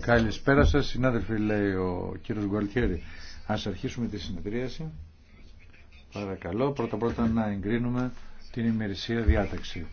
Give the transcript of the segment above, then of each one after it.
Καλησπέρα σα, συνάδελφοι, λέει ο κύριο Γκουαλτιέρη. Α αρχίσουμε τη συνεδρίαση. Παρακαλώ, πρώτα-πρώτα να εγκρίνουμε την ημερησία διάταξη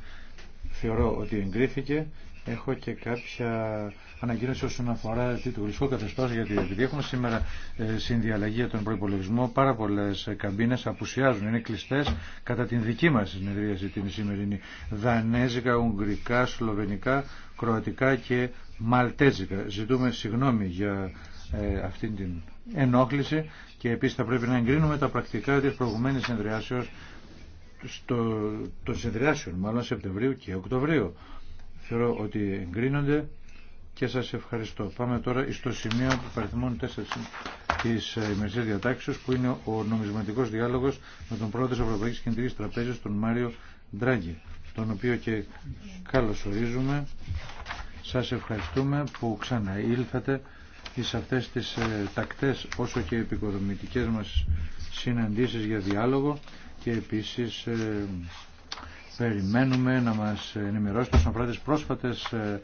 θεωρώ ότι εγκρίθηκε. Έχω και κάποια ανακοίνωση όσον αφορά το γλυσκό καθεστώ, γιατί επειδή έχουμε σήμερα ε, συνδιαλλαγή για τον προπολογισμό, πάρα πολλέ καμπίνε απουσιάζουν, είναι κλειστέ κατά την δική μα συνεδρίαση την σημερινή. Δανέζικα, Ουγγρικά, Σλοβενικά, Κροατικά και Μαλτέζικα. Ζητούμε συγγνώμη για ε, αυτήν την ενόχληση και επίσης θα πρέπει να εγκρίνουμε τα πρακτικά της προηγουμένης συνεδριάσεω στο, των συνδυάσεων, μάλλον Σεπτεμβρίου και Οκτωβρίου. Θεωρώ ότι εγκρίνονται και σας ευχαριστώ. Πάμε τώρα στο σημείο του παριθμών 4 της ε, ημερησίας διατάξεως που είναι ο νομισματικός διάλογος με τον πρόεδρο της Ευρωπαϊκής Κεντρικής Τραπέζης τον Μάριο Ντράγκη τον οποίο και καλωσορίζουμε. Σας ευχαριστούμε που ξαναήλθατε εις αυτές τις ε, τακτές όσο και επικοδομητικές μας συναντήσεις για διάλογο και επίσης ε, περιμένουμε να μας ενημερώσουν σαν πρόσφατες τις πρόσφατες ε,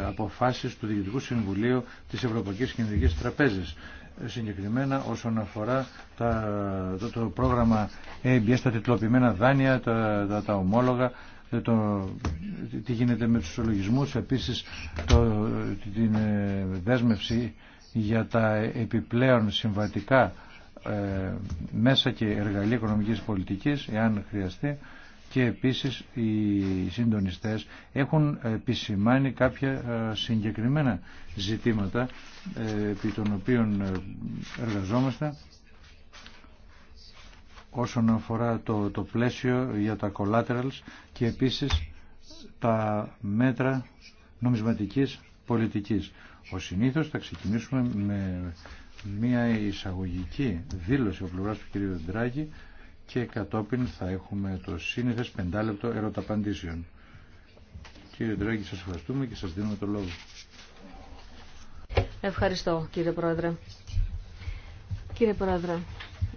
ε, αποφάσεις του Διοικητικού Συμβουλίου της Ευρωπαϊκής Κεντρικής Τραπέζης συγκεκριμένα όσον αφορά τα, το, το πρόγραμμα ABS, τα τιτλοποιημένα δάνεια, τα, τα, ομόλογα, το, τι γίνεται με τους ολογισμούς, επίσης το, την δέσμευση για τα επιπλέον συμβατικά ε, μέσα και εργαλεία οικονομικής πολιτικής εάν χρειαστεί και επίσης οι συντονιστές έχουν επισημάνει κάποια ε, συγκεκριμένα ζητήματα ε, επί των οποίων εργαζόμαστε όσον αφορά το, το πλαίσιο για τα collaterals και επίσης τα μέτρα νομισματικής πολιτικής. Ο συνήθως θα ξεκινήσουμε με μία εισαγωγική δήλωση ο πλευράς του κ. Ντράκη και κατόπιν θα έχουμε το σύνηθες πεντάλεπτο ερωταπαντήσεων. Κύριε Ντράγη, σας ευχαριστούμε και σας δίνουμε το λόγο. Ευχαριστώ κύριε Πρόεδρε. Κύριε Πρόεδρε,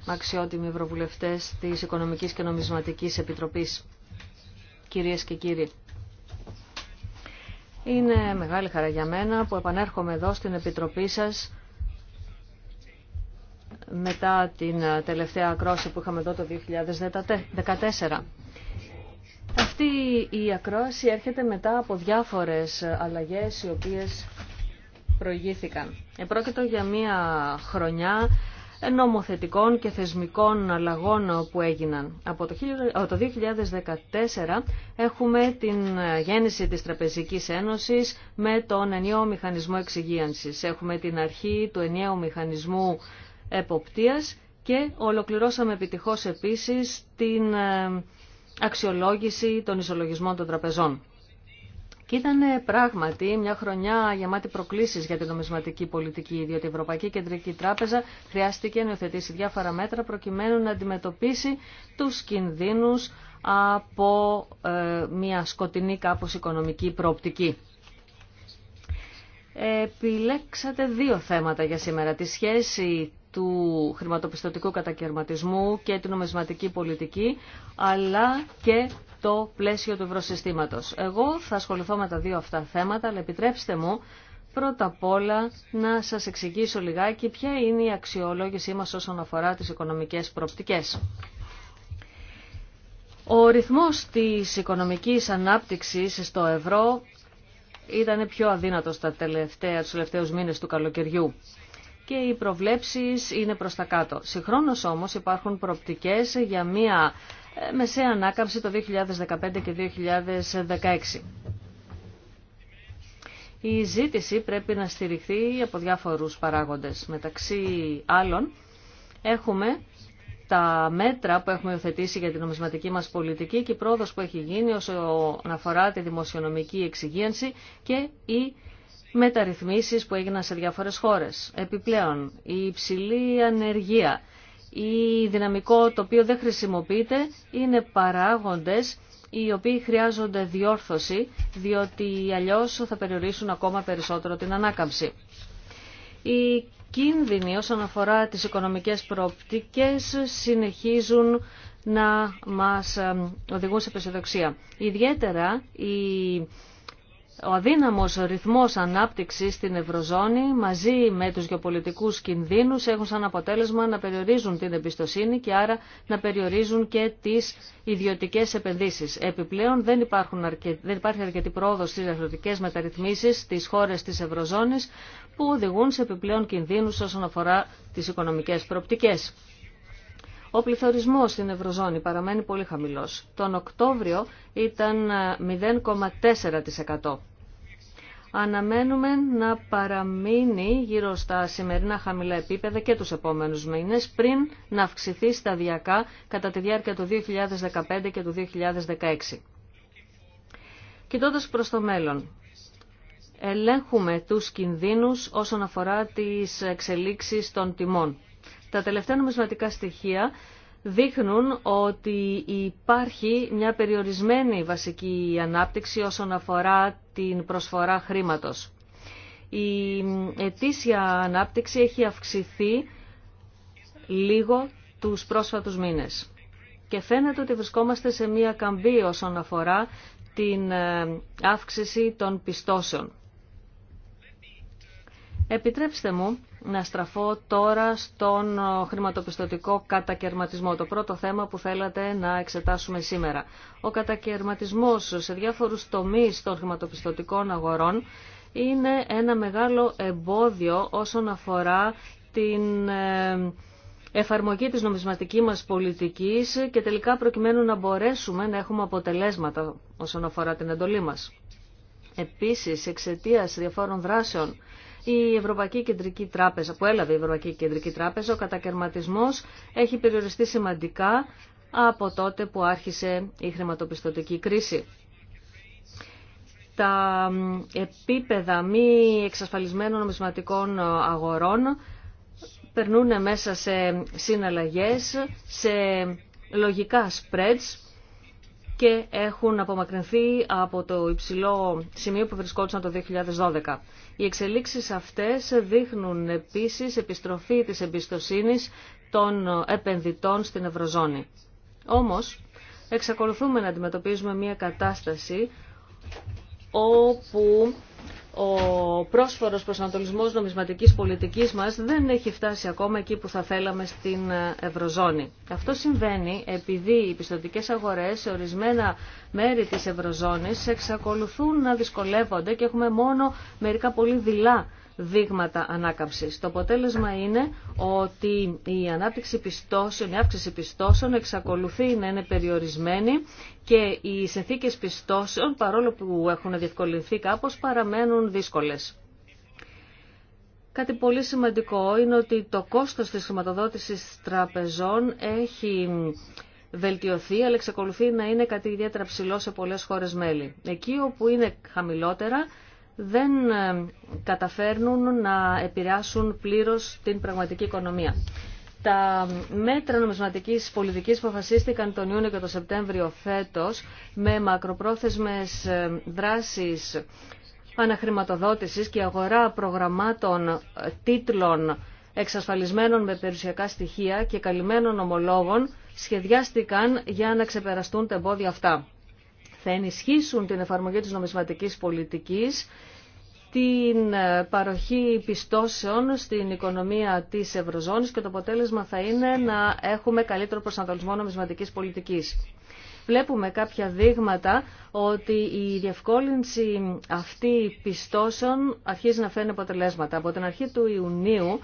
αξιότιμοι ευρωβουλευτές της Οικονομικής και Νομισματικής Επιτροπής, κυρίες και κύριοι. Είναι μεγάλη χαρά για μένα που επανέρχομαι εδώ στην Επιτροπή σας μετά την ε, τελευταία ακρόαση που είχαμε εδώ το 2014. Αυτή η ακρόαση έρχεται μετά από διάφορες αλλαγές οι οποίες προηγήθηκαν. Επρόκειτο για μία χρονιά νομοθετικών και θεσμικών αλλαγών που έγιναν. Από το 2014 ε, έχουμε την ε, γέννηση της Τραπεζικής Ένωσης με τον ενιαίο μηχανισμό εξυγίανσης. Έχουμε την αρχή του ενιαίου μηχανισμού εποπτείας και ολοκληρώσαμε επιτυχώς επίσης την ε, αξιολόγηση των ισολογισμών των τραπεζών. Και ήταν ε, πράγματι μια χρονιά γεμάτη προκλήσει για την νομισματική πολιτική, διότι η Ευρωπαϊκή Κεντρική Τράπεζα χρειάστηκε να υιοθετήσει διάφορα μέτρα προκειμένου να αντιμετωπίσει του κινδύνου από ε, μια σκοτεινή κάπως οικονομική προοπτική. Επιλέξατε δύο θέματα για σήμερα. Τη σχέση του χρηματοπιστωτικού κατακαιρματισμού και την νομισματική πολιτική, αλλά και το πλαίσιο του ευρωσυστήματος. Εγώ θα ασχοληθώ με τα δύο αυτά θέματα, αλλά επιτρέψτε μου πρώτα απ' όλα να σας εξηγήσω λιγάκι ποια είναι η αξιολόγησή μας όσον αφορά τις οικονομικές προοπτικές. Ο ρυθμός της οικονομικής ανάπτυξης στο ευρώ ήταν πιο αδύνατος τα τελευταία, τους τελευταίους μήνες του καλοκαιριού και οι προβλέψεις είναι προς τα κάτω. Συγχρόνως όμως υπάρχουν προοπτικές για μια ε, μεσαία ανάκαμψη το 2015 και 2016. Η ζήτηση πρέπει να στηριχθεί από διάφορους παράγοντες. Μεταξύ άλλων έχουμε τα μέτρα που έχουμε υιοθετήσει για την νομισματική μας πολιτική και η πρόοδος που έχει γίνει όσον αφορά τη δημοσιονομική εξυγίανση και η μεταρρυθμίσεις που έγιναν σε διάφορες χώρες. Επιπλέον, η υψηλή ανεργία, η δυναμικό το οποίο δεν χρησιμοποιείται είναι παράγοντες οι οποίοι χρειάζονται διόρθωση, διότι αλλιώς θα περιορίσουν ακόμα περισσότερο την ανάκαμψη. Οι κίνδυνοι όσον αφορά τις οικονομικές προοπτικές συνεχίζουν να μας ε, οδηγούν σε πεσοδοξία. Ιδιαίτερα ο αδύναμος ρυθμός ανάπτυξης στην Ευρωζώνη μαζί με τους γεωπολιτικούς κινδύνους έχουν σαν αποτέλεσμα να περιορίζουν την εμπιστοσύνη και άρα να περιορίζουν και τις ιδιωτικές επενδύσεις. Επιπλέον δεν, υπάρχουν δεν υπάρχει αρκετή πρόοδος στις αγροτικές μεταρρυθμίσεις στις χώρες της Ευρωζώνης που οδηγούν σε επιπλέον κινδύνους όσον αφορά τις οικονομικές προοπτικές. Ο πληθωρισμός στην Ευρωζώνη παραμένει πολύ χαμηλός. Τον Οκτώβριο ήταν 0,4%. Ε, Αναμένουμε να παραμείνει γύρω στα σημερινά χαμηλά επίπεδα και τους επόμενους μήνες πριν να αυξηθεί σταδιακά κατά τη διάρκεια του 2015 και του 2016. Κοιτώντας προς το μέλλον, ελέγχουμε τους κινδύνους όσον αφορά τις εξελίξεις των τιμών. Τα τελευταία νομισματικά στοιχεία δείχνουν ότι υπάρχει μια περιορισμένη βασική ανάπτυξη όσον αφορά την προσφορά χρήματος. Η ετήσια ανάπτυξη έχει αυξηθεί λίγο τους πρόσφατους μήνες. Και φαίνεται ότι βρισκόμαστε σε μια καμπή όσον αφορά την ε, αύξηση των πιστώσεων. Επιτρέψτε μου να στραφώ τώρα στον χρηματοπιστωτικό κατακαιρματισμό, το πρώτο θέμα που θέλατε να εξετάσουμε σήμερα. Ο κατακαιρματισμός σε διάφορους τομείς των χρηματοπιστωτικών αγορών είναι ένα μεγάλο εμπόδιο όσον αφορά την ε, εφαρμογή της νομισματικής μας πολιτικής και τελικά προκειμένου να μπορέσουμε να έχουμε αποτελέσματα όσον αφορά την εντολή μας. Επίσης, εξαιτία διαφόρων δράσεων η Ευρωπαϊκή Κεντρική Τράπεζα, που έλαβε η Ευρωπαϊκή Κεντρική Τράπεζα, ο κατακαιρματισμός έχει περιοριστεί σημαντικά από τότε που άρχισε η χρηματοπιστωτική κρίση. Τα επίπεδα μη εξασφαλισμένων νομισματικών αγορών περνούν μέσα σε συναλλαγές, σε λογικά spreads και έχουν απομακρυνθεί από το υψηλό σημείο που βρισκόντουσαν το 2012. Οι εξελίξεις αυτές δείχνουν επίσης επιστροφή της εμπιστοσύνης των επενδυτών στην Ευρωζώνη. Όμως, εξακολουθούμε να αντιμετωπίζουμε μια κατάσταση όπου ο πρόσφορος προσανατολισμός νομισματικής πολιτικής μας δεν έχει φτάσει ακόμα εκεί που θα θέλαμε στην Ευρωζώνη. Αυτό συμβαίνει επειδή οι πιστοτικές αγορές σε ορισμένα μέρη της Ευρωζώνης εξακολουθούν να δυσκολεύονται και έχουμε μόνο μερικά πολύ δειλά δείγματα ανάκαμψης. Το αποτέλεσμα είναι ότι η ανάπτυξη πιστώσεων, η αύξηση πιστώσεων εξακολουθεί να είναι περιορισμένη και οι συνθήκε πιστώσεων, παρόλο που έχουν διευκολυνθεί κάπως, παραμένουν δύσκολες. Κάτι πολύ σημαντικό είναι ότι το κόστος της χρηματοδότησης τραπεζών έχει βελτιωθεί, αλλά εξακολουθεί να είναι κάτι ιδιαίτερα ψηλό σε πολλές χώρες μέλη. Εκεί όπου είναι χαμηλότερα δεν ε, καταφέρνουν να επηρεάσουν πλήρως την πραγματική οικονομία. Τα μέτρα νομισματικής πολιτικής που αποφασίστηκαν τον Ιούνιο και τον Σεπτέμβριο φέτος με μακροπρόθεσμες ε, δράσεις αναχρηματοδότησης και αγορά προγραμμάτων ε, τίτλων εξασφαλισμένων με περιουσιακά στοιχεία και καλυμμένων ομολόγων σχεδιάστηκαν για να ξεπεραστούν τα εμπόδια αυτά θα ενισχύσουν την εφαρμογή της νομισματικής πολιτικής, την ε, παροχή πιστώσεων στην οικονομία της Ευρωζώνης και το αποτέλεσμα θα είναι να έχουμε καλύτερο προσανατολισμό νομισματικής πολιτικής. Βλέπουμε κάποια δείγματα ότι η διευκόλυνση αυτή πιστώσεων αρχίζει να φαίνει αποτελέσματα. Από την αρχή του Ιουνίου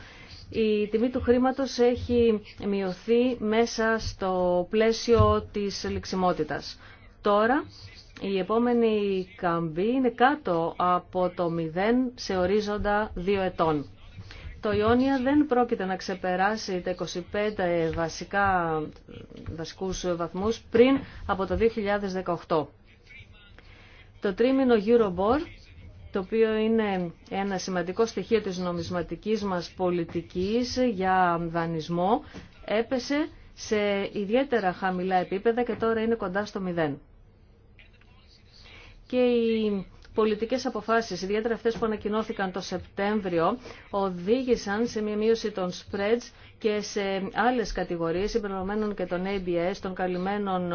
η τιμή του χρήματος έχει μειωθεί μέσα στο πλαίσιο της ληξιμότητας. Τώρα η επόμενη καμπή είναι κάτω από το 0 σε ορίζοντα 2 ετών. Το Ιόνια δεν πρόκειται να ξεπεράσει τα 25 βασικά, βασικούς βαθμούς πριν από το 2018. Το τρίμηνο Eurobor, το οποίο είναι ένα σημαντικό στοιχείο της νομισματικής μας πολιτικής για δανεισμό, έπεσε σε ιδιαίτερα χαμηλά επίπεδα και τώρα είναι κοντά στο 0 και οι πολιτικές αποφάσεις, ιδιαίτερα αυτές που ανακοινώθηκαν το Σεπτέμβριο, οδήγησαν σε μια μείωση των spreads και σε άλλες κατηγορίες, συμπεριλαμβανομένων και των ABS, των καλυμμένων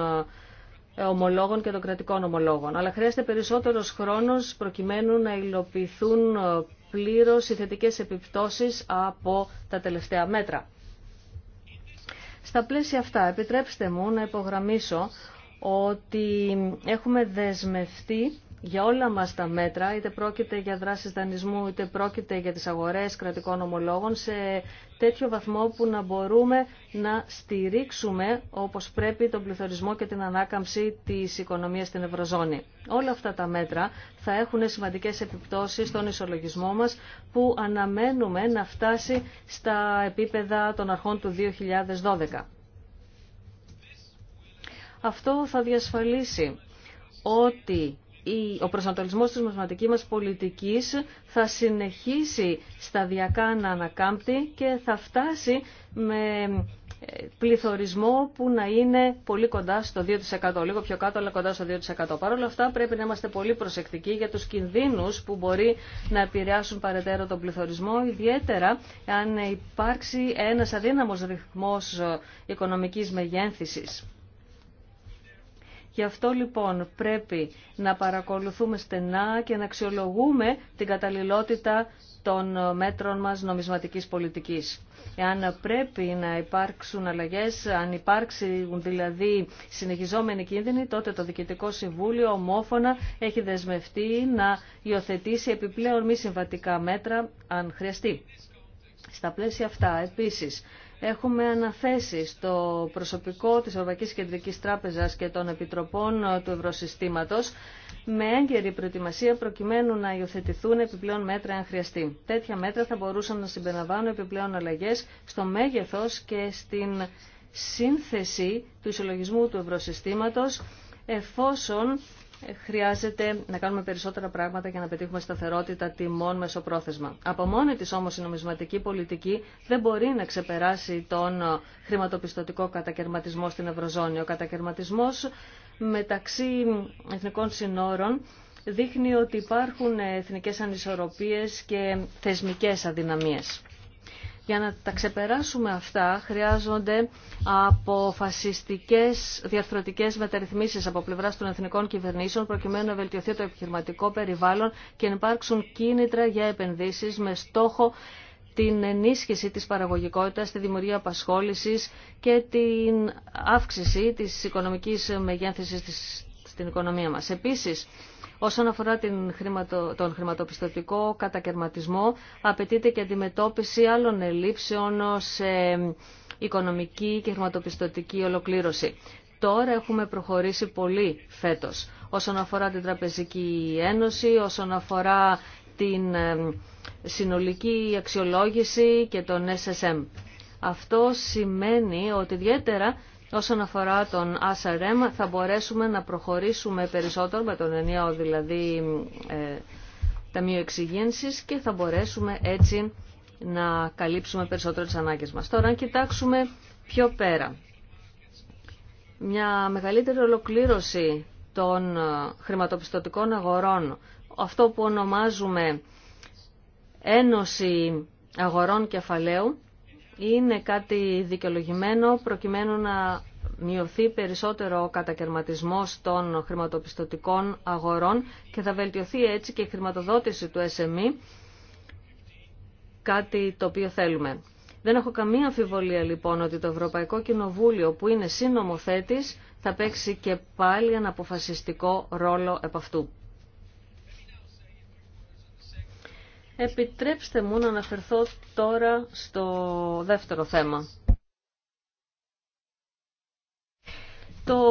ε, ομολόγων και των κρατικών ομολόγων. Αλλά χρειάζεται περισσότερος χρόνος προκειμένου να υλοποιηθούν ε, πλήρως οι θετικές επιπτώσεις από τα τελευταία μέτρα. Στα πλαίσια αυτά, επιτρέψτε μου να υπογραμμίσω ότι έχουμε δεσμευτεί για όλα μας τα μέτρα, είτε πρόκειται για δράσεις δανεισμού, είτε πρόκειται για τις αγορές κρατικών ομολόγων, σε τέτοιο βαθμό που να μπορούμε να στηρίξουμε όπως πρέπει τον πληθωρισμό και την ανάκαμψη της οικονομίας στην Ευρωζώνη. Όλα αυτά τα μέτρα θα έχουν σημαντικές επιπτώσεις στον ισολογισμό μας που αναμένουμε να φτάσει στα επίπεδα των αρχών του 2012. Αυτό θα διασφαλίσει ότι ο προσανατολισμός της μαθηματικής μας πολιτικής θα συνεχίσει σταδιακά να ανακάμπτει και θα φτάσει με ε, πληθωρισμό που να είναι πολύ κοντά στο 2%, λίγο πιο κάτω αλλά κοντά στο 2%. Παρ' όλα αυτά πρέπει να είμαστε πολύ προσεκτικοί για τους κινδύνους που μπορεί να επηρεάσουν παρετέρω τον πληθωρισμό, ιδιαίτερα αν υπάρξει ένας αδύναμος ρυθμός ε, οικονομικής μεγένθησης. Γι' αυτό λοιπόν πρέπει να παρακολουθούμε στενά και να αξιολογούμε την καταλληλότητα των μέτρων μας νομισματικής πολιτικής. Εάν πρέπει να υπάρξουν αλλαγές, αν υπάρξουν δηλαδή συνεχιζόμενοι κίνδυνοι, τότε το Δικητικό Συμβούλιο ομόφωνα έχει δεσμευτεί να υιοθετήσει επιπλέον μη συμβατικά μέτρα αν χρειαστεί. Στα πλαίσια αυτά, επίσης, Έχουμε αναθέσει στο προσωπικό της Ευρωπαϊκής Κεντρικής Τράπεζας και των Επιτροπών ε, του Ευρωσυστήματος με έγκαιρη προετοιμασία προκειμένου να υιοθετηθούν επιπλέον μέτρα αν χρειαστεί. Τέτοια μέτρα θα μπορούσαν να συμπεριλαμβάνουν επιπλέον αλλαγές στο μέγεθος και στην σύνθεση του ισολογισμού του ευρωσυστήματος εφόσον χρειάζεται να κάνουμε περισσότερα πράγματα για να πετύχουμε σταθερότητα τιμών μεσοπρόθεσμα. Από μόνη της όμως η νομισματική πολιτική δεν μπορεί να ξεπεράσει τον χρηματοπιστωτικό κατακαιρματισμό στην Ευρωζώνη. Ο κατακαιρματισμός μεταξύ εθνικών συνόρων δείχνει ότι υπάρχουν εθνικές ανισορροπίες και θεσμικές αδυναμίες. Για να τα ξεπεράσουμε αυτά χρειάζονται αποφασιστικές διαρθρωτικές μεταρρυθμίσεις από πλευράς των εθνικών κυβερνήσεων προκειμένου να βελτιωθεί το επιχειρηματικό περιβάλλον και να υπάρξουν κίνητρα για επενδύσεις με στόχο την ενίσχυση της παραγωγικότητας, τη δημιουργία απασχόλησης και την αύξηση της οικονομικής μεγέθυνσης στην οικονομία μας. Επίσης, Όσον αφορά την χρηματο... τον χρηματοπιστωτικό κατακαιρματισμό, απαιτείται και αντιμετώπιση άλλων ελλείψεων σε οικονομική και χρηματοπιστωτική ολοκλήρωση. Τώρα έχουμε προχωρήσει πολύ φέτος. Όσον αφορά την Τραπεζική Ένωση, όσον αφορά την συνολική αξιολόγηση και τον SSM. Αυτό σημαίνει ότι ιδιαίτερα Όσον αφορά τον SRM, θα μπορέσουμε να προχωρήσουμε περισσότερο με τον ενιαίο δηλαδή ε, Ταμείο και θα μπορέσουμε έτσι να καλύψουμε περισσότερο τις ανάγκες μας. Τώρα αν κοιτάξουμε πιο πέρα. Μια μεγαλύτερη ολοκλήρωση των ε, χρηματοπιστωτικών αγορών, αυτό που ονομάζουμε Ένωση Αγορών Κεφαλαίου, είναι κάτι δικαιολογημένο προκειμένου να μειωθεί περισσότερο ο κατακαιρματισμός των χρηματοπιστωτικών αγορών και θα βελτιωθεί έτσι και η χρηματοδότηση του SME, κάτι το οποίο θέλουμε. Δεν έχω καμία αμφιβολία λοιπόν ότι το Ευρωπαϊκό Κοινοβούλιο που είναι συνομοθέτης θα παίξει και πάλι ένα αποφασιστικό ρόλο επ' αυτού. Επιτρέψτε μου να αναφερθώ τώρα στο δεύτερο θέμα. Το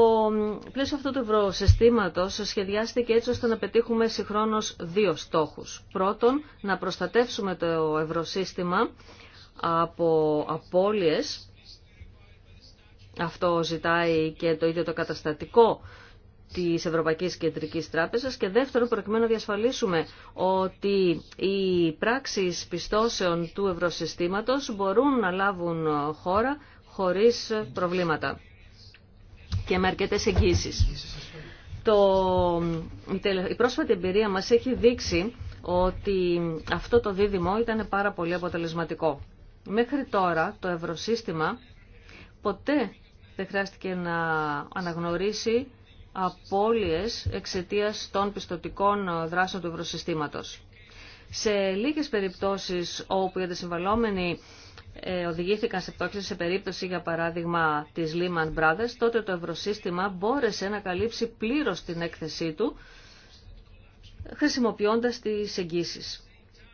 πλαίσιο αυτού του ευρωσυστήματος σχεδιάστηκε έτσι ώστε να πετύχουμε συγχρόνως δύο στόχους. Πρώτον, να προστατεύσουμε το ευρωσύστημα από απώλειες. Αυτό ζητάει και το ίδιο το καταστατικό τη ευρωπαϊκή Κεντρικής Τράπεζας και δεύτερον προκειμένου να διασφαλίσουμε ότι οι πράξεις πιστώσεων του ευρωσυστήματος μπορούν να λάβουν χώρα χωρίς προβλήματα και με αρκετές εγγύσεις. η πρόσφατη εμπειρία μας έχει δείξει ότι αυτό το δίδυμο ήταν πάρα πολύ αποτελεσματικό. Μέχρι τώρα το ευρωσύστημα ποτέ δεν χρειάστηκε να αναγνωρίσει απώλειες εξαιτίας των πιστοτικών ε, δράσεων του ευρωσυστήματος. Σε λίγες περιπτώσεις όπου οι αντισυμβαλόμενοι ε, οδηγήθηκαν σε πτώξεις, σε περίπτωση, για παράδειγμα, της Lehman Brothers, τότε το ευρωσύστημα μπόρεσε να καλύψει πλήρως την έκθεσή του, χρησιμοποιώντας τις εγγύσεις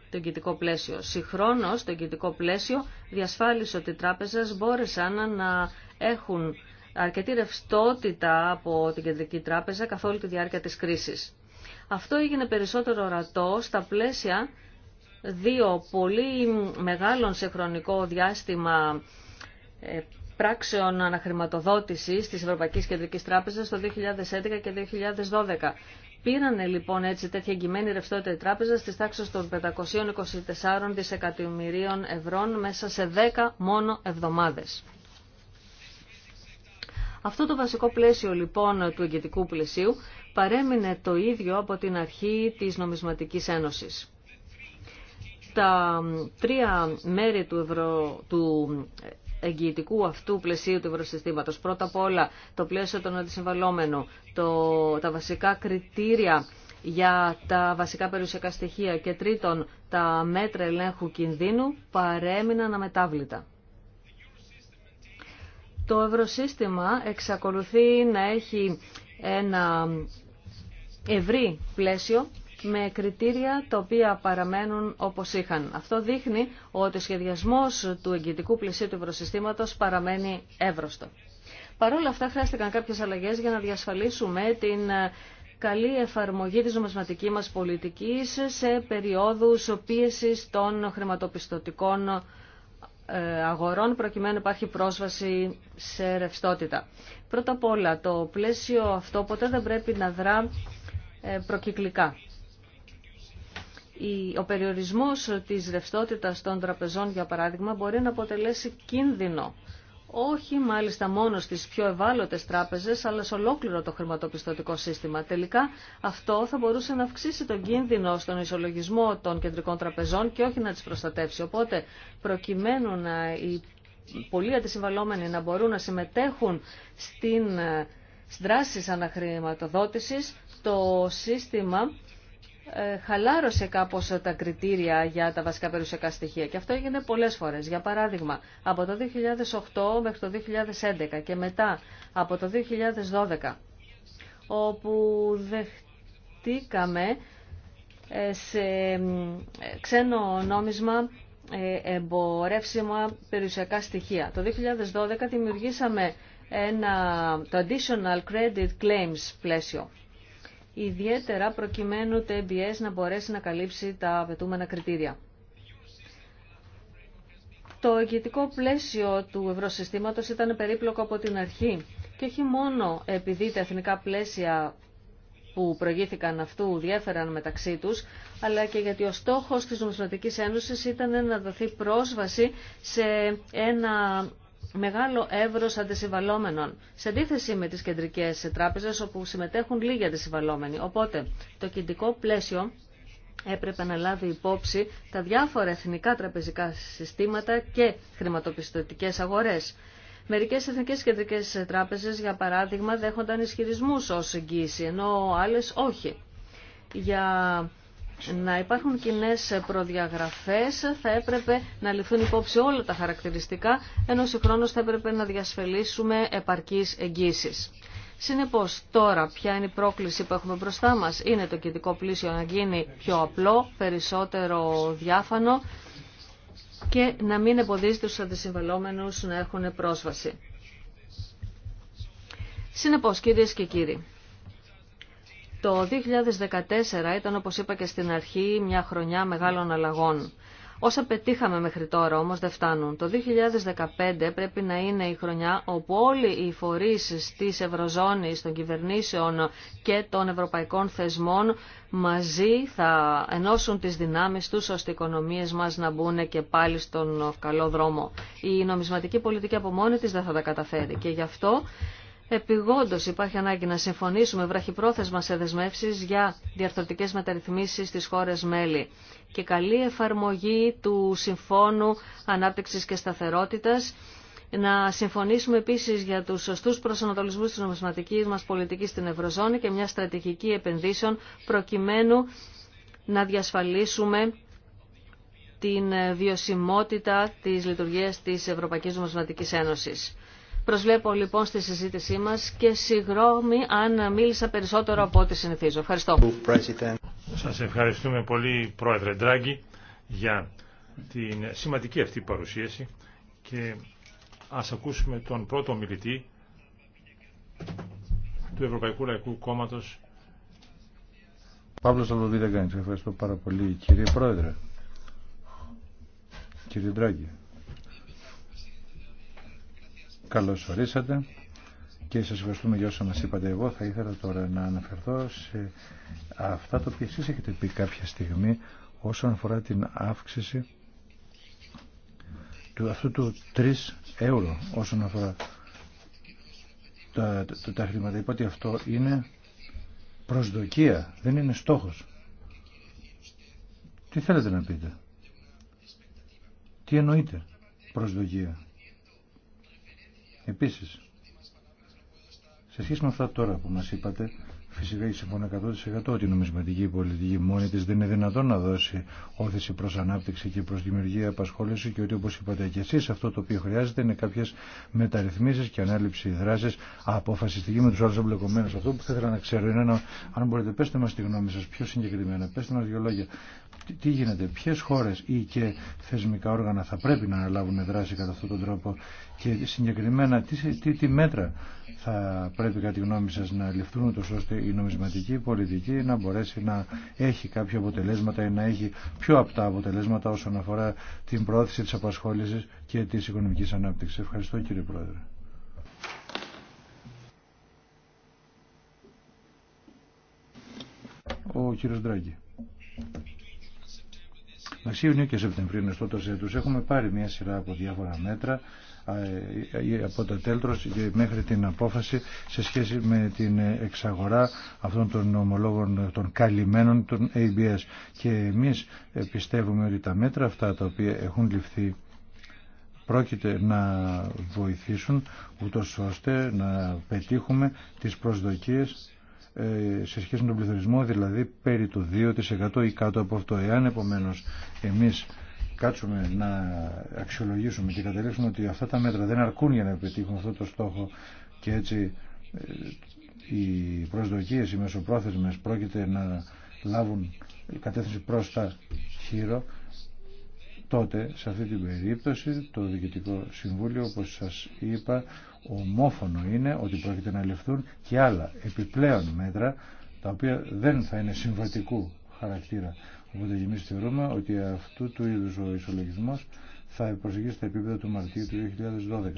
το εγκυτικό πλαίσιο. Συγχρόνως, το εγγυητικό πλαίσιο διασφάλισε ότι οι τράπεζες μπόρεσαν να έχουν αρκετή ρευστότητα από την Κεντρική Τράπεζα καθ' όλη τη διάρκεια της κρίσης. Αυτό έγινε περισσότερο ορατό στα πλαίσια δύο πολύ μεγάλων σε χρονικό διάστημα ε, πράξεων αναχρηματοδότησης της Ευρωπαϊκής Κεντρικής Τράπεζας το 2011 και 2012. Πήραν λοιπόν έτσι τέτοια εγκυμένη ρευστότητα η τράπεζα στις τάξεις των 524 δισεκατομμυρίων ευρώ μέσα σε 10 μόνο εβδομάδες. Αυτό το βασικό πλαίσιο λοιπόν του εγκαιτικού πλαισίου παρέμεινε το ίδιο από την αρχή της Νομισματικής Ένωσης. Τα τρία μέρη του, ευρω... του εγγυητικού αυτού πλαισίου του ευρωσυστήματος. Πρώτα απ' όλα το πλαίσιο των αντισυμβαλόμενων, το, τα βασικά κριτήρια για τα βασικά περιουσιακά στοιχεία και τρίτον τα μέτρα ελέγχου κινδύνου παρέμειναν αμετάβλητα. Το ευρωσύστημα εξακολουθεί να έχει ένα ευρύ πλαίσιο με κριτήρια τα οποία παραμένουν όπως είχαν. Αυτό δείχνει ότι ο σχεδιασμός του εγγυητικού πλαισίου του ευρωσυστήματος παραμένει εύρωστο. Παρ' όλα αυτά χρειάστηκαν κάποιες αλλαγές για να διασφαλίσουμε την ε, καλή εφαρμογή της νομισματική μας πολιτικής σε περιόδους πίεσης των χρηματοπιστωτικών ε, αγορών προκειμένου υπάρχει πρόσβαση σε ρευστότητα. Πρώτα απ' όλα, το πλαίσιο αυτό ποτέ δεν πρέπει να δρά ε, προκυκλικά. Ο περιορισμός της ρευστότητας των τραπεζών, για παράδειγμα, μπορεί να αποτελέσει κίνδυνο όχι μάλιστα μόνο στις πιο ευάλωτες τράπεζες, αλλά σε ολόκληρο το χρηματοπιστωτικό σύστημα. Τελικά αυτό θα μπορούσε να αυξήσει τον κίνδυνο στον ισολογισμό των κεντρικών τραπεζών και όχι να τις προστατεύσει. Οπότε προκειμένου να οι πολλοί αντισυμβαλόμενοι να μπορούν να συμμετέχουν στην ε, δράσει αναχρηματοδότησης, το σύστημα ε, χαλάρωσε κάπως τα κριτήρια για τα βασικά περιουσιακά στοιχεία και αυτό έγινε πολλές φορές. Για παράδειγμα, από το 2008 μέχρι το 2011 και μετά από το 2012 όπου δεχτήκαμε ε, σε ξένο νόμισμα ε, εμπορεύσιμα περιουσιακά στοιχεία. Το 2012 δημιουργήσαμε ένα, το Additional Credit Claims πλαίσιο ιδιαίτερα προκειμένου το MBS να μπορέσει να καλύψει τα απαιτούμενα κριτήρια. Το ηγετικό πλαίσιο του ευρωσυστήματος ήταν περίπλοκο από την αρχή και όχι μόνο επειδή τα εθνικά πλαίσια που προηγήθηκαν αυτού διέφεραν μεταξύ τους, αλλά και γιατί ο στόχος της Νομισματικής Ένωσης ήταν να δοθεί πρόσβαση σε ένα μεγάλο έύρο αντισυμβαλόμενων, σε αντίθεση με τι κεντρικές τράπεζε όπου συμμετέχουν λίγοι αντισυμβαλόμενοι. Οπότε το κεντρικό πλαίσιο έπρεπε να λάβει υπόψη τα διάφορα εθνικά τραπεζικά συστήματα και χρηματοπιστωτικές αγορές. Μερικέ εθνικέ κεντρικέ τράπεζε, για παράδειγμα, δέχονταν ισχυρισμού ω εγγύηση, ενώ άλλε όχι. Για να υπάρχουν κοινέ προδιαγραφές, θα έπρεπε να ληφθούν υπόψη όλα τα χαρακτηριστικά, ενώ συγχρόνω θα έπρεπε να διασφαλίσουμε επαρκείς εγγύσεις. Συνεπώς, τώρα ποια είναι η πρόκληση που έχουμε μπροστά μας. Είναι το κεντρικό πλήσιο να γίνει πιο απλό, περισσότερο διάφανο και να μην εμποδίζει του αντισυμβαλόμενους να έχουν πρόσβαση. Συνεπώς, κύριε και κύριοι, το 2014 ήταν, όπως είπα και στην αρχή, μια χρονιά μεγάλων αλλαγών. Όσα πετύχαμε μέχρι τώρα όμως δεν φτάνουν. Το 2015 πρέπει να είναι η χρονιά όπου όλοι οι φορείς της Ευρωζώνης, των κυβερνήσεων και των ευρωπαϊκών θεσμών μαζί θα ενώσουν τις δυνάμεις τους ώστε οι οικονομίες μας να μπουν και πάλι στον καλό δρόμο. Η νομισματική πολιτική από μόνη της δεν θα τα καταφέρει και γι' αυτό Επιγόντως υπάρχει ανάγκη να συμφωνήσουμε βραχυπρόθεσμα σε δεσμεύσεις για διαρθρωτικές μεταρρυθμίσεις στις χώρες μέλη και καλή εφαρμογή του Συμφώνου Ανάπτυξης και Σταθερότητας να συμφωνήσουμε επίση για του σωστού προσανατολισμού τη νομισματική μα πολιτική στην Ευρωζώνη και μια στρατηγική επενδύσεων προκειμένου να διασφαλίσουμε την βιωσιμότητα της λειτουργίας της Ευρωπαϊκής Νομισματικής Ένωσης. Προσβλέπω λοιπόν στη συζήτησή μας και συγγνώμη αν μίλησα περισσότερο από ό,τι συνηθίζω. Ευχαριστώ. Σας ευχαριστούμε πολύ Πρόεδρε Ντράγκη για την σημαντική αυτή παρουσίαση και ας ακούσουμε τον πρώτο μιλητή του Ευρωπαϊκού Λαϊκού Κόμματος. Παύλος Αλβοδίδη ευχαριστώ πάρα πολύ κύριε Πρόεδρε, κύριε Ντράγκη. Καλώς ορίσατε και σας ευχαριστούμε για όσα μας είπατε. Εγώ θα ήθελα τώρα να αναφερθώ σε αυτά τα οποία εσείς έχετε πει κάποια στιγμή όσον αφορά την αύξηση του, αυτού του 3 ευρώ όσον αφορά τα, τα, τα χρήματα. Είπα ότι αυτό είναι προσδοκία, δεν είναι στόχος. Τι θέλετε να πείτε. Τι εννοείτε προσδοκία. Επίσης, σε σχέση με αυτά τώρα που μας είπατε, φυσικά συμφωνώ 100% ότι η νομισματική πολιτική μόνη της δεν είναι δυνατόν να δώσει όθηση προς ανάπτυξη και προς δημιουργία απασχόληση και ότι όπως είπατε και εσείς αυτό το οποίο χρειάζεται είναι κάποιες μεταρρυθμίσεις και ανάληψη δράσης αποφασιστική με τους άλλους εμπλεκομένους. Αυτό που θα ήθελα να ξέρω είναι αν μπορείτε πέστε μας τη γνώμη σας πιο συγκεκριμένα, πέστε μας δυο λόγια τι γίνεται, ποιες χώρες ή και θεσμικά όργανα θα πρέπει να αναλάβουν δράση κατά αυτόν τον τρόπο και συγκεκριμένα τι, τι, τι μέτρα θα πρέπει κατά τη γνώμη σας να ληφθούν ώστε η νομισματική πολιτική να μπορέσει να έχει κάποια αποτελέσματα ή να έχει πιο απτά αποτελέσματα όσον αφορά την πρόθεση της απασχόλησης και της οικονομικής ανάπτυξης. Ευχαριστώ κύριε Πρόεδρε. Ο Μεταξύ Ιουνίου και Σεπτεμβρίου στο έχουμε πάρει μια σειρά από διάφορα μέτρα ε, ε, από το τέλτρος μέχρι την απόφαση σε σχέση με την εξαγορά αυτών των ομολόγων των καλυμμένων των ABS και εμείς ε, πιστεύουμε ότι τα μέτρα αυτά τα οποία έχουν ληφθεί πρόκειται να βοηθήσουν ούτως ώστε να πετύχουμε τις προσδοκίες ε, σε σχέση με τον πληθωρισμό, δηλαδή περί το 2% ή κάτω από αυτό. Εάν επομένως εμείς κάτσουμε να αξιολογήσουμε και καταλήξουμε ότι αυτά τα μέτρα δεν αρκούν για να επιτύχουν αυτό το στόχο και έτσι ε, οι προσδοκίες, οι μεσοπρόθεσμες πρόκειται να λάβουν κατεύθυνση προς τα χείρο, τότε σε αυτή την περίπτωση το Διοικητικό Συμβούλιο, όπως σας είπα, ομόφωνο είναι ότι πρόκειται να ληφθούν και άλλα επιπλέον μέτρα τα οποία δεν θα είναι συμβατικού χαρακτήρα. Οπότε εμεί θεωρούμε ότι αυτού του είδους ο ισολογισμός θα προσεγγίσει τα επίπεδα του Μαρτίου του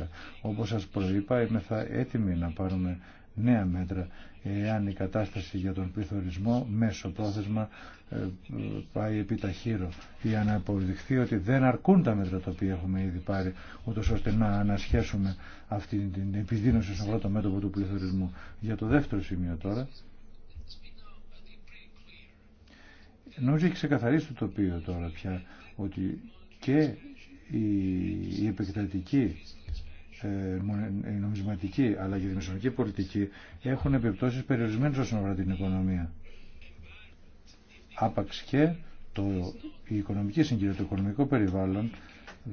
2012. Όπως σας προείπα, είμαι θα έτοιμοι να πάρουμε νέα μέτρα εάν η κατάσταση για τον πληθωρισμό μέσω πρόθεσμα ε, πάει ταχύρω για να αποδειχθεί ότι δεν αρκούν τα μέτρα τα οποία έχουμε ήδη πάρει ούτως ώστε να ανασχέσουμε αυτή την επιδείνωση στον πρώτο μέτωπο του πληθωρισμού. Για το δεύτερο σημείο τώρα νομίζω έχει ξεκαθαρίσει το τοπίο τώρα πια ότι και η επεκτατική ε, ε, νομισματική αλλά και δημοσιονομική πολιτική έχουν επιπτώσεις περιορισμένες όσον αφορά την οικονομία. Άπαξ και το, η οικονομική συγκυρία, το οικονομικό περιβάλλον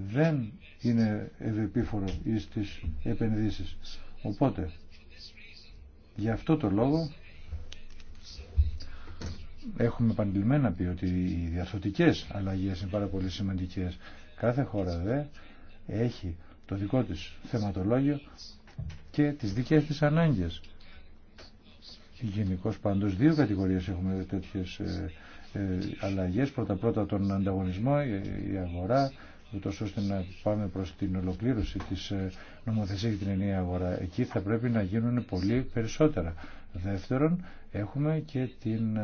δεν είναι ευεπίφορο ή τις επενδύσεις. Οπότε, γι' αυτό το λόγο έχουμε επανειλημμένα πει ότι οι διαρθωτικές αλλαγές είναι πάρα πολύ σημαντικές. Κάθε χώρα δε έχει το δικό της θεματολόγιο και τις δικές της ανάγκες. Γενικώ πάντως δύο κατηγορίες έχουμε τέτοιες ε, ε, αλλαγές. Πρώτα-πρώτα τον ανταγωνισμό, η αγορά, ούτως ώστε να πάμε προς την ολοκλήρωση της ε, νομοθεσίας για την ενιαία αγορά. Εκεί θα πρέπει να γίνουν πολύ περισσότερα. Δεύτερον, έχουμε και την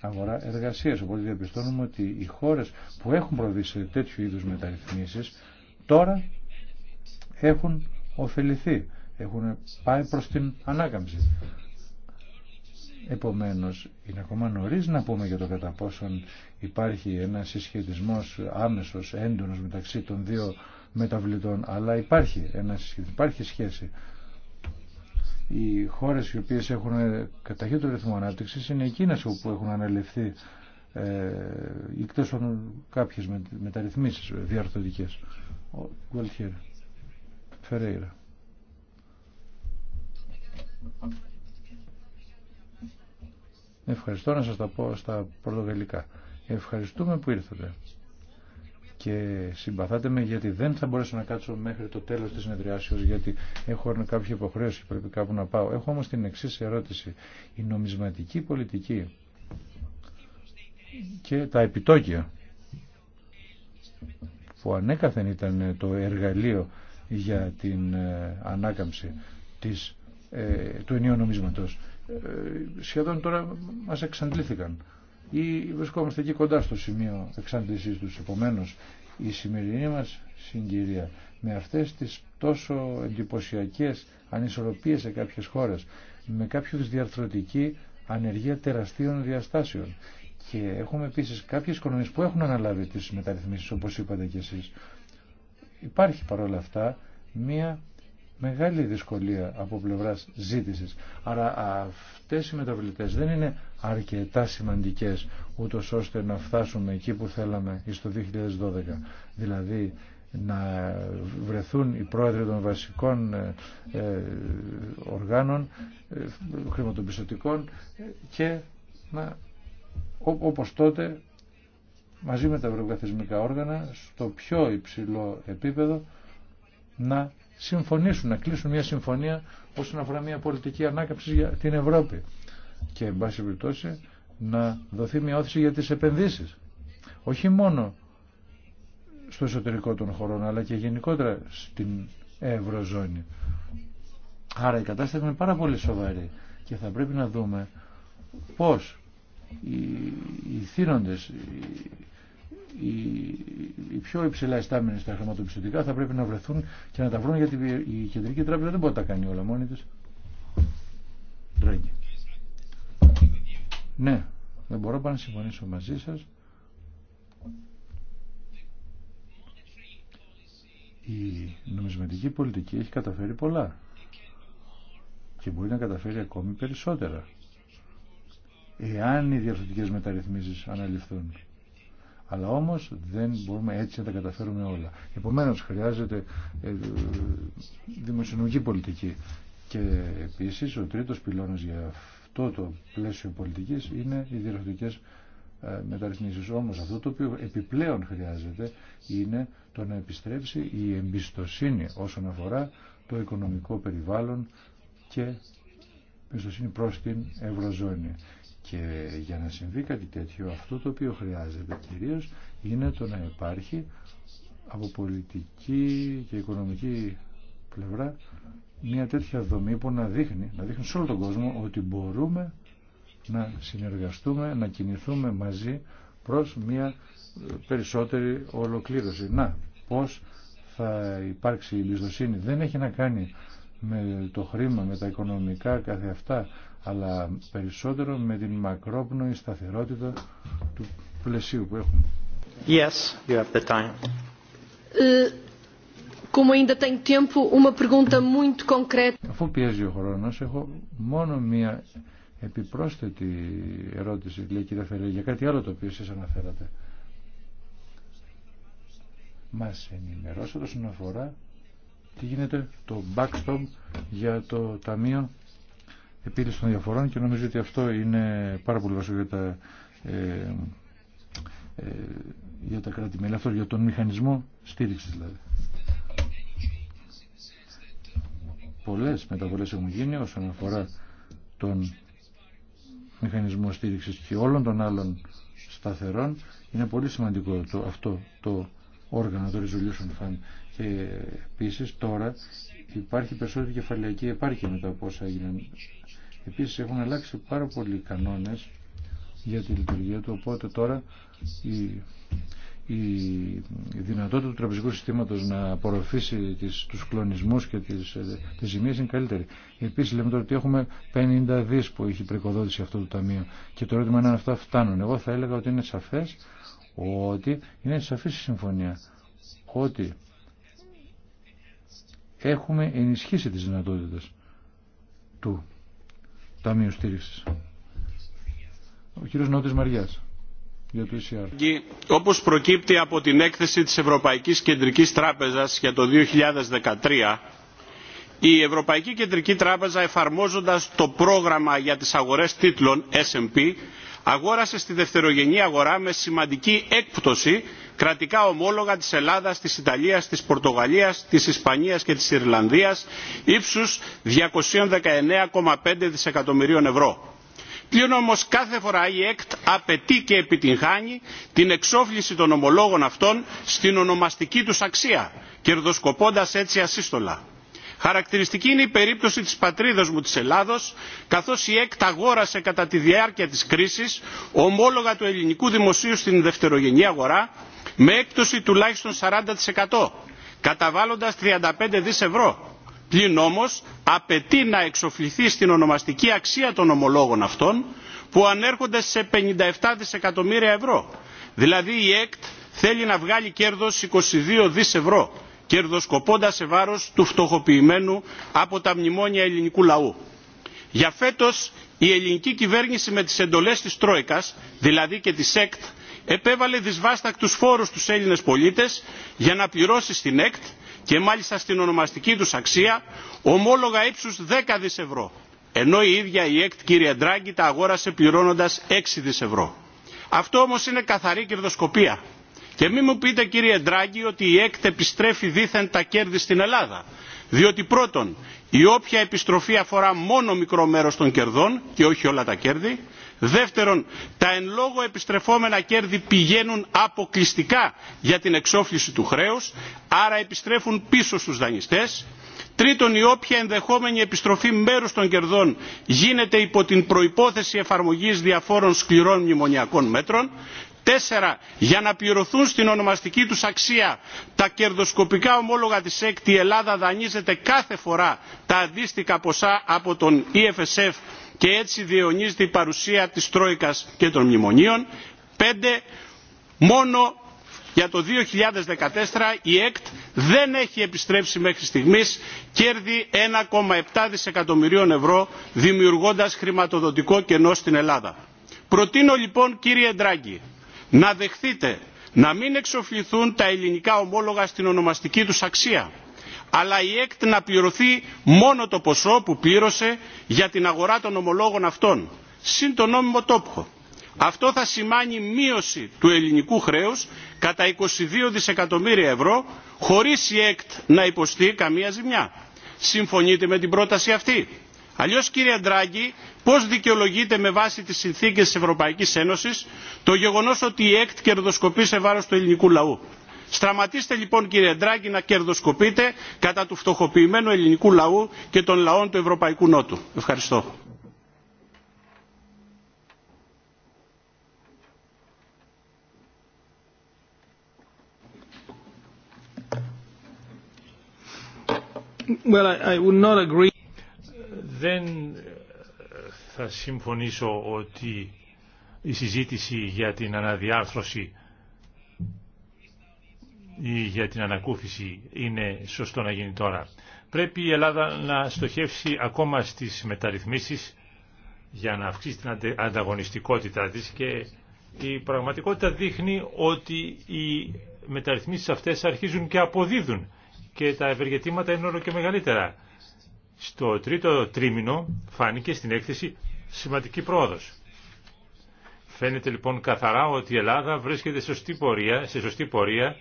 αγορά εργασίας. Οπότε διαπιστώνουμε ότι οι χώρες που έχουν προβεί σε τέτοιου είδους μεταρρυθμίσεις τώρα έχουν ωφεληθεί, έχουν πάει προς την ανάκαμψη. Επομένως, είναι ακόμα νωρίς να πούμε για το κατά πόσον υπάρχει ένα συσχετισμός άμεσος, έντονος μεταξύ των δύο μεταβλητών, αλλά υπάρχει, ένα, υπάρχει σχέση. Οι χώρες οι οποίες έχουν ε, καταχύτερο ρυθμό ανάπτυξης είναι εκείνες όπου έχουν αναλυφθεί ε, των κάποιες μεταρρυθμίσεις διαρθωτικές. Ευχαριστώ να σας τα πω στα πορτογαλικά. Ευχαριστούμε που ήρθατε. Και συμπαθάτε με γιατί δεν θα μπορέσω να κάτσω μέχρι το τέλος της συνεδριάσεως γιατί έχω κάποια υποχρέωση και πρέπει κάπου να πάω. Έχω όμως την εξής ερώτηση. Η νομισματική πολιτική και τα επιτόκια που ανέκαθεν ήταν το εργαλείο για την ε, ανάκαμψη της, ε, του ενίου νομίσματος. Ε, σχεδόν τώρα μας εξαντλήθηκαν ή βρισκόμαστε εκεί κοντά στο σημείο εξάντλησής τους. Επομένως, η σημερινή μας συγκυρία με αυτές τις τόσο εντυπωσιακε ανισορροπίες σε κάποιες χώρες, με κάποιο διαρθρωτική ανεργία τεραστίων διαστάσεων. Και έχουμε επίσης κάποιες οικονομίες που έχουν αναλάβει τις μεταρρυθμίσεις, όπως είπατε κι εσείς υπάρχει παρόλα αυτά μία μεγάλη δυσκολία από πλευράς ζήτησης. Άρα αυτές οι μεταβλητές δεν είναι αρκετά σημαντικές ούτως ώστε να φτάσουμε εκεί που θέλαμε στο 2012. Δηλαδή να βρεθούν οι πρόεδροι των βασικών ε, ε, οργάνων ε, χρηματοπιστωτικών και να, όπως τότε μαζί με τα ευρωπαϊκά όργανα στο πιο υψηλό επίπεδο να συμφωνήσουν, να κλείσουν μια συμφωνία όσον αφορά μια πολιτική ανάκαψη για την Ευρώπη. Και, εν πάση περιπτώσει, να δοθεί μια όθηση για τις επενδύσεις. Όχι μόνο στο εσωτερικό των χωρών, αλλά και γενικότερα στην Ευρωζώνη. Άρα η κατάσταση είναι πάρα πολύ σοβαρή και θα πρέπει να δούμε πώς οι, οι θύνοντες, οι, πιο υψηλά ειστάμενε στα χρηματοπιστωτικά θα πρέπει να βρεθούν και να τα βρουν γιατί η Κεντρική Τράπεζα δεν μπορεί να τα κάνει όλα μόνη της. Ναι, δεν μπορώ να συμφωνήσω μαζί σας. Η νομισματική πολιτική έχει καταφέρει πολλά και μπορεί να καταφέρει ακόμη περισσότερα εάν οι διαρθρωτικές μεταρρυθμίσεις αναλυφθούν. Αλλά όμως δεν μπορούμε έτσι να τα καταφέρουμε όλα. Επομένως χρειάζεται ε, δημοσιονομική πολιτική. Και επίσης ο τρίτος πυλώνας για αυτό το πλαίσιο πολιτικής είναι οι διερευνητικές ε, μεταρρυθμίσεις. Όμως αυτό το οποίο επιπλέον χρειάζεται είναι το να επιστρέψει η εμπιστοσύνη όσον αφορά το οικονομικό περιβάλλον και εμπιστοσύνη προς την Ευρωζώνη. Και για να συμβεί κάτι τέτοιο, αυτό το οποίο χρειάζεται κυρίως είναι το να υπάρχει από πολιτική και οικονομική πλευρά μια τέτοια δομή που να δείχνει, να δείχνει σε όλο τον κόσμο ότι μπορούμε να συνεργαστούμε, να κινηθούμε μαζί προς μια περισσότερη ολοκλήρωση. Να, πώς θα υπάρξει η εμπιστοσύνη. Δεν έχει να κάνει με το χρήμα, με τα οικονομικά, κάθε αυτά αλλά περισσότερο με την μακρόπνοη σταθερότητα του πλαισίου που έχουμε. Yes, you have the time. Ε, como ainda tenho tempo, Αφού πιέζει ο χρόνος, έχω μόνο μία επιπρόσθετη ερώτηση, λέει κυρία Φερέ, για κάτι άλλο το οποίο εσείς αναφέρατε. Μας ενημερώσατε όσον αφορά τι γίνεται το backstop για το Ταμείο επίλυση των διαφορών και νομίζω ότι αυτό είναι πάρα πολύ βασικό για τα, ε, ε, για τα κράτη-μέλη. Αυτό για τον μηχανισμό στήριξης δηλαδή. Πολλές μεταβολές έχουν γίνει όσον αφορά τον μηχανισμό στήριξης και όλων των άλλων σταθερών. Είναι πολύ σημαντικό το, αυτό το όργανο, το Resolution Fund. Και επίσης τώρα υπάρχει περισσότερη κεφαλαιακή επάρκεια μετά από όσα έγιναν Επίσης έχουν αλλάξει πάρα πολλοί κανόνες για τη λειτουργία του, οπότε τώρα η, η δυνατότητα του τραπεζικού συστήματος να απορροφήσει τις, τους κλονισμούς και τις, τις ζημίες είναι καλύτερη. Επίσης λέμε τώρα ότι έχουμε 50 δις που έχει πρικοδότηση αυτό το ταμείο και το ρώτημα είναι αν αυτά φτάνουν. Εγώ θα έλεγα ότι είναι σαφές ότι είναι σαφής η συμφωνία ότι έχουμε ενισχύσει τις δυνατότητες του Ταμείου Στήριξη. Ο κύριος Νότης Μαριάς. Για το Όπως προκύπτει από την έκθεση της Ευρωπαϊκής Κεντρικής Τράπεζας για το 2013, η Ευρωπαϊκή Κεντρική Τράπεζα εφαρμόζοντας το πρόγραμμα για τις αγορές τίτλων S&P αγόρασε στη δευτερογενή αγορά με σημαντική έκπτωση κρατικά ομόλογα της ελλάδας της ιταλίας της πορτογαλίας της ισπανίας και της ιρλανδίας ύψους 219,5 δισεκατομμυρίων ευρώ. πλην όμως κάθε φορά η ΕΚΤ απαιτεί και επιτυγχάνει την εξόφληση των ομολόγων αυτών στην ονομαστική τους αξία κερδοσκοπώντας έτσι ασύστολα χαρακτηριστική είναι η περίπτωση της πατρίδος μου της ελλάδος καθώς η ΕΚΤ αγόρασε κατά τη διάρκεια της κρίσης ομόλογα του ελληνικού δημοσίου στην δευτερογενή αγορά με έκπτωση τουλάχιστον 40% καταβάλλοντας 35 δις ευρώ πλην όμως απαιτεί να εξοφληθεί στην ονομαστική αξία των ομολόγων αυτών που ανέρχονται σε 57 δισεκατομμύρια ευρώ. Δηλαδή η ΕΚΤ θέλει να βγάλει κέρδος 22 δις ευρώ κερδοσκοπώντας σε βάρος του φτωχοποιημένου από τα μνημόνια ελληνικού λαού. Για φέτος η ελληνική κυβέρνηση με τις εντολές της Τρόικας, δηλαδή και της ΕΚΤ, επέβαλε δυσβάστακτους φόρους στους Έλληνες πολίτες για να πληρώσει στην ΕΚΤ και μάλιστα στην ονομαστική τους αξία ομόλογα ύψους 10 δις ευρώ, ενώ η ίδια η ΕΚΤ κύριε Ντράγκη τα αγόρασε πληρώνοντας 6 δι ευρώ. Αυτό όμως είναι καθαρή κερδοσκοπία και μην μου πείτε κύριε Ντράγκη ότι η ΕΚΤ επιστρέφει δήθεν τα κέρδη στην Ελλάδα. Διότι πρώτον, η όποια επιστροφή αφορά μόνο μικρό μέρος των κερδών και όχι όλα τα κέρδη. Δεύτερον, τα εν λόγω επιστρεφόμενα κέρδη πηγαίνουν αποκλειστικά για την εξόφληση του χρέους, άρα επιστρέφουν πίσω στους δανειστές. Τρίτον, η όποια ενδεχόμενη επιστροφή μέρους των κερδών γίνεται υπό την προϋπόθεση εφαρμογής διαφόρων σκληρών μνημονιακών μέτρων. Τέσσερα, για να πληρωθούν στην ονομαστική τους αξία τα κερδοσκοπικά ομόλογα της ΕΚΤ η Ελλάδα δανείζεται κάθε φορά τα αντίστοιχα ποσά από τον EFSF και έτσι διαιωνίζεται η παρουσία της Τρόικας και των Μνημονίων. Πέντε, μόνο για το 2014 η ΕΚΤ δεν έχει επιστρέψει μέχρι στιγμής κέρδη 1,7 δισεκατομμυρίων ευρώ δημιουργώντας χρηματοδοτικό κενό στην Ελλάδα. Προτείνω λοιπόν κύριε Ντράγκη να δεχθείτε να μην εξοφληθούν τα ελληνικά ομόλογα στην ονομαστική τους αξία αλλά η ΕΚΤ να πληρωθεί μόνο το ποσό που πλήρωσε για την αγορά των ομολόγων αυτών, συν τον νόμιμο τόπο. Αυτό θα σημάνει μείωση του ελληνικού χρέους κατά 22 δισεκατομμύρια ευρώ, χωρίς η ΕΚΤ να υποστεί καμία ζημιά. Συμφωνείτε με την πρόταση αυτή. Αλλιώς κύριε Ντράγκη, πώς δικαιολογείται με βάση τις συνθήκες της Ευρωπαϊκής Ένωσης το γεγονός ότι η ΕΚΤ κερδοσκοπεί σε βάρος του ελληνικού λαού. Στραματίστε λοιπόν κύριε Ντράγκη να κερδοσκοπείτε κατά του φτωχοποιημένου ελληνικού λαού και των λαών του Ευρωπαϊκού Νότου. Ευχαριστώ. Well, I, I would not agree. Δεν ε, θα συμφωνήσω ότι η συζήτηση για την αναδιάρθρωση ή για την ανακούφιση είναι σωστό να γίνει τώρα. Πρέπει η Ελλάδα να στοχεύσει ακόμα στις μεταρρυθμίσεις για να αυξήσει την ανταγωνιστικότητά της και η πραγματικότητα δείχνει ότι οι μεταρρυθμίσεις αυτές αρχίζουν και αποδίδουν και τα ευεργετήματα είναι όλο και μεγαλύτερα. Στο τρίτο τρίμηνο φάνηκε στην έκθεση σημαντική πρόοδος. Φαίνεται λοιπόν καθαρά ότι η Ελλάδα βρίσκεται σε σωστή πορεία, σε σωστή πορεία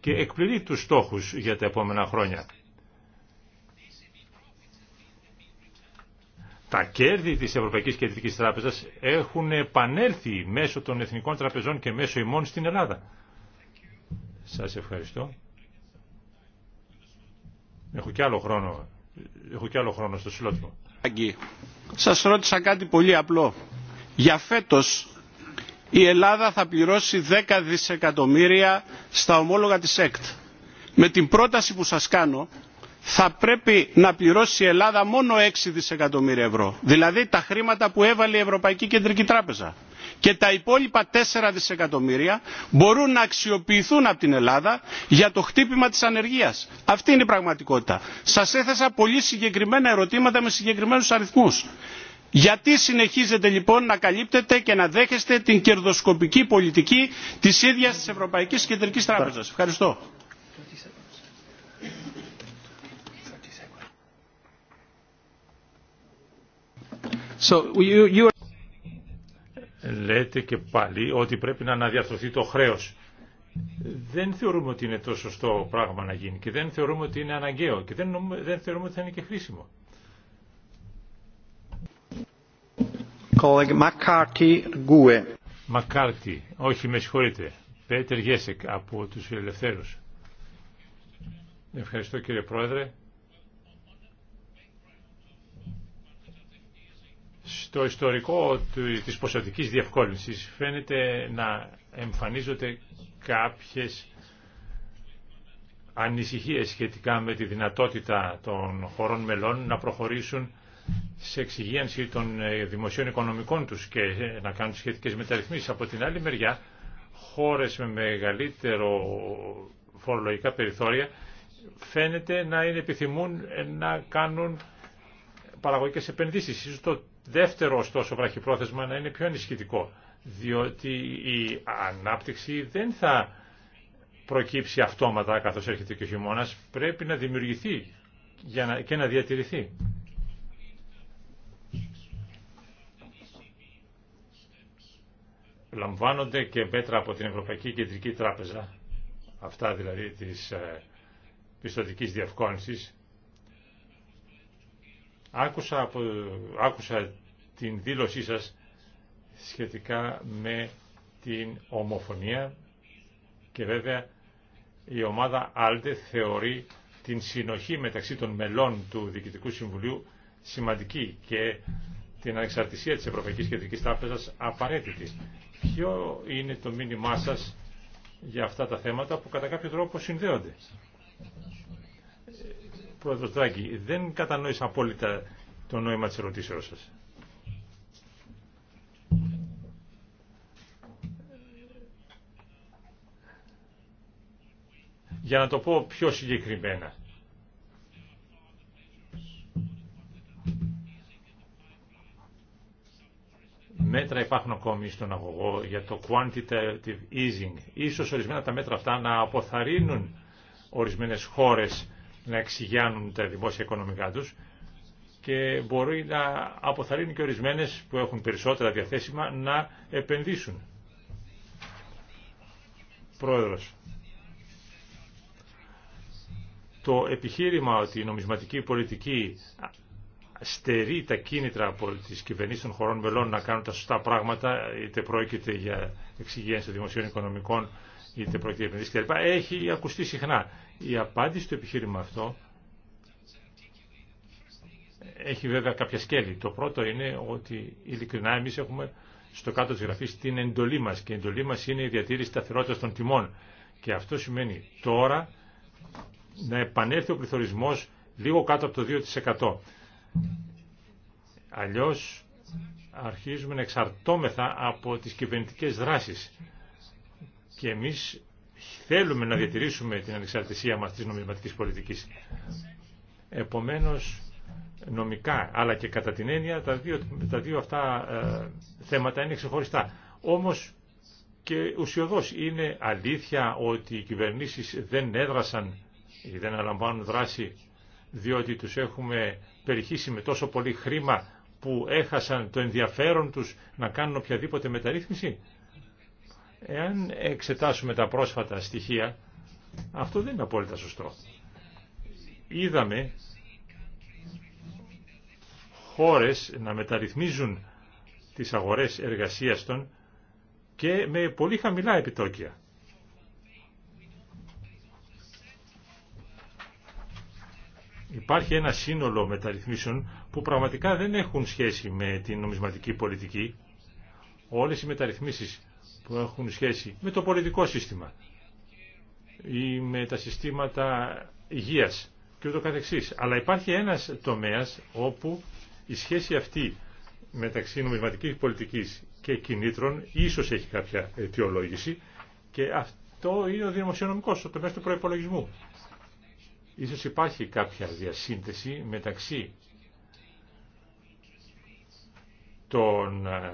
και εκπληρεί τους στόχους για τα επόμενα χρόνια. Τα κέρδη της Ευρωπαϊκής Κεντρικής Τράπεζας έχουν επανέλθει μέσω των εθνικών τραπεζών και μέσω ημών στην Ελλάδα. Σας ευχαριστώ. Έχω και άλλο χρόνο Έχω και άλλο χρόνο στο σλότ Σας ρώτησα κάτι πολύ απλό. Για φέτος η Ελλάδα θα πληρώσει 10 δισεκατομμύρια στα ομόλογα της ΕΚΤ. Με την πρόταση που σας κάνω θα πρέπει να πληρώσει η Ελλάδα μόνο 6 δισεκατομμύρια ευρώ. Δηλαδή τα χρήματα που έβαλε η Ευρωπαϊκή Κεντρική Τράπεζα και τα υπόλοιπα τέσσερα δισεκατομμύρια μπορούν να αξιοποιηθούν από την Ελλάδα για το χτύπημα της ανεργίας. Αυτή είναι η πραγματικότητα. Σας έθεσα πολύ συγκεκριμένα ερωτήματα με συγκεκριμένους αριθμούς. Γιατί συνεχίζετε λοιπόν να καλύπτετε και να δέχεστε την κερδοσκοπική πολιτική της ίδιας τη Ευρωπαϊκής Κεντρικής Τράπεζας. Ευχαριστώ λέτε και πάλι ότι πρέπει να αναδιαρθρωθεί το χρέος. Δεν θεωρούμε ότι είναι το σωστό πράγμα να γίνει και δεν θεωρούμε ότι είναι αναγκαίο και δεν, δεν θεωρούμε ότι θα είναι και χρήσιμο. Μακάρτι, όχι με συγχωρείτε, Πέτερ Γέσεκ από τους Ελευθέρους. Ευχαριστώ κύριε Πρόεδρε. Στο ιστορικό της ποσοτικής διευκόλυνσης φαίνεται να εμφανίζονται κάποιες ανησυχίες σχετικά με τη δυνατότητα των χωρών μελών να προχωρήσουν σε εξυγίανση των ε, δημοσίων οικονομικών τους και ε, να κάνουν σχετικές μεταρρυθμίσεις. Από την άλλη μεριά, χώρες με μεγαλύτερο φορολογικά περιθώρια φαίνεται να είναι επιθυμούν ε, να κάνουν παραγωγικές επενδύσεις. Ίσως το δεύτερο ωστόσο βραχυπρόθεσμα να είναι πιο ενισχυτικό, διότι η ανάπτυξη δεν θα προκύψει αυτόματα καθώς έρχεται και ο χειμώνας, πρέπει να δημιουργηθεί για να, και να διατηρηθεί. Λαμβάνονται και μέτρα από την Ευρωπαϊκή Κεντρική Τράπεζα, αυτά δηλαδή της ε, πιστοτικής διευκόνησης, Άκουσα, άκουσα την δήλωσή σας σχετικά με την ομοφωνία και βέβαια η ομάδα Άλτε θεωρεί την συνοχή μεταξύ των μελών του Διοικητικού Συμβουλίου σημαντική και την ανεξαρτησία της Ευρωπαϊκής Κεντρικής Τράπεζας απαραίτητη. Ποιο είναι το μήνυμά σας για αυτά τα θέματα που κατά κάποιο τρόπο συνδέονται. Πρόεδρος δεν κατανόησα απόλυτα το νόημα της ερωτήσεώς σας. Για να το πω πιο συγκεκριμένα. Μέτρα υπάρχουν ακόμη στον αγωγό για το quantitative easing. Ίσως ορισμένα τα μέτρα αυτά να αποθαρρύνουν ορισμένες χώρες να εξηγιάνουν τα δημόσια οικονομικά τους και μπορεί να αποθαρρύνει και ορισμένες που έχουν περισσότερα διαθέσιμα να επενδύσουν. Πρόεδρος. Το επιχείρημα ότι η νομισματική πολιτική στερεί τα κίνητρα από τις κυβερνήσεις των χωρών μελών να κάνουν τα σωστά πράγματα, είτε πρόκειται για εξυγίανση των δημοσίων οικονομικών, είτε πρόκειται για επενδύσεις κλπ. Έχει ακουστεί συχνά. Η απάντηση στο επιχείρημα αυτό έχει βέβαια κάποια σκέλη. Το πρώτο είναι ότι ειλικρινά εμεί έχουμε στο κάτω τη γραφή την εντολή μα και η εντολή μας είναι η διατήρηση σταθερότητα των τιμών και αυτό σημαίνει τώρα να επανέλθει ο πληθωρισμό λίγο κάτω από το 2%. Αλλιώς αρχίζουμε να εξαρτώμεθα από τις κυβερνητικέ δράσει. και εμείς θέλουμε να διατηρήσουμε την ανεξαρτησία μας της νομισματικής πολιτικής. Επομένως, νομικά αλλά και κατά την έννοια τα δύο, τα δύο αυτά ε, θέματα είναι ξεχωριστά. Όμως και ουσιοδός είναι αλήθεια ότι οι κυβερνήσεις δεν έδρασαν ή δεν αναλαμβάνουν δράση διότι τους έχουμε περιχύσει με τόσο πολύ χρήμα που έχασαν το ενδιαφέρον τους να κάνουν οποιαδήποτε μεταρρύθμιση. Εάν εξετάσουμε τα πρόσφατα στοιχεία, αυτό δεν είναι απόλυτα σωστό. Είδαμε χώρες να μεταρρυθμίζουν τις αγορές εργασίας των και με πολύ χαμηλά επιτόκια. Υπάρχει ένα σύνολο μεταρρυθμίσεων που πραγματικά δεν έχουν σχέση με την νομισματική πολιτική. Όλες οι μεταρρυθμίσεις που έχουν σχέση με το πολιτικό σύστημα ή με τα συστήματα υγείας και ούτω καθεξής. Αλλά υπάρχει ένας τομέας όπου η σχέση αυτή μεταξύ νομισματικής πολιτικής και κινήτρων ίσως έχει κάποια αιτιολόγηση και αυτό είναι ο δημοσιονομικός, ο τομέας του προϋπολογισμού. Ίσως υπάρχει κάποια διασύνθεση μεταξύ των ε,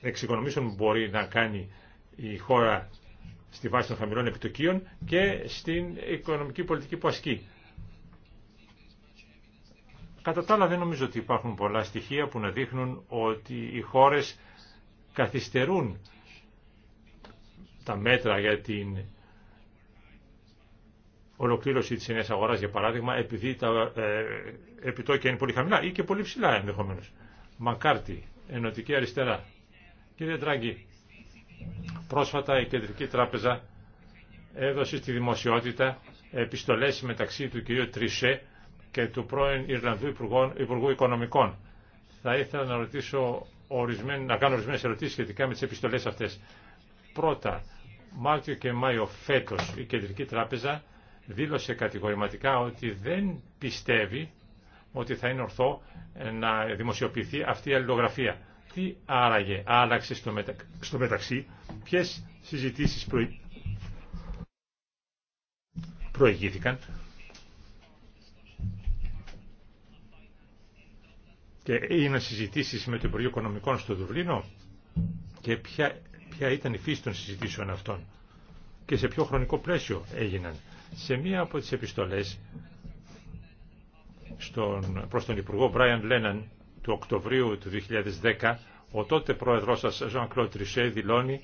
εξοικονομήσεων μπορεί να κάνει η χώρα στη βάση των χαμηλών επιτοκίων και στην οικονομική πολιτική που ασκεί. Κατά τα άλλα δεν νομίζω ότι υπάρχουν πολλά στοιχεία που να δείχνουν ότι οι χώρες καθυστερούν τα μέτρα για την ολοκλήρωση της νέας αγοράς, για παράδειγμα, επειδή τα ε, επιτόκια είναι πολύ χαμηλά ή και πολύ ψηλά ενδεχομένως. Μακάρτι, ενωτική αριστερά. Κύριε Ντράγκη, πρόσφατα η Κεντρική Τράπεζα έδωσε στη δημοσιότητα επιστολές μεταξύ του κυρίου Τρισέ και του πρώην Ιρλανδού Υπουργού, Υπουργού Οικονομικών. Θα ήθελα να, ρωτήσω να κάνω ορισμένες ερωτήσεις σχετικά με τις επιστολές αυτές. Πρώτα, Μάρτιο και Μάιο φέτος η Κεντρική Τράπεζα δήλωσε κατηγορηματικά ότι δεν πιστεύει ότι θα είναι ορθό να δημοσιοποιηθεί αυτή η αλληλογραφία. Τι άραγε, άλλαξε στο, μεταξύ, ποιες συζητήσεις προηγήθηκαν και έγιναν συζητήσεις με το Υπουργείο Οικονομικών στο Δουβλίνο και ποια, ήταν η φύση των συζητήσεων αυτών και σε ποιο χρονικό πλαίσιο έγιναν. Σε μία από τις επιστολές στον, προς τον Υπουργό Brian Λέναν του Οκτωβρίου του 2010 ο τότε πρόεδρός σας Jean-Claude Trichet δηλώνει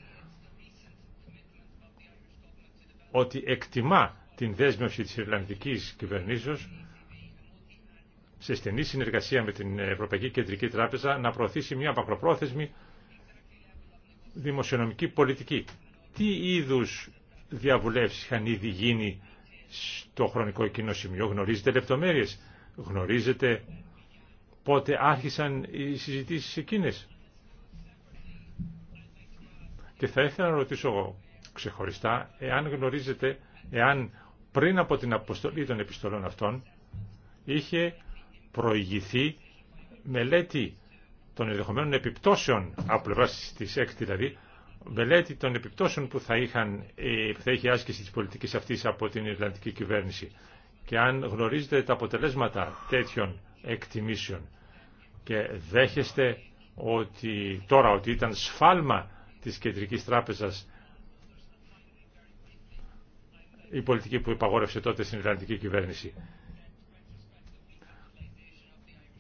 ότι εκτιμά την δέσμευση της Ιρλανδικής κυβερνήσεως σε στενή συνεργασία με την Ευρωπαϊκή Κεντρική Τράπεζα να προωθήσει μια μακροπρόθεσμη δημοσιονομική πολιτική. Τι είδους διαβουλεύσεις είχαν ήδη γίνει στο χρονικό εκείνο σημείο. Γνωρίζετε λεπτομέρειες, γνωρίζετε πότε άρχισαν οι συζητήσεις εκείνες. Και θα ήθελα να ρωτήσω εγώ ξεχωριστά, εάν γνωρίζετε, εάν πριν από την αποστολή των επιστολών αυτών είχε προηγηθεί μελέτη των ενδεχομένων επιπτώσεων, από πλευρά τη ΕΚΤ δηλαδή, μελέτη των επιπτώσεων που θα, είχαν, ε, που θα είχε άσκηση τη πολιτική αυτή από την Ιρλανδική κυβέρνηση. Και αν γνωρίζετε τα αποτελέσματα τέτοιων εκτιμήσεων, και δέχεστε ότι τώρα ότι ήταν σφάλμα της Κεντρικής Τράπεζας η πολιτική που υπαγόρευσε τότε στην Ιρλανδική κυβέρνηση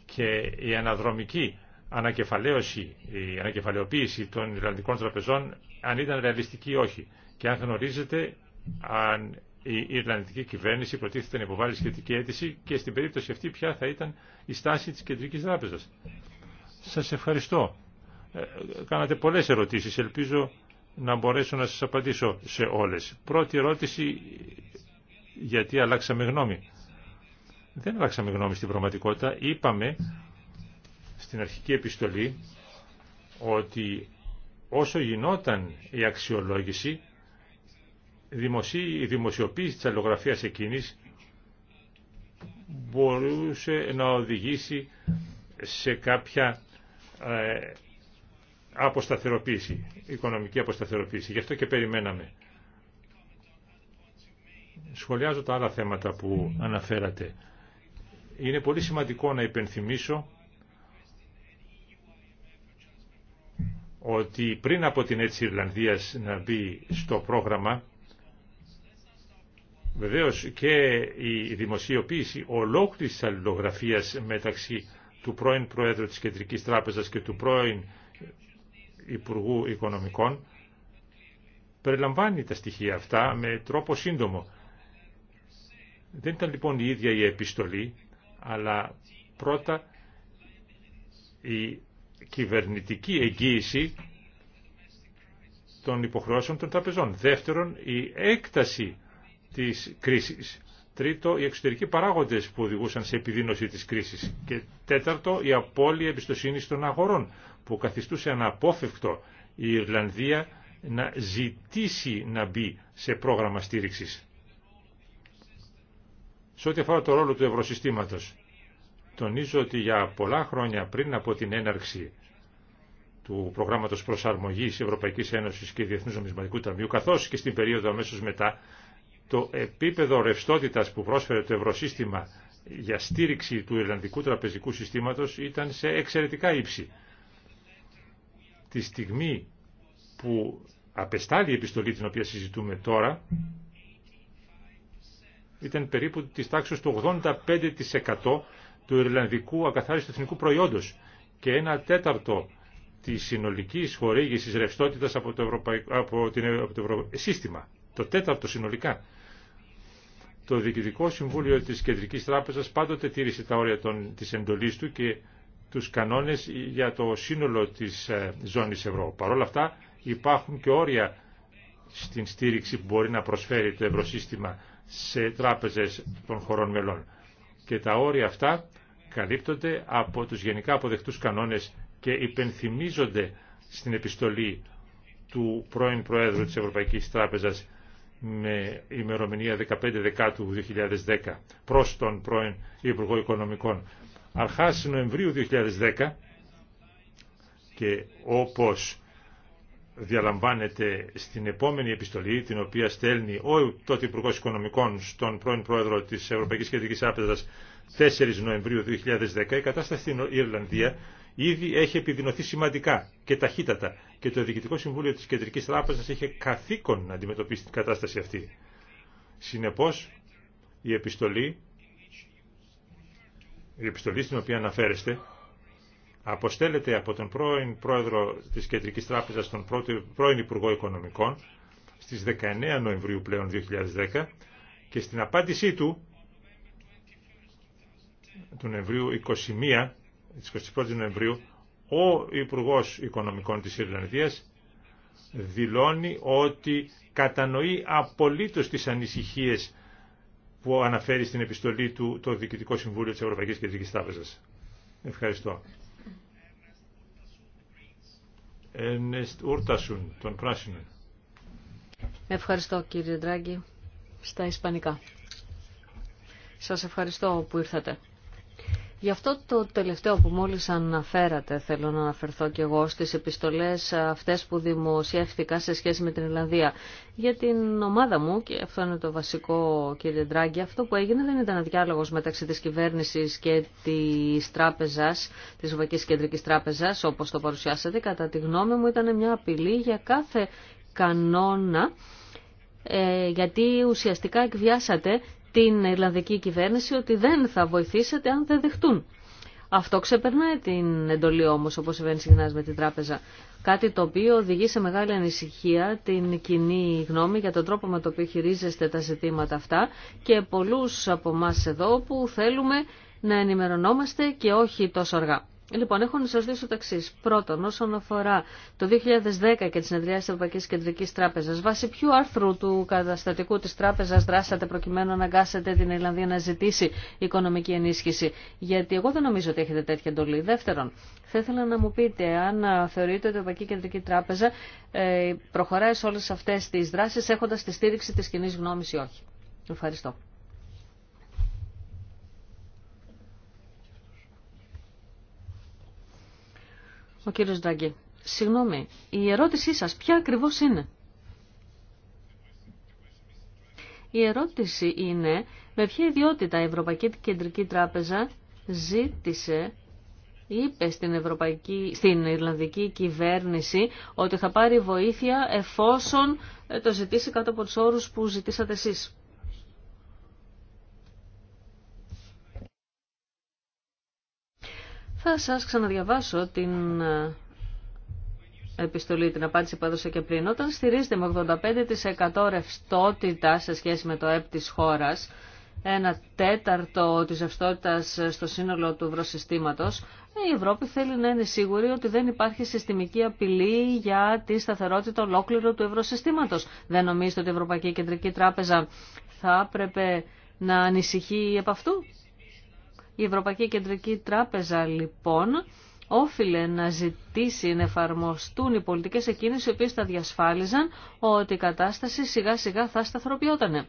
και η αναδρομική ανακεφαλαίωση, η ανακεφαλαιοποίηση των Ιρλανδικών τραπεζών αν ήταν ρεαλιστική όχι και αν γνωρίζετε αν η Ιρλανδική κυβέρνηση προτίθεται να υποβάλει σχετική αίτηση και στην περίπτωση αυτή ποια θα ήταν η στάση της Κεντρικής Τράπεζας. Σας ευχαριστώ. Ε, κάνατε πολλές ερωτήσεις. Ελπίζω να μπορέσω να σας απαντήσω σε όλες. Πρώτη ερώτηση, γιατί αλλάξαμε γνώμη. Δεν αλλάξαμε γνώμη στην πραγματικότητα. Είπαμε στην αρχική επιστολή ότι όσο γινόταν η αξιολόγηση η δημοσιοποίηση της αλληλογραφίας εκείνης μπορούσε να οδηγήσει σε κάποια ε, αποσταθεροποίηση, οικονομική αποσταθεροποίηση. Γι' αυτό και περιμέναμε. Σχολιάζω τα άλλα θέματα που αναφέρατε. Είναι πολύ σημαντικό να υπενθυμίσω ότι πριν από την έτσι Ιρλανδίας να μπει στο πρόγραμμα Βεβαίω, και η δημοσιοποίηση ολόκληρη της αλληλογραφίας μεταξύ του πρώην Προέδρου της κεντρική Τράπεζας και του πρώην Υπουργού Οικονομικών περιλαμβάνει τα στοιχεία αυτά με τρόπο σύντομο. Δεν ήταν λοιπόν η ίδια η επιστολή, αλλά πρώτα η κυβερνητική εγγύηση των υποχρεώσεων των τραπεζών. Δεύτερον, η έκταση της κρίσης. Τρίτο, οι εξωτερικοί παράγοντες που οδηγούσαν σε επιδείνωση της κρίσης. Και τέταρτο, η απώλεια εμπιστοσύνη των αγορών, που καθιστούσε αναπόφευκτο η Ιρλανδία να ζητήσει να μπει σε πρόγραμμα στήριξης. Σε ό,τι αφορά το ρόλο του ευρωσυστήματος, τονίζω ότι για πολλά χρόνια πριν από την έναρξη του προγράμματος προσαρμογής Ευρωπαϊκής Ένωσης και Διεθνούς Νομισματικού Ταμείου, καθώς και στην περίοδο αμέσως μετά, το επίπεδο ρευστότητας που πρόσφερε το ευρωσύστημα για στήριξη του Ιρλανδικού τραπεζικού συστήματος ήταν σε εξαιρετικά ύψη. Τη στιγμή που απεστάλλει η επιστολή την οποία συζητούμε τώρα, ήταν περίπου της τάξης του 85% του Ιρλανδικού ακαθάριστου εθνικού προϊόντος και ένα τέταρτο τη συνολική χορήγηση ρευστότητα από, το από, την, από το σύστημα. Το τέταρτο συνολικά το Διοικητικό Συμβούλιο της Κεντρικής Τράπεζας πάντοτε τήρησε τα όρια των, της εντολής του και τους κανόνες για το σύνολο της ε, ζώνης ευρώ. Παρ' όλα αυτά υπάρχουν και όρια στην στήριξη που μπορεί να προσφέρει το ευρωσύστημα σε τράπεζες των χωρών μελών. Και τα όρια αυτά καλύπτονται από τους γενικά αποδεκτούς κανόνες και υπενθυμίζονται στην επιστολή του πρώην Προέδρου της Ευρωπαϊκής Τράπεζας με ημερομηνία 15 Δεκάτου 2010 προς τον πρώην Υπουργό Οικονομικών. Αρχάς Νοεμβρίου 2010 και όπως διαλαμβάνεται στην επόμενη επιστολή την οποία στέλνει ο τότε Υπουργό Οικονομικών στον πρώην Πρόεδρο της Ευρωπαϊκής Κεντρικής Άπεδας 4 Νοεμβρίου 2010 η κατάσταση στην Ιρλανδία ήδη έχει επιδεινωθεί σημαντικά και ταχύτατα και το Διοικητικό Συμβούλιο της Κεντρικής Τράπεζας είχε καθήκον να αντιμετωπίσει την κατάσταση αυτή. Συνεπώς, η επιστολή, η επιστολή στην οποία αναφέρεστε, αποστέλλεται από τον πρώην πρόεδρο της Κεντρικής Τράπεζας, τον πρώην Υπουργό Οικονομικών, στις 19 Νοεμβρίου πλέον 2010 και στην απάντησή του του Νοεμβρίου 21 της 21ης Νοεμβρίου, ο Υπουργός Οικονομικών της Ιρλανδίας δηλώνει ότι κατανοεί απολύτως τις ανησυχίες που αναφέρει στην επιστολή του το Διοικητικό Συμβούλιο της Ευρωπαϊκής Κεντρικής Τράπεζας. Ευχαριστώ. Ευχαριστώ κύριε Ντράγκη στα Ισπανικά. Σας ευχαριστώ που ήρθατε. Γι' αυτό το τελευταίο που μόλις αναφέρατε θέλω να αναφερθώ και εγώ στις επιστολές αυτές που δημοσιεύτηκα σε σχέση με την Ιρλανδία. Για την ομάδα μου, και αυτό είναι το βασικό κύριε Ντράγκη, αυτό που έγινε δεν ήταν διάλογος μεταξύ της κυβέρνησης και της τράπεζας, της Βουβακής Κεντρικής Τράπεζας, όπως το παρουσιάσατε. Κατά τη γνώμη μου ήταν μια απειλή για κάθε κανόνα ε, γιατί ουσιαστικά εκβιάσατε την Ιρλανδική κυβέρνηση ότι δεν θα βοηθήσετε αν δεν δεχτούν. Αυτό ξεπερνάει την εντολή όμως, όπως συμβαίνει συχνά με την τράπεζα. Κάτι το οποίο οδηγεί σε μεγάλη ανησυχία την κοινή γνώμη για τον τρόπο με τον οποίο χειρίζεστε τα ζητήματα αυτά και πολλούς από εμά εδώ που θέλουμε να ενημερωνόμαστε και όχι τόσο αργά. Λοιπόν, έχω να σα δώσω το εξή. Πρώτον, όσον αφορά το 2010 και τι συνεδριάσει τη Ευρωπαϊκή Κεντρική Τράπεζα, βάσει ποιου άρθρου του καταστατικού τη Τράπεζα δράσατε προκειμένου να αναγκάσετε την Ιρλανδία να ζητήσει οικονομική ενίσχυση. Γιατί εγώ δεν νομίζω ότι έχετε τέτοια εντολή. Δεύτερον, θα ήθελα να μου πείτε αν θεωρείτε ότι η Ευρωπαϊκή Κεντρική Τράπεζα ε, προχωράει σε όλε αυτέ τι δράσει έχοντα τη στήριξη τη κοινή γνώμη ή όχι. Ευχαριστώ. Ο κύριος Ντάγκη, συγγνώμη, η ερώτησή σας ποια ακριβώς είναι. Η ερώτηση είναι με ποια ιδιότητα η Ευρωπαϊκή Κεντρική Τράπεζα ζήτησε είπε στην, Ευρωπαϊκή, στην Ιρλανδική κυβέρνηση ότι θα πάρει βοήθεια εφόσον ε, το ζητήσει κάτω από τους όρους που ζητήσατε εσείς. Θα σας ξαναδιαβάσω την ε, επιστολή, την απάντηση που έδωσα και πριν. Όταν στηρίζεται με 85% ρευστότητα σε σχέση με το ΕΠ της χώρας, ένα τέταρτο της ρευστότητας στο σύνολο του ευρωσυστήματος, η Ευρώπη θέλει να είναι σίγουρη ότι δεν υπάρχει συστημική απειλή για τη σταθερότητα ολόκληρου του ευρωσυστήματος. Δεν νομίζετε ότι η Ευρωπαϊκή Κεντρική Τράπεζα θα έπρεπε να ανησυχεί επ' αυτού. Η Ευρωπαϊκή Κεντρική Τράπεζα λοιπόν όφιλε να ζητήσει να εφαρμοστούν οι πολιτικές εκείνες οι οποίες θα διασφάλιζαν ότι η κατάσταση σιγά σιγά θα σταθεροποιότανε.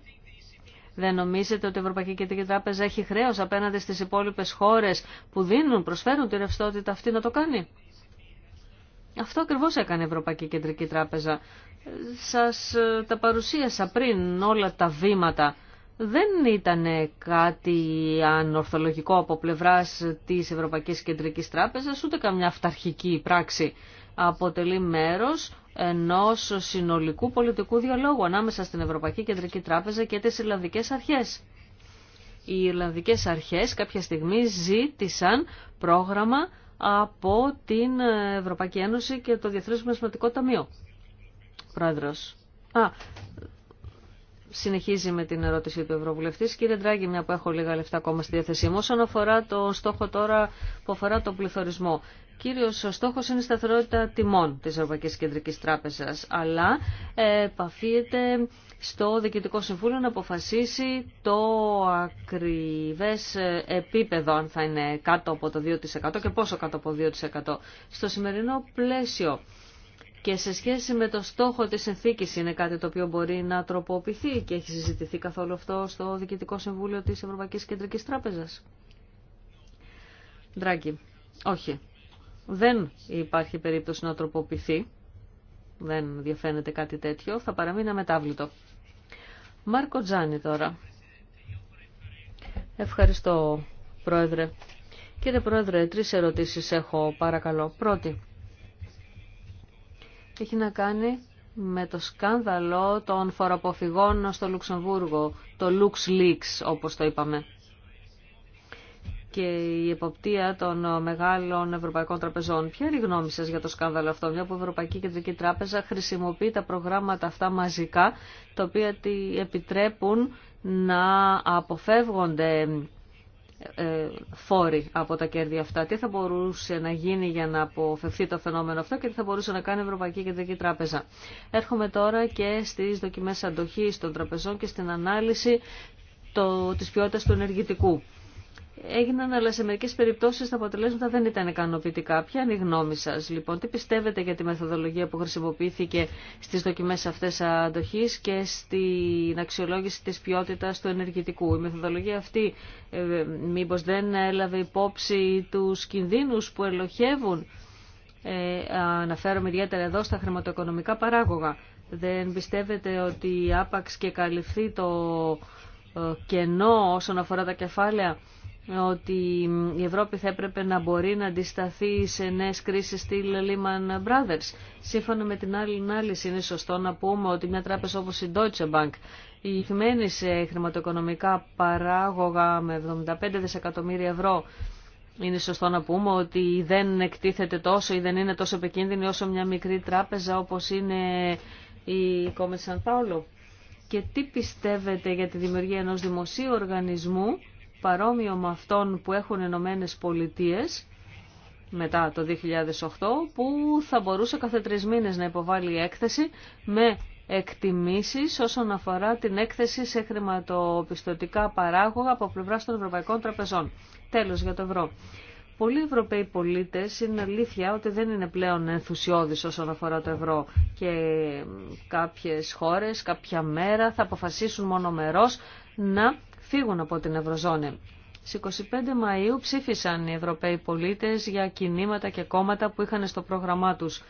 Δεν νομίζετε ότι η Ευρωπαϊκή Κεντρική Τράπεζα έχει χρέο απέναντι στι υπόλοιπε χώρε που δίνουν, προσφέρουν τη ρευστότητα αυτή να το κάνει. Αυτό ακριβώ έκανε η Ευρωπαϊκή Κεντρική Τράπεζα. Σα ε, τα παρουσίασα πριν όλα τα βήματα δεν ήταν κάτι ανορθολογικό από πλευράς της Ευρωπαϊκής Κεντρικής Τράπεζας, ούτε καμιά αυταρχική πράξη. Αποτελεί μέρος ενός συνολικού πολιτικού διαλόγου ανάμεσα στην Ευρωπαϊκή Κεντρική Τράπεζα και τις Ιρλανδικές Αρχές. Οι Ιρλανδικές Αρχές κάποια στιγμή ζήτησαν πρόγραμμα από την Ευρωπαϊκή Ένωση και το Διεθνές Μεσματικό Ταμείο. Πρόεδρος. Α, συνεχίζει με την ερώτηση του Ευρωβουλευτή. Κύριε Ντράγκη, μια που έχω λίγα λεφτά ακόμα στη διάθεσή μου, όσον αφορά το στόχο τώρα που αφορά τον πληθωρισμό. Κύριο στόχο είναι η σταθερότητα τιμών τη Ευρωπαϊκή Κεντρική Τράπεζα, αλλά ε, επαφείεται στο Διοικητικό Συμβούλιο να αποφασίσει το ακριβέ ε, επίπεδο, αν θα είναι κάτω από το 2% και πόσο κάτω από 2%. Στο σημερινό πλαίσιο, και σε σχέση με το στόχο της συνθήκης είναι κάτι το οποίο μπορεί να τροποποιηθεί και έχει συζητηθεί καθόλου αυτό στο Διοικητικό Συμβούλιο της Ευρωπαϊκής Κεντρικής Τράπεζας. Ντράγκη, όχι. Δεν υπάρχει περίπτωση να τροποποιηθεί. Δεν διαφαίνεται κάτι τέτοιο. Θα παραμείνει αμετάβλητο. Μάρκο Τζάνι τώρα. Ευχαριστώ, Πρόεδρε. Κύριε Πρόεδρε, τρεις ερωτήσεις έχω, παρακαλώ. Πρώτη, έχει να κάνει με το σκάνδαλο των φοροποφυγών στο Λουξεμβούργο, το LuxLeaks όπως το είπαμε και η εποπτεία των μεγάλων ευρωπαϊκών τραπεζών. Ποια είναι η γνώμη σας για το σκάνδαλο αυτό, μια που η Ευρωπαϊκή Κεντρική Τράπεζα χρησιμοποιεί τα προγράμματα αυτά μαζικά, τα οποία επιτρέπουν να αποφεύγονται ε, φόροι από τα κέρδη αυτά. Τι θα μπορούσε να γίνει για να αποφευθεί το φαινόμενο αυτό και τι θα μπορούσε να κάνει η Ευρωπαϊκή Κεντρική Τράπεζα. Έρχομαι τώρα και στις δοκιμές αντοχής των τραπεζών και στην ανάλυση το, της ποιότητας του ενεργητικού έγιναν, αλλά σε μερικές περιπτώσεις τα αποτελέσματα δεν ήταν ικανοποιητικά. Ποια είναι η γνώμη σας, λοιπόν, τι πιστεύετε για τη μεθοδολογία που χρησιμοποιήθηκε στις δοκιμές αυτές αντοχής και στην αξιολόγηση της ποιότητας του ενεργητικού. Η μεθοδολογία αυτή ε, μήπως δεν έλαβε υπόψη τους κινδύνους που ελοχεύουν ε, αναφέρομαι ιδιαίτερα εδώ στα χρηματοοικονομικά παράγωγα. Δεν πιστεύετε ότι άπαξ και καλυφθεί το ε, κενό όσον αφορά τα κεφάλαια ότι η Ευρώπη θα έπρεπε να μπορεί να αντισταθεί σε νέε κρίσεις στη Lehman Brothers. Σύμφωνα με την άλλη ανάλυση είναι σωστό να πούμε ότι μια τράπεζα όπως η Deutsche Bank ηχμένη σε χρηματοοικονομικά παράγωγα με 75 δισεκατομμύρια ευρώ είναι σωστό να πούμε ότι δεν εκτίθεται τόσο ή δεν είναι τόσο επικίνδυνη όσο μια μικρή τράπεζα όπως είναι η Κόμετ Σαν Και τι πιστεύετε για τη δημιουργία ενός δημοσίου οργανισμού παρόμοιο με αυτόν που έχουν Ηνωμένε Πολιτείε μετά το 2008 που θα μπορούσε κάθε τρεις μήνες να υποβάλει έκθεση με εκτιμήσεις όσον αφορά την έκθεση σε χρηματοπιστωτικά παράγωγα από πλευρά των Ευρωπαϊκών Τραπεζών. Τέλος για το ευρώ. Πολλοί Ευρωπαίοι πολίτες είναι αλήθεια ότι δεν είναι πλέον ενθουσιώδεις όσον αφορά το ευρώ και κάποιες χώρες κάποια μέρα θα αποφασίσουν μονομερός να φύγουν από την Ευρωζώνη. Στι 25 Μαΐου ψήφισαν οι Ευρωπαίοι πολίτες για κινήματα και κόμματα που είχαν στο πρόγραμμά τους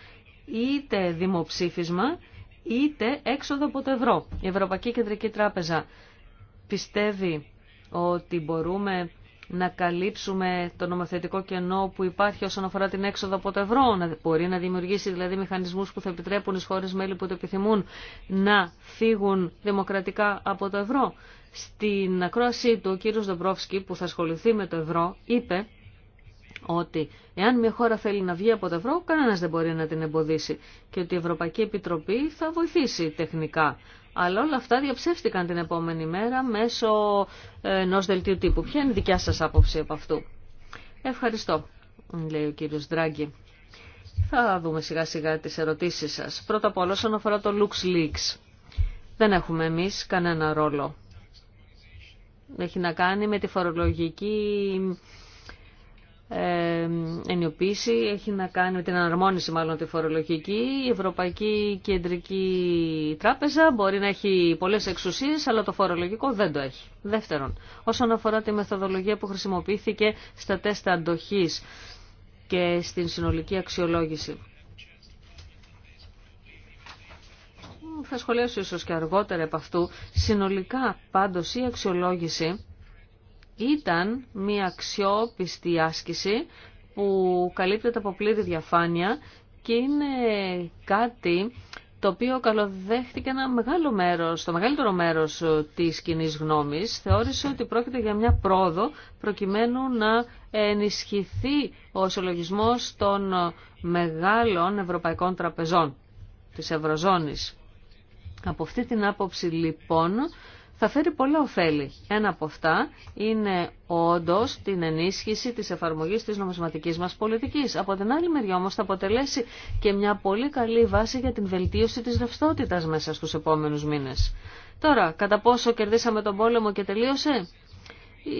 είτε δημοψήφισμα είτε έξοδο από το ευρώ. Η Ευρωπαϊκή Κεντρική Τράπεζα πιστεύει ότι μπορούμε να καλύψουμε το νομοθετικό κενό που υπάρχει όσον αφορά την έξοδο από το ευρώ, να μπορεί να δημιουργήσει δηλαδή μηχανισμούς που θα επιτρέπουν στις χώρες μέλη που το επιθυμούν να φύγουν δημοκρατικά από το ευρώ. Στην ακρόασή του ο κύριος Δομπρόφσκι που θα ασχοληθεί με το ευρώ είπε ότι εάν μια χώρα θέλει να βγει από το ευρώ, κανένα δεν μπορεί να την εμποδίσει και ότι η Ευρωπαϊκή Επιτροπή θα βοηθήσει τεχνικά. Αλλά όλα αυτά διαψεύστηκαν την επόμενη μέρα μέσω ε, ενό δελτίου τύπου. Ποια είναι η δικιά σα άποψη από αυτού. Ευχαριστώ, λέει ο κύριο Δράγκη. Θα δούμε σιγά σιγά τις ερωτήσεις σας. Πρώτα απ' όλα όσον αφορά το LuxLeaks. Δεν έχουμε εμεί κανένα ρόλο έχει να κάνει με τη φορολογική ε, ενιοποίηση, έχει να κάνει με την αναρμόνιση μάλλον τη φορολογική. Η Ευρωπαϊκή Κεντρική Τράπεζα μπορεί να έχει πολλές εξουσίες, αλλά το φορολογικό δεν το έχει. Δεύτερον, όσον αφορά τη μεθοδολογία που χρησιμοποιήθηκε στα τεστ αντοχής και στην συνολική αξιολόγηση. θα σχολιάσω ίσως και αργότερα από αυτού. Συνολικά πάντως η αξιολόγηση ήταν μια αξιόπιστη άσκηση που καλύπτεται από πλήρη διαφάνεια και είναι κάτι το οποίο καλοδέχτηκε ένα μεγάλο μέρος, το μεγαλύτερο μέρος της κοινή γνώμης, θεώρησε ότι πρόκειται για μια πρόοδο προκειμένου να ενισχυθεί ο συλλογισμός των μεγάλων ευρωπαϊκών τραπεζών της Ευρωζώνης. Από αυτή την άποψη λοιπόν θα φέρει πολλά ωφέλη. Ένα από αυτά είναι όντω την ενίσχυση της εφαρμογής της νομισματικής μας πολιτικής. Από την άλλη μεριά όμως θα αποτελέσει και μια πολύ καλή βάση για την βελτίωση της ρευστότητας μέσα στους επόμενους μήνες. Τώρα, κατά πόσο κερδίσαμε τον πόλεμο και τελείωσε...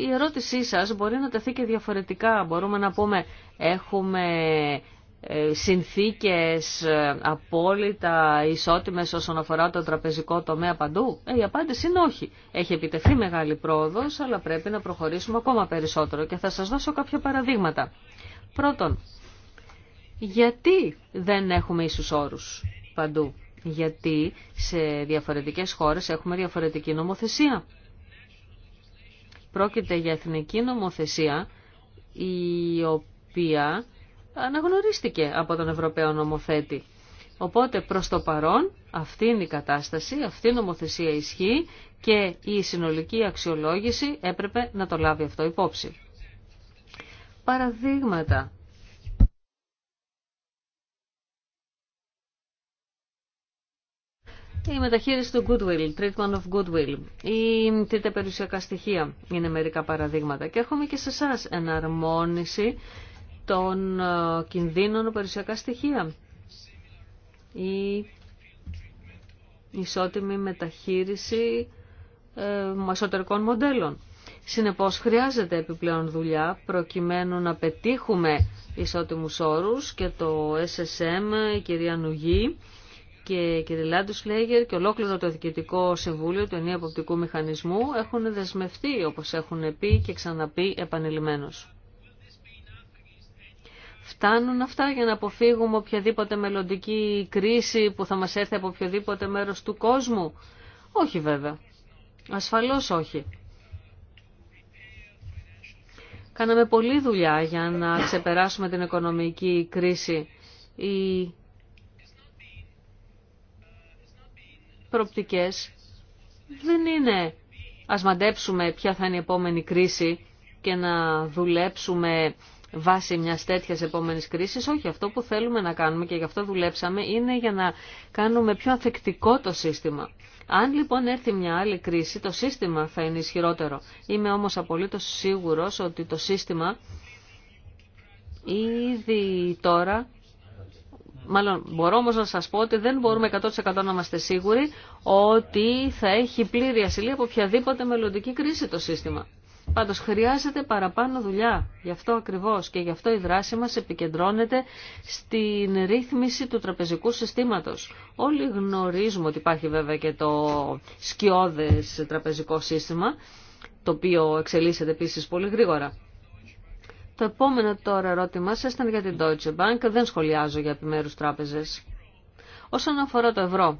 Η ερώτησή σας μπορεί να τεθεί και διαφορετικά. Μπορούμε να πούμε έχουμε ε, συνθήκες ε, απόλυτα ισότιμες όσον αφορά το τραπεζικό τομέα παντού. Ε, η απάντηση είναι όχι. Έχει επιτεθεί μεγάλη πρόοδος, αλλά πρέπει να προχωρήσουμε ακόμα περισσότερο και θα σας δώσω κάποια παραδείγματα. Πρώτον, γιατί δεν έχουμε ίσους όρους παντού. Γιατί σε διαφορετικές χώρες έχουμε διαφορετική νομοθεσία. Πρόκειται για εθνική νομοθεσία η οποία αναγνωρίστηκε από τον Ευρωπαίο νομοθέτη. Οπότε προς το παρόν αυτή είναι η κατάσταση, αυτή η νομοθεσία ισχύει και η συνολική αξιολόγηση έπρεπε να το λάβει αυτό υπόψη. Παραδείγματα. Η μεταχείριση του goodwill, treatment of goodwill, ή τρίτα περιουσιακά στοιχεία είναι μερικά παραδείγματα. Και έχουμε και σε εσά εναρμόνιση των ε, κινδύνων περιουσιακά στοιχεία ή ισότιμη μεταχείριση ε, εσωτερικών μοντέλων. Συνεπώς χρειάζεται επιπλέον δουλειά προκειμένου να πετύχουμε ισότιμους όρους και το SSM, η κυρία Νουγή και η κυρία Λάντους Λέγερ και ολόκληρο το Διοικητικό Συμβούλιο του Ενίου Αποπτικού Μηχανισμού έχουν δεσμευτεί όπως έχουν πει και ξαναπεί επανειλημμένως. Φτάνουν αυτά για να αποφύγουμε οποιαδήποτε μελλοντική κρίση που θα μας έρθει από οποιοδήποτε μέρος του κόσμου. Όχι βέβαια. Ασφαλώς όχι. Κάναμε πολλή δουλειά για να ξεπεράσουμε την οικονομική κρίση. Οι προπτικές δεν είναι ας μαντέψουμε ποια θα είναι η επόμενη κρίση και να δουλέψουμε βάση μια τέτοια επόμενη κρίση, Όχι, αυτό που θέλουμε να κάνουμε και γι' αυτό δουλέψαμε είναι για να κάνουμε πιο ανθεκτικό το σύστημα. Αν λοιπόν έρθει μια άλλη κρίση, το σύστημα θα είναι ισχυρότερο. Είμαι όμως απολύτως σίγουρος ότι το σύστημα ήδη τώρα μάλλον μπορώ όμως να σας πω ότι δεν μπορούμε 100% να είμαστε σίγουροι ότι θα έχει πλήρη ασυλία από οποιαδήποτε μελλοντική κρίση το σύστημα. Πάντως χρειάζεται παραπάνω δουλειά. Γι' αυτό ακριβώς και γι' αυτό η δράση μας επικεντρώνεται στην ρύθμιση του τραπεζικού συστήματος. Όλοι γνωρίζουμε ότι υπάρχει βέβαια και το σκιώδες τραπεζικό σύστημα, το οποίο εξελίσσεται επίσης πολύ γρήγορα. Το επόμενο τώρα ερώτημά σας ήταν για την Deutsche Bank. Δεν σχολιάζω για επιμέρους τράπεζες. Όσον αφορά το ευρώ,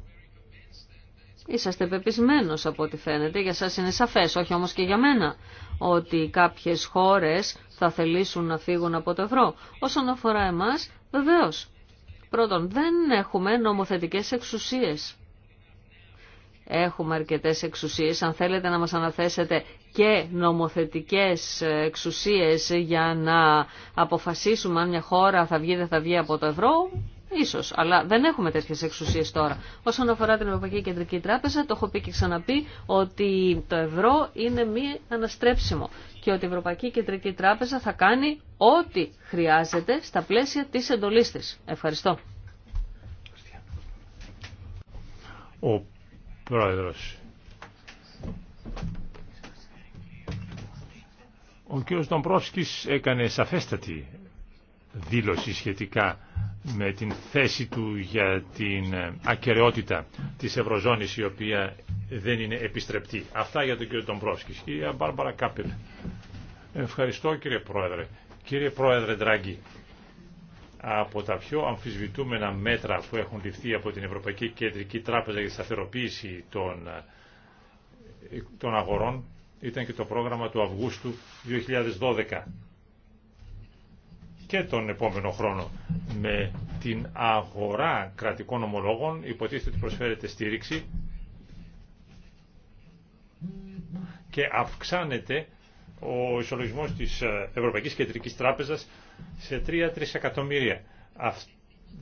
Είσαστε πεπισμένος από ό,τι φαίνεται, για σας είναι σαφές, όχι όμως και για μένα, ότι κάποιες χώρες θα θελήσουν να φύγουν από το ευρώ. Όσον αφορά εμάς, βεβαίως. Πρώτον, δεν έχουμε νομοθετικές εξουσίες. Έχουμε αρκετές εξουσίες. Αν θέλετε να μας αναθέσετε και νομοθετικές εξουσίες για να αποφασίσουμε αν μια χώρα θα βγει ή δεν θα βγει από το ευρώ, Ίσως, αλλά δεν έχουμε τέτοιες εξουσίες τώρα. Όσον αφορά την Ευρωπαϊκή Κεντρική Τράπεζα, το έχω πει και ξαναπεί ότι το ευρώ είναι μη αναστρέψιμο και ότι η Ευρωπαϊκή Κεντρική Τράπεζα θα κάνει ό,τι χρειάζεται στα πλαίσια της εντολής της. Ευχαριστώ. Ο Πρόεδρος. Ο κ. Ντομπρόσκης έκανε σαφέστατη δήλωση σχετικά με την θέση του για την ε, ακαιρεότητα της Ευρωζώνης η οποία δεν είναι επιστρεπτή. Αυτά για τον κύριο Τομπρόσκη. Κύριε Μπάρμπαρα Κάπελ. Ευχαριστώ κύριε Πρόεδρε. Κύριε Πρόεδρε Ντράγκη, από τα πιο αμφισβητούμενα μέτρα που έχουν ληφθεί από την Ευρωπαϊκή Κεντρική Τράπεζα για τη σταθεροποίηση των, ε, των αγορών ήταν και το πρόγραμμα του Αυγούστου 2012 και τον επόμενο χρόνο. Με την αγορά κρατικών ομολόγων υποτίθεται ότι προσφέρεται στήριξη και αυξάνεται ο ισολογισμός της Ευρωπαϊκής Κεντρικής Τράπεζας σε 3 εκατομμύρια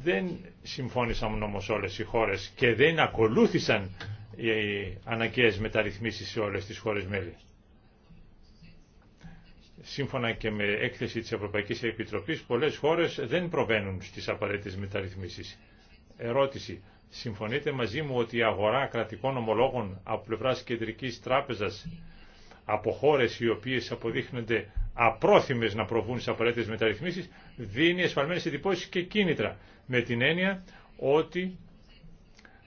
Δεν συμφώνησαν όμως όλες οι χώρες και δεν ακολούθησαν οι αναγκαίες μεταρρυθμίσεις σε όλες τις χώρες μέλη σύμφωνα και με έκθεση της Ευρωπαϊκής Επιτροπής, πολλές χώρες δεν προβαίνουν στις απαραίτητες μεταρρυθμίσεις. Ερώτηση. Συμφωνείτε μαζί μου ότι η αγορά κρατικών ομολόγων από πλευρά κεντρικής τράπεζας από χώρε οι οποίες αποδείχνονται απρόθυμες να προβούν στις απαραίτητες μεταρρυθμίσεις δίνει εσφαλμένε εντυπώσεις και κίνητρα με την έννοια ότι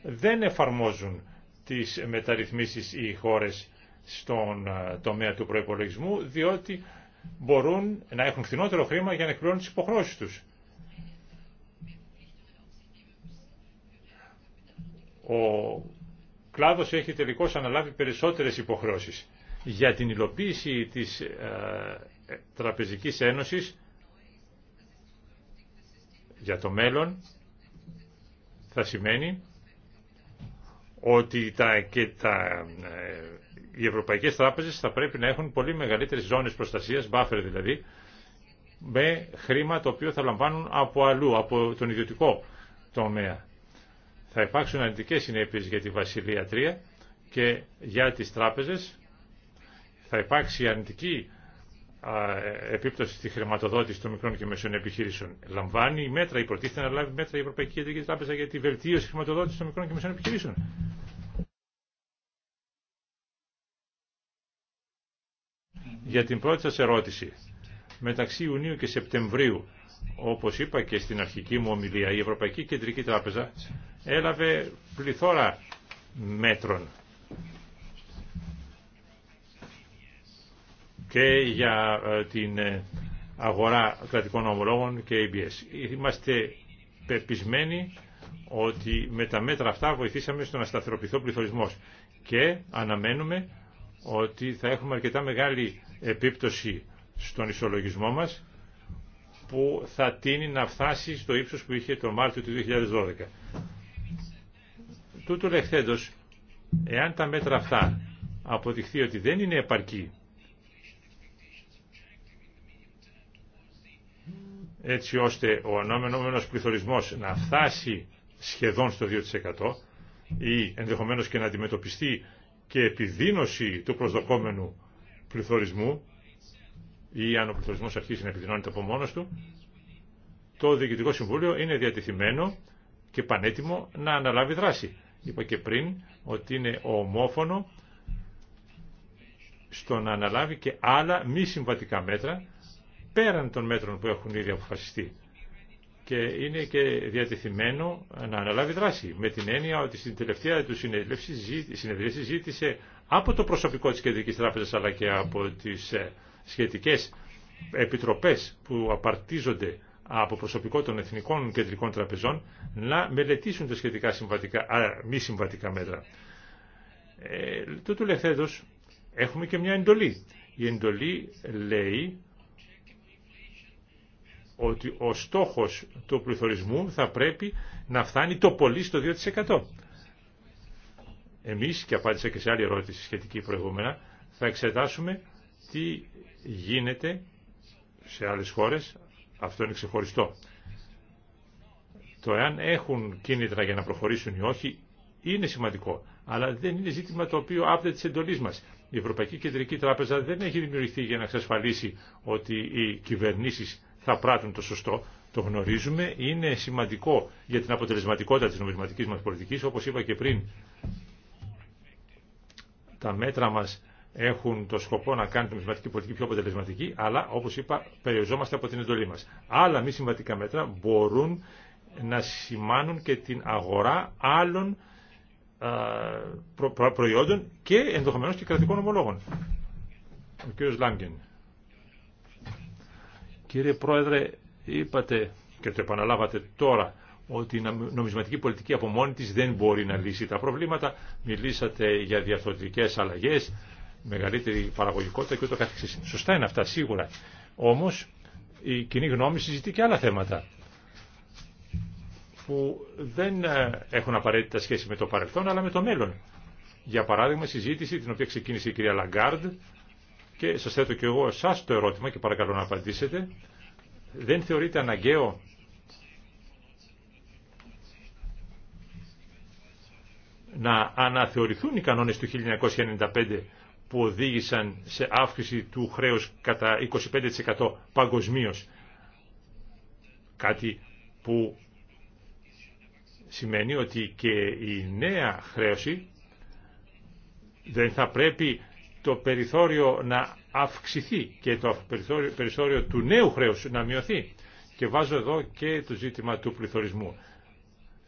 δεν εφαρμόζουν τις μεταρρυθμίσει οι χώρες στον ε, τομέα του προπολογισμού, διότι μπορούν να έχουν φθηνότερο χρήμα για να εκπληρώνουν τις υποχρώσεις τους. Ο κλάδος έχει τελικώς αναλάβει περισσότερες υποχρώσεις. Για την υλοποίηση της ε, ε, Τραπεζικής Ένωσης για το μέλλον θα σημαίνει ότι τα, και τα ε, οι ευρωπαϊκές τράπεζες θα πρέπει να έχουν πολύ μεγαλύτερες ζώνες προστασίας, buffer δηλαδή, με χρήμα το οποίο θα λαμβάνουν από αλλού, από τον ιδιωτικό τομέα. Θα υπάρξουν αρνητικές συνέπειες για τη Βασιλεία 3 και για τις τράπεζες. Θα υπάρξει αρνητική επίπτωση στη χρηματοδότηση των μικρών και μεσών επιχειρήσεων. Λαμβάνει μέτρα, υποτίθεται να λάβει μέτρα η Ευρωπαϊκή Κεντρική Τράπεζα για τη βελτίωση χρηματοδότηση των μικρών και μεσών επιχειρήσεων. Για την πρώτη σας ερώτηση, μεταξύ Ιουνίου και Σεπτεμβρίου, όπως είπα και στην αρχική μου ομιλία, η Ευρωπαϊκή Κεντρική Τράπεζα έλαβε πληθώρα μέτρων και για ε, την ε, αγορά κρατικών ομολόγων και ABS. Είμαστε πεπισμένοι ότι με τα μέτρα αυτά βοηθήσαμε στον να σταθεροποιηθεί πληθωρισμός και αναμένουμε ότι θα έχουμε αρκετά μεγάλη επίπτωση στον ισολογισμό μας που θα τίνει να φτάσει στο ύψος που είχε το Μάρτιο του 2012. Τούτου λεχθέντος, εάν τα μέτρα αυτά αποδειχθεί ότι δεν είναι επαρκή έτσι ώστε ο αναμενόμενος πληθωρισμός να φτάσει σχεδόν στο 2% ή ενδεχομένως και να αντιμετωπιστεί και επιδίνωση του προσδοκόμενου πληθωρισμού ή αν ο πληθωρισμός αρχίσει να επιδεινώνεται από μόνος του, το Διοικητικό Συμβούλιο είναι διατεθειμένο και πανέτοιμο να αναλάβει δράση. Είπα και πριν ότι είναι ομόφωνο στο να αναλάβει και άλλα μη συμβατικά μέτρα πέραν των μέτρων που έχουν ήδη αποφασιστεί. Και είναι και διατεθειμένο να αναλάβει δράση. Με την έννοια ότι στην τελευταία του συνεδρίαση ζήτησε από το προσωπικό της Κεντρικής Τράπεζας αλλά και από τις ε, σχετικές επιτροπές που απαρτίζονται από προσωπικό των Εθνικών Κεντρικών Τραπεζών να μελετήσουν τα σχετικά συμβατικά, α, μη συμβατικά μέτρα. Ε, τούτου λεχθέντος έχουμε και μια εντολή. Η εντολή λέει ότι ο στόχος του πληθωρισμού θα πρέπει να φτάνει το πολύ στο 2%. Εμεί, και απάντησα και σε άλλη ερώτηση σχετική προηγούμενα, θα εξετάσουμε τι γίνεται σε άλλε χώρε Αυτό είναι ξεχωριστό. Το εάν έχουν κίνητρα για να προχωρήσουν ή όχι είναι σημαντικό. Αλλά δεν είναι ζήτημα το οποίο άπτεται τη εντολή μα. Η Ευρωπαϊκή Κεντρική Τράπεζα δεν έχει δημιουργηθεί για να εξασφαλίσει ότι οι κυβερνήσει θα πράττουν το σωστό. Το γνωρίζουμε. Είναι σημαντικό για την αποτελεσματικότητα τη νομισματική μα πολιτική. Όπω είπα και πριν, τα μέτρα μας έχουν το σκοπό να κάνουν τη συμβατική πολιτική πιο αποτελεσματική, αλλά όπως είπα περιοριζόμαστε από την εντολή μας. Άλλα μη συμβατικά μέτρα μπορούν να σημάνουν και την αγορά άλλων προϊόντων και ενδεχομένως και κρατικών ομολόγων. Ο κύριος Κύριε Πρόεδρε, είπατε και το επαναλάβατε τώρα ότι η νομισματική πολιτική από μόνη της δεν μπορεί να λύσει τα προβλήματα. Μιλήσατε για διαφορετικές αλλαγές, μεγαλύτερη παραγωγικότητα και ούτω καθεξής. Σωστά είναι αυτά σίγουρα. Όμως η κοινή γνώμη συζητεί και άλλα θέματα που δεν ε, έχουν απαραίτητα σχέση με το παρελθόν αλλά με το μέλλον. Για παράδειγμα, συζήτηση την οποία ξεκίνησε η κυρία Λαγκάρντ και σας θέτω και εγώ εσά το ερώτημα και παρακαλώ να απαντήσετε. Δεν θεωρείται αναγκαίο να αναθεωρηθούν οι κανόνες του 1995 που οδήγησαν σε αύξηση του χρέους κατά 25% παγκοσμίω. Κάτι που σημαίνει ότι και η νέα χρέωση δεν θα πρέπει το περιθώριο να αυξηθεί και το περιθώριο, περιθώριο του νέου χρέους να μειωθεί. Και βάζω εδώ και το ζήτημα του πληθωρισμού.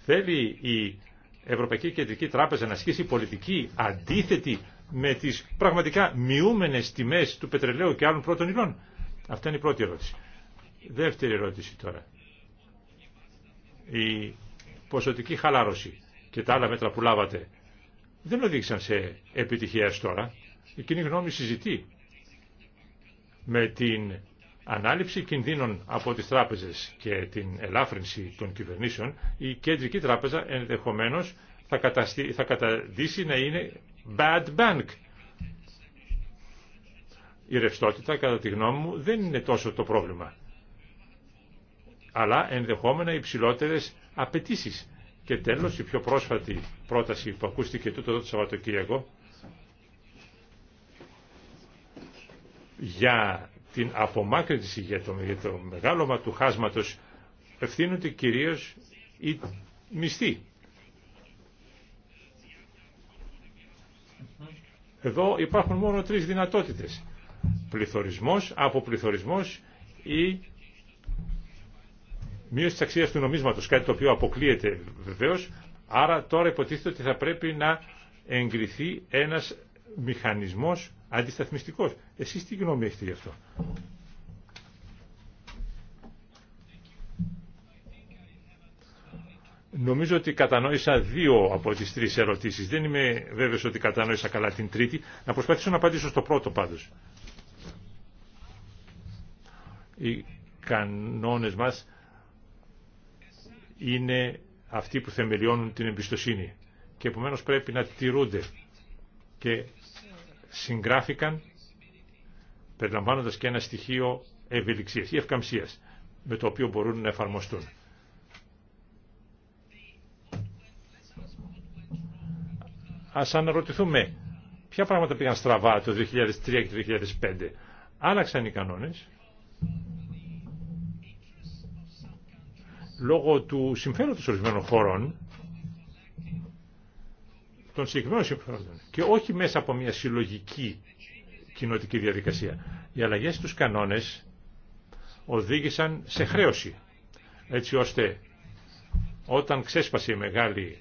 Θέλει η Ευρωπαϊκή Κεντρική Τράπεζα να ασκήσει πολιτική αντίθετη με τις πραγματικά μειούμενες τιμές του πετρελαίου και άλλων πρώτων υλών. Αυτή είναι η πρώτη ερώτηση. Δεύτερη ερώτηση τώρα. Η ποσοτική χαλάρωση και τα άλλα μέτρα που λάβατε δεν οδήγησαν σε επιτυχία τώρα. Η κοινή γνώμη συζητεί με την ανάληψη κινδύνων από τις τράπεζες και την ελάφρυνση των κυβερνήσεων, η κεντρική τράπεζα ενδεχομένως θα, καταστεί, θα να είναι bad bank. Η ρευστότητα, κατά τη γνώμη μου, δεν είναι τόσο το πρόβλημα, αλλά ενδεχόμενα υψηλότερε απαιτήσει. Και τέλος, η πιο πρόσφατη πρόταση που ακούστηκε τούτο το Σαββατοκύριακο, για την απομάκρυνση για το, για το μεγάλωμα του χάσματος ευθύνονται κυρίως οι μισθοί. Εδώ υπάρχουν μόνο τρεις δυνατότητες. Πληθωρισμός, αποπληθωρισμός ή μείωση της αξίας του νομίσματος, κάτι το οποίο αποκλείεται βεβαίως. Άρα τώρα υποτίθεται ότι θα πρέπει να εγκριθεί ένας μηχανισμός Αντισταθμιστικό. Εσεί τι γνώμη έχετε γι' αυτό. Νομίζω ότι κατανόησα δύο από τις τρεις ερωτήσεις. Δεν είμαι βέβαιος ότι κατανόησα καλά την τρίτη. Να προσπαθήσω να απαντήσω στο πρώτο πάντως. Οι κανόνες μας είναι αυτοί που θεμελιώνουν την εμπιστοσύνη και επομένως πρέπει να τηρούνται και συγγράφηκαν περιλαμβάνοντας και ένα στοιχείο ευελιξίας ή ευκαμψίας με το οποίο μπορούν να εφαρμοστούν. Ας αναρωτηθούμε ποια πράγματα πήγαν στραβά το 2003 και το 2005. Άλλαξαν οι κανόνες λόγω του συμφέροντος ορισμένων χωρών των και όχι μέσα από μια συλλογική κοινωτική διαδικασία. Οι αλλαγές στους κανόνες οδήγησαν σε χρέωση, έτσι ώστε όταν ξέσπασε η μεγάλη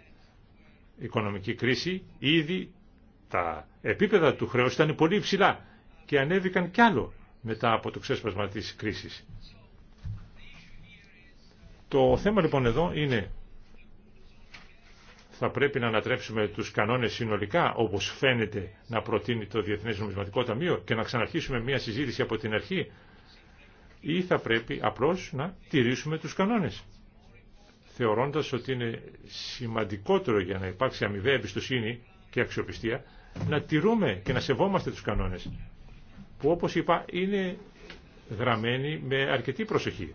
οικονομική κρίση, ήδη τα επίπεδα του χρέους ήταν πολύ υψηλά και ανέβηκαν κι άλλο μετά από το ξέσπασμα της κρίσης. Το θέμα λοιπόν εδώ είναι θα πρέπει να ανατρέψουμε τους κανόνες συνολικά όπως φαίνεται να προτείνει το Διεθνές Νομισματικό Ταμείο και να ξαναρχίσουμε μια συζήτηση από την αρχή ή θα πρέπει απλώ να τηρήσουμε τους κανόνες θεωρώντας ότι είναι σημαντικότερο για να υπάρξει αμοιβαία εμπιστοσύνη και αξιοπιστία να τηρούμε και να σεβόμαστε του κανόνε. που όπω είπα είναι γραμμένοι με αρκετή προσοχή.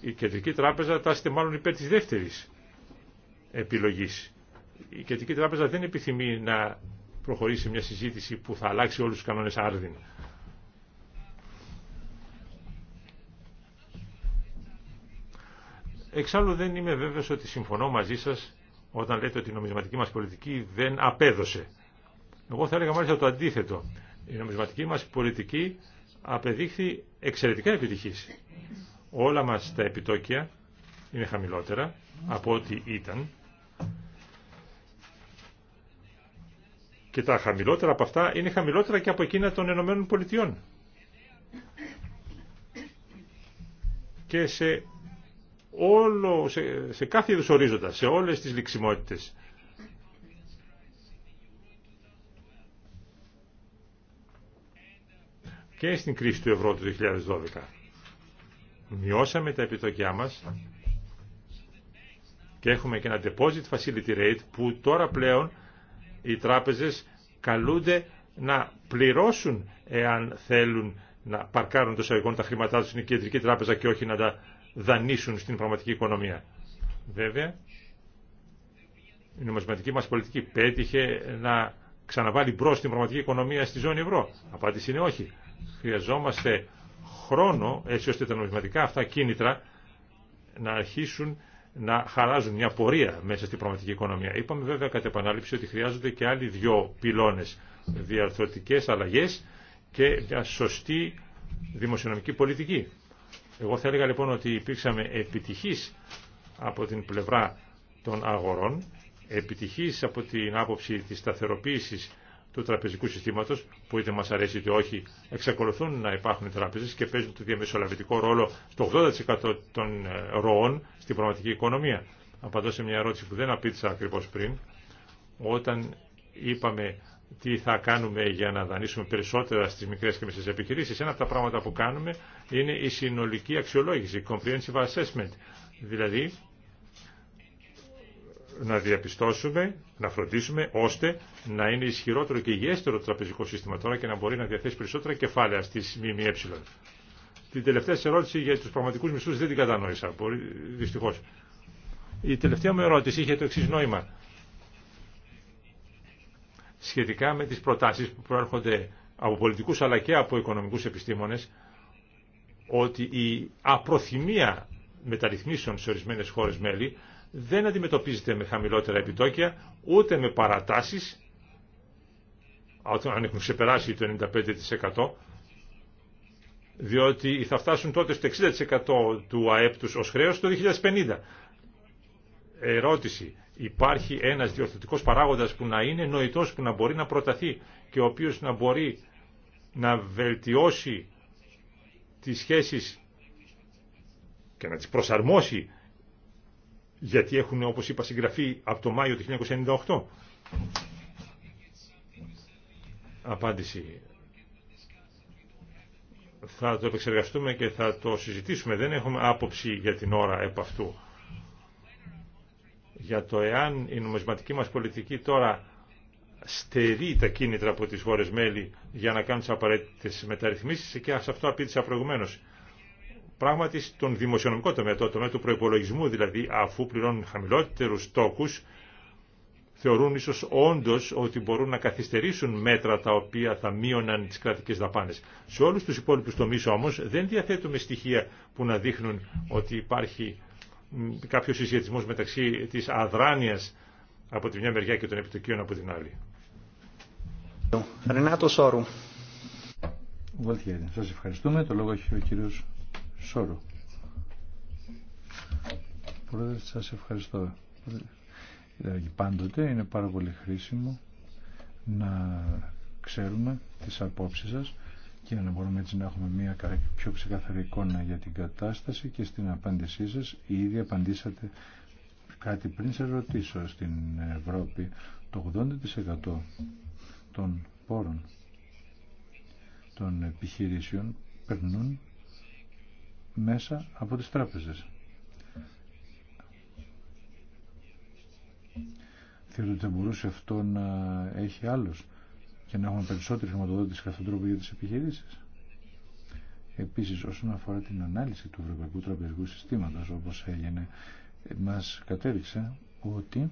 Η Κεντρική Τράπεζα τάσσεται μάλλον υπέρ της δεύτερη επιλογής. Η Κεντρική Τράπεζα δεν επιθυμεί να προχωρήσει μια συζήτηση που θα αλλάξει όλους τους κανόνες άρδιν. Εξάλλου δεν είμαι βέβαιος ότι συμφωνώ μαζί σας όταν λέτε ότι η νομισματική μας πολιτική δεν απέδωσε. Εγώ θα έλεγα μάλιστα το αντίθετο. Η νομισματική μας πολιτική απεδείχθη εξαιρετικά επιτυχής. Όλα μας τα επιτόκια είναι χαμηλότερα από ό,τι ήταν Και τα χαμηλότερα από αυτά είναι χαμηλότερα και από εκείνα των Ηνωμένων Πολιτειών. Και σε, όλο, σε, σε κάθε είδους ορίζοντα, σε όλες τις ληξιμότητες. Και στην κρίση του ευρώ του 2012. Μειώσαμε τα επιτοκιά μας και έχουμε και ένα deposit facility rate που τώρα πλέον οι τράπεζες καλούνται να πληρώσουν εάν θέλουν να παρκάρουν το σαγικών τα χρήματά τους στην κεντρική τράπεζα και όχι να τα δανείσουν στην πραγματική οικονομία. Βέβαια, η νομισματική μας πολιτική πέτυχε να ξαναβάλει μπρος την πραγματική οικονομία στη ζώνη ευρώ. Απάντηση είναι όχι. Χρειαζόμαστε χρόνο έτσι ώστε τα νομισματικά αυτά κίνητρα να αρχίσουν να χαράζουν μια πορεία μέσα στην πραγματική οικονομία. Είπαμε βέβαια κατά επανάληψη ότι χρειάζονται και άλλοι δυο πυλώνες διαρθρωτικές αλλαγές και μια σωστή δημοσιονομική πολιτική. Εγώ θα έλεγα λοιπόν ότι υπήρξαμε επιτυχής από την πλευρά των αγορών, επιτυχής από την άποψη της σταθεροποίησης του τραπεζικού συστήματο, που είτε μα αρέσει είτε όχι εξακολουθούν να υπάρχουν τραπεζέ και παίζουν το διαμεσολαβητικό ρόλο στο 80% των ε, ροών στην πραγματική οικονομία. Απαντώ σε μια ερώτηση που δεν απίτησα ακριβώ πριν. Όταν είπαμε τι θα κάνουμε για να δανείσουμε περισσότερα στι μικρέ και μεσαίε επιχειρήσει, ένα από τα πράγματα που κάνουμε είναι η συνολική αξιολόγηση, comprehensive assessment. Δηλαδή, να διαπιστώσουμε, να φροντίσουμε ώστε να είναι ισχυρότερο και υγιέστερο το τραπεζικό σύστημα τώρα και να μπορεί να διαθέσει περισσότερα κεφάλαια στις ΜΜΕ. Την τελευταία ερώτηση για του πραγματικού μισθού δεν την κατανόησα, Δυστυχώ. Η τελευταία μου ερώτηση είχε το εξή νόημα. Σχετικά με τι προτάσει που προέρχονται από πολιτικού αλλά και από οικονομικού επιστήμονε, ότι η απροθυμία μεταρρυθμίσεων σε ορισμένε χώρες μέλη δεν αντιμετωπίζεται με χαμηλότερα επιτόκια, ούτε με παρατάσεις, αν έχουν ξεπεράσει το 95%, διότι θα φτάσουν τότε στο 60% του ΑΕΠ τους ως χρέος το 2050. Ερώτηση. Υπάρχει ένας διορθωτικός παράγοντας που να είναι νοητός, που να μπορεί να προταθεί και ο οποίος να μπορεί να βελτιώσει τις σχέσεις και να τις προσαρμόσει γιατί έχουν όπως είπα συγγραφεί από το Μάιο του 1998. Απάντηση. Θα το επεξεργαστούμε και θα το συζητήσουμε. Δεν έχουμε άποψη για την ώρα επ' αυτού. Για το εάν η νομισματική μας πολιτική τώρα στερεί τα κίνητρα από τις χώρες μέλη για να κάνουν τις απαραίτητες μεταρρυθμίσεις και αυτό απίτησα προηγουμένως πράγματι στον δημοσιονομικό τομέα, το τομέα του προπολογισμού, δηλαδή αφού πληρώνουν χαμηλότερου τόκους, θεωρούν ίσω όντω ότι μπορούν να καθυστερήσουν μέτρα τα οποία θα μείωναν τι κρατικέ δαπάνε. Σε όλου του υπόλοιπου τομεί όμω, δεν διαθέτουμε στοιχεία που να δείχνουν ότι υπάρχει κάποιο συσχετισμό μεταξύ τη αδράνεια από τη μια μεριά και των επιτοκίων από την άλλη. Ρενάτο Σόρου. Σας ευχαριστούμε. Το λόγο έχει κύριος Σόρο. Πρόεδρε, σας ευχαριστώ. Ε, πάντοτε είναι πάρα πολύ χρήσιμο να ξέρουμε τις απόψεις σας και να μπορούμε έτσι να έχουμε μια πιο ξεκαθαρή εικόνα για την κατάσταση και στην απάντησή σας ήδη απαντήσατε κάτι πριν σε ρωτήσω στην Ευρώπη το 80% των πόρων των επιχειρήσεων περνούν μέσα από τις τράπεζες. Θεωρείτε ότι θα μπορούσε αυτό να έχει άλλος και να έχουμε περισσότερη χρηματοδότηση κατά τον τρόπο για τις επιχειρήσεις. Επίσης, όσον αφορά την ανάλυση του Ευρωπαϊκού Τραπεζικού Συστήματος, όπως έγινε, μας κατέληξε ότι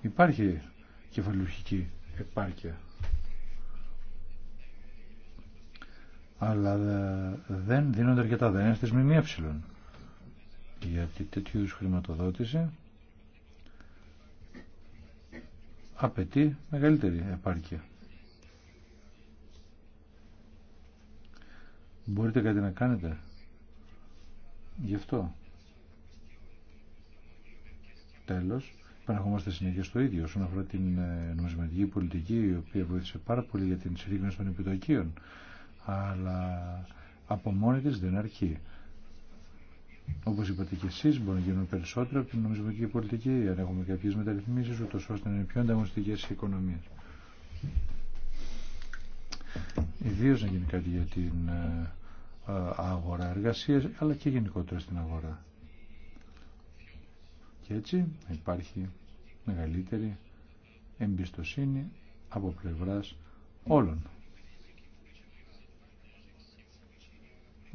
υπάρχει κεφαλουχική επάρκεια αλλά ε, δεν δίνονται αρκετά, δεν είναι στις ΜΜΕ. Γιατί τέτοιου είδους χρηματοδότηση απαιτεί μεγαλύτερη επάρκεια. Μπορείτε κάτι να κάνετε γι' αυτό. Τέλος, στη συνέχεια στο ίδιο όσον αφορά την ε, νομισματική πολιτική η οποία βοήθησε πάρα πολύ για την συρρήγνωση των επιτοκίων αλλά από μόνη της δεν αρκεί. Όπως είπατε και εσείς, μπορεί να γίνουν περισσότερο από την νομισματική πολιτική, αν έχουμε κάποιες μεταρρυθμίσεις, ούτως ώστε να είναι πιο ανταγωνιστικές οι οικονομίες. Ιδίως να γίνει κάτι για την ε, ε, αγορά εργασίας, αλλά και γενικότερα στην αγορά. Και έτσι υπάρχει μεγαλύτερη εμπιστοσύνη από πλευράς όλων.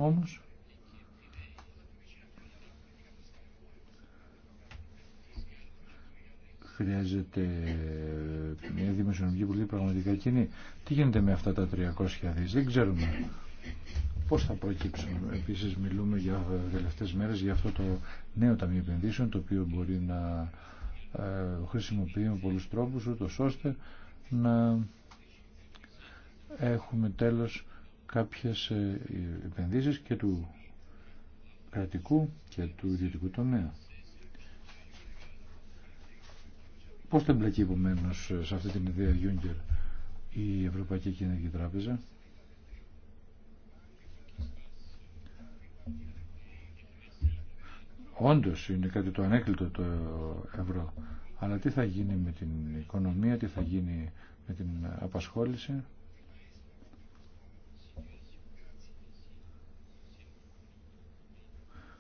Όμως, χρειάζεται μια δημοσιονομική πολιτική πραγματικά κοινή. Τι γίνεται με αυτά τα 300 δις, δεν ξέρουμε πώς θα προκύψουν. Επίσης μιλούμε για τελευταίες μέρες για αυτό το νέο ταμείο επενδύσεων το οποίο μπορεί να ε, χρησιμοποιεί με πολλούς τρόπους ούτως ώστε να έχουμε τέλος κάποιες ε, επενδύσεις και του κρατικού και του ιδιωτικού τομέα. Πώς θα εμπλακεί επομένω σε αυτή την ιδέα Γιούγκερ η Ευρωπαϊκή Κοινωνική Τράπεζα. Όντως είναι κάτι το ανέκλητο το ευρώ. Αλλά τι θα γίνει με την οικονομία, τι θα γίνει με την απασχόληση.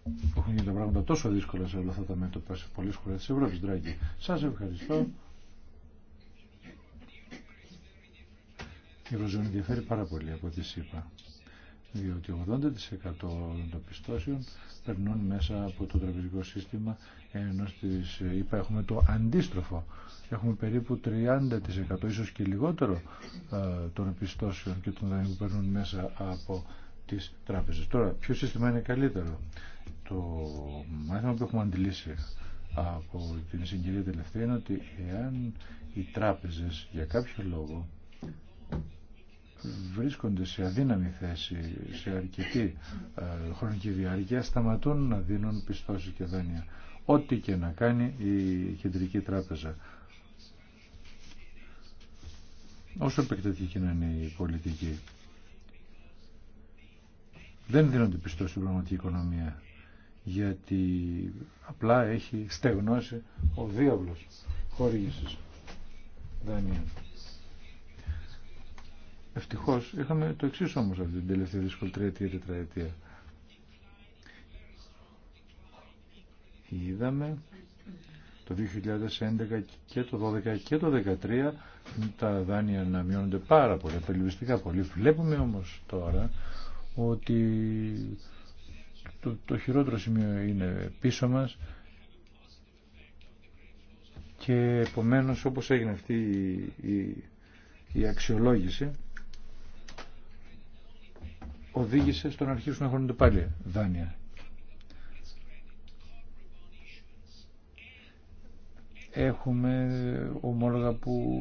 που έχουν γίνει τα πράγματα τόσο δύσκολα σε όλα αυτά τα μέτωπα σε πολλές χώρες της Ευρώπης, Σας ευχαριστώ. Η Ευρωζώνη ενδιαφέρει πάρα πολύ από ό,τι είπα. Διότι 80% των πιστώσεων περνούν μέσα από το τραπεζικό σύστημα, ενώ στις ΗΠΑ έχουμε το αντίστροφο. Έχουμε περίπου 30% ίσως και λιγότερο ε, των πιστώσεων και των δανείων που περνούν μέσα από τις τράπεζες. Τώρα, ποιο σύστημα είναι καλύτερο. Το μάθημα που έχουμε αντιλήσει από την συγκυρία τελευταία είναι ότι εάν οι τράπεζες για κάποιο λόγο βρίσκονται σε αδύναμη θέση, σε αρκετή ε, χρονική διάρκεια, σταματούν να δίνουν πιστώσεις και δάνεια. Ό,τι και να κάνει η κεντρική τράπεζα. Όσο επεκτατική να είναι η πολιτική δεν δίνονται πιστό στην πραγματική οικονομία γιατί απλά έχει στεγνώσει ο διάβλος χορήγηση δανείων. Ευτυχώ είχαμε το εξή όμω αυτή την τελευταία δύσκολη τριετία τετραετία. Είδαμε το 2011 και το 2012 και το 2013 τα δάνεια να μειώνονται πάρα πολύ, απελπιστικά πολύ. Βλέπουμε όμως τώρα ότι το, χειρότερο σημείο είναι πίσω μας και επομένως όπως έγινε αυτή η, η, αξιολόγηση οδήγησε στο να αρχίσουν να χώνονται πάλι δάνεια. Έχουμε ομόλογα που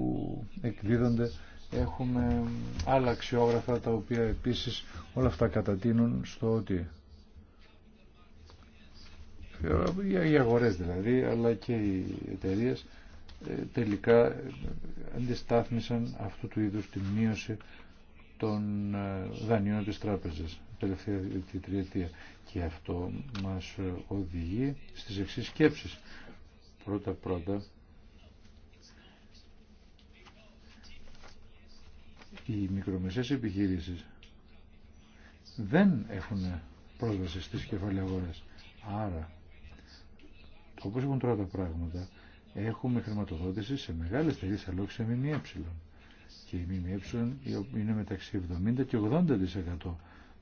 εκδίδονται έχουμε άλλα αξιόγραφα τα οποία επίσης όλα αυτά κατατείνουν στο ότι οι αγορές δηλαδή αλλά και οι εταιρείε ε, τελικά ε, αντιστάθμισαν αυτού του είδους τη μείωση των ε, δανειών της τράπεζας τελευταία τη τριετία και αυτό μας οδηγεί στις εξής σκέψεις πρώτα πρώτα οι μικρομεσαίες επιχειρήσεις δεν έχουν πρόσβαση στις κεφάλαια αγορές. Άρα, όπως έχουν τώρα τα πράγματα, έχουμε χρηματοδότηση σε μεγάλες θερίες αλόγους σε ΜΜΕ. Και η ΜΜΕ είναι μεταξύ 70 και 80%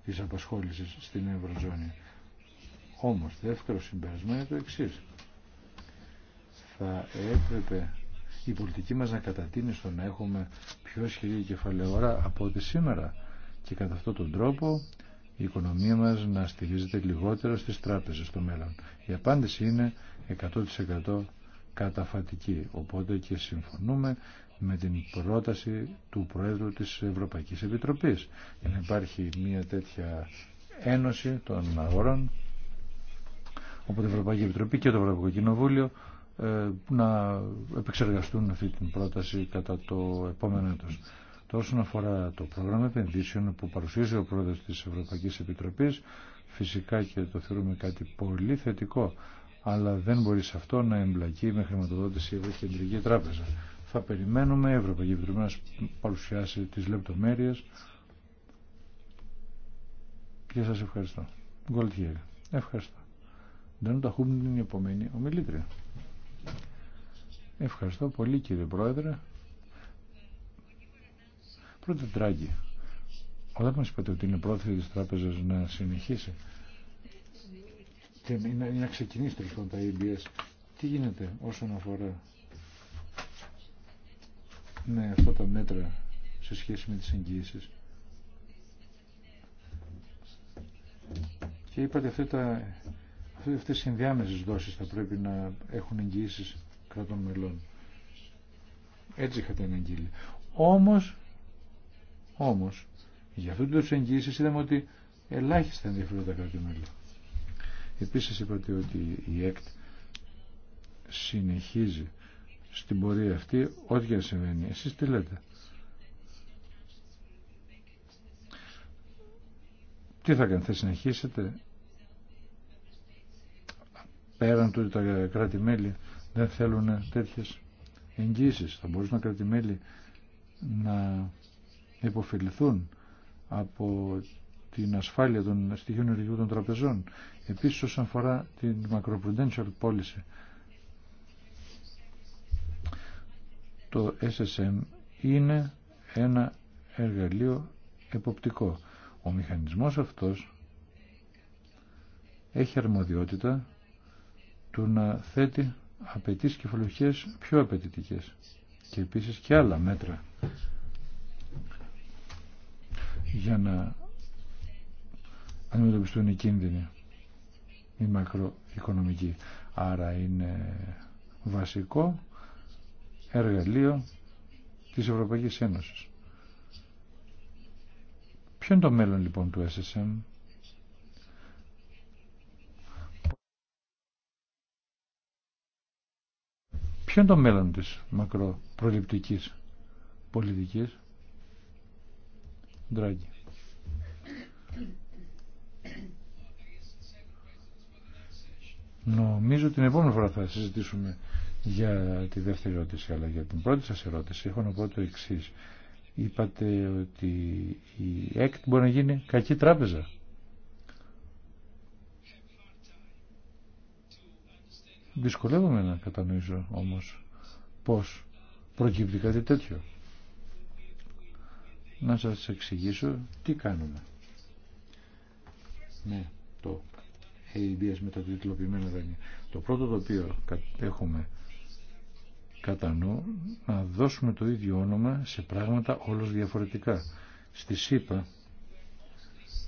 της απασχόλησης στην Ευρωζώνη. Όμως, δεύτερο συμπέρασμα είναι το εξής. Θα έπρεπε η πολιτική μας να κατατείνει στο να έχουμε πιο ισχυρή κεφαλαιόρα από ό,τι σήμερα και κατά αυτόν τον τρόπο η οικονομία μας να στηρίζεται λιγότερο στις τράπεζες στο μέλλον. Η απάντηση είναι 100% καταφατική. Οπότε και συμφωνούμε με την πρόταση του Προέδρου της Ευρωπαϊκής Επιτροπής για να υπάρχει μια τέτοια ένωση των αγορών οπότε η Ευρωπαϊκή Επιτροπή και το Ευρωπαϊκό Κοινοβούλιο ε, να επεξεργαστούν αυτή την πρόταση κατά το επόμενο έτος. Τώρα όσον αφορά το πρόγραμμα επενδύσεων που παρουσιάζει ο πρόεδρος της Ευρωπαϊκής Επιτροπής, φυσικά και το θεωρούμε κάτι πολύ θετικό, αλλά δεν μπορεί σε αυτό να εμπλακεί με χρηματοδότηση η Ευρωκεντρική Τράπεζα. Θα περιμένουμε η Ευρωπαϊκή Επιτροπή να παρουσιάσει τις λεπτομέρειες και σας ευχαριστώ. Γκολτιέρη. Ευχαριστώ. Δεν το έχουμε την επόμενη ομιλήτρια. Ευχαριστώ πολύ κύριε Πρόεδρε. Πρώτα τράγκη. Όταν μας είπατε ότι είναι πρόθεση της τράπεζας να συνεχίσει και να, να ξεκινήσει τελικά τα EBS, τι γίνεται όσον αφορά με ναι, αυτά τα μέτρα σε σχέση με τις εγγύησεις. Και είπατε αυτά τα, αυτές οι ενδιάμεσες δόσεις θα πρέπει να έχουν εγγύησεις κρατών μελών. Έτσι είχατε αναγγείλει. Όμως, όμως, για αυτού τους εγγύησεις είδαμε ότι ελάχιστα ενδιαφέρονται τα κρατή μέλη. Επίσης είπατε ότι η ΕΚΤ συνεχίζει στην πορεία αυτή ό,τι και συμβαίνει. Εσείς τι λέτε. Τι θα κάνετε, θα συνεχίσετε πέραν του τα κράτη-μέλη δεν θέλουν τέτοιες εγγύσεις. Θα μπορούσαν τα κράτη-μέλη να υποφεληθούν από την ασφάλεια των στοιχείων των τραπεζών. Επίσης όσον αφορά την macroprudential policy, το SSM είναι ένα εργαλείο εποπτικό. Ο μηχανισμός αυτός έχει αρμοδιότητα του να θέτει και φολοχέ πιο απαιτητικέ. και επίσης και άλλα μέτρα για να αντιμετωπιστούν οι κίνδυνοι οι μακροοικονομικοί. Άρα είναι βασικό εργαλείο της Ευρωπαϊκής Ένωσης. Ποιο είναι το μέλλον λοιπόν του SSM Ποιο είναι το μέλλον της μακροπροληπτικής πολιτικής. Ντράγκη. Νομίζω την επόμενη φορά θα συζητήσουμε για τη δεύτερη ερώτηση, αλλά για την πρώτη σας ερώτηση έχω να πω το εξής. Είπατε ότι η ΕΚΤ μπορεί να γίνει κακή τράπεζα. Δυσκολεύομαι να κατανοήσω όμως πώς προκύπτει κάτι τέτοιο. Να σας εξηγήσω τι κάνουμε. Ναι, το ABS με τα τριτλοποιημένα δάνεια. Το πρώτο το οποίο έχουμε κατά νου, να δώσουμε το ίδιο όνομα σε πράγματα όλος διαφορετικά. Στη ΣΥΠΑ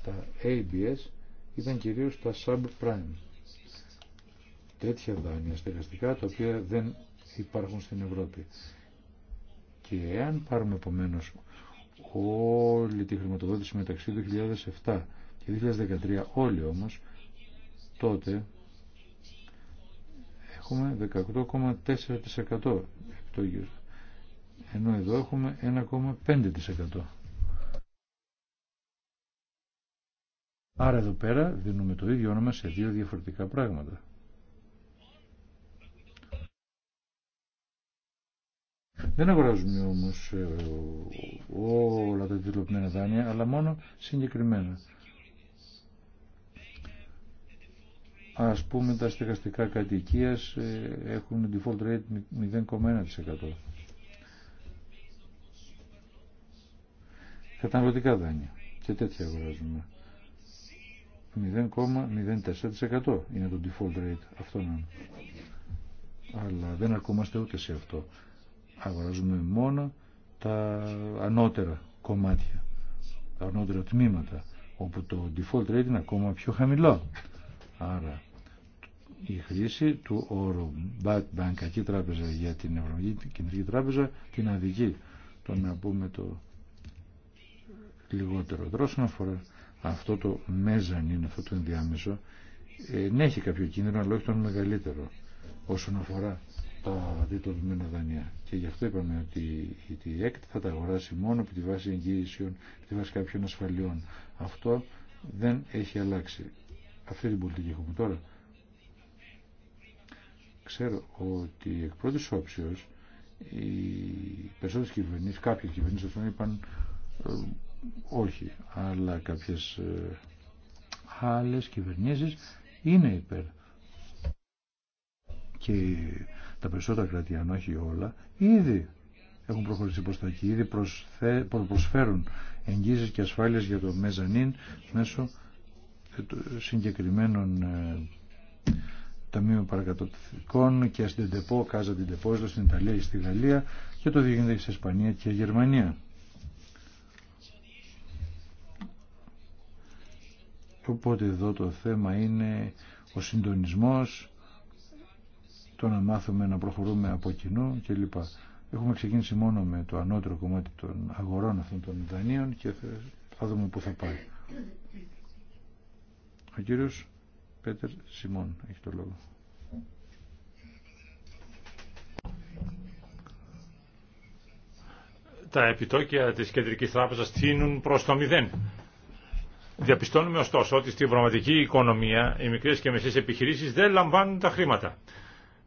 τα ABS ήταν κυρίως τα subprime τέτοια δάνεια στεγαστικά τα οποία δεν υπάρχουν στην Ευρώπη. Και εάν πάρουμε επομένω όλη τη χρηματοδότηση μεταξύ 2007 και 2013 όλοι όμως τότε έχουμε 18,4% εκτόγιους ενώ εδώ έχουμε 1,5%. Άρα εδώ πέρα δίνουμε το ίδιο όνομα σε δύο διαφορετικά πράγματα. Δεν αγοράζουμε όμως ε, όλα τα τίτλοπνένα δάνεια, αλλά μόνο συγκεκριμένα. Ας πούμε τα στεγαστικά κατοικίας ε, έχουν default rate 0,1%. Καταναλωτικά δάνεια και τέτοια αγοράζουμε. 0,04% είναι το default rate αυτόν. Αλλά δεν ακούμαστε ούτε σε αυτό αγοράζουμε μόνο τα ανώτερα κομμάτια, τα ανώτερα τμήματα, όπου το default rate είναι ακόμα πιο χαμηλό. Άρα η χρήση του όρου Bank, τράπεζα για την Ευρωπαϊκή Κεντρική Τράπεζα την αδικεί. Το να πούμε το λιγότερο. Τώρα να αφορά αυτό το μέζαν είναι αυτό το ενδιάμεσο, ε, έχει κάποιο κίνδυνο αλλά όχι τον μεγαλύτερο όσον αφορά τα διτολμένα δανεία. Και γι' αυτό είπαμε ότι η ΕΚΤ e θα τα αγοράσει μόνο από τη βάση εγγύησεων, από τη βάση κάποιων ασφαλιών. Αυτό δεν έχει αλλάξει. Αυτή την πολιτική έχουμε τώρα. Ξέρω ότι εκ πρώτης όψεως οι περισσότερες κυβερνήσεις, κάποιες κυβερνήσεις αυτών είπαν ε, όχι, αλλά κάποιες ε, άλλες κυβερνήσεις είναι υπέρ. Και τα περισσότερα κράτη, αν όχι όλα, ήδη έχουν προχωρήσει προς τα εκεί, ήδη προσφέρουν εγγύσεις και ασφάλειες για το μεζανίν μέσω συγκεκριμένων ε, ταμείων παρακατοπτικών και στην ΤΕΠΟ, Κάζα την στην Ιταλία και στη Γαλλία και το διηγείται σε Ισπανία και Γερμανία. Οπότε εδώ το θέμα είναι ο συντονισμός το να μάθουμε να προχωρούμε από κοινού κλπ. Έχουμε ξεκίνησει μόνο με το ανώτερο κομμάτι των αγορών αυτών των δανείων και θα δούμε πού θα πάει. Ο κύριος Πέτερ Σιμών έχει το λόγο. Τα επιτόκια της Κεντρικής Τράπεζας τίνουν προς το μηδέν. Διαπιστώνουμε ωστόσο ότι στην πραγματική οικονομία οι μικρές και μεσαίες επιχειρήσεις δεν λαμβάνουν τα χρήματα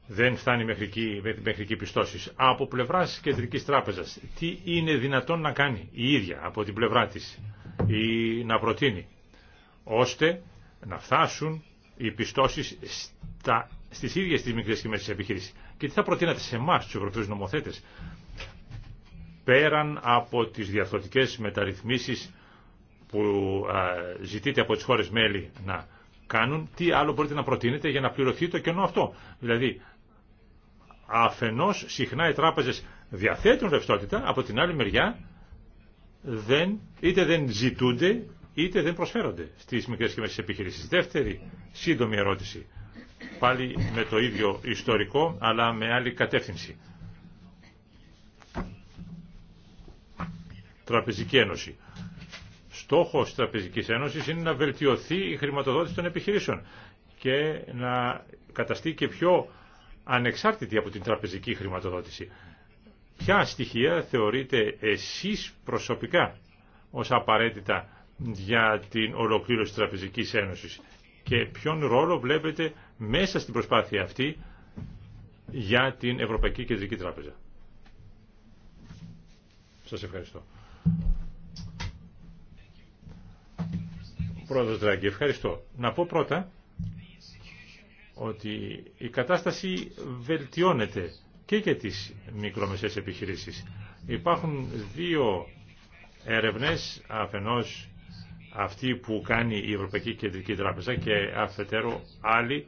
δεν φτάνει μέχρι εκεί, μέχρι εκεί πιστώσεις. Από πλευράς Κεντρικής Τράπεζας, τι είναι δυνατόν να κάνει η ίδια από την πλευρά της ή να προτείνει, ώστε να φτάσουν οι πιστώσεις στι στις ίδιες τις μικρές και μέσες επιχειρήσεις. Και τι θα προτείνατε σε εμά του Ευρωπαίους νομοθέτες, πέραν από τις διαφορετικές μεταρρυθμίσεις που ζητείτε από τις χώρες μέλη να κάνουν, τι άλλο μπορείτε να προτείνετε για να πληρωθεί το κενό αυτό. Δηλαδή, αφενός συχνά οι τράπεζες διαθέτουν ρευστότητα, από την άλλη μεριά δεν, είτε δεν ζητούνται είτε δεν προσφέρονται στις μικρές και μέσες επιχειρήσεις. Δεύτερη σύντομη ερώτηση, πάλι με το ίδιο ιστορικό αλλά με άλλη κατεύθυνση. Τραπεζική Ένωση. Στόχος της Τραπεζικής Ένωσης είναι να βελτιωθεί η χρηματοδότηση των επιχειρήσεων και να καταστεί και πιο ανεξάρτητη από την τραπεζική χρηματοδότηση. Ποια στοιχεία θεωρείτε εσείς προσωπικά ως απαραίτητα για την ολοκλήρωση της Τραπεζικής Ένωσης και ποιον ρόλο βλέπετε μέσα στην προσπάθεια αυτή για την Ευρωπαϊκή Κεντρική Τράπεζα. Σας ευχαριστώ. Πρόεδρος Δράγκη, ευχαριστώ. Να πω πρώτα ότι η κατάσταση βελτιώνεται και για τις μικρομεσαίες επιχειρήσεις. Υπάρχουν δύο έρευνες, αφενός αυτή που κάνει η Ευρωπαϊκή Κεντρική Τράπεζα και αφετέρου άλλη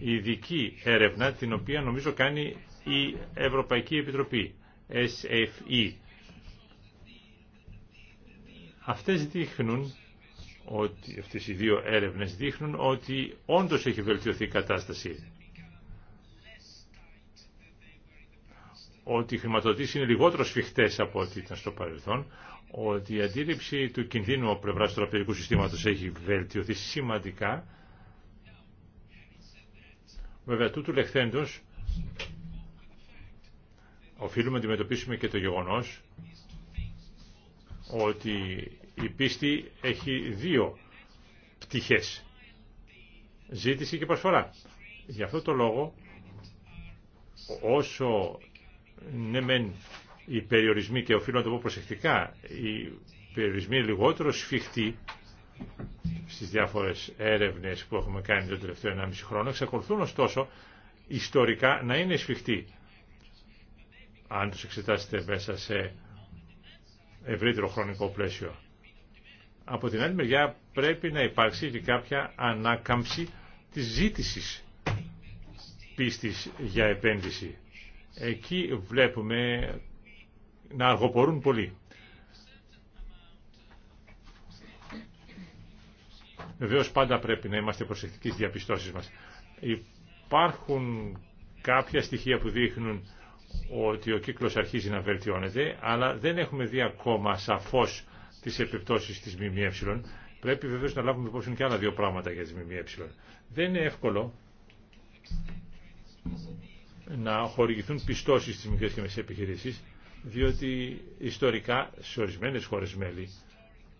ειδική έρευνα την οποία νομίζω κάνει η Ευρωπαϊκή Επιτροπή, SFE. Αυτές δείχνουν ότι αυτές οι δύο έρευνες δείχνουν ότι όντως έχει βελτιωθεί η κατάσταση. Ότι οι χρηματοδοτήσεις είναι λιγότερο σφιχτές από ό,τι ήταν στο παρελθόν, ότι η αντίληψη του κινδύνου από πλευρά του τραπεζικού συστήματος έχει βελτιωθεί σημαντικά. Βέβαια, τούτου λεχθέντος οφείλουμε να αντιμετωπίσουμε και το γεγονός ότι η πίστη έχει δύο πτυχές. Ζήτηση και προσφορά. Για αυτό το λόγο, όσο ναι μεν οι περιορισμοί, και οφείλω να το πω προσεκτικά, οι περιορισμοί είναι λιγότερο σφιχτοί στις διάφορες έρευνες που έχουμε κάνει τον τελευταίο 1,5 χρόνο, εξακολουθούν ωστόσο ιστορικά να είναι σφιχτοί. Αν τους εξετάσετε μέσα σε ευρύτερο χρονικό πλαίσιο από την άλλη μεριά πρέπει να υπάρξει και κάποια ανάκαμψη της ζήτησης πίστης για επένδυση. Εκεί βλέπουμε να αργοπορούν πολύ. Βεβαίως πάντα πρέπει να είμαστε προσεκτικοί στις διαπιστώσεις μας. Υπάρχουν κάποια στοιχεία που δείχνουν ότι ο κύκλος αρχίζει να βελτιώνεται, αλλά δεν έχουμε δει ακόμα σαφώς τις επιπτώσεις της ΜΜΕ. Πρέπει βεβαίως να λάβουμε υπόψη και άλλα δύο πράγματα για τη ΜΜΕ. Δεν είναι εύκολο να χορηγηθούν πιστώσεις στις μικρές και μεσαίες επιχειρήσεις, διότι ιστορικά σε ορισμένες χώρες μέλη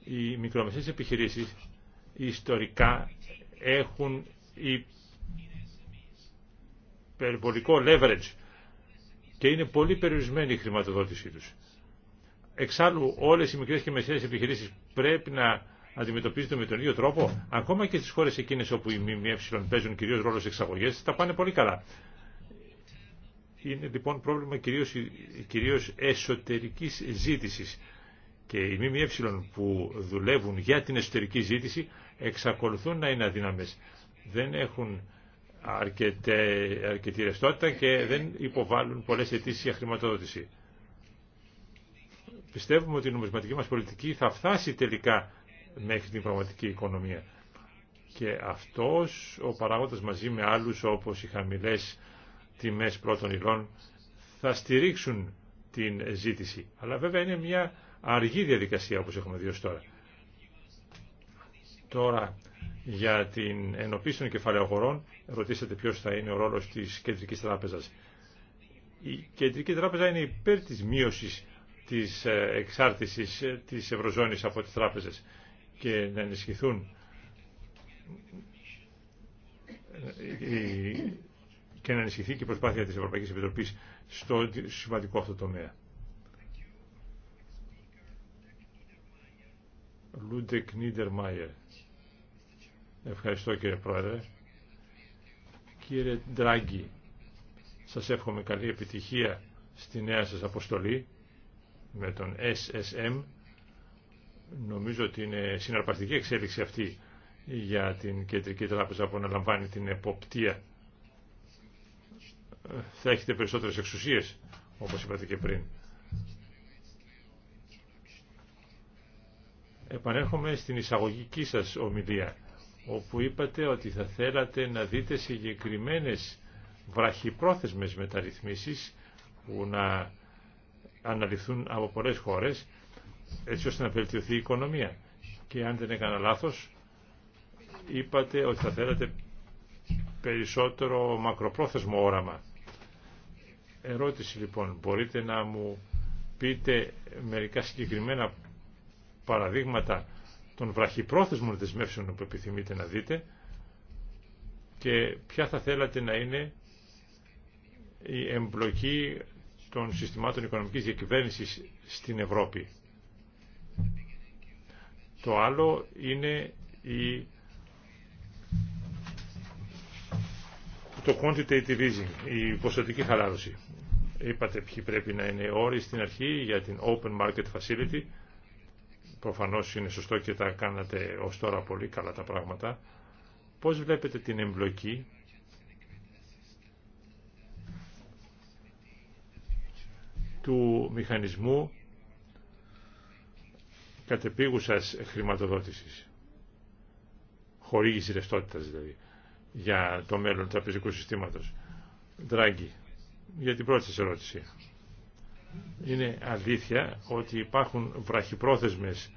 οι μικρομεσαίες επιχειρήσεις ιστορικά έχουν υπερβολικό leverage και είναι πολύ περιορισμένη η χρηματοδότησή τους. Εξάλλου όλες οι μικρές και μεσαίες επιχειρήσεις πρέπει να αντιμετωπίζονται με τον ίδιο τρόπο. Ακόμα και στις χώρες εκείνες όπου οι ΜΜΕ παίζουν κυρίως ρόλο σε εξαγωγές τα πάνε πολύ καλά. Είναι λοιπόν πρόβλημα κυρίως, κυρίως εσωτερικής ζήτησης. Και οι ΜΜΕ που δουλεύουν για την εσωτερική ζήτηση εξακολουθούν να είναι αδύναμες. Δεν έχουν αρκετή ρευστότητα και δεν υποβάλλουν πολλές αιτήσει για χρηματοδότηση πιστεύουμε ότι η νομισματική μας πολιτική θα φτάσει τελικά μέχρι την πραγματική οικονομία. Και αυτός ο παράγοντας μαζί με άλλους όπως οι χαμηλές τιμές πρώτων υλών θα στηρίξουν την ζήτηση. Αλλά βέβαια είναι μια αργή διαδικασία όπως έχουμε δει ως τώρα. Τώρα για την ενοποίηση των κεφαλαίων ρωτήσατε ποιος θα είναι ο ρόλος της Κεντρικής Τράπεζας. Η Κεντρική Τράπεζα είναι υπέρ της μείωσης της ε, εξάρτησης ε, της Ευρωζώνης από τις τράπεζες και να ενισχυθούν ε, και να ενισχυθεί και η προσπάθεια της Ευρωπαϊκής Επιτροπής στο σημαντικό αυτό τομέα. Λούντεκ Μάιερ Ευχαριστώ κύριε Πρόεδρε. Κύριε Ντράγκη, σας εύχομαι καλή επιτυχία στη νέα σας αποστολή με τον SSM. Νομίζω ότι είναι συναρπαστική εξέλιξη αυτή για την Κεντρική Τράπεζα που αναλαμβάνει την εποπτεία. Θα έχετε περισσότερες εξουσίες, όπως είπατε και πριν. Επανέρχομαι στην εισαγωγική σας ομιλία, όπου είπατε ότι θα θέλατε να δείτε συγκεκριμένες βραχυπρόθεσμες μεταρρυθμίσεις που να αναλυθούν από πολλές χώρες έτσι ώστε να βελτιωθεί η οικονομία. Και αν δεν έκανα λάθος, είπατε ότι θα θέλατε περισσότερο μακροπρόθεσμο όραμα. Ερώτηση λοιπόν, μπορείτε να μου πείτε μερικά συγκεκριμένα παραδείγματα των βραχυπρόθεσμων δεσμεύσεων που επιθυμείτε να δείτε και ποια θα θέλατε να είναι η εμπλοκή των συστημάτων οικονομικής διακυβέρνησης στην Ευρώπη. Το άλλο είναι η... το quantitative easing, η ποσοτική χαλάρωση. Είπατε ποιοι πρέπει να είναι όροι στην αρχή για την open market facility. Προφανώς είναι σωστό και τα κάνατε ως τώρα πολύ καλά τα πράγματα. Πώς βλέπετε την εμπλοκή του μηχανισμού κατεπίγουσας χρηματοδότησης, χορήγηση ρευστότητας δηλαδή, για το μέλλον του τραπεζικού συστήματος. Δράγκη, για την πρώτη σας ερώτηση. Είναι αλήθεια ότι υπάρχουν βραχυπρόθεσμες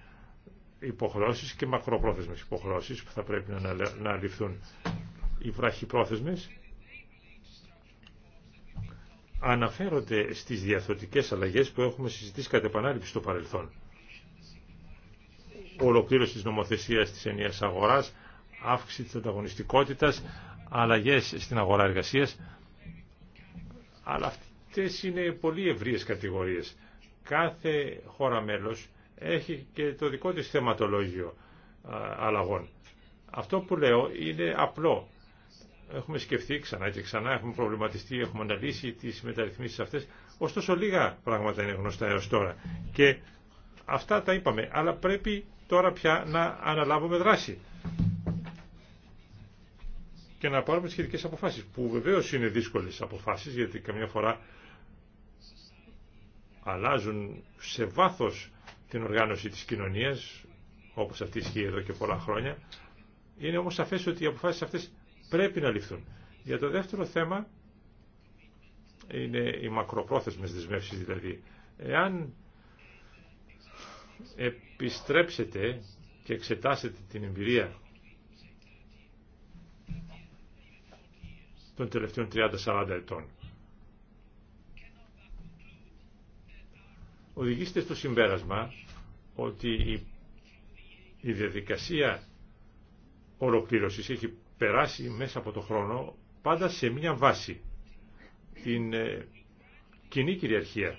υποχρώσεις και μακροπρόθεσμες υποχρώσεις που θα πρέπει να, να ληφθούν. Οι βραχυπρόθεσμες αναφέρονται στις διαθωτικές αλλαγές που έχουμε συζητήσει κατά επανάληψη στο παρελθόν. Ολοκλήρωση της νομοθεσίας της ενιαίας αγοράς, αύξηση της ανταγωνιστικότητας, αλλαγές στην αγορά εργασίας, αλλά αυτές είναι πολύ ευρείες κατηγορίες. Κάθε χώρα μέλος έχει και το δικό της θεματολόγιο αλλαγών. Αυτό που λέω είναι απλό. Έχουμε σκεφτεί ξανά και ξανά, έχουμε προβληματιστεί, έχουμε αναλύσει τις μεταρρυθμίσεις αυτές. Ωστόσο λίγα πράγματα είναι γνωστά έως τώρα. Και αυτά τα είπαμε, αλλά πρέπει τώρα πια να αναλάβουμε δράση και να πάρουμε τι σχετικές αποφάσεις, που βεβαίω είναι δύσκολε αποφάσεις, γιατί καμιά φορά αλλάζουν σε βάθος την οργάνωση τη κοινωνία, όπω αυτή ισχύει εδώ και πολλά χρόνια. Είναι όμω σαφέ ότι οι αποφάσει αυτέ πρέπει να ληφθούν. Για το δεύτερο θέμα είναι οι μακροπρόθεσμες δεσμεύσεις δηλαδή. Εάν επιστρέψετε και εξετάσετε την εμπειρία των τελευταίων 30-40 ετών. Οδηγήστε στο συμπέρασμα ότι η διαδικασία ολοκλήρωσης έχει περάσει μέσα από το χρόνο πάντα σε μια βάση, την ε, κοινή κυριαρχία.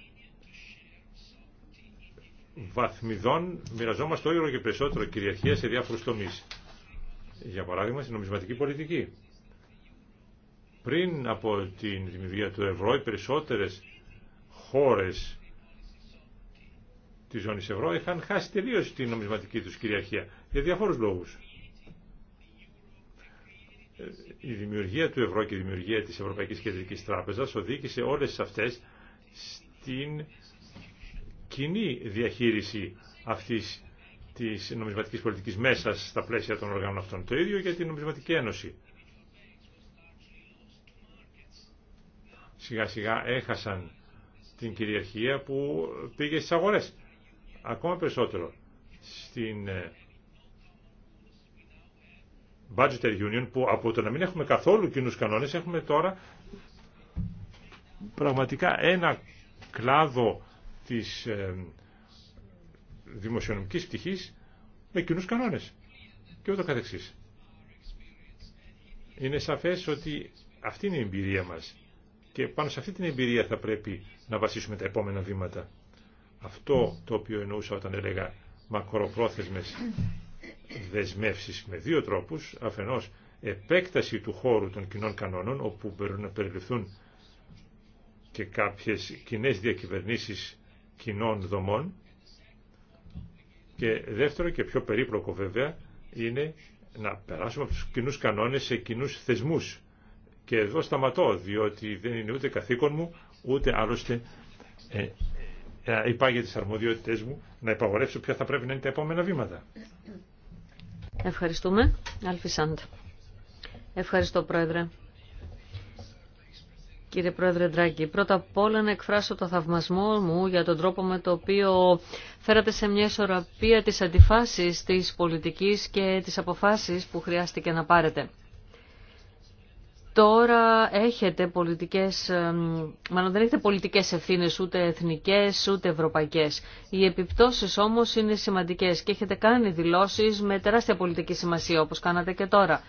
Βαθμιδών μοιραζόμαστε όλο και περισσότερο κυριαρχία σε διάφορους τομείς. Για παράδειγμα, στην νομισματική πολιτική. Πριν από την δημιουργία του ευρώ, οι περισσότερες χώρες της ζώνης ευρώ είχαν χάσει τελείως την νομισματική τους κυριαρχία για διαφόρους λόγους. Ε, η δημιουργία του ευρώ και η δημιουργία της Ευρωπαϊκής Κεντρικής Τράπεζας οδήγησε όλες αυτές στην κοινή διαχείριση αυτής της νομισματικής πολιτικής μέσα στα πλαίσια των οργάνων αυτών. Το ίδιο για την νομισματική ένωση. Σιγά σιγά έχασαν την κυριαρχία που πήγε στις αγορές. Ακόμα περισσότερο στην ε, Budgetary Union που από το να μην έχουμε καθόλου κοινού κανόνες έχουμε τώρα πραγματικά ένα κλάδο της ε, δημοσιονομικής πτυχής με κοινού κανόνες και ούτω καθεξής. Είναι σαφές ότι αυτή είναι η εμπειρία μας και πάνω σε αυτή την εμπειρία θα πρέπει να βασίσουμε τα επόμενα βήματα. Αυτό το οποίο εννοούσα όταν έλεγα μακροπρόθεσμες δεσμεύσεις με δύο τρόπους, αφενός επέκταση του χώρου των κοινών κανόνων, όπου μπορούν να περιληφθούν και κάποιες κοινέ διακυβερνήσεις κοινών δομών και δεύτερο και πιο περίπλοκο βέβαια είναι να περάσουμε από τους κοινούς κανόνες σε κοινούς θεσμούς. Και εδώ σταματώ, διότι δεν είναι ούτε καθήκον μου, ούτε άλλωστε ε, ε, ε υπάγει τις αρμοδιότητες μου να υπαγορεύσω ποια θα πρέπει να είναι τα επόμενα βήματα. Ευχαριστούμε. Αλφισάντ. Ευχαριστώ, Πρόεδρε. Κύριε Πρόεδρε Ντράγκη, πρώτα απ' όλα να εκφράσω το θαυμασμό μου για τον τρόπο με το οποίο φέρατε σε μια ισορροπία της αντιφάσεις της πολιτικής και της αποφάσεις που χρειάστηκε να πάρετε. Τώρα έχετε πολιτικές, μάλλον δεν έχετε πολιτικές ευθύνες ούτε εθνικές ούτε ευρωπαϊκές. Οι επιπτώσεις όμως είναι σημαντικές και έχετε κάνει δηλώσεις με τεράστια πολιτική σημασία όπως κάνατε και τώρα.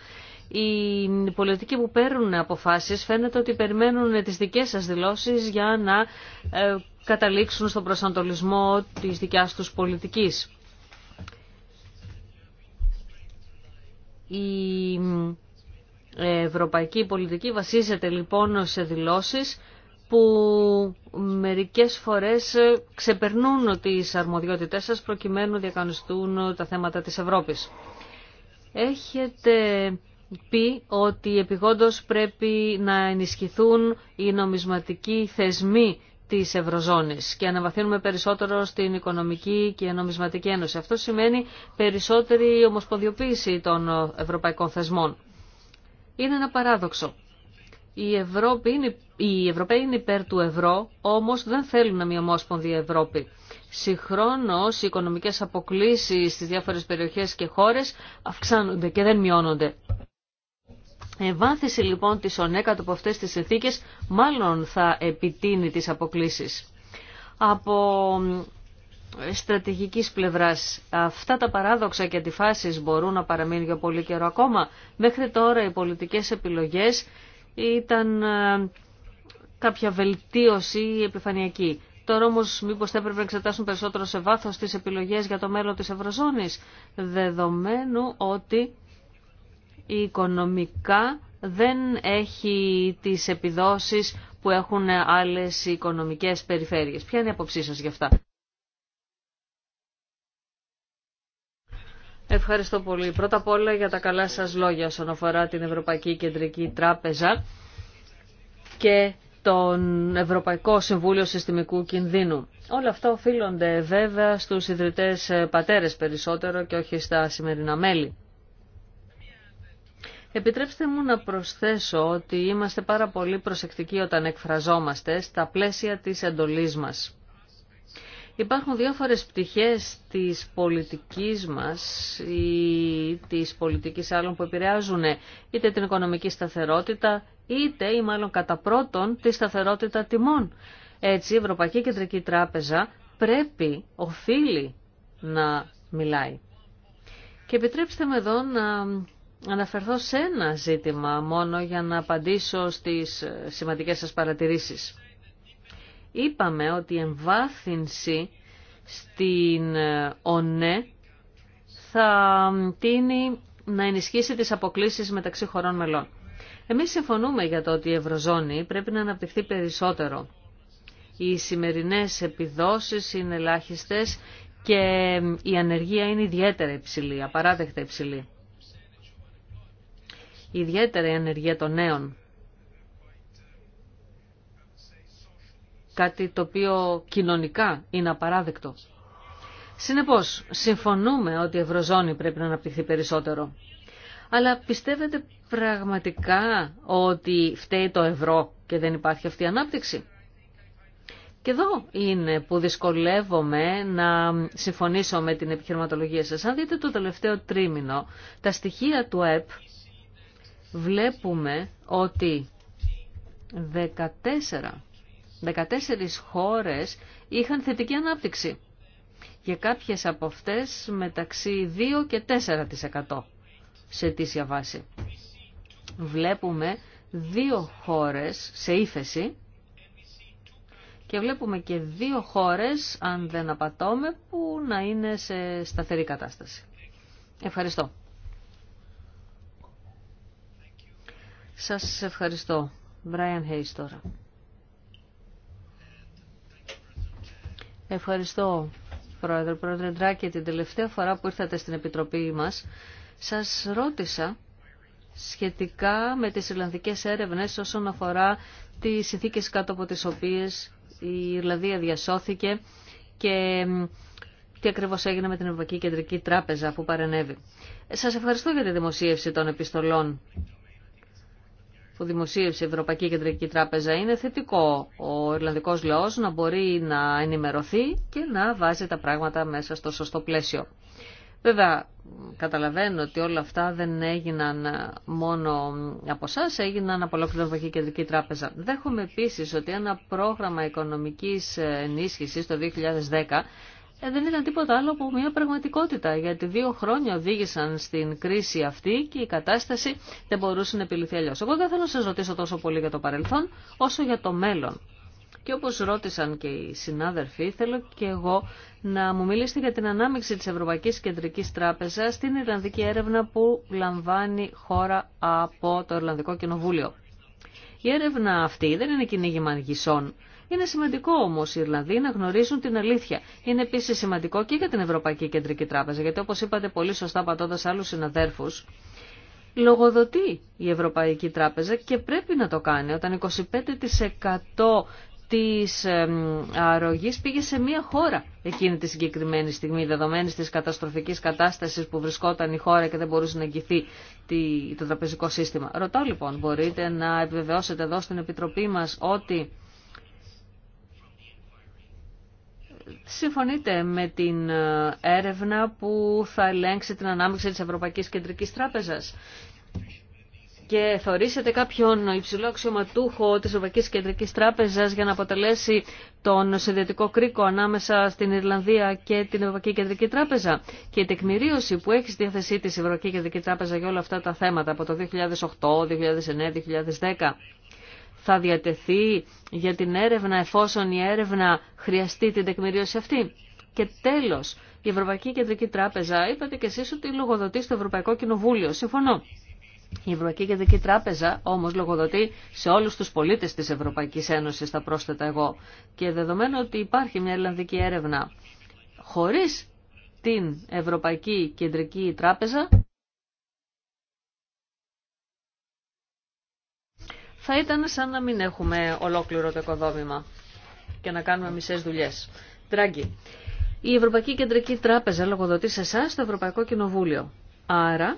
Οι πολιτικοί που παίρνουν αποφάσεις φαίνεται ότι περιμένουν τις δικές σας δηλώσεις για να ε, καταλήξουν στον προσανατολισμό της δικιάς τους πολιτικής ευρωπαϊκή πολιτική βασίζεται λοιπόν σε δηλώσεις που μερικές φορές ξεπερνούν τις αρμοδιότητές σας προκειμένου να διακανιστούν τα θέματα της Ευρώπης. Έχετε πει ότι επιγόντως πρέπει να ενισχυθούν οι νομισματικοί θεσμοί της Ευρωζώνης και αναβαθύνουμε περισσότερο στην Οικονομική και Νομισματική Ένωση. Αυτό σημαίνει περισσότερη ομοσπονδιοποίηση των ευρωπαϊκών θεσμών είναι ένα παράδοξο. Η Ευρώπη είναι, οι Ευρωπαίοι είναι υπέρ του ευρώ, όμως δεν θέλουν να μια ομόσπονδη Ευρώπη. Συγχρόνως οι οικονομικές αποκλήσεις στις διάφορες περιοχές και χώρες αυξάνονται και δεν μειώνονται. Ευάθυνση λοιπόν της ονέκατο από αυτές τις συνθήκες μάλλον θα επιτείνει τις αποκλήσεις. Από στρατηγικής πλευράς. Αυτά τα παράδοξα και αντιφάσεις μπορούν να παραμείνουν για πολύ καιρό ακόμα. Μέχρι τώρα οι πολιτικές επιλογές ήταν ε, κάποια βελτίωση επιφανειακή. Τώρα όμω, μήπω θα έπρεπε να εξετάσουν περισσότερο σε βάθο τι επιλογέ για το μέλλον τη Ευρωζώνης, δεδομένου ότι η οικονομικά δεν έχει τις επιδόσεις που έχουν άλλες οικονομικές περιφέρειες. Ποια είναι η αποψή σας γι' αυτά. Ευχαριστώ πολύ. Πρώτα απ' όλα για τα καλά σας λόγια όσον αφορά την Ευρωπαϊκή Κεντρική Τράπεζα και τον Ευρωπαϊκό Συμβούλιο Συστημικού Κινδύνου. Όλα αυτά οφείλονται βέβαια στους ιδρυτές ε, πατέρες περισσότερο και όχι στα σημερινά μέλη. Επιτρέψτε μου να προσθέσω ότι είμαστε πάρα πολύ προσεκτικοί όταν εκφραζόμαστε στα πλαίσια της εντολής μας. Υπάρχουν διάφορες πτυχές της πολιτικής μας ή της πολιτικής άλλων που επηρεάζουν είτε την οικονομική σταθερότητα είτε ή μάλλον κατά πρώτον τη σταθερότητα τιμών. Έτσι η Ευρωπαϊκή Κεντρική Τράπεζα πρέπει, οφείλει να μιλάει. Και επιτρέψτε με εδώ να αναφερθώ σε ένα ζήτημα μόνο για να απαντήσω στις σημαντικές σας παρατηρήσεις είπαμε ότι η εμβάθυνση στην ε, ΟΝΕ θα τίνει να ενισχύσει τις αποκλίσεις μεταξύ χωρών μελών. Εμείς συμφωνούμε για το ότι η Ευρωζώνη πρέπει να αναπτυχθεί περισσότερο. Οι σημερινές επιδόσεις είναι ελάχιστες και η ανεργία είναι ιδιαίτερα υψηλή, απαράδεκτα υψηλή. Ιδιαίτερα η ανεργία των νέων. κάτι το οποίο κοινωνικά είναι απαράδεκτο. Συνεπώς, συμφωνούμε ότι η Ευρωζώνη πρέπει να αναπτυχθεί περισσότερο. Αλλά πιστεύετε πραγματικά ότι φταίει το ευρώ και δεν υπάρχει αυτή η ανάπτυξη. Και εδώ είναι που δυσκολεύομαι να συμφωνήσω με την επιχειρηματολογία σας. Αν δείτε το τελευταίο τρίμηνο, τα στοιχεία του ΕΠ βλέπουμε ότι 14 14 χώρες είχαν θετική ανάπτυξη. Για κάποιες από αυτές μεταξύ 2 και 4% σε τίσια βάση. Βλέπουμε δύο χώρες σε ύφεση και βλέπουμε και δύο χώρες, αν δεν απατώμε, που να είναι σε σταθερή κατάσταση. Ευχαριστώ. Σας ευχαριστώ. Brian Hayes τώρα. Ευχαριστώ, Πρόεδρε. Πρόεδρε Ντράκη, την τελευταία φορά που ήρθατε στην Επιτροπή μας, σας ρώτησα σχετικά με τις Ιρλανδικές έρευνες όσον αφορά τις συνθήκες κάτω από τις οποίες η Ιρλανδία διασώθηκε και τι ακριβώς έγινε με την Ευρωπαϊκή Κεντρική Τράπεζα που παρενέβη. Σας ευχαριστώ για τη δημοσίευση των επιστολών που δημοσίευσε η Ευρωπαϊκή Κεντρική Τράπεζα είναι θετικό ο Ιρλανδικός λαός να μπορεί να ενημερωθεί και να βάζει τα πράγματα μέσα στο σωστό πλαίσιο. Βέβαια, καταλαβαίνω ότι όλα αυτά δεν έγιναν μόνο από εσά, έγιναν από ολόκληρη την Ευρωπαϊκή Κεντρική Τράπεζα. Δέχομαι επίση ότι ένα πρόγραμμα οικονομική ενίσχυση το 2010 ε, δεν ήταν τίποτα άλλο από μια πραγματικότητα, γιατί δύο χρόνια οδήγησαν στην κρίση αυτή και η κατάσταση δεν μπορούσε να επιληθεί αλλιώ. Εγώ δεν θέλω να σα ρωτήσω τόσο πολύ για το παρελθόν, όσο για το μέλλον. Και όπως ρώτησαν και οι συνάδελφοι, θέλω και εγώ να μου μιλήσετε για την ανάμειξη της Ευρωπαϊκής Κεντρικής Τράπεζας στην Ιρλανδική έρευνα που λαμβάνει χώρα από το Ιρλανδικό Κοινοβούλιο. Η έρευνα αυτή δεν είναι κυνήγημα γησών. Είναι σημαντικό όμω οι Ιρλανδοί να γνωρίζουν την αλήθεια. Είναι επίση σημαντικό και για την Ευρωπαϊκή Κεντρική Τράπεζα, γιατί όπω είπατε πολύ σωστά πατώντα άλλου συναδέρφου, λογοδοτεί η Ευρωπαϊκή Τράπεζα και πρέπει να το κάνει όταν 25% της αρρωγής πήγε σε μία χώρα εκείνη τη συγκεκριμένη στιγμή, δεδομένη της καταστροφικής κατάστασης που βρισκόταν η χώρα και δεν μπορούσε να εγγυθεί το τραπεζικό σύστημα. Ρωτάω λοιπόν, μπορείτε να επιβεβαιώσετε εδώ στην Επιτροπή μας ότι συμφωνείτε με την ε, έρευνα που θα ελέγξει την ανάμειξη της Ευρωπαϊκής Κεντρικής Τράπεζας και θεωρήσετε κάποιον υψηλό αξιωματούχο της Ευρωπαϊκής Κεντρικής Τράπεζας για να αποτελέσει τον συνδετικό κρίκο ανάμεσα στην Ιρλανδία και την Ευρωπαϊκή Κεντρική Τράπεζα. Και η τεκμηρίωση που έχει στη διάθεσή της Ευρωπαϊκή Κεντρική Τράπεζα για όλα αυτά τα θέματα από το 2008, 2009, 2010 θα διατεθεί για την έρευνα εφόσον η έρευνα χρειαστεί την τεκμηρίωση αυτή. Και τέλος, η Ευρωπαϊκή Κεντρική Τράπεζα, είπατε και εσείς ότι λογοδοτεί στο Ευρωπαϊκό Κοινοβούλιο. Συμφωνώ. Η Ευρωπαϊκή Κεντρική Τράπεζα όμως λογοδοτεί σε όλους τους πολίτες της Ευρωπαϊκής Ένωσης, θα πρόσθετα εγώ. Και δεδομένου ότι υπάρχει μια Ιρλανδική έρευνα χωρίς την Ευρωπαϊκή Κεντρική Τράπεζα, θα ήταν σαν να μην έχουμε ολόκληρο το οικοδόμημα και να κάνουμε μισές δουλειές. Τράγκη, η Ευρωπαϊκή Κεντρική Τράπεζα λογοδοτεί σε εσά το Ευρωπαϊκό Κοινοβούλιο. Άρα,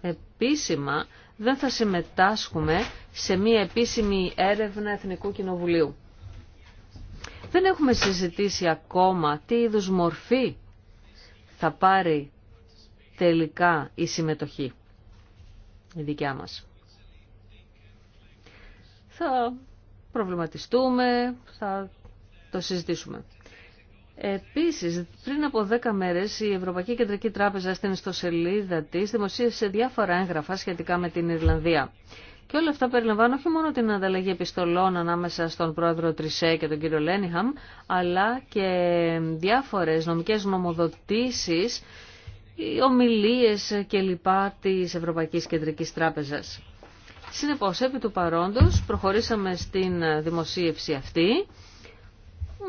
επίσημα δεν θα συμμετάσχουμε σε μία επίσημη έρευνα Εθνικού Κοινοβουλίου. Δεν έχουμε συζητήσει ακόμα τι είδους μορφή θα πάρει τελικά η συμμετοχή η δικιά μας. Θα προβληματιστούμε, θα το συζητήσουμε. Επίσης, πριν από δέκα μέρες η Ευρωπαϊκή Κεντρική Τράπεζα στην ιστοσελίδα της δημοσίευσε διάφορα έγγραφα σχετικά με την Ιρλανδία. Και όλα αυτά περιλαμβάνουν όχι μόνο την ανταλλαγή επιστολών ανάμεσα στον πρόεδρο Τρισέ και τον κύριο Λένιχαμ, αλλά και διάφορες νομικές νομοδοτήσεις οι ομιλίες και λοιπά της Ευρωπαϊκής Κεντρικής Τράπεζας. Συνεπώς, επί του παρόντος, προχωρήσαμε στην δημοσίευση αυτή.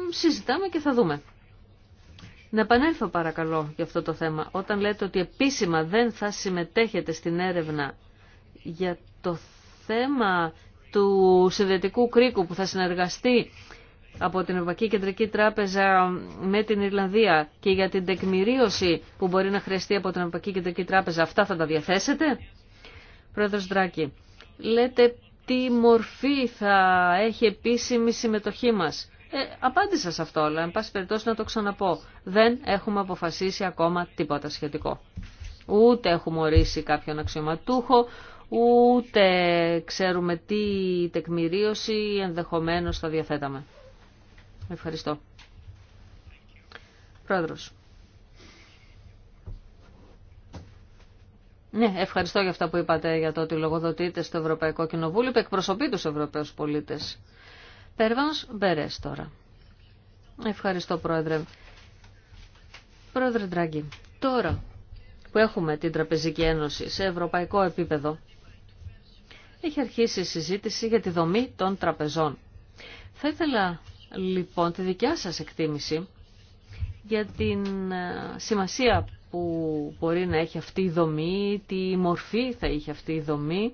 Συζητάμε και θα δούμε. Να επανέλθω παρακαλώ για αυτό το θέμα. Όταν λέτε ότι επίσημα δεν θα συμμετέχετε στην έρευνα για το θέμα του συνδετικού Κρίκου που θα συνεργαστεί από την Ευρωπαϊκή Κεντρική Τράπεζα με την Ιρλανδία και για την τεκμηρίωση που μπορεί να χρειαστεί από την Ευρωπαϊκή Κεντρική Τράπεζα, αυτά θα τα διαθέσετε. Πρόεδρος Δράκη, λέτε τι μορφή θα έχει επίσημη συμμετοχή μας. Ε, απάντησα σε αυτό, αλλά εν πάση περιπτώσει να το ξαναπώ. Δεν έχουμε αποφασίσει ακόμα τίποτα σχετικό. Ούτε έχουμε ορίσει κάποιον αξιωματούχο, ούτε ξέρουμε τι τεκμηρίωση ενδεχομένως θα διαθέταμε. Ευχαριστώ. Πρόεδρος. Ναι, ευχαριστώ για αυτά που είπατε για το ότι λογοδοτείτε στο Ευρωπαϊκό Κοινοβούλιο που εκπροσωπεί τους Ευρωπαίους πολίτες. Περβάνς Μπερές τώρα. Ευχαριστώ Πρόεδρε. Πρόεδρε Ντράγκη, τώρα που έχουμε την Τραπεζική Ένωση σε ευρωπαϊκό επίπεδο, έχει αρχίσει η συζήτηση για τη δομή των τραπεζών. Θα ήθελα λοιπόν τη δικιά σας εκτίμηση για την ε, σημασία που μπορεί να έχει αυτή η δομή, τι μορφή θα έχει αυτή η δομή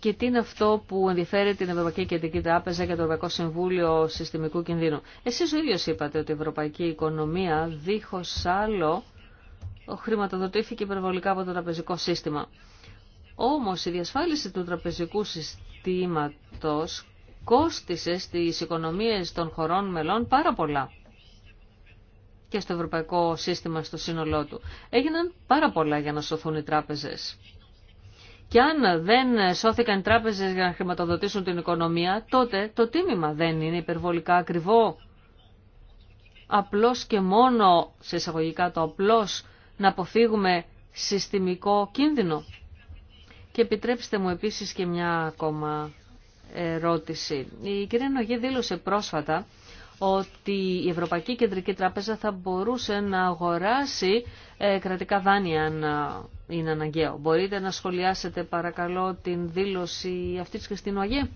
και τι είναι αυτό που ενδιαφέρει την Ευρωπαϊκή Κεντρική Τράπεζα και το Ευρωπαϊκό Συμβούλιο Συστημικού Κινδύνου. Εσείς ο ίδιος είπατε ότι η ευρωπαϊκή οικονομία δίχως άλλο χρηματοδοτήθηκε υπερβολικά από το τραπεζικό σύστημα. Όμως η διασφάλιση του τραπεζικού συστήματος κόστισε στις οικονομίες των χωρών μελών πάρα πολλά και στο ευρωπαϊκό σύστημα στο σύνολό του. Έγιναν πάρα πολλά για να σωθούν οι τράπεζες. Και αν δεν σώθηκαν οι τράπεζες για να χρηματοδοτήσουν την οικονομία, τότε το τίμημα δεν είναι υπερβολικά ακριβό. Απλώς και μόνο, σε εισαγωγικά το απλώς, να αποφύγουμε συστημικό κίνδυνο. Και επιτρέψτε μου επίσης και μια ακόμα ερώτηση. Η κυρία Νογή δήλωσε πρόσφατα ότι η Ευρωπαϊκή Κεντρική Τράπεζα θα μπορούσε να αγοράσει ε, κρατικά δάνεια αν ε, είναι αναγκαίο. Μπορείτε να σχολιάσετε παρακαλώ την δήλωση αυτή της Χριστίνου Αγία.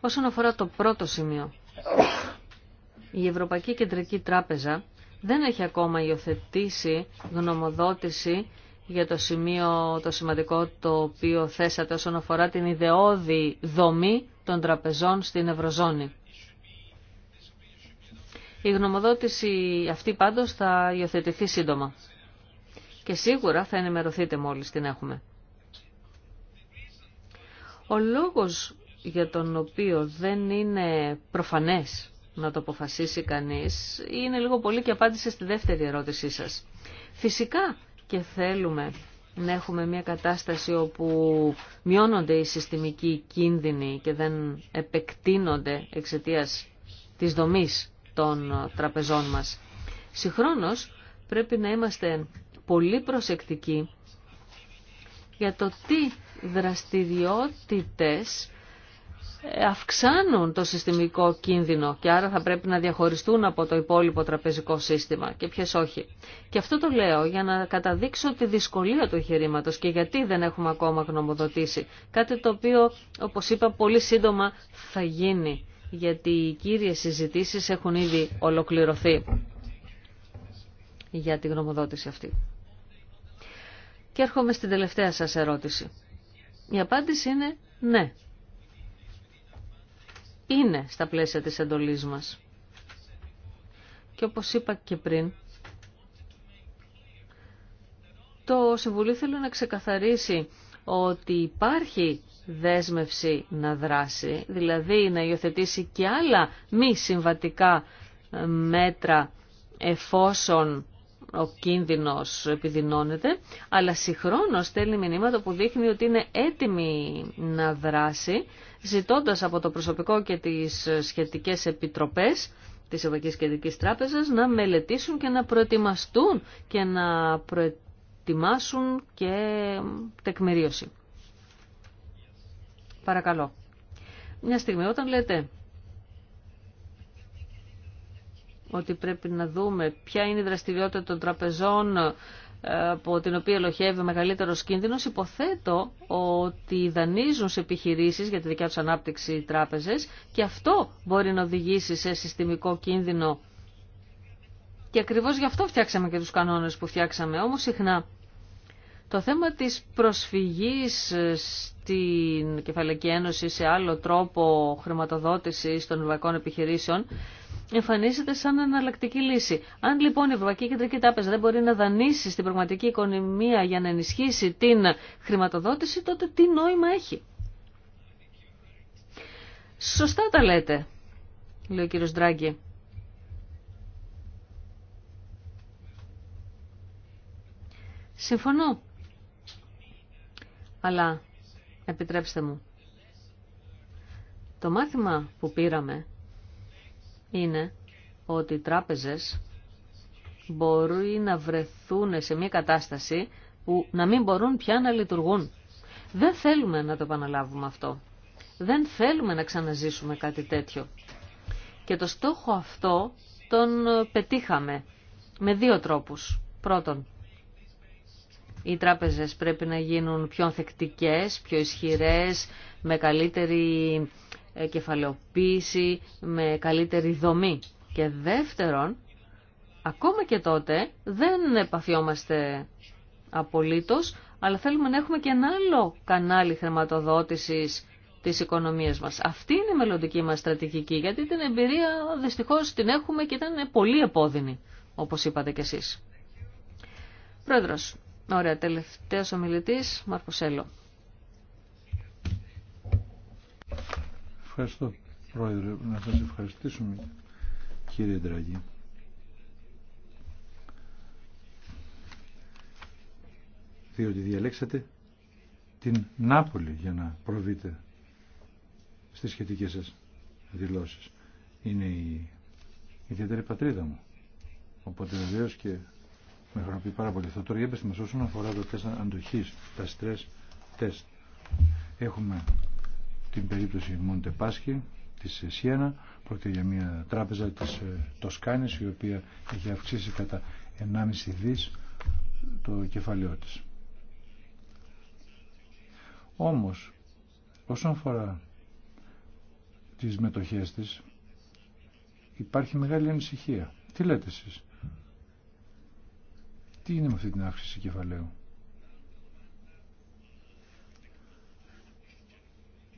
Όσον αφορά το πρώτο σημείο, η Ευρωπαϊκή Κεντρική Τράπεζα δεν έχει ακόμα υιοθετήσει γνωμοδότηση για το σημείο το σημαντικό το οποίο θέσατε όσον αφορά την ιδεώδη δομή των τραπεζών στην Ευρωζώνη. Η γνωμοδότηση αυτή πάντως θα υιοθετηθεί σύντομα και σίγουρα θα ενημερωθείτε μόλις την έχουμε. Ο λόγος για τον οποίο δεν είναι προφανές να το αποφασίσει κανείς είναι λίγο πολύ και απάντησε στη δεύτερη ερώτησή σας. Φυσικά και θέλουμε να έχουμε μια κατάσταση όπου μειώνονται οι συστημικοί κίνδυνοι και δεν επεκτείνονται εξαιτίας της δομής των τραπεζών μας. Συγχρόνως πρέπει να είμαστε πολύ προσεκτικοί για το τι δραστηριότητες αυξάνουν το συστημικό κίνδυνο και άρα θα πρέπει να διαχωριστούν από το υπόλοιπο τραπεζικό σύστημα και ποιε όχι. Και αυτό το λέω για να καταδείξω τη δυσκολία του εγχειρήματο και γιατί δεν έχουμε ακόμα γνωμοδοτήσει. Κάτι το οποίο, όπως είπα, πολύ σύντομα θα γίνει γιατί οι κύριες συζητήσει έχουν ήδη ολοκληρωθεί για τη γνωμοδότηση αυτή. Και έρχομαι στην τελευταία σας ερώτηση. Η απάντηση είναι ναι είναι στα πλαίσια της εντολής μας. Και όπως είπα και πριν, το Συμβουλίο θέλει να ξεκαθαρίσει ότι υπάρχει δέσμευση να δράσει, δηλαδή να υιοθετήσει και άλλα μη συμβατικά μέτρα εφόσον ο κίνδυνος επιδεινώνεται, αλλά συγχρόνως στέλνει μηνύματα που δείχνει ότι είναι έτοιμη να δράσει, ζητώντας από το προσωπικό και τις σχετικές επιτροπές της Ευρωπαϊκής Κεντρικής Τράπεζας να μελετήσουν και να προετοιμαστούν και να προετοιμάσουν και τεκμηρίωση. Παρακαλώ. Μια στιγμή, όταν λέτε ότι πρέπει να δούμε ποια είναι η δραστηριότητα των τραπεζών ε, από την οποία ελοχεύει ο μεγαλύτερο κίνδυνο, υποθέτω ότι δανείζουν σε επιχειρήσει για τη δικιά του ανάπτυξη οι τράπεζε και αυτό μπορεί να οδηγήσει σε συστημικό κίνδυνο. Και ακριβώ γι' αυτό φτιάξαμε και τους κανόνε που φτιάξαμε. Όμω συχνά το θέμα της προσφυγής στην Κεφαλαϊκή Ένωση σε άλλο τρόπο χρηματοδότησης των ευρωπαϊκών επιχειρήσεων εμφανίζεται σαν εναλλακτική λύση. Αν λοιπόν η Ευρωπαϊκή Κεντρική Τράπεζα δεν μπορεί να δανείσει στην πραγματική οικονομία για να ενισχύσει την χρηματοδότηση, τότε τι νόημα έχει. Σωστά τα λέτε, λέει ο κύριος Ντράγκη. Συμφωνώ. Αλλά επιτρέψτε μου. Το μάθημα που πήραμε είναι ότι οι τράπεζες μπορεί να βρεθούν σε μια κατάσταση που να μην μπορούν πια να λειτουργούν. Δεν θέλουμε να το επαναλάβουμε αυτό. Δεν θέλουμε να ξαναζήσουμε κάτι τέτοιο. Και το στόχο αυτό τον πετύχαμε με δύο τρόπους. Πρώτον, οι τράπεζες πρέπει να γίνουν πιο ανθεκτικές, πιο ισχυρές, με καλύτερη κεφαλαιοποίηση με καλύτερη δομή. Και δεύτερον, ακόμα και τότε δεν επαφιόμαστε απολύτως, αλλά θέλουμε να έχουμε και ένα άλλο κανάλι χρηματοδότησης της οικονομίας μας. Αυτή είναι η μελλοντική μας στρατηγική, γιατί την εμπειρία δυστυχώς την έχουμε και ήταν πολύ επώδυνη, όπως είπατε κι εσείς. Πρόεδρος, ωραία, τελευταίος ομιλητής, Μαρκοσέλο. Ευχαριστώ Πρόεδρε, να σας ευχαριστήσουμε κύριε Ντραγή. Διότι διαλέξατε την Νάπολη για να προβείτε στις σχετικές σας δηλώσεις. Είναι η ιδιαίτερη πατρίδα μου. Οπότε βεβαίω και με χρονοποιεί πάρα πολύ. Θα τώρα για μας όσον αφορά το τεστ αντοχής, τα στρες τεστ. Έχουμε την περίπτωση Μόντε Πάσχη της ε, Σιένα. Πρόκειται για μια τράπεζα της ε, Τοσκάνης η οποία έχει αυξήσει κατά 1,5 δις το κεφαλαιό της. Όμως, όσον αφορά τις μετοχές της, υπάρχει μεγάλη ανησυχία. Τι λέτε εσείς. Τι είναι με αυτή την αύξηση κεφαλαίου.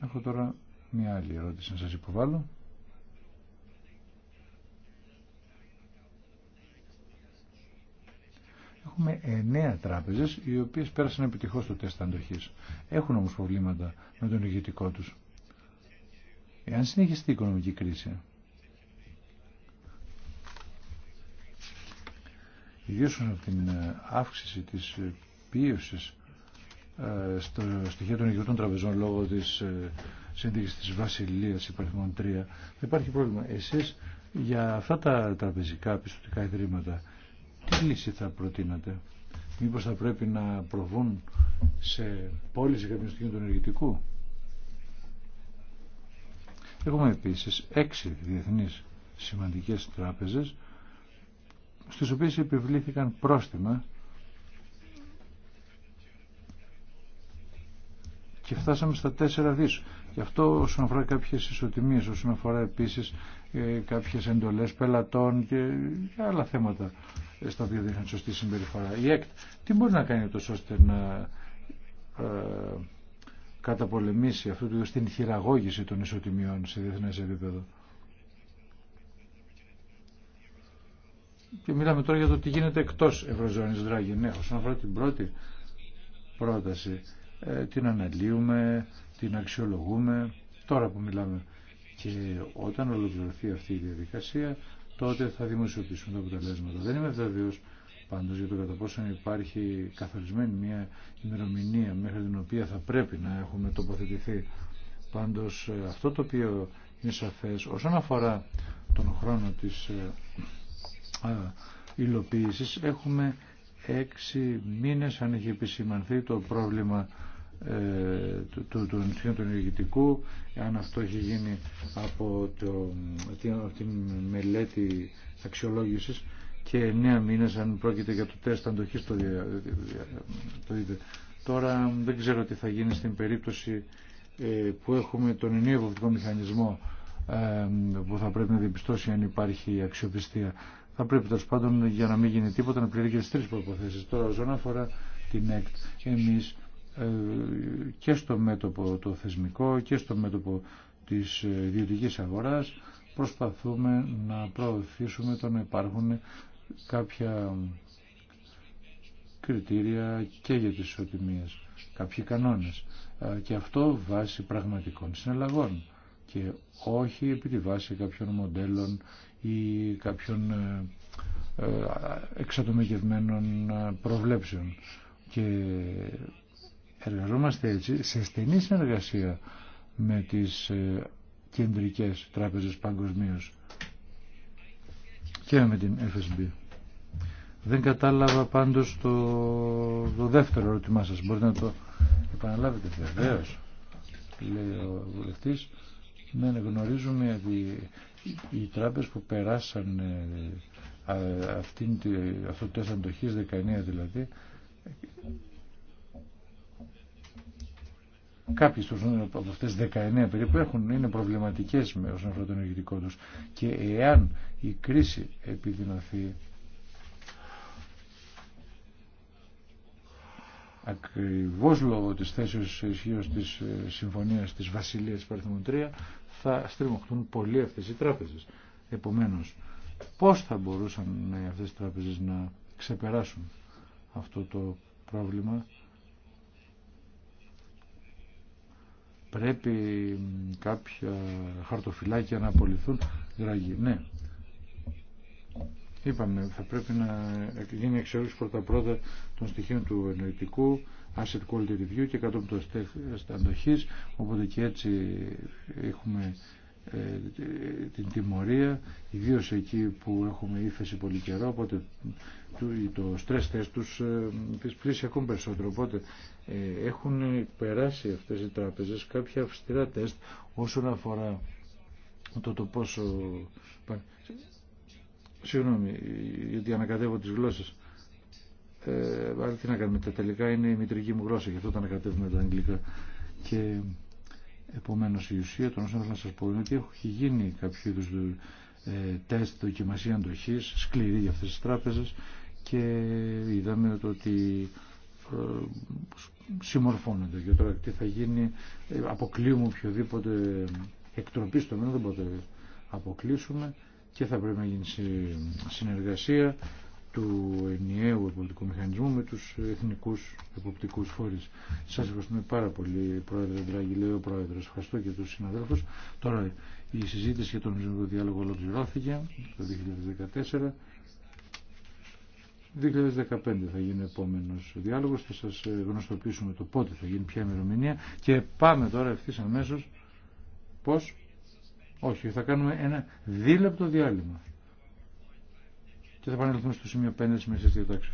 Έχω τώρα μια άλλη ερώτηση να σας υποβάλω. Έχουμε εννέα τράπεζες οι οποίες πέρασαν επιτυχώς το τεστ αντοχής. Έχουν όμως προβλήματα με τον ηγετικό τους. Εάν συνεχιστεί η οικονομική κρίση, ιδίως από την ε, αύξηση της ε, πίεσης ε, στο στοιχείο των ιδιωτών τραπεζών λόγω της ε, συντήρησης της Βασιλεία υπαριθμών 3 υπάρχει πρόβλημα. Εσεί για αυτά τα τραπεζικά πιστοτικά ιδρύματα τι λύση θα προτείνατε. Μήπως θα πρέπει να προβούν σε πώληση κάποιων στοιχείων του ενεργητικού. Έχουμε επίση έξι διεθνείς σημαντικές τράπεζες στις οποίες επιβλήθηκαν πρόστιμα και φτάσαμε στα 4 δις. Γι' αυτό όσον αφορά κάποιες ισοτιμίες, όσον αφορά επίσης ε, κάποιες εντολές πελατών και άλλα θέματα ε, στα οποία είχαν σωστή συμπεριφορά. Η ΕΚΤ τι μπορεί να κάνει τόσο ώστε να ε, καταπολεμήσει αυτού του την χειραγώγηση των ισοτιμιών σε διεθνές επίπεδο. Και μιλάμε τώρα για το τι γίνεται εκτός Ευρωζώνης Δράγη. Ναι, όσον αφορά την πρώτη πρόταση ε, την αναλύουμε, την αξιολογούμε, τώρα που μιλάμε. Και όταν ολοκληρωθεί αυτή η διαδικασία, τότε θα δημοσιοποιήσουμε τα αποτελέσματα. Δεν είμαι βέβαιος πάντως για το κατά πόσο υπάρχει καθορισμένη μια ημερομηνία μέχρι την οποία θα πρέπει να έχουμε τοποθετηθεί. Πάντως ε, αυτό το οποίο είναι σαφές όσον αφορά τον χρόνο της ε, υλοποίησης έχουμε έξι μήνες αν έχει επισημανθεί το πρόβλημα ε, του, του, του ενεργητικού αν αυτό έχει γίνει από το, την, μελέτη αξιολόγησης και εννέα μήνες αν πρόκειται για το τεστ αντοχής το, είδε. Τώρα δεν ξέρω τι θα γίνει στην περίπτωση ε, που έχουμε τον ενίο μηχανισμό μηχανισμό ε, που θα πρέπει να διαπιστώσει αν υπάρχει αξιοπιστία. Θα πρέπει τέλο πάντων για να μην γίνει τίποτα να πληρεί και τι τρει προποθέσει. Τώρα, όσον αφορά την ΕΚΤ, εμεί ε, και στο μέτωπο το θεσμικό και στο μέτωπο της ε, ιδιωτικής αγοράς προσπαθούμε να προωθήσουμε το να υπάρχουν κάποια κριτήρια και για τις ισοτιμίες, κάποιοι κανόνες ε, και αυτό βάσει πραγματικών συναλλαγών και όχι επί τη βάση κάποιων μοντέλων ή κάποιων εξατομικευμένων προβλέψεων και Εργαζόμαστε έτσι σε στενή συνεργασία με τις ε, κεντρικές τράπεζες παγκοσμίω και με την FSB. Δεν κατάλαβα πάντως το, το δεύτερο ερώτημά σας. Μπορείτε να το επαναλάβετε βεβαίω, λέει ο βουλευτής. να ναι, γνωρίζουμε ότι οι τράπεζες που περάσαν ε, αυτήν, αυτό το τεστ 19 δηλαδή, Κάποιοι από αυτές 19 περίπου έχουν, είναι προβληματικές με όσον αφορά το ενεργητικό τους και εάν η κρίση επιδεινωθεί ακριβώς λόγω της θέσεως ισχύω της ε, συμφωνίας της Βασιλείας Παριθμού 3 θα στριμωχτούν πολλοί αυτές οι τράπεζες. Επομένως, πώς θα μπορούσαν ε, αυτές οι τράπεζες να ξεπεράσουν αυτό το πρόβλημα πρέπει κάποια χαρτοφυλάκια να απολυθούν δραγή. Ναι. Είπαμε, θα πρέπει να γινει εξαιρούς εξαιρούση πρώτα-πρώτα των στοιχείων του εννοητικού, asset quality review και κατόπιν το αντοχή, αντοχής, οπότε και έτσι έχουμε ε, την τιμωρία, ιδίω εκεί που έχουμε ύφεση πολύ καιρό, οπότε το stress test τους ε, πλήσει ακόμη περισσότερο. Οπότε ε, έχουν περάσει αυτές οι τράπεζες κάποια αυστηρά τεστ όσον αφορά το, το πόσο... Συγγνώμη, γιατί ανακατεύω τις γλώσσες. Ε, αλλά τι να κάνουμε, τα τελικά είναι η μητρική μου γλώσσα, γι' αυτό τα ανακατεύουμε τα αγγλικά. Και επομένως η ουσία των όσων θέλω να σας πω είναι ότι έχει γίνει κάποιο είδους ε, τεστ δοκιμασία αντοχής, σκληρή για αυτές τις τράπεζες και είδαμε ότι ε, συμμορφώνονται και τώρα τι θα γίνει ε, αποκλείουμε οποιοδήποτε εκτροπή στο μέλλον δεν μπορούμε να αποκλείσουμε και θα πρέπει να γίνει συνεργασία του ενιαίου πολιτικού μηχανισμού με τους εθνικούς εποπτικούς φορείς. Σας ευχαριστούμε πάρα πολύ, Πρόεδρε Δράγη, λέει ο Πρόεδρος. Ευχαριστώ και τους συναδέλφους. Τώρα η συζήτηση για τον Μηζονικό Διάλογο ολοκληρώθηκε το 2014. 2015 θα γίνει ο επόμενο διάλογο. Θα σα ε, γνωστοποιήσουμε το πότε θα γίνει, ποια ημερομηνία. Και πάμε τώρα ευθύ αμέσω. Πώ? Όχι, θα κάνουμε ένα δίλεπτο διάλειμμα. Και θα επανέλθουμε στο σημείο 5 τη μεσή διατάξεω.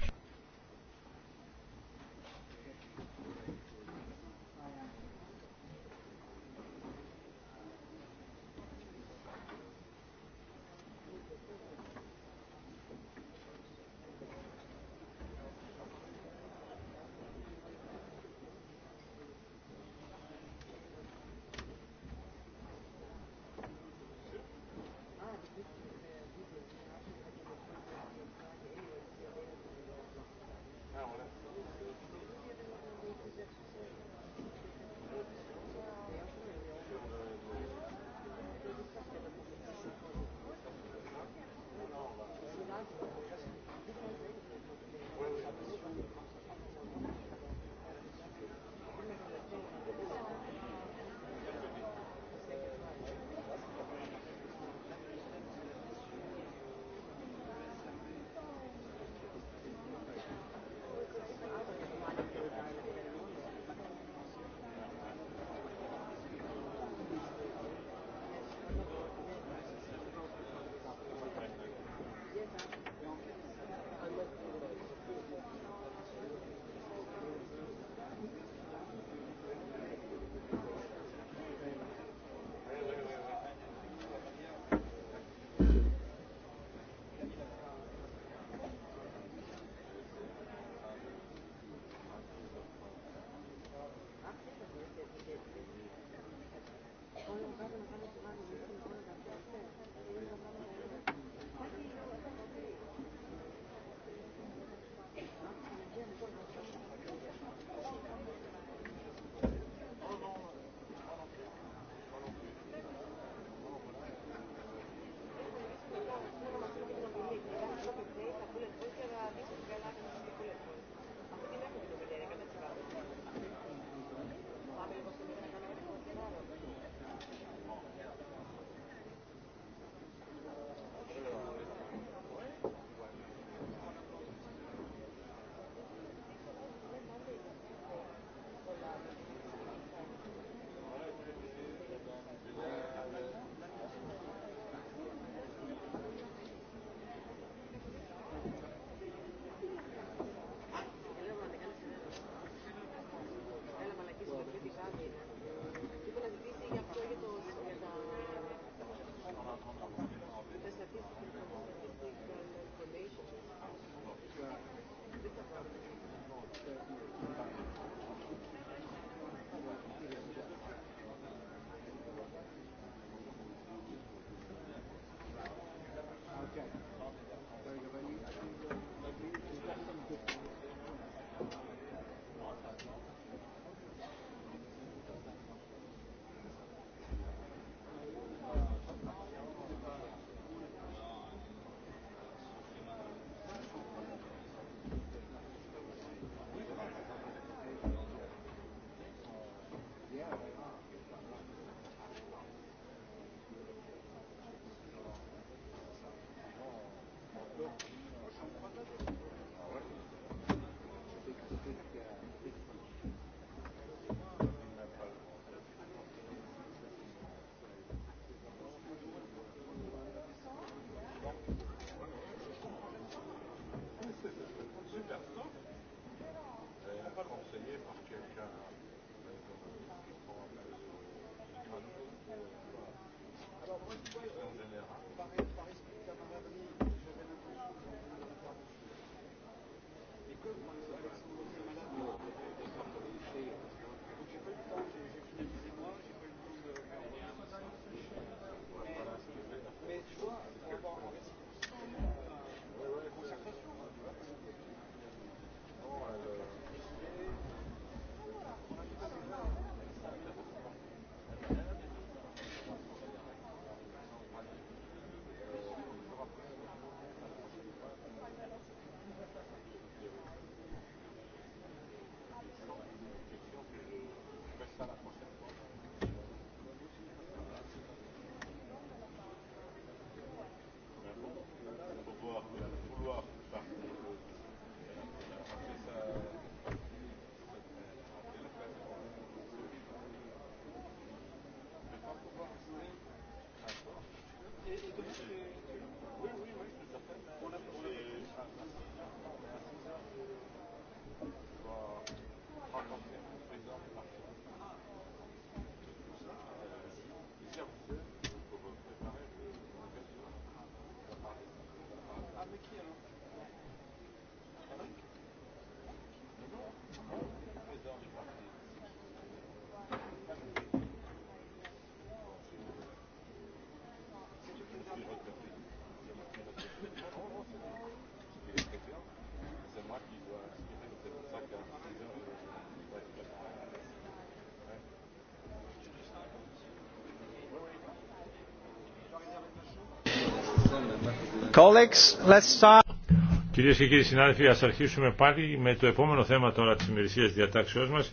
Κυρίες και κύριοι συνάδελφοι, ας αρχίσουμε πάλι με το επόμενο θέμα τώρα της ημερησίας διατάξεώς μας,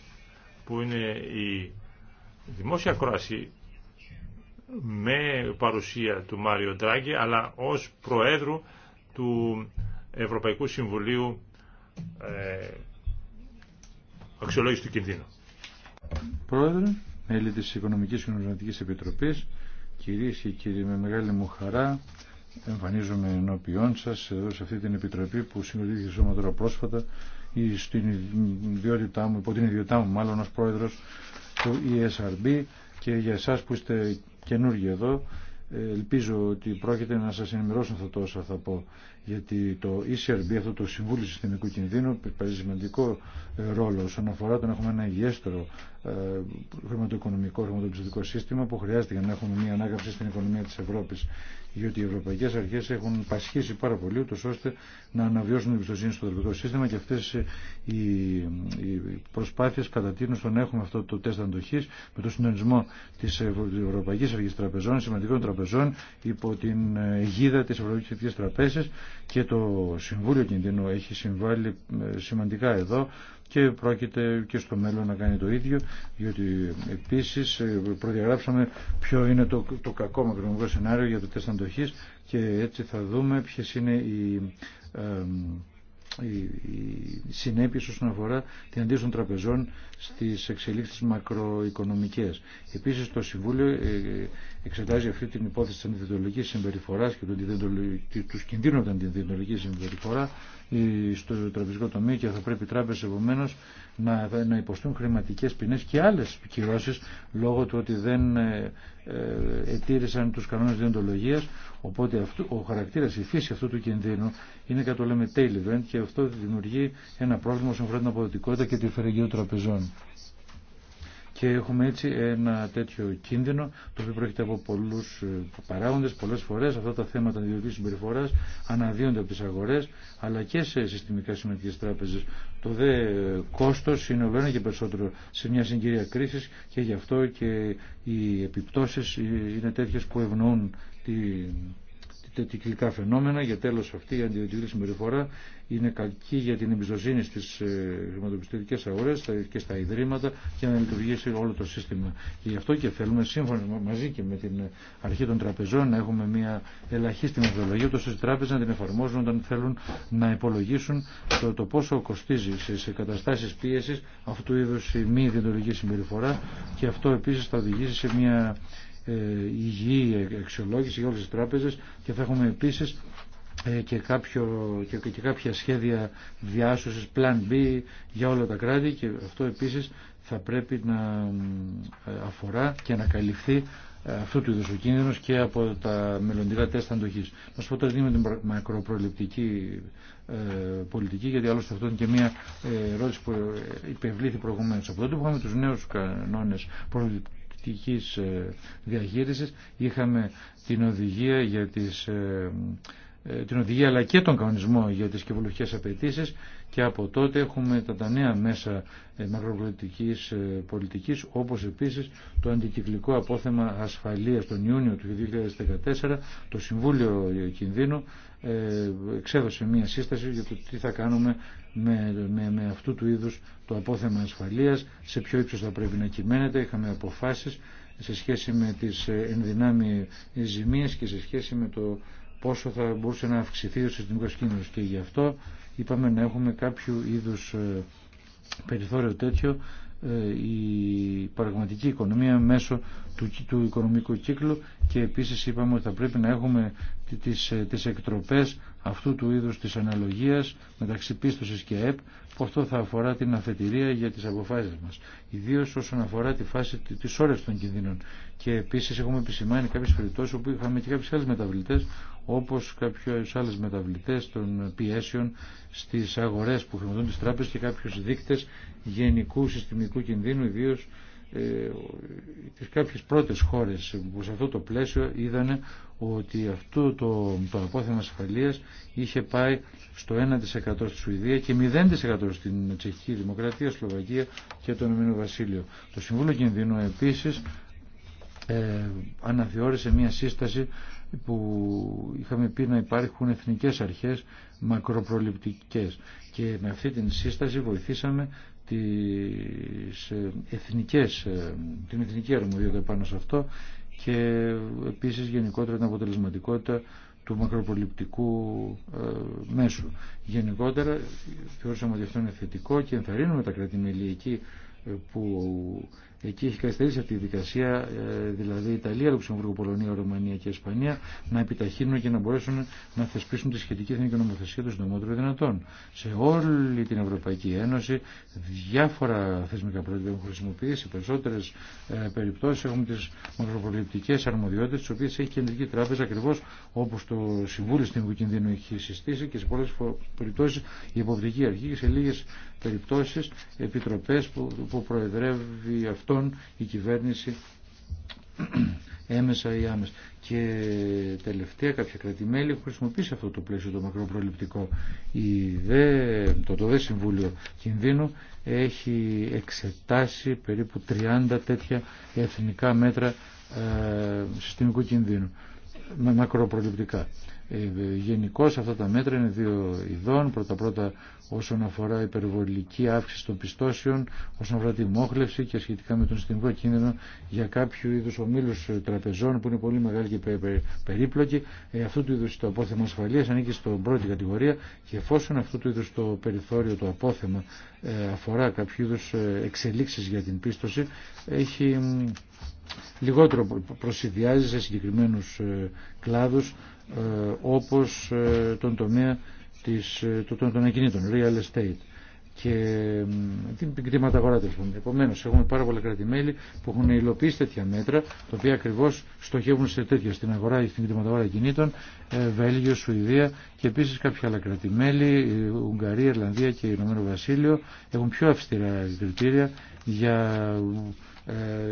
που είναι η δημόσια κρόαση με παρουσία του Μάριο Ντράγκη, αλλά ως Προέδρου του Ευρωπαϊκού Συμβουλίου ε, Αξιολόγηση του Κινδύνου. Πρόεδρε, μέλη της Οικονομικής και Επιτροπής, κυρίες και κύριοι, με μεγάλη μου χαρά εμφανίζομαι ενώπιόν σα εδώ σε αυτή την επιτροπή που συνοδεύει σώμα τώρα πρόσφατα ή στην ιδιότητά μου, υπό την ιδιότητά μου μάλλον ως πρόεδρος του ESRB και για εσάς που είστε καινούργοι εδώ ελπίζω ότι πρόκειται να σας ενημερώσω αυτό το όσα θα πω γιατί το ECRB, αυτό το Συμβούλιο Συστημικού Κινδύνου παίζει σημαντικό ε, ρόλο όσον αφορά το να έχουμε ένα υγιέστερο ε, χρηματοοικονομικό, χρηματοπιστωτικό σύστημα που χρειάζεται για να έχουμε μια ανάκαμψη στην οικονομία της Ευρώπης γιατί οι ευρωπαϊκές αρχές έχουν πασχίσει πάρα πολύ ούτως ώστε να αναβιώσουν την εμπιστοσύνη στο ευρωπαϊκό σύστημα και αυτές ε, οι, οι προσπάθειες κατατείνουν στο έχουμε αυτό το τεστ αντοχής με το συντονισμό της Ευρωπαϊκής Αρχής Τραπεζών, σημαντικό τραπεζών υπό την ε, αιγίδα της Ευρωπαϊκή Εθνικής Τραπέζης και το Συμβούλιο Κινδύνου έχει συμβάλει ε, σημαντικά εδώ και πρόκειται και στο μέλλον να κάνει το ίδιο διότι επίσης ε, προδιαγράψαμε ποιο είναι το, το κακό μακρονομικό σενάριο για το τεστ αντοχής και έτσι θα δούμε ποιε είναι οι οι συνέπειες όσον αφορά την αντίστοιχη των τραπεζών στις εξελίξεις μακροοικονομικές. Επίσης το Συμβούλιο ε, εξετάζει αυτή την υπόθεση της αντιδιδολογική συμπεριφοράς και του κινδύνου την αντιδιδολογική συμπεριφορά ε, στο τραπεζικό τομείο και θα πρέπει οι τράπεζες επομένω να, υποστούν χρηματικές ποινές και άλλες κυρώσεις λόγω του ότι δεν ε, ετήρησαν τους κανόνες διοντολογίας Οπότε αυτού, ο χαρακτήρας, η φύση αυτού του κινδύνου είναι κατά το λέμε tail event και αυτό δημιουργεί ένα πρόβλημα όσον αφορά την αποδοτικότητα και τη φερεγγύη τραπεζών. Και έχουμε έτσι ένα τέτοιο κίνδυνο, το οποίο προέρχεται από πολλού ε, παράγοντε. Πολλέ φορέ αυτά τα θέματα ιδιωτική συμπεριφορά αναδύονται από τι αγορέ, αλλά και σε συστημικά σημαντικέ τράπεζε. Το δε κόστο είναι ολοένα και περισσότερο σε μια συγκυρία κρίση και γι' αυτό και οι επιπτώσει είναι τέτοιε που ευνοούν τη, τη κλικά φαινόμενα για τέλος αυτή η αντιδιωτική συμπεριφορά είναι κακή για την εμπιστοσύνη στις ε, χρηματοπιστωτικές αγορές και στα ιδρύματα για να λειτουργήσει όλο το σύστημα. Και γι' αυτό και θέλουμε σύμφωνα μαζί και με την αρχή των τραπεζών να έχουμε μια ελαχίστη μεθοδολογία ώστε οι τράπεζες να την εφαρμόζουν όταν θέλουν να υπολογίσουν το, πόσο κοστίζει σε, σε καταστάσεις πίεσης αυτού είδους η μη ιδιωτική συμπεριφορά και αυτό επίσης θα οδηγήσει σε μια ε, υγιή αξιολόγηση για όλες τις τράπεζες και θα έχουμε επίσης ε, και, κάποιο, και, και κάποια σχέδια διάσωσης, plan B για όλα τα κράτη και αυτό επίσης θα πρέπει να ε, αφορά και να καλυφθεί αυτού του είδους ο κίνδυνος και από τα μελλοντικά τεστ αντοχής. Να σου πω τώρα με την μακροπροληπτική πολιτική, γιατί άλλωστε αυτό είναι και μια ερώτηση που υπευλήθη προηγουμένως. Από τότε που είχαμε τους νέους κανόνες αστικής ε, διαχείρισης. Είχαμε την οδηγία για τις ε, ε, την οδηγία αλλά και τον κανονισμό για τις κεβολοχικές απαιτήσει και από τότε έχουμε τα, τα νέα μέσα μακροπολιτικής πολιτικής όπως επίσης το αντικυκλικό απόθεμα ασφαλείας τον Ιούνιο του 2014 το Συμβούλιο Κινδύνου ε, εξέδωσε μία σύσταση για το τι θα κάνουμε με, με, με αυτού του είδους το απόθεμα ασφαλείας, σε ποιο ύψος θα πρέπει να κυμαίνεται, είχαμε αποφάσεις σε σχέση με τις ε, ενδυνάμει ζημίες και σε σχέση με το πόσο θα μπορούσε να αυξηθεί ο συστημικός κίνδυνος και γι' αυτό είπαμε να έχουμε κάποιο είδους ε, περιθώριο τέτοιο ε, η πραγματική οικονομία μέσω του, του οικονομικού κύκλου και επίσης είπαμε ότι θα πρέπει να έχουμε τις, ε, τις εκτροπές αυτού του είδους της αναλογίας μεταξύ πίστοσης και ΕΠ που αυτό θα αφορά την αφετηρία για τις αποφάσεις μας ιδίως όσον αφορά τη φάση της ώρες των κινδύνων και επίσης έχουμε επισημάνει κάποιες περιπτώσεις όπου είχαμε και κάποιες άλλες μεταβλητές όπως κάποιες άλλες μεταβλητές των πιέσεων στις αγορές που χρηματοδοτούν τι τράπεζες και κάποιου δείκτες γενικού συστημικού κινδύνου ιδίως τις ε, κάποιες πρώτες χώρες που σε αυτό το πλαίσιο είδανε ότι αυτό το, το απόθεμα ασφαλείας είχε πάει στο 1% στη Σουηδία και 0% στην Τσεχική Δημοκρατία, Σλοβακία και το Ηνωμένο Βασίλειο. Το Συμβούλιο Κινδύνου επίσης ε, αναθεώρησε μια σύσταση που είχαμε πει να υπάρχουν εθνικές αρχές μακροπροληπτικές και με αυτή την σύσταση βοηθήσαμε τις ε, εθνικές, ε, την εθνική αρμοδιότητα πάνω σε αυτό και επίσης γενικότερα την αποτελεσματικότητα του μακροπολιπτικού ε, μέσου. Γενικότερα θεωρήσαμε ότι αυτό είναι θετικό και ενθαρρύνουμε τα εκεί που Εκεί έχει καθυστερήσει αυτή η δικασία, ε, δηλαδή η Ιταλία, Λουξεμβούργο, Πολωνία, Ρωμανία και Ισπανία, να επιταχύνουν και να μπορέσουν να θεσπίσουν τη σχετική εθνική νομοθεσία του συντομότερο δυνατών. Σε όλη την Ευρωπαϊκή Ένωση, διάφορα θεσμικά πρότυπα έχουν χρησιμοποιήσει, περισσότερε περιπτώσει έχουμε τι μακροπολιτικέ αρμοδιότητε, τι οποίε έχει η Κεντρική Τράπεζα ακριβώ όπω το Συμβούλιο στην Κινδύνου έχει συστήσει και σε πολλέ περιπτώσει η Εποπτική Αρχή και σε λίγε περιπτώσεις επιτροπές που, που προεδρεύει αυτόν η κυβέρνηση έμεσα ή άμεσα. Και τελευταία κάποια κρατημέλη έχουν χρησιμοποιήσει αυτό το πλαίσιο το μακροπροληπτικό. Η δε, το, το ΔΕ Συμβούλιο Κινδύνου έχει εξετάσει περίπου 30 τέτοια εθνικά μέτρα ε, συστημικού κινδύνου με μακροπροληπτικά. Ε, γενικώ αυτά τα μέτρα είναι δύο ειδών. Πρώτα-πρώτα όσον αφορά υπερβολική αύξηση των πιστώσεων, όσον αφορά τη μόχλευση και σχετικά με τον συστημικό κίνδυνο για κάποιο είδου ομίλου ε, τραπεζών που είναι πολύ μεγάλη και περίπλοκη. Ε, αυτού του είδου το απόθεμα ασφαλεία ανήκει στην πρώτη κατηγορία και εφόσον αυτού του είδου το περιθώριο, το απόθεμα αφορά κάποιου είδου εξελίξει για την πίστοση, έχει λιγότερο προσυδειάζει σε συγκεκριμένους κλάδους ε, όπως ε, τον τομέα της, ε, των, των ακινήτων, real estate και την κτήματα αγορά Επομένω, έχουμε πάρα πολλά κρατημέλη που έχουν υλοποιήσει τέτοια μέτρα, τα οποία ακριβώ στοχεύουν σε τέτοια, στην αγορά ή στην κτήματα αγορά κινήτων, Βέλγιο, Σουηδία και επίση κάποια άλλα κρατημέλη, Ουγγαρία, Ιρλανδία και Ηνωμένο Βασίλειο, έχουν πιο αυστηρά κριτήρια για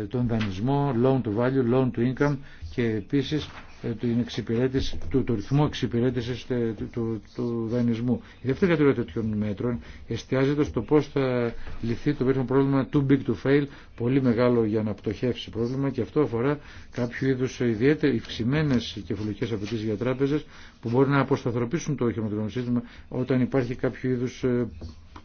τον δανεισμό, loan to value, loan to income και επίσης ε, την εξυπηρέτηση, του, το ρυθμό εξυπηρέτηση ε, του, του, του, δανεισμού. Η δεύτερη κατηγορία τέτοιων μέτρων εστιάζεται στο πώ θα λυθεί το περίφημο πρόβλημα too big to fail, πολύ μεγάλο για να πτωχεύσει πρόβλημα και αυτό αφορά κάποιο είδου ε, ιδιαίτερε υψημένε κεφαλικέ απαιτήσει για τράπεζε που μπορεί να αποσταθροπήσουν το χρηματοοικονομικό σύστημα όταν υπάρχει κάποιο είδου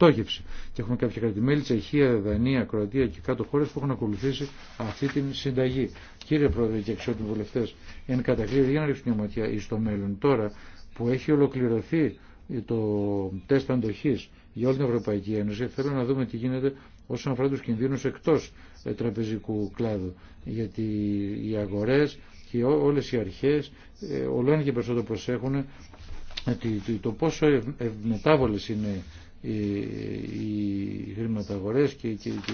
στόχευση. Και έχουμε κάποια κρατημέλη, Τσεχία, Δανία, Κροατία και κάτω χώρε που έχουν ακολουθήσει αυτή την συνταγή. Κύριε Πρόεδρε και αξιότιμοι βουλευτέ, εν κατακλείδη, για να ρίξουμε μια ματιά στο μέλλον τώρα που έχει ολοκληρωθεί το τεστ αντοχή για όλη την Ευρωπαϊκή Ένωση, θέλω να δούμε τι γίνεται όσον αφορά του κινδύνου εκτό ε, τραπεζικού κλάδου. Γιατί οι αγορέ και όλε οι αρχέ, ε, όλο και περισσότερο προσέχουν το πόσο μετάβολες είναι οι χρηματαγορές και, και, και,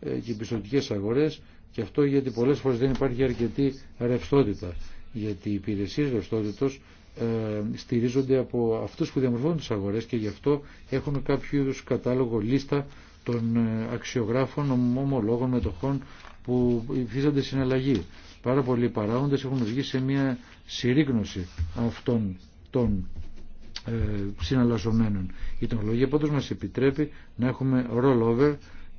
ε, και οι πιστοτικές αγορές και αυτό γιατί πολλές φορές δεν υπάρχει αρκετή ρευστότητα γιατί οι υπηρεσίες ρευστότητος ε, στηρίζονται από αυτούς που διαμορφώνουν τις αγορές και γι' αυτό έχουμε κάποιο κατάλογο λίστα των ε, αξιογράφων ομολόγων μετοχών που υφίστανται συναλλαγή. Πάρα πολλοί παράγοντες έχουν βγει σε μια συρρήγνωση αυτών των ε, συναλλασσομένων. Η τεχνολογία πάντως μας επιτρέπει να έχουμε rollover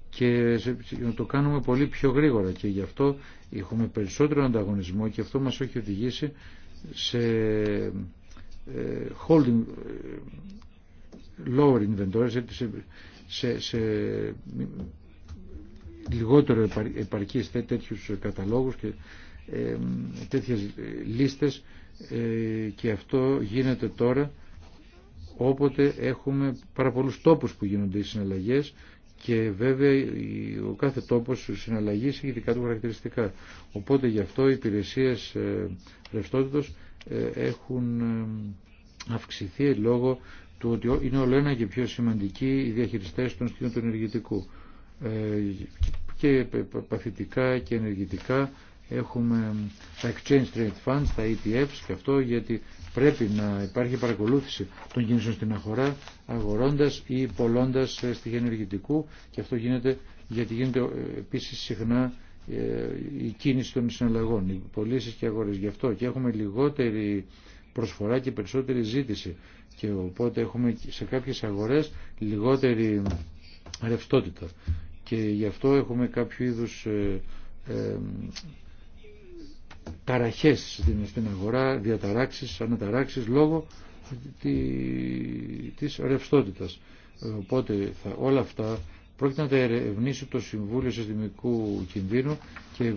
και να το κάνουμε πολύ πιο γρήγορα και γι' αυτό έχουμε περισσότερο ανταγωνισμό και αυτό μας έχει οδηγήσει σε ε, holding ε, lower inventory σε, σε, σε λιγότερο επαρκείς τέτοιους καταλόγους και τέτοιες λίστες και αυτό γίνεται τώρα όποτε έχουμε πάρα πολλούς τόπους που γίνονται οι συναλλαγές και βέβαια ο κάθε τόπος συναλλαγής έχει δικά του χαρακτηριστικά. Οπότε γι' αυτό οι υπηρεσίες ε, ρευστότητος ε, έχουν ε, αυξηθεί λόγω του ότι είναι όλο ένα και πιο σημαντικοί οι διαχειριστές των στοιχείων του ενεργητικού. Και παθητικά και ενεργητικά έχουμε τα exchange trade funds, τα ETFs και αυτό γιατί Πρέπει να υπάρχει παρακολούθηση των κινήσεων στην αγορά, αγορώντας ή πολλώντας στοιχεία ενεργητικού και αυτό γίνεται γιατί γίνεται ε, επίσης συχνά ε, η κίνηση των συναλλαγών, οι πωλήσει και αγορές. Γι' αυτό και έχουμε λιγότερη προσφορά και περισσότερη ζήτηση και οπότε έχουμε σε κάποιες αγορές λιγότερη ρευστότητα και γι' αυτό έχουμε κάποιο είδους ε, ταραχές στην αγορά, διαταράξεις, αναταράξεις λόγω της ρευστότητας. Οπότε θα, όλα αυτά πρόκειται να τα ερευνήσει το Συμβούλιο Συστημικού Κινδύνου και ε,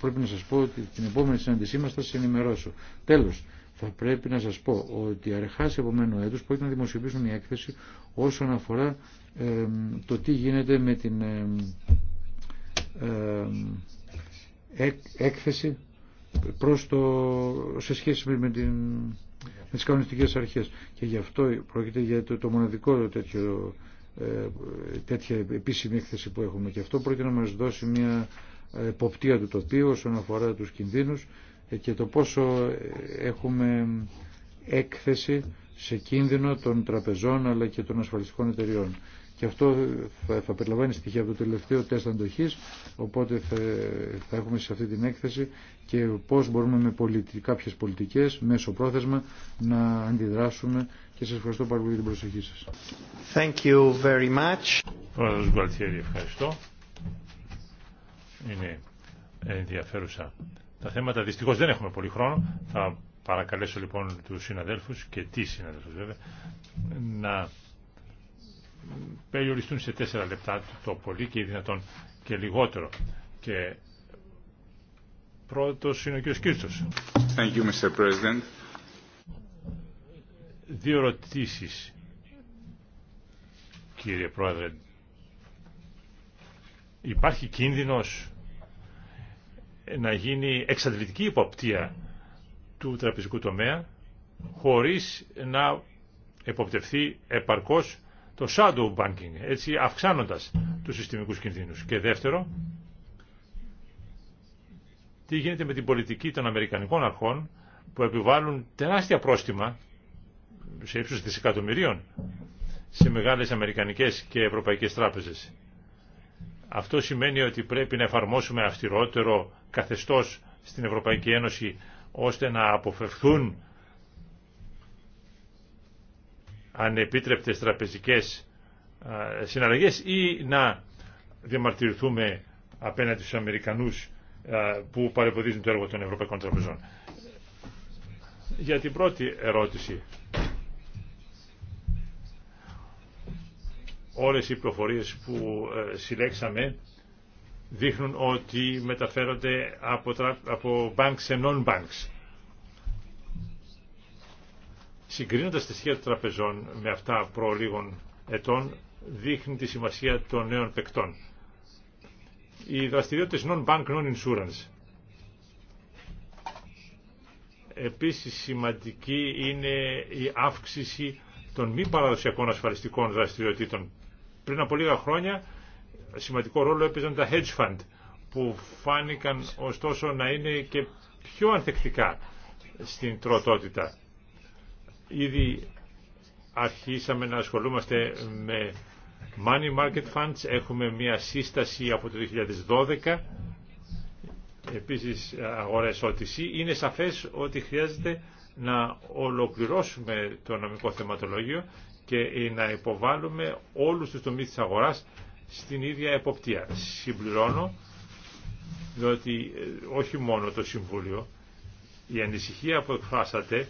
πρέπει να σας πω ότι την επόμενη συνάντησή μας θα σας ενημερώσω. Τέλος, θα πρέπει να σας πω ότι αρχάς επομένου έτους πρόκειται να δημοσιοποιήσουν η έκθεση όσον αφορά ε, το τι γίνεται με την ε, έκθεση προς το, σε σχέση με, την, με τις κανονιστικές αρχές. Και γι' αυτό πρόκειται για το, το μοναδικό τέτοιο, ε, τέτοια επίσημη έκθεση που έχουμε. Και αυτό πρόκειται να μας δώσει μια εποπτεία του τοπίου όσον αφορά τους κινδύνους ε, και το πόσο ε, έχουμε έκθεση σε κίνδυνο των τραπεζών αλλά και των ασφαλιστικών εταιριών και αυτό θα, θα περιλαμβάνει στοιχεία από το τελευταίο τεστ αντοχής οπότε θα, θα έχουμε σε αυτή την έκθεση και πώς μπορούμε με πολιτι, κάποιες πολιτικές μέσω πρόθεσμα να αντιδράσουμε και σας ευχαριστώ πάρα πολύ για την προσοχή σας. Thank you very much. Πρόεδρος Γκουαλτιέρη, ευχαριστώ. Είναι ενδιαφέρουσα τα θέματα. Δυστυχώς δεν έχουμε πολύ χρόνο. Θα παρακαλέσω λοιπόν τους συναδέλφους και τις συναδέλφους βέβαια να περιοριστούν σε τέσσερα λεπτά το πολύ και δυνατόν και λιγότερο. Και πρώτος είναι ο κ. Κύρτσος. Thank you, Δύο ερωτήσει, κύριε Πρόεδρε. Υπάρχει κίνδυνος να γίνει εξαντλητική υποπτία του τραπεζικού τομέα χωρίς να εποπτευθεί επαρκώς το shadow banking, έτσι αυξάνοντας τους συστημικούς κινδύνους. Και δεύτερο, τι γίνεται με την πολιτική των Αμερικανικών αρχών που επιβάλλουν τεράστια πρόστιμα σε ύψους δισεκατομμυρίων σε μεγάλες Αμερικανικές και Ευρωπαϊκές τράπεζες. Αυτό σημαίνει ότι πρέπει να εφαρμόσουμε αυστηρότερο καθεστώς στην Ευρωπαϊκή Ένωση ώστε να αποφευθούν ανεπίτρεπτες τραπεζικές συναλλαγές ή να διαμαρτυρηθούμε απέναντι στους Αμερικανούς που παρεμποδίζουν το έργο των Ευρωπαϊκών Τραπεζών. Για την πρώτη ερώτηση. Όλες οι πληροφορίες που ε, συλλέξαμε δείχνουν ότι μεταφέρονται από, από banks σε non-banks. Συγκρίνοντας τη σχέση των τραπεζών με αυτά προ ετών, δείχνει τη σημασία των νέων παικτών. Οι δραστηριότητες non-bank, non-insurance. Επίσης σημαντική είναι η αύξηση των μη παραδοσιακών ασφαλιστικών δραστηριοτήτων. Πριν από λίγα χρόνια σημαντικό ρόλο έπαιζαν τα hedge fund που φάνηκαν ωστόσο να είναι και πιο ανθεκτικά στην τροτότητα. Ήδη αρχίσαμε να ασχολούμαστε με money market funds. Έχουμε μια σύσταση από το 2012. Επίσης αγορές OTC. Είναι σαφές ότι χρειάζεται να ολοκληρώσουμε το νομικό θεματολόγιο και να υποβάλουμε όλους τους τομείς της αγοράς στην ίδια εποπτεία. Συμπληρώνω διότι ε, όχι μόνο το Συμβούλιο, η ανησυχία που εκφράσατε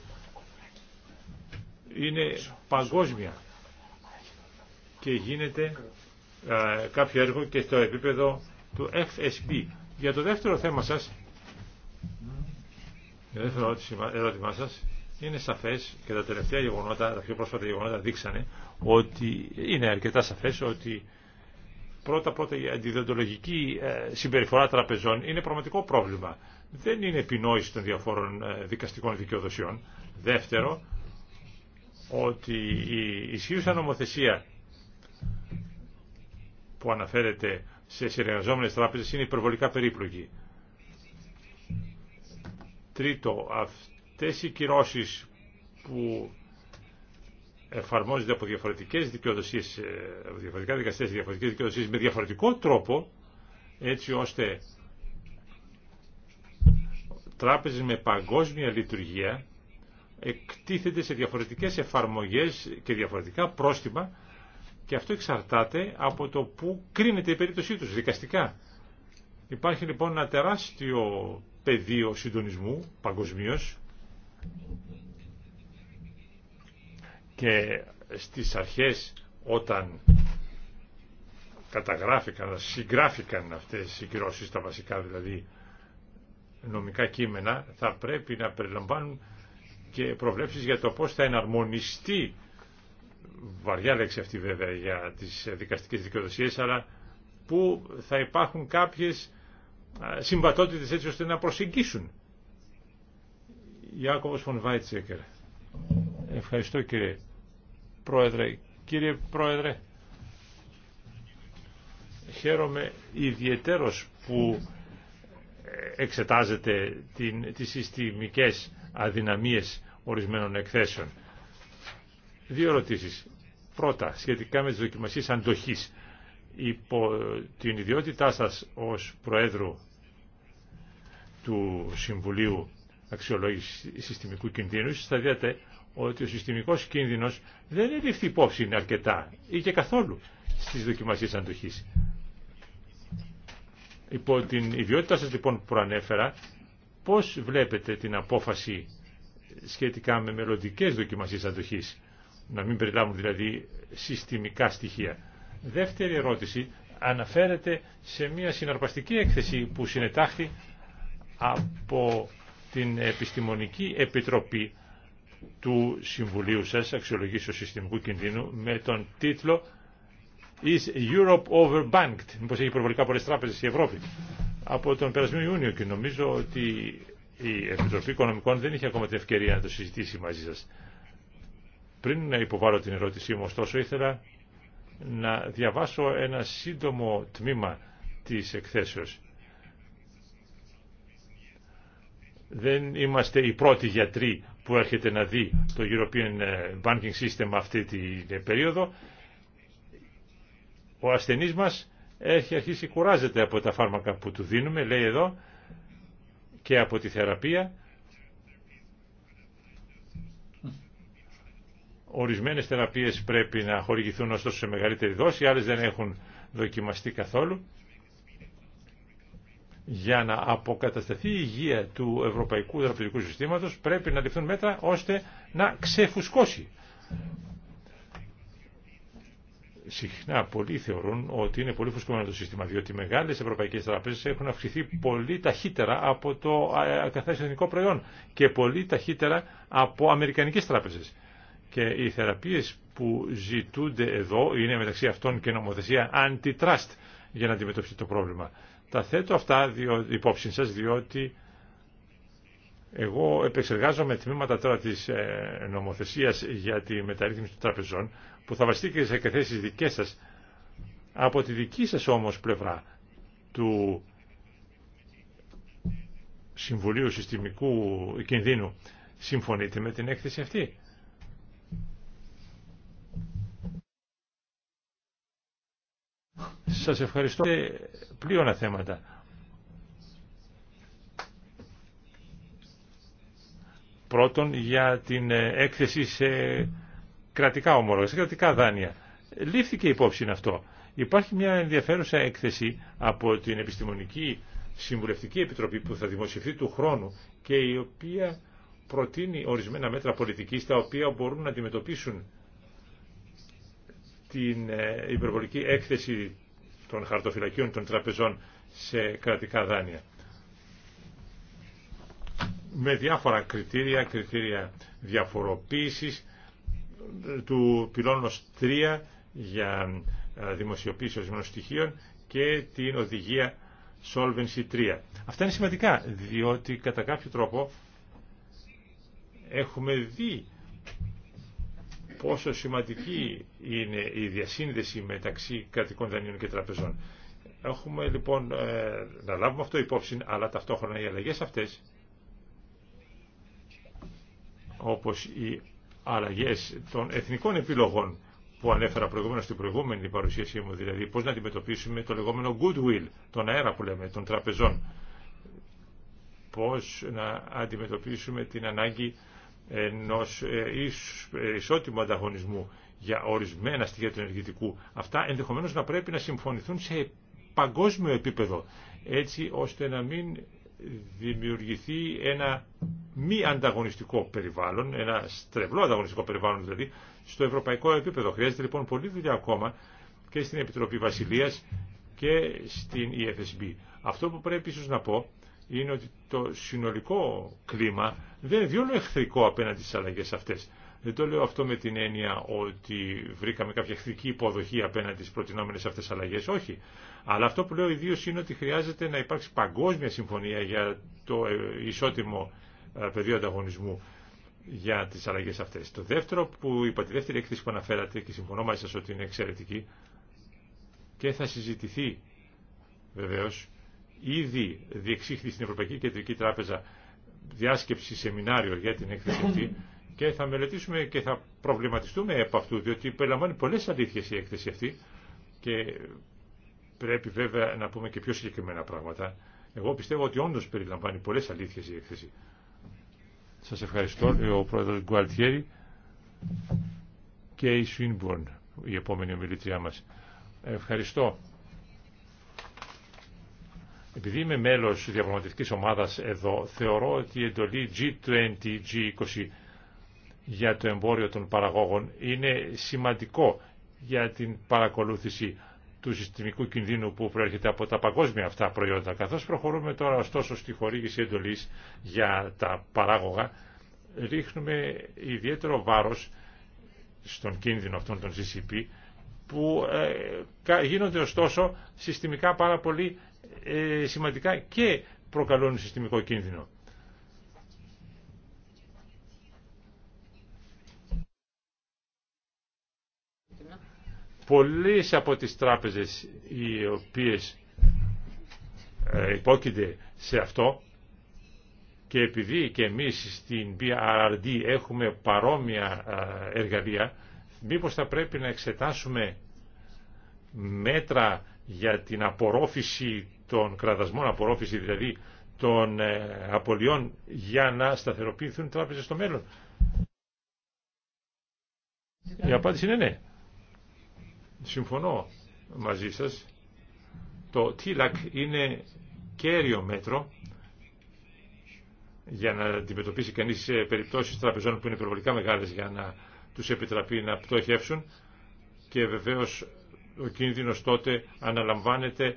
είναι παγκόσμια και γίνεται ε, κάποιο έργο και στο επίπεδο του FSB. Για το δεύτερο θέμα σας, το δεύτερο ερώτημά σας, είναι σαφές και τα τελευταία γεγονότα, τα πιο πρόσφατα γεγονότα δείξανε ότι είναι αρκετά σαφές ότι πρώτα-πρώτα η αντιδοντολογική ε, συμπεριφορά τραπεζών είναι πραγματικό πρόβλημα. Δεν είναι επινόηση των διαφόρων ε, δικαστικών δικαιοδοσιών. Δεύτερο, ότι η ισχύουσα νομοθεσία που αναφέρεται σε συνεργαζόμενες τράπεζες είναι υπερβολικά περίπλοκη. Τρίτο, αυτές οι κυρώσεις που εφαρμόζονται από διαφορετικές δικαιοδοσίες, ε, από διαφορετικά δικαστές, διαφορετικές δικαιοδοσίες με διαφορετικό τρόπο, έτσι ώστε τράπεζες με παγκόσμια λειτουργία εκτίθεται σε διαφορετικές εφαρμογές και διαφορετικά πρόστιμα και αυτό εξαρτάται από το που κρίνεται η περίπτωσή τους δικαστικά. Υπάρχει λοιπόν ένα τεράστιο πεδίο συντονισμού παγκοσμίω και στις αρχές όταν καταγράφηκαν, συγγράφηκαν αυτές οι κυρώσεις, τα βασικά δηλαδή νομικά κείμενα, θα πρέπει να περιλαμβάνουν και προβλέψεις για το πώς θα εναρμονιστεί βαριά λέξη αυτή βέβαια για τις δικαστικές δικαιοδοσίες αλλά που θα υπάρχουν κάποιες συμβατότητες έτσι ώστε να προσεγγίσουν. Ιάκωβος φων Ευχαριστώ κύριε Πρόεδρε. Κύριε Πρόεδρε, χαίρομαι ιδιαιτέρως που εξετάζεται την, τις συστημικές αδυναμίες ορισμένων εκθέσεων. Δύο ερωτήσεις. Πρώτα, σχετικά με τις δοκιμασίες αντοχής. Υπό την ιδιότητά σας ως Προέδρου του Συμβουλίου Αξιολόγησης Συστημικού Κινδύνου, θα ότι ο συστημικός κίνδυνος δεν ληφθεί υπόψη αρκετά ή και καθόλου στις δοκιμασίες αντοχής. Υπό την ιδιότητα σας λοιπόν που προανέφερα, πώς βλέπετε την απόφαση σχετικά με μελλοντικέ δοκιμασίε αντοχής, να μην περιλάβουν δηλαδή συστημικά στοιχεία. Δεύτερη ερώτηση αναφέρεται σε μια συναρπαστική έκθεση που συνετάχθη από την Επιστημονική Επιτροπή του Συμβουλίου σας, αξιολογήσεως συστημικού κινδύνου, με τον τίτλο Is Europe Overbanked? Μήπως έχει προβολικά πολλές τράπεζες η Ευρώπη. Από τον περασμένο Ιούνιο και νομίζω ότι η Επιτροπή Οικονομικών δεν είχε ακόμα την ευκαιρία να το συζητήσει μαζί σας. Πριν να υποβάλω την ερώτησή μου, ωστόσο, ήθελα να διαβάσω ένα σύντομο τμήμα της εκθέσεως. Δεν είμαστε οι πρώτοι γιατροί που έρχεται να δει το European ε, Banking System αυτή την ε, περίοδο. Ο ασθενής μας έχει αρχίσει κουράζεται από τα φάρμακα που του δίνουμε, λέει εδώ, και από τη θεραπεία. Ορισμένες θεραπείες πρέπει να χορηγηθούν ωστόσο σε μεγαλύτερη δόση, άλλες δεν έχουν δοκιμαστεί καθόλου. Για να αποκατασταθεί η υγεία του Ευρωπαϊκού Δραπητικού Συστήματος πρέπει να ληφθούν μέτρα ώστε να ξεφουσκώσει συχνά πολλοί θεωρούν ότι είναι πολύ φουσκωμένο το σύστημα, διότι μεγάλε ευρωπαϊκέ τράπεζε έχουν αυξηθεί πολύ ταχύτερα από το καθαρίστο εθνικό προϊόν και πολύ ταχύτερα από αμερικανικέ τράπεζε. Και οι θεραπείες που ζητούνται εδώ είναι μεταξύ αυτών και νομοθεσία antitrust για να αντιμετωπίσει το πρόβλημα. Τα θέτω αυτά υπόψη σα διότι εγώ επεξεργάζομαι τμήματα τώρα της ε, νομοθεσίας για τη μεταρρύθμιση των τραπεζών που θα βασιστεί και σε εκθέσεις δικές σας. Από τη δική σας όμως πλευρά του Συμβουλίου Συστημικού Κινδύνου συμφωνείτε με την έκθεση αυτή. Σας ευχαριστώ πλήωνα θέματα. Πρώτον για την ε, έκθεση σε κρατικά ομόλογα, σε κρατικά δάνεια. Λήφθηκε υπόψη αυτό. Υπάρχει μια ενδιαφέρουσα έκθεση από την Επιστημονική Συμβουλευτική Επιτροπή που θα δημοσιευθεί του χρόνου και η οποία προτείνει ορισμένα μέτρα πολιτικής τα οποία μπορούν να αντιμετωπίσουν την ε, υπερβολική έκθεση των χαρτοφυλακίων των τραπεζών σε κρατικά δάνεια. Με διάφορα κριτήρια, κριτήρια διαφοροποίησης, του πυλώνος 3 για ε, δημοσιοποίηση ορισμένων στοιχείων και την οδηγία Solvency 3. Αυτά είναι σημαντικά, διότι κατά κάποιο τρόπο έχουμε δει πόσο σημαντική είναι η διασύνδεση μεταξύ κρατικών δανείων και τραπεζών. Έχουμε λοιπόν ε, να λάβουμε αυτό υπόψη, αλλά ταυτόχρονα οι αλλαγές αυτές, όπως η Αλλαγέ των εθνικών επιλογών που ανέφερα προηγούμενα στην προηγούμενη παρουσίασή μου, δηλαδή πώς να αντιμετωπίσουμε το λεγόμενο goodwill, τον αέρα που λέμε, των τραπεζών. Πώς να αντιμετωπίσουμε την ανάγκη ενός ε, ε, ισότιμου ανταγωνισμού για ορισμένα στοιχεία του ενεργητικού. Αυτά ενδεχομένως να πρέπει να συμφωνηθούν σε παγκόσμιο επίπεδο, έτσι ώστε να μην δημιουργηθεί ένα μη ανταγωνιστικό περιβάλλον, ένα στρεβλό ανταγωνιστικό περιβάλλον δηλαδή, στο ευρωπαϊκό επίπεδο. Χρειάζεται λοιπόν πολλή δουλειά ακόμα και στην Επιτροπή Βασιλείας και στην EFSB. Αυτό που πρέπει ίσως να πω είναι ότι το συνολικό κλίμα δεν είναι διόλου εχθρικό απέναντι στις αλλαγές αυτές. Δεν το λέω αυτό με την έννοια ότι βρήκαμε κάποια εχθρική υποδοχή απέναντι στις προτινόμενες αυτές αλλαγές. Όχι. Αλλά αυτό που λέω ιδίω είναι ότι χρειάζεται να υπάρξει παγκόσμια συμφωνία για το ε, ισότιμο ε, πεδίο ανταγωνισμού για τις αλλαγές αυτές. Το δεύτερο που είπα, τη δεύτερη έκθεση που αναφέρατε και συμφωνώ μαζί σας ότι είναι εξαιρετική και θα συζητηθεί βεβαίως ήδη διεξήχθη στην Ευρωπαϊκή Κεντρική Τράπεζα διάσκεψη σεμινάριο για την έκθεση αυτή και θα μελετήσουμε και θα προβληματιστούμε από αυτού, διότι περιλαμβάνει πολλές αλήθειες η έκθεση αυτή και πρέπει βέβαια να πούμε και πιο συγκεκριμένα πράγματα. Εγώ πιστεύω ότι όντω περιλαμβάνει πολλές αλήθειες η έκθεση. Σας ευχαριστώ, ο πρόεδρος Γκουαλτιέρη και η Σουίνμπορν, η επόμενη ομιλητριά μας. Ευχαριστώ. Επειδή είμαι μέλος διαπραγματευτικής ομάδας εδώ, θεωρώ ότι η εντολή G20, G20 για το εμπόριο των παραγόγων είναι σημαντικό για την παρακολούθηση του συστημικού κινδύνου που προέρχεται από τα παγκόσμια αυτά προϊόντα. Καθώς προχωρούμε τώρα ωστόσο στη χορήγηση εντολής για τα παράγωγα, ρίχνουμε ιδιαίτερο βάρος στον κίνδυνο αυτών των CCP, που ε, γίνονται ωστόσο συστημικά πάρα πολύ ε, σημαντικά και προκαλούν συστημικό κίνδυνο. πολλές από τις τράπεζες οι οποίες ε, υπόκεινται σε αυτό και επειδή και εμείς στην BRD έχουμε παρόμοια ε, εργαλεία, μήπως θα πρέπει να εξετάσουμε μέτρα για την απορρόφηση των κραδασμών, απορρόφηση δηλαδή των ε, απολειών για να σταθεροποιηθούν τράπεζες στο μέλλον. Η απάντηση είναι ναι συμφωνώ μαζί σας. Το TILAC είναι κέριο μέτρο για να αντιμετωπίσει κανείς ε, περιπτώσεις τραπεζών που είναι υπερβολικά μεγάλες για να τους επιτραπεί να πτωχεύσουν και βεβαίως ο κίνδυνος τότε αναλαμβάνεται,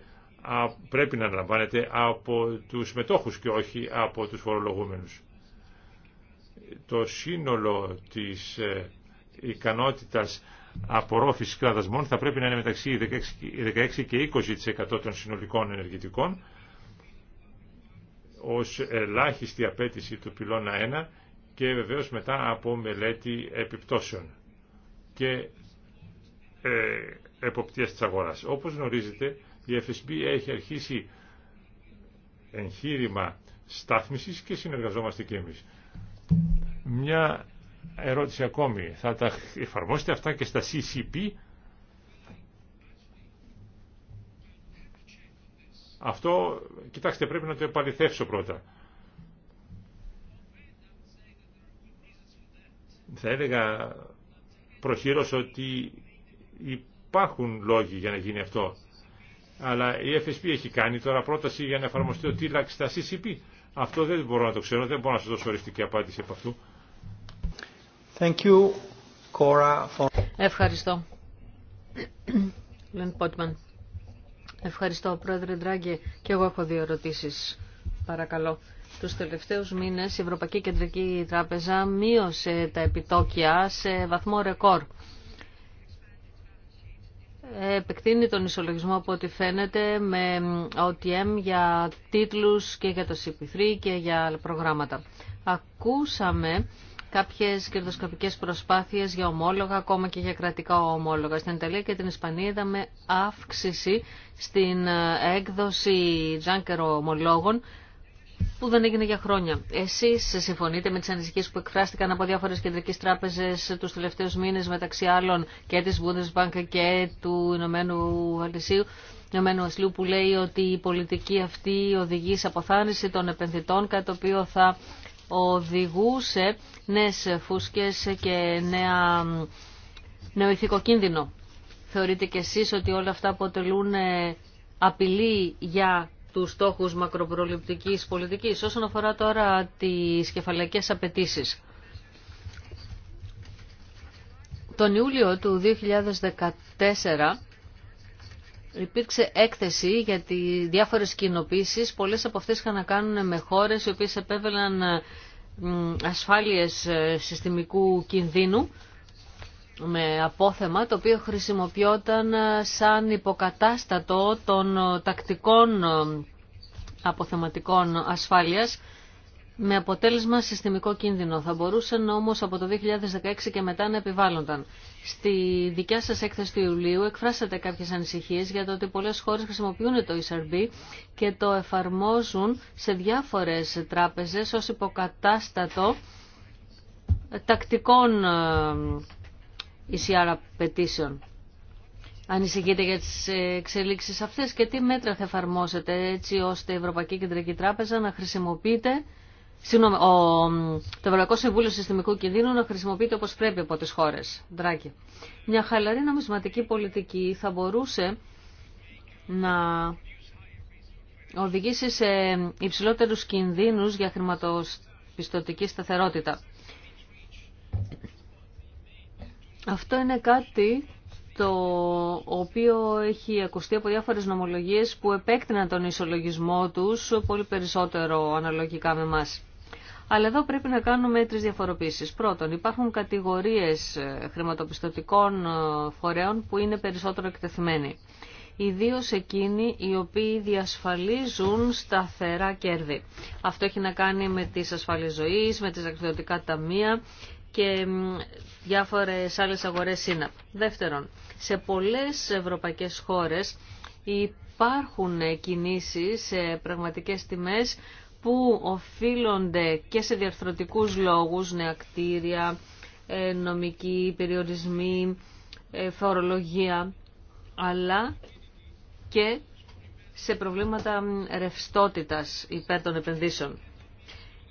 πρέπει να αναλαμβάνεται από τους μετόχους και όχι από τους φορολογούμενους. Το σύνολο της ε, ικανότητας απορρόφηση κρατασμών θα πρέπει να είναι μεταξύ 16 και 20% των συνολικών ενεργητικών ως ελάχιστη απέτηση του πυλώνα 1 και βεβαίως μετά από μελέτη επιπτώσεων και ε, εποπτείας της αγοράς. Όπως γνωρίζετε η FSB έχει αρχίσει εγχείρημα στάθμισης και συνεργαζόμαστε και εμείς. Μια ερώτηση ακόμη. Θα τα εφαρμόσετε αυτά και στα CCP. Αυτό, κοιτάξτε, πρέπει να το επαληθεύσω πρώτα. Θα έλεγα προχείρως ότι υπάρχουν λόγοι για να γίνει αυτό. Αλλά η FSP έχει κάνει τώρα πρόταση για να εφαρμοστεί ο TILAC στα CCP. Αυτό δεν μπορώ να το ξέρω, δεν μπορώ να σας δώσω οριστική απάντηση από αυτού. Ευχαριστώ. Λεν Ευχαριστώ, Πρόεδρε Ντράγκη. Και εγώ έχω δύο ερωτήσει. Παρακαλώ. Τους τελευταίους μήνες η Ευρωπαϊκή Κεντρική Τράπεζα μείωσε τα επιτόκια σε βαθμό ρεκόρ. Επεκτείνει τον ισολογισμό από ό,τι φαίνεται με OTM για τίτλους και για το CP3 και για άλλα προγράμματα. Ακούσαμε κάποιες κερδοσκοπικές προσπάθειες για ομόλογα, ακόμα και για κρατικά ομόλογα. Στην Ιταλία και την Ισπανία είδαμε αύξηση στην ε, έκδοση Τζάνκερ ομολόγων που δεν έγινε για χρόνια. Εσείς συμφωνείτε με τις ανησυχίες που εκφράστηκαν από διάφορες κεντρικές τράπεζες τους τελευταίους μήνες μεταξύ άλλων και της Bundesbank και του Ηνωμένου Αλυσίου. Ηνωμένου Ασλού που λέει ότι η πολιτική αυτή οδηγεί σε αποθάνηση των επενδυτών, κάτι το οποίο θα οδηγούσε νέες φούσκες και νέα, νέο ηθικό κίνδυνο. Θεωρείτε και εσείς ότι όλα αυτά αποτελούν ε, απειλή για τους στόχους μακροπροληπτικής πολιτικής όσον αφορά τώρα τις κεφαλαϊκές απαιτήσει. Τον Ιούλιο του 2014 Υπήρξε έκθεση για τι διάφορες κοινοποίησει. Πολλές από αυτές είχαν να κάνουν με χώρε οι οποίες επέβαιναν ασφάλειες ε, συστημικού κινδύνου με απόθεμα το οποίο χρησιμοποιόταν ε, σαν υποκατάστατο των ε, τακτικών αποθεματικών ασφάλειας με αποτέλεσμα συστημικό κίνδυνο. Θα μπορούσαν όμως από το 2016 και μετά να επιβάλλονταν. Στη δικιά σας έκθεση του Ιουλίου εκφράσατε κάποιες ανησυχίες για το ότι πολλές χώρες χρησιμοποιούν το ESRB και το εφαρμόζουν σε διάφορες τράπεζες ως υποκατάστατο τακτικών ε, ECR απαιτήσεων. Ανησυχείτε για τις εξελίξεις αυτές και τι μέτρα θα εφαρμόσετε έτσι ώστε η Ευρωπαϊκή Κεντρική Τράπεζα να χρησιμοποιείται Συγγνώμη, το Ευρωπαϊκό Συμβούλιο Συστημικού Κινδύνου να χρησιμοποιείται όπως πρέπει από τις χώρες. Δράκη, Μια χαλαρή νομισματική πολιτική θα μπορούσε να οδηγήσει σε υψηλότερους κινδύνους για χρηματοπιστωτική σταθερότητα. Αυτό είναι κάτι το οποίο έχει ακουστεί από διάφορες νομολογίες που επέκτηναν τον ισολογισμό τους πολύ περισσότερο αναλογικά με εμάς. Αλλά εδώ πρέπει να κάνουμε τρεις διαφοροποίησεις. Πρώτον, υπάρχουν κατηγορίες ε, χρηματοπιστωτικών ε, φορέων που είναι περισσότερο εκτεθειμένοι. Ιδίω εκείνοι οι οποίοι διασφαλίζουν σταθερά κέρδη. Αυτό έχει να κάνει με τις ασφαλείς ζωής, με τις δακτυλωτικά ταμεία και διάφορες άλλες αγορές ΣΥΝΑΠ. Δεύτερον, σε πολλές ευρωπαϊκές χώρες υπάρχουν κινήσεις σε πραγματικές τιμές που οφείλονται και σε διαρθρωτικούς λόγους, νέα ε, νομικοί περιορισμοί, ε, φορολογία, αλλά και σε προβλήματα ρευστότητας υπέρ των επενδύσεων.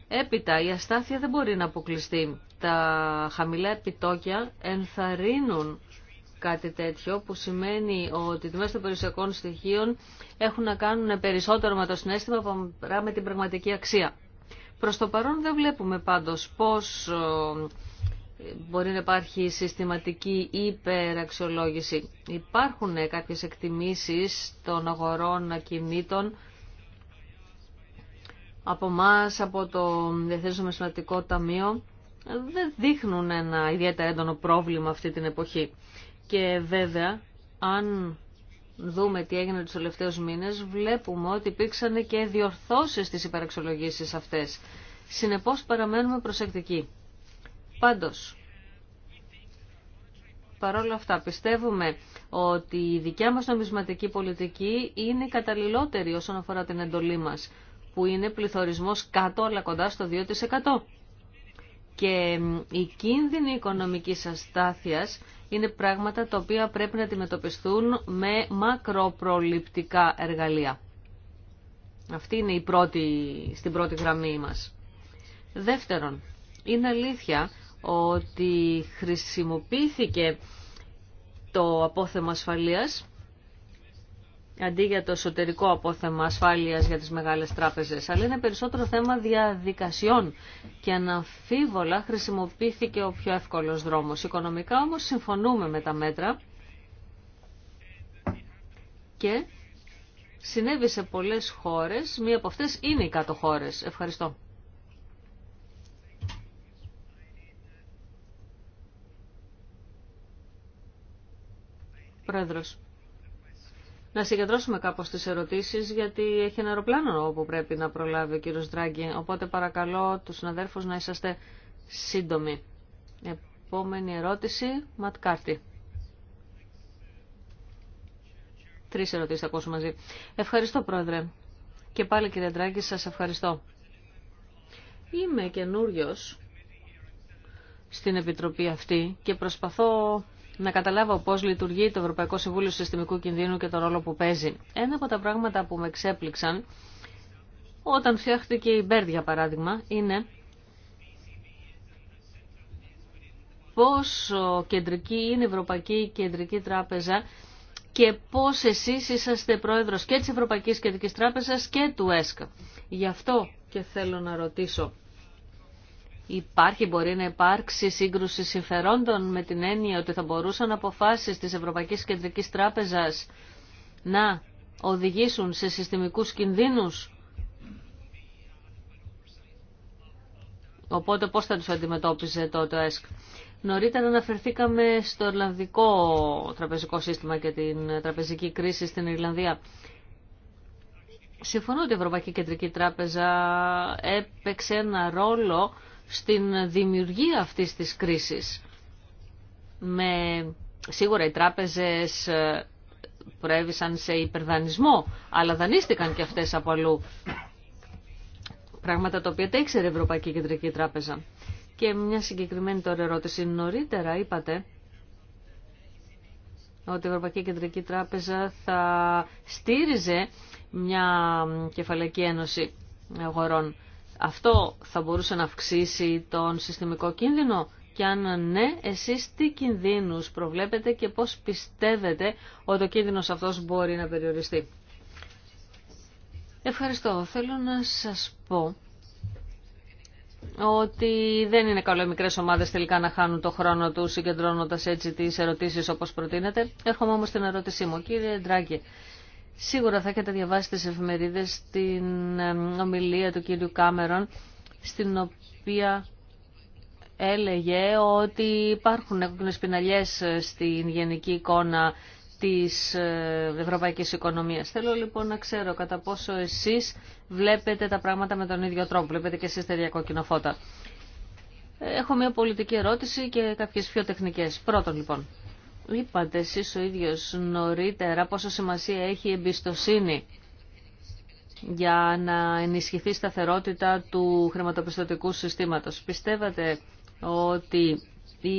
Έπειτα, η αστάθεια δεν μπορεί να αποκλειστεί. Τα χαμηλά επιτόκια ενθαρρύνουν κάτι τέτοιο που σημαίνει ότι οι τιμές των περιουσιακών στοιχείων έχουν να κάνουν περισσότερο με το συνέστημα παρά με την πραγματική αξία. Προς το παρόν δεν βλέπουμε πάντως πώς ε, μπορεί να υπάρχει συστηματική υπεραξιολόγηση. Υπάρχουν κάποιες εκτιμήσεις των αγορών ακινήτων από εμά, από το διεθνές Συνατικό Ταμείο, δεν δείχνουν ένα ιδιαίτερα έντονο πρόβλημα αυτή την εποχή. Και βέβαια, αν δούμε τι έγινε τους τελευταίους μήνες, βλέπουμε ότι υπήρξαν και διορθώσεις στις υπεραξιολογήσεις αυτές. Συνεπώς παραμένουμε προσεκτικοί. Πάντως, παρόλα αυτά, πιστεύουμε ότι η δικιά μας νομισματική πολιτική είναι καταλληλότερη όσον αφορά την εντολή μας, που είναι πληθωρισμός κάτω αλλά κοντά στο 2%. Και η κίνδυνη οικονομικής αστάθειας είναι πράγματα τα οποία πρέπει να αντιμετωπιστούν με μακροπροληπτικά εργαλεία. Αυτή είναι η πρώτη, στην πρώτη γραμμή μας. Δεύτερον, είναι αλήθεια ότι χρησιμοποιήθηκε το απόθεμα ασφαλείας αντί για το εσωτερικό απόθεμα ασφάλειας για τις μεγάλες τράπεζες, αλλά είναι περισσότερο θέμα διαδικασιών και αναμφίβολα χρησιμοποιήθηκε ο πιο εύκολος δρόμος. Οικονομικά όμως συμφωνούμε με τα μέτρα και συνέβη σε πολλές χώρες, μία από αυτές είναι οι κάτω χώρες. Ευχαριστώ. Πρόεδρος να συγκεντρώσουμε κάπως τις ερωτήσεις γιατί έχει ένα αεροπλάνο όπου πρέπει να προλάβει ο κύριος Δράγκη. Οπότε παρακαλώ τους συναδέρφους να είσαστε σύντομοι. Επόμενη ερώτηση, Ματ Κάρτι. Τρει ερωτήσεις θα ακούσω μαζί. Ευχαριστώ πρόεδρε. Και πάλι κύριε Δράγκη σας ευχαριστώ. Είμαι καινούριο στην Επιτροπή αυτή και προσπαθώ να καταλάβω πώς λειτουργεί το Ευρωπαϊκό Συμβούλιο Συστημικού Κινδύνου και τον ρόλο που παίζει. Ένα από τα πράγματα που με εξέπληξαν, όταν φτιάχτηκε η Μπέρντ για παράδειγμα είναι πόσο κεντρική είναι η Ευρωπαϊκή Κεντρική Τράπεζα και πώς εσείς είσαστε πρόεδρος και της Ευρωπαϊκής Κεντρικής Τράπεζας και του ΕΣΚΑ. Γι' αυτό και θέλω να ρωτήσω Υπάρχει, μπορεί να υπάρξει σύγκρουση συμφερόντων με την έννοια ότι θα μπορούσαν αποφάσει της Ευρωπαϊκή Κεντρική Τράπεζα να οδηγήσουν σε συστημικούς κινδύνους. Οπότε πώς θα τους αντιμετώπιζε τότε ο ΕΣΚ. Νωρίτερα αναφερθήκαμε στο Ιρλανδικό τραπεζικό σύστημα και την τραπεζική κρίση στην Ιρλανδία. Συμφωνώ ότι η Ευρωπαϊκή Κεντρική Τράπεζα έπαιξε ένα ρόλο στην δημιουργία αυτής της κρίσης. Με... Σίγουρα οι τράπεζες ε, προέβησαν σε υπερδανισμό, αλλά δανείστηκαν και αυτές από αλλού. Πράγματα τα οποία τα ήξερε η Ευρωπαϊκή Κεντρική Τράπεζα. Και μια συγκεκριμένη τώρα ερώτηση. Νωρίτερα είπατε ότι η Ευρωπαϊκή Κεντρική Τράπεζα θα στήριζε μια κεφαλαϊκή ένωση αγορών. Αυτό θα μπορούσε να αυξήσει τον συστημικό κίνδυνο και αν ναι, εσείς τι κινδύνους προβλέπετε και πώς πιστεύετε ότι ο κίνδυνος αυτός μπορεί να περιοριστεί. Ευχαριστώ. Θέλω να σας πω ότι δεν είναι καλό οι μικρές ομάδες τελικά να χάνουν το χρόνο τους συγκεντρώνοντας έτσι τις ερωτήσεις όπως προτείνετε. Έρχομαι όμως στην ερώτησή μου. Κύριε Ντράγκη, Σίγουρα θα έχετε διαβάσει τις εφημερίδες την ομιλία του κύριου Κάμερον, στην οποία έλεγε ότι υπάρχουν πιναλιές ε, στην γενική εικόνα της ε, ευρωπαϊκής οικονομίας. Θέλω λοιπόν να ξέρω κατά πόσο εσείς βλέπετε τα πράγματα με τον ίδιο τρόπο. Βλέπετε και εσείς τα διακόκκινα φώτα. Ε, έχω μια πολιτική ερώτηση και κάποιες πιο τεχνικές. Πρώτον λοιπόν, Είπατε εσείς ο ίδιος νωρίτερα πόσο σημασία έχει η εμπιστοσύνη για να ενισχυθεί η σταθερότητα του χρηματοπιστωτικού συστήματος. Πιστεύετε ότι οι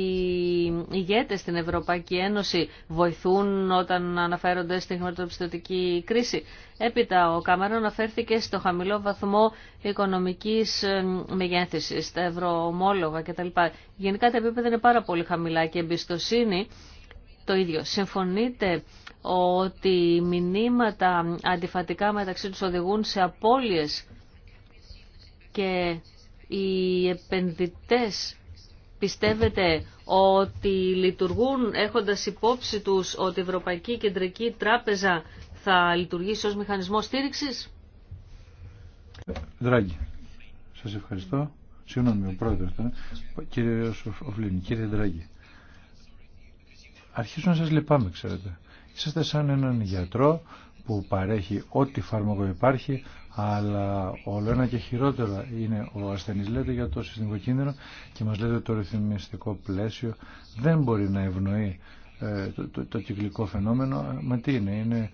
ηγέτες στην Ευρωπαϊκή Ένωση βοηθούν όταν αναφέρονται στην χρηματοπιστωτική κρίση. Έπειτα ο Καμερό αναφέρθηκε στο χαμηλό βαθμό οικονομικής ε, μεγέθυνσης, τα ευρωομόλογα κτλ. Γενικά τα επίπεδα είναι πάρα πολύ χαμηλά και η εμπιστοσύνη το ίδιο. Συμφωνείτε ότι μηνύματα αντιφατικά μεταξύ τους οδηγούν σε απώλειες και οι επενδυτές πιστεύετε ότι λειτουργούν έχοντας υπόψη τους ότι η Ευρωπαϊκή Κεντρική Τράπεζα θα λειτουργήσει ως μηχανισμό στήριξης. Δράγκη, σας ευχαριστώ. Συγγνώμη, ο πρόεδρος Κύριε κύριε αρχίζω να σας λυπάμαι, ξέρετε. Είσαστε σαν έναν γιατρό που παρέχει ό,τι φάρμακο υπάρχει, αλλά όλο ένα και χειρότερα είναι ο ασθενής λέτε για το συστημικό κίνδυνο και μας λέτε το ρυθμιστικό πλαίσιο δεν μπορεί να ευνοεί ε, το, κυκλικό φαινόμενο, μα τι είναι, είναι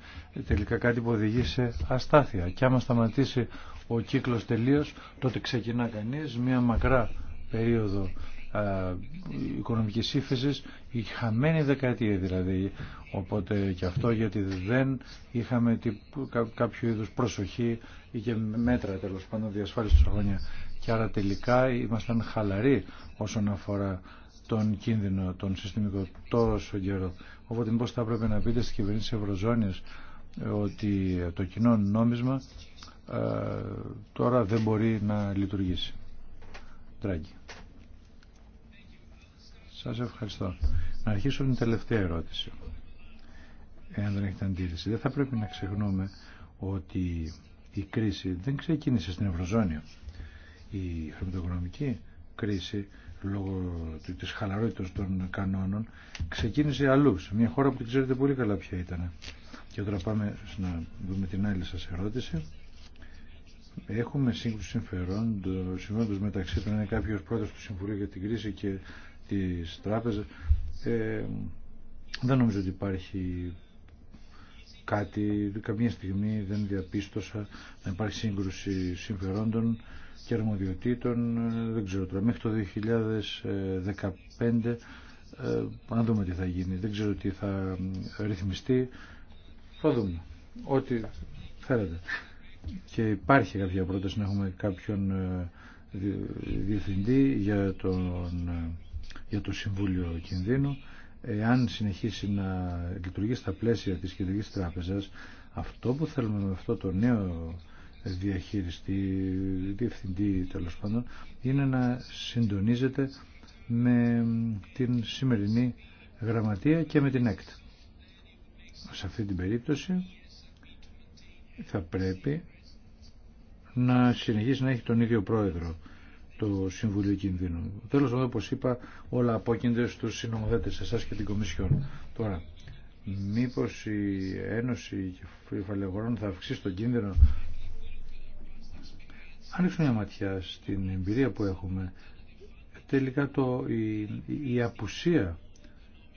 τελικά κάτι που οδηγεί σε αστάθεια. Και άμα σταματήσει ο κύκλος τελείως, τότε ξεκινά κανείς μια μακρά περίοδο ε, οικονομικής ύφεσης, η χαμένη δεκαετία δηλαδή. Οπότε και αυτό γιατί δεν είχαμε κάποιο είδους προσοχή ή και μέτρα τέλος πάντων διασφάλιση του χρόνια. Και άρα τελικά ήμασταν χαλαροί όσον αφορά τον κίνδυνο, τον συστημικό τόσο καιρό. Οπότε μήπως θα έπρεπε να πείτε στι κυβερνήσει Ευρωζώνης ότι το κοινό νόμισμα ε, τώρα δεν μπορεί να λειτουργήσει. Τράγκη. Σας ευχαριστώ. Να αρχίσω την τελευταία ερώτηση. Εάν δεν έχετε αντίληση, δεν θα πρέπει να ξεχνούμε ότι η κρίση δεν ξεκίνησε στην Ευρωζώνη. Η χρηματοοικονομική κρίση λόγω της χαλαρότητας των κανόνων ξεκίνησε αλλού, σε μια χώρα που την ξέρετε πολύ καλά ποια ήταν. Και τώρα πάμε να δούμε την άλλη σας ερώτηση. Έχουμε σύγκρουση συμφερόντων συμφερόντος μεταξύ των είναι κάποιος πρόεδρος του Συμβουλίου για την κρίση και τις τράπεζες. Ε, δεν νομίζω ότι υπάρχει κάτι, καμία στιγμή δεν διαπίστωσα να υπάρχει σύγκρουση συμφερόντων και αρμοδιοτήτων, δεν ξέρω τώρα, μέχρι το 2015 ε, δούμε τι θα γίνει, δεν ξέρω τι θα ρυθμιστεί, θα δούμε, ό,τι θέλετε. Και υπάρχει κάποια πρόταση να έχουμε κάποιον ε, διευθυντή για τον ε, για το Συμβούλιο Κινδύνου. Εάν συνεχίσει να λειτουργεί στα πλαίσια της Κεντρικής Τράπεζας, αυτό που θέλουμε με αυτό το νέο διαχειριστή, διευθυντή τέλο πάντων, είναι να συντονίζεται με την σημερινή γραμματεία και με την ΕΚΤ. Σε αυτή την περίπτωση θα πρέπει να συνεχίσει να έχει τον ίδιο πρόεδρο το Συμβουλίο Κινδύνου. Τέλος, εδώ, όπως είπα, όλα απόκεινται στους συνομοθέτες, εσάς και την Κομισιόν. Τώρα, μήπως η Ένωση Κεφαλαιογορών θα αυξήσει τον κίνδυνο. Άνοιξε μια ματιά στην εμπειρία που έχουμε. Τελικά το, η, η απουσία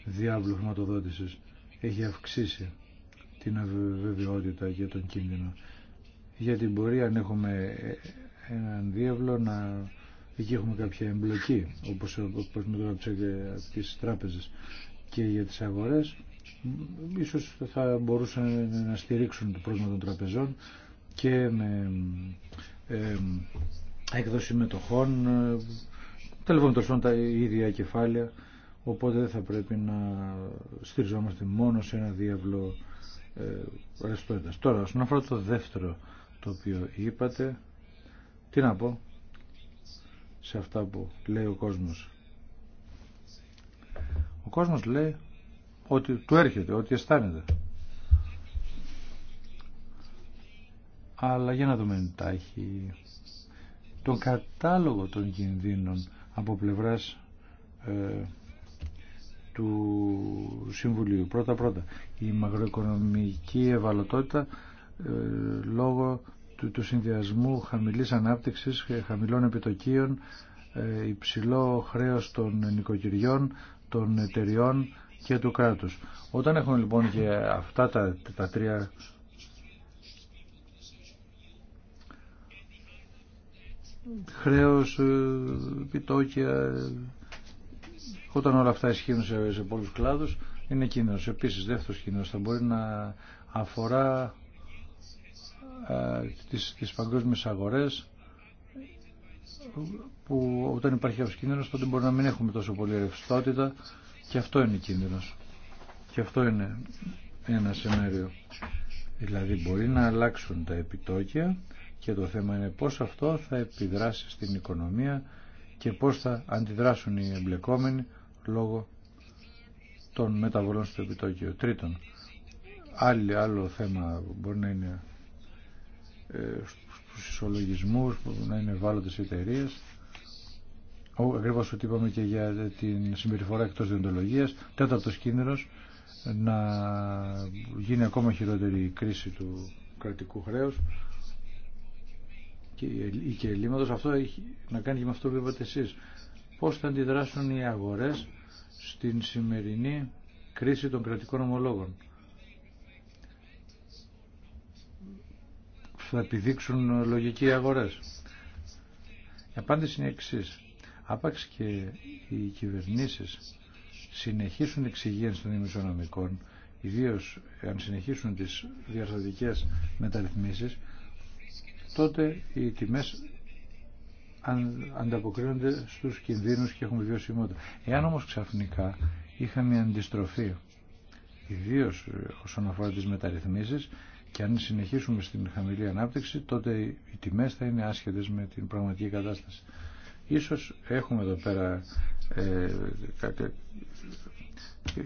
διάβλου χρηματοδότησης έχει αυξήσει την αβεβαιότητα για τον κίνδυνο. Γιατί μπορεί αν έχουμε έναν διάβλο να εκεί έχουμε κάποια εμπλοκή όπως, όπως με τώρα τις τράπεζες και για τις αγορές ίσως θα μπορούσαν να στηρίξουν το πρόβλημα των τραπεζών και με ε, έκδοση μετοχών ε, τελευταίων τα ίδια κεφάλαια οπότε δεν θα πρέπει να στηριζόμαστε μόνο σε ένα διάβλο ε, Τώρα, όσον αφορά το δεύτερο το οποίο είπατε, τι να πω, σε αυτά που λέει ο κόσμος. Ο κόσμος λέει ότι του έρχεται, ότι αισθάνεται. Αλλά για να δούμε εντάχει τον κατάλογο των κινδύνων από πλευράς ε, του Συμβουλίου. Πρώτα-πρώτα, η μακροοικονομική ευαλωτότητα ε, λόγω του, του συνδυασμού χαμηλής ανάπτυξης, ε, χαμηλών επιτοκίων, ε, υψηλό χρέος των νοικοκυριών, των εταιριών και του κράτους. Όταν έχουμε λοιπόν και αυτά τα, τα τρία χρέος, ε, επιτόκια, όταν όλα αυτά ισχύουν σε, σε πολλούς κλάδους, είναι κίνδυνος. Επίσης, δεύτερος κίνδυνος θα μπορεί να αφορά ε, τις, τις παγκόσμιες αγορές που όταν υπάρχει αυτός κίνδυνος τότε μπορεί να μην έχουμε τόσο πολύ ρευστότητα και αυτό είναι κίνδυνος και αυτό είναι ένα σενάριο δηλαδή μπορεί να αλλάξουν τα επιτόκια και το θέμα είναι πώς αυτό θα επιδράσει στην οικονομία και πώς θα αντιδράσουν οι εμπλεκόμενοι λόγω των μεταβολών στο επιτόκιο. Τρίτον, άλλο, άλλο θέμα μπορεί να είναι ε, στους ισολογισμούς που να είναι ευάλωτες εταιρείε. Ακριβώς ότι είπαμε και για την συμπεριφορά εκτός διοντολογίας. Τέταρτος κίνδυνος να γίνει ακόμα χειρότερη η κρίση του κρατικού χρέους και, ή και ελλείμματος. Αυτό έχει να κάνει και με αυτό που είπατε εσείς. Πώς θα αντιδράσουν οι αγορές στην σημερινή κρίση των κρατικών ομολόγων. θα επιδείξουν λογική αγορές. Η απάντηση είναι εξή. Άπαξ και οι κυβερνήσεις συνεχίσουν εξυγίανση των δημοσιονομικών, ιδίως αν συνεχίσουν τις διαρθρωτικές μεταρρυθμίσεις, τότε οι τιμές αν ανταποκρίνονται στους κινδύνους και έχουν βιωσιμότητα. Εάν όμως ξαφνικά είχαμε αντιστροφή, ιδίως όσον αφορά τις μεταρρυθμίσεις, και αν συνεχίσουμε στην χαμηλή ανάπτυξη, τότε οι τιμές θα είναι άσχετες με την πραγματική κατάσταση. Ίσως έχουμε εδώ πέρα ε, κάποια,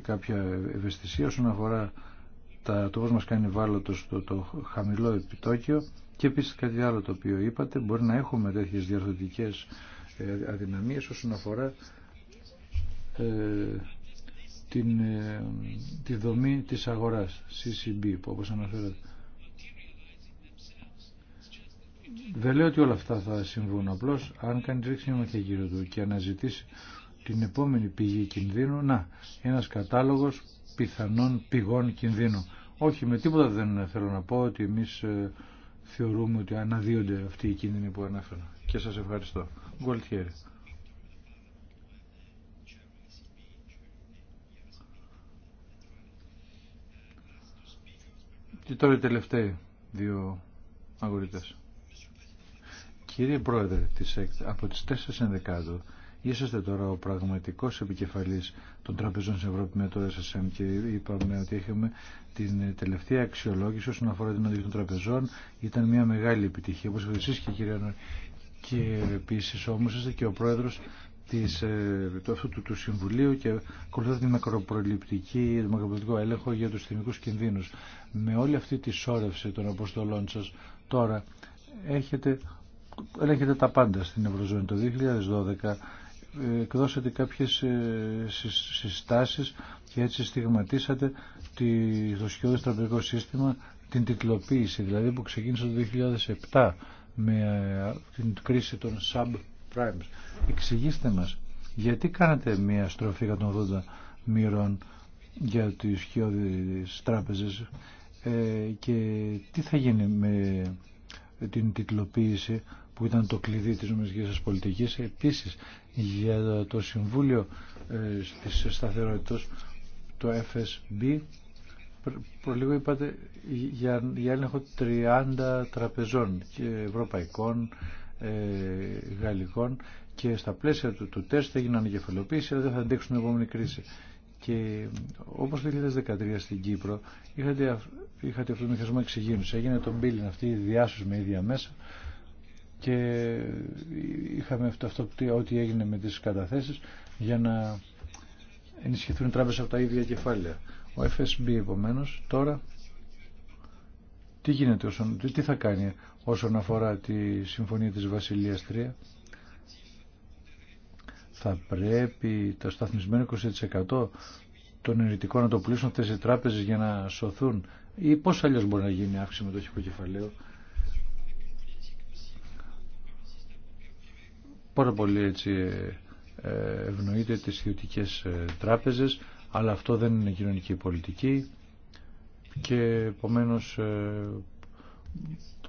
κάποια ευαισθησία όσον αφορά τα, το πώς μας κάνει βάλωτος το, το χαμηλό επιτόκιο και επίσης κάτι άλλο το οποίο είπατε, μπορεί να έχουμε τέτοιες διαρθωτικές ε, αδυναμίες όσον αφορά ε, την, ε, τη δομή της αγοράς, CCB, που όπως αναφέρατε. Δεν λέω ότι όλα αυτά θα συμβούν. Απλώ αν κάνει ρίξει μια ματιά του και αναζητήσει την επόμενη πηγή κινδύνου, να, ένα κατάλογο πιθανών πηγών κινδύνου. Όχι, με τίποτα δεν θέλω να πω ότι εμεί ε, θεωρούμε ότι αναδύονται αυτοί οι κίνδυνοι που ανέφερα. Και σα ευχαριστώ. Γκολτιέρη. Και τώρα οι τελευταίοι δύο αγορητές. Κύριε Πρόεδρε της ΕΚΤ, από τις 4 Συνδεκάτου είσαστε τώρα ο πραγματικός επικεφαλής των τραπεζών στην Ευρώπη με το SSM και είπαμε ότι είχαμε την τελευταία αξιολόγηση όσον αφορά την οδηγία των τραπεζών. Ήταν μια μεγάλη επιτυχία, όπως εσείς και κύριε Νόρ. Και επίσης όμως είστε και ο πρόεδρος της, ε, του, αυτού του, του Συμβουλίου και ακολουθώ τη μακροπροληπτική, το μακροπροληπτικό έλεγχο για τους θεμικούς κινδύνους. Με όλη αυτή τη σόρευση των αποστολών σας τώρα έχετε Ελέγχετε τα πάντα στην Ευρωζώνη. Το 2012 ε, εκδώσατε κάποιες ε, συστάσεις και έτσι στιγματίσατε το σχεδόν τραπεζικό σύστημα την τιτλοποίηση, δηλαδή που ξεκίνησε το 2007 με ε, την κρίση των subprimes. Εξηγήστε μας, γιατί κάνατε μια στροφή 180 μοίρων για τις σχεδόν τράπεζες και τι θα γίνει με την τιτλοποίηση που ήταν το κλειδί της νομιστικής σας πολιτικής επίσης για το Συμβούλιο ε, της Σταθερότητας το FSB προλίγο είπατε για, για έλεγχο 30 τραπεζών και ευρωπαϊκών ε, γαλλικών και στα πλαίσια του, του τεστ έγιναν γεφαλοποίηση αλλά δεν θα αντέξουν την επόμενη κρίση και όπως το 2013 στην Κύπρο είχατε, είχατε αυτό το μηχανισμό εξηγήνωση έγινε το μπίλιν αυτή η διάσωση με ίδια μέσα και είχαμε αυτό, αυτό ό,τι έγινε με τις καταθέσεις για να ενισχυθούν οι τράπεζες από τα ίδια κεφάλαια. Ο FSB επομένως τώρα τι, γίνεται όσον, τι θα κάνει όσον αφορά τη Συμφωνία της Βασιλείας 3 θα πρέπει το σταθμισμένο 20% των ερητικών να το πλήσουν αυτές οι τράπεζες για να σωθούν ή πώς αλλιώς μπορεί να γίνει αύξηση το κεφαλαίου πάρα πολύ έτσι ε, ευνοείται τις ιδιωτικές ε, τράπεζες αλλά αυτό δεν είναι κοινωνική πολιτική και επομένως ε,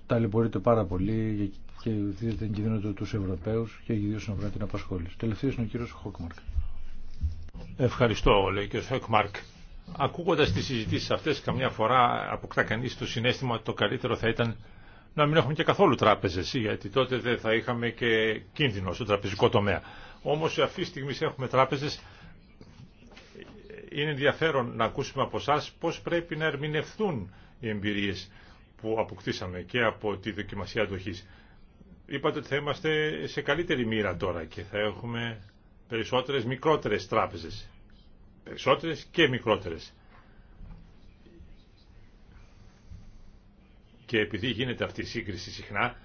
ταλαιπωρείται πάρα πολύ και δίδεται κινδύνο τους Ευρωπαίους και ιδίω να αφορά την απασχόληση. Τελευταίος είναι ο κύριος Χόκμαρκ. Ευχαριστώ, λέει ο κύριος Χόκμαρκ. Ακούγοντας τις συζητήσεις αυτές, καμιά φορά αποκτά κανείς το συνέστημα ότι το καλύτερο θα ήταν να μην έχουμε και καθόλου τράπεζες, γιατί τότε δεν θα είχαμε και κίνδυνο στο τραπεζικό τομέα. Όμως σε αυτή τη στιγμή έχουμε τράπεζες, είναι ενδιαφέρον να ακούσουμε από εσά πώς πρέπει να ερμηνευθούν οι εμπειρίες που αποκτήσαμε και από τη δοκιμασία αντοχή. Είπατε ότι θα είμαστε σε καλύτερη μοίρα τώρα και θα έχουμε περισσότερε, μικρότερε τράπεζε, περισσότερε και μικρότερε. και επειδή γίνεται αυτή η σύγκριση συχνά,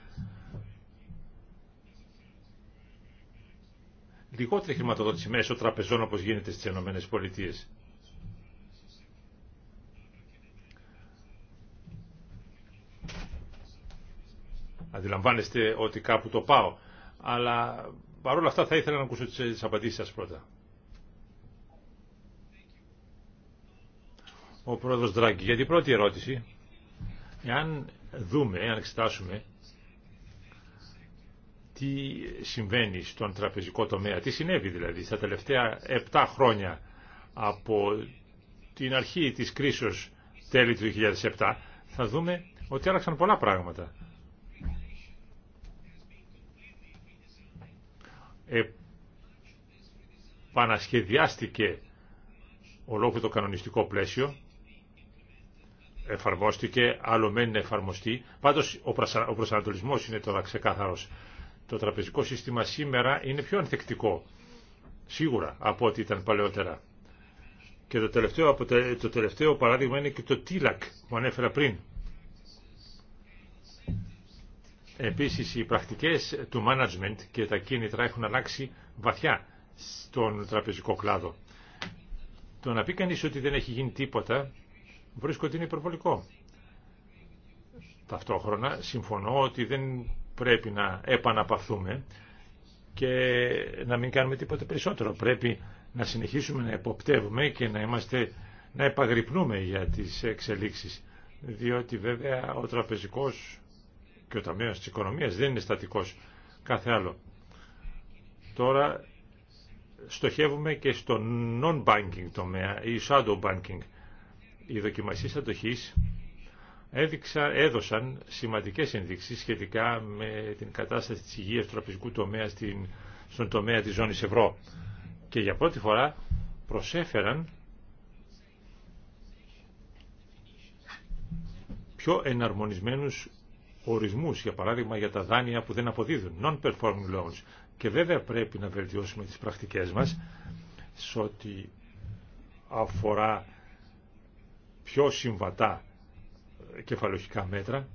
λιγότερη χρηματοδότηση μέσω τραπεζών όπως γίνεται στις ΗΠΑ. Αντιλαμβάνεστε ότι κάπου το πάω. Αλλά παρόλα αυτά θα ήθελα να ακούσω τις απαντήσεις σας πρώτα. Ο πρόεδρος Δράγκη, για την πρώτη ερώτηση, εάν δούμε, αν εξετάσουμε τι συμβαίνει στον τραπεζικό τομέα, τι συνέβη δηλαδή στα τελευταία 7 χρόνια από την αρχή της κρίσης τέλη του 2007, θα δούμε ότι άλλαξαν πολλά πράγματα. Πανασχεδιάστηκε ολόκληρο το κανονιστικό πλαίσιο εφαρμόστηκε, άλλο μένει να εφαρμοστεί. Πάντως ο προσανατολισμός είναι τώρα ξεκάθαρος. Το τραπεζικό σύστημα σήμερα είναι πιο ανθεκτικό, σίγουρα, από ό,τι ήταν παλαιότερα. Και το τελευταίο, το τελευταίο παράδειγμα είναι και το TILAC που ανέφερα πριν. Επίσης οι πρακτικές του management και τα κίνητρα έχουν αλλάξει βαθιά στον τραπεζικό κλάδο. Το να πει κανείς ότι δεν έχει γίνει τίποτα βρίσκω ότι είναι υπερβολικό. Ταυτόχρονα συμφωνώ ότι δεν πρέπει να επαναπαθούμε και να μην κάνουμε τίποτε περισσότερο. Πρέπει να συνεχίσουμε να εποπτεύουμε και να είμαστε να επαγρυπνούμε για τις εξελίξεις διότι βέβαια ο τραπεζικός και ο ταμέας της οικονομίας δεν είναι στατικός κάθε άλλο. Τώρα στοχεύουμε και στο non-banking τομέα ή shadow banking οι δοκιμασίες αντοχής έδειξα, έδωσαν σημαντικές ενδείξεις σχετικά με την κατάσταση της υγείας του τραπεζικού τομέα στην, στον τομέα της ζώνης ευρώ. Και για πρώτη φορά προσέφεραν πιο εναρμονισμένους ορισμούς, για παράδειγμα για τα δάνεια που δεν αποδίδουν, non-performing loans. Και βέβαια πρέπει να βελτιώσουμε τις πρακτικές μας σε ό,τι αφορά πιο συμβατά ε, κεφαλοχικά μέτρα,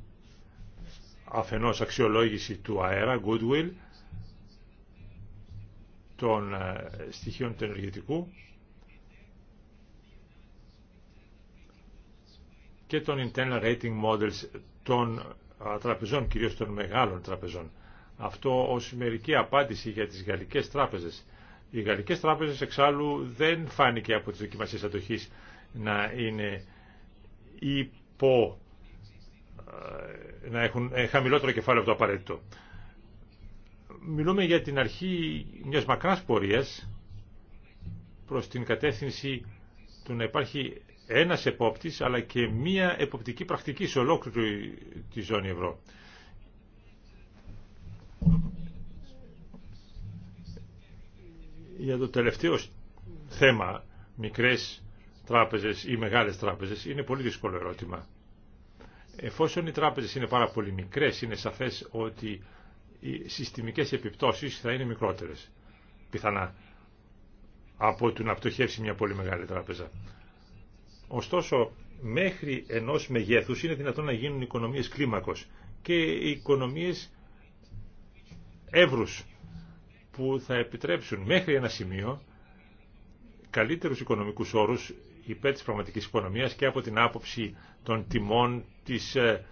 αφενός αξιολόγηση του αέρα, goodwill, των ε, στοιχείων του ενεργητικού και των internal rating models των ε, τραπεζών, κυρίως των μεγάλων τραπεζών. Αυτό ως μερική απάντηση για τις γαλλικές τράπεζες. Οι γαλλικές τράπεζες εξάλλου δεν φάνηκε από τις δοκιμασίες ατοχής να είναι υπό, ε, να έχουν ε, χαμηλότερο κεφάλαιο από το απαραίτητο. Μιλούμε για την αρχή μιας μακράς πορείας προς την κατεύθυνση του να υπάρχει ένας επόπτης αλλά και μία εποπτική πρακτική σε ολόκληρη τη ζώνη ευρώ. Για το τελευταίο θέμα, μικρές τράπεζες ή μεγάλες τράπεζες είναι πολύ δύσκολο ερώτημα. Εφόσον οι τράπεζες είναι πάρα πολύ μικρές, είναι σαφές ότι οι συστημικές επιπτώσεις θα είναι μικρότερες, πιθανά, από του να πτωχεύσει μια πολύ μεγάλη τράπεζα. Ωστόσο, μέχρι ενός μεγέθους είναι δυνατόν να γίνουν οικονομίες κλίμακος και οι οικονομίες εύρους που θα επιτρέψουν μέχρι ένα σημείο καλύτερους οικονομικούς όρους υπέρ της πραγματικής οικονομίας και από την άποψη των τιμών, της, ε,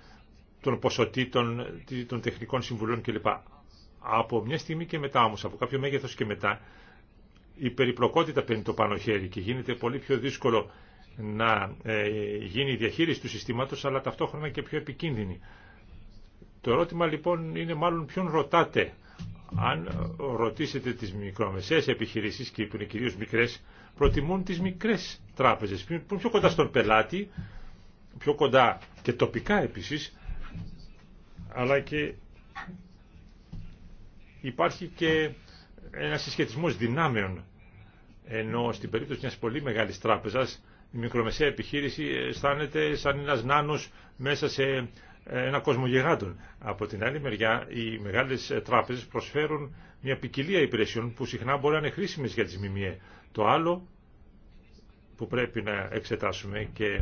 των ποσοτήτων, των τεχνικών συμβουλών κλπ. Από μια στιγμή και μετά όμως, από κάποιο μέγεθος και μετά, η περιπλοκότητα παίρνει το πάνω χέρι και γίνεται πολύ πιο δύσκολο να ε, γίνει η διαχείριση του συστήματος, αλλά ταυτόχρονα και πιο επικίνδυνη. Το ερώτημα λοιπόν είναι μάλλον ποιον ρωτάτε. Αν ρωτήσετε τις μικρομεσαίες επιχειρήσεις, και που είναι κυρίως μικρές, προτιμούν τις μικρές τράπεζες που είναι πιο κοντά στον πελάτη, πιο κοντά και τοπικά επίσης, αλλά και υπάρχει και ένα συσχετισμός δυνάμεων ενώ στην περίπτωση μιας πολύ μεγάλης τράπεζας η μικρομεσαία επιχείρηση αισθάνεται σαν ένας νάνος μέσα σε ένα κόσμο γεγάντων. Από την άλλη μεριά οι μεγάλες τράπεζες προσφέρουν μια ποικιλία υπηρεσιών που συχνά μπορεί να είναι χρήσιμες για τις ΜΜΕ. Το άλλο που πρέπει να εξετάσουμε και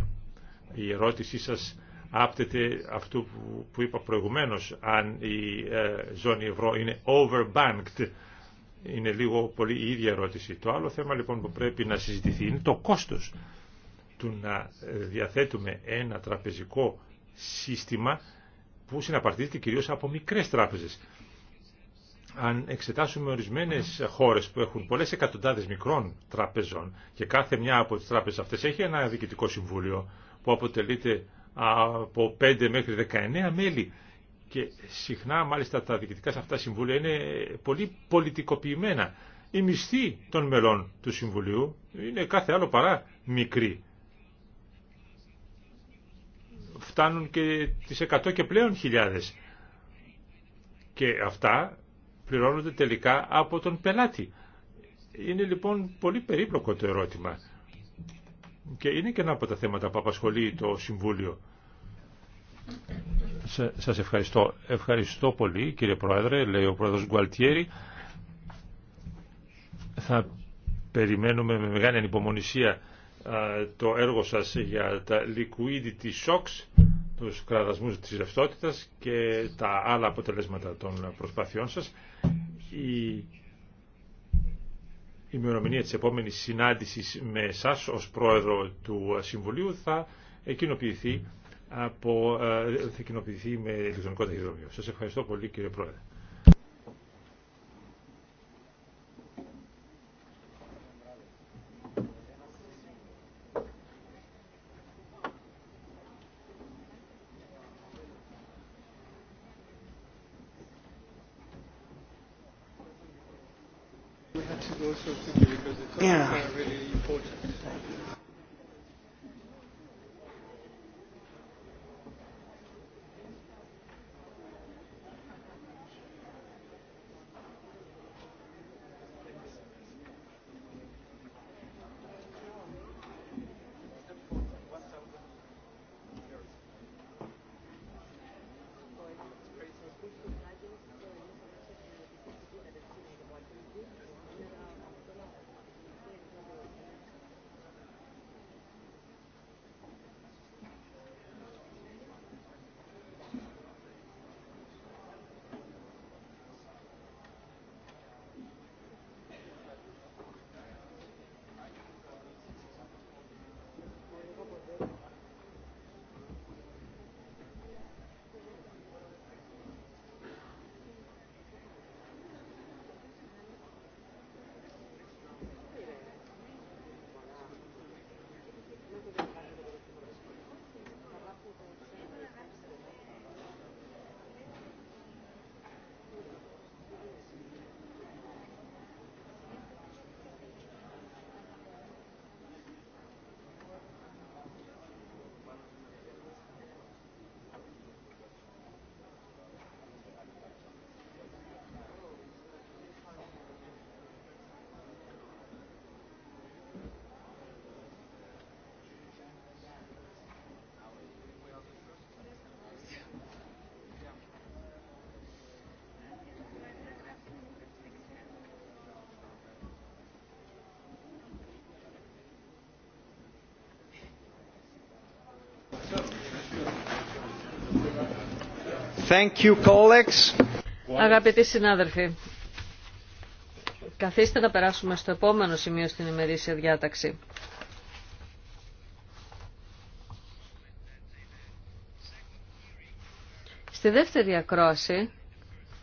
η ερώτησή σας άπτεται αυτού που είπα προηγουμένως αν η ε, ζώνη ευρώ είναι overbanked είναι λίγο πολύ η ίδια ερώτηση. Το άλλο θέμα λοιπόν που πρέπει να συζητηθεί είναι το κόστος του να διαθέτουμε ένα τραπεζικό σύστημα που συναπαρτίζεται κυρίως από μικρές τράπεζες αν εξετάσουμε ορισμένες χώρες που έχουν πολλές εκατοντάδες μικρών τραπεζών και κάθε μια από τις τράπεζες αυτές έχει ένα διοικητικό συμβούλιο που αποτελείται από 5 μέχρι 19 μέλη και συχνά μάλιστα τα διοικητικά σε αυτά συμβούλια είναι πολύ πολιτικοποιημένα. Η μισθή των μελών του Συμβουλίου είναι κάθε άλλο παρά μικρή. Φτάνουν και τις 100 και πλέον χιλιάδες. Και αυτά πληρώνονται τελικά από τον πελάτη. Είναι λοιπόν πολύ περίπλοκο το ερώτημα. Και είναι και ένα από τα θέματα που απασχολεί το Συμβούλιο. Σας ευχαριστώ. Ευχαριστώ πολύ κύριε Πρόεδρε, λέει ο Πρόεδρος Γκουαλτιέρη. Θα περιμένουμε με μεγάλη ανυπομονησία το έργο σας για τα liquidity shocks τους κραδασμούς της ρευστότητας και τα άλλα αποτελέσματα των προσπαθειών σας. Η ημερομηνία της επόμενης συνάντησης με εσάς ως πρόεδρο του Συμβουλίου θα κοινοποιηθεί, από, ε, θα κοινοποιηθεί με ηλεκτρονικό ταχυδρομείο. Σας ευχαριστώ πολύ κύριε Πρόεδρε. Thank you, colleagues. Αγαπητοί συνάδελφοι, καθίστε να περάσουμε στο επόμενο σημείο στην ημερήσια διάταξη. Στη δεύτερη ακρόαση,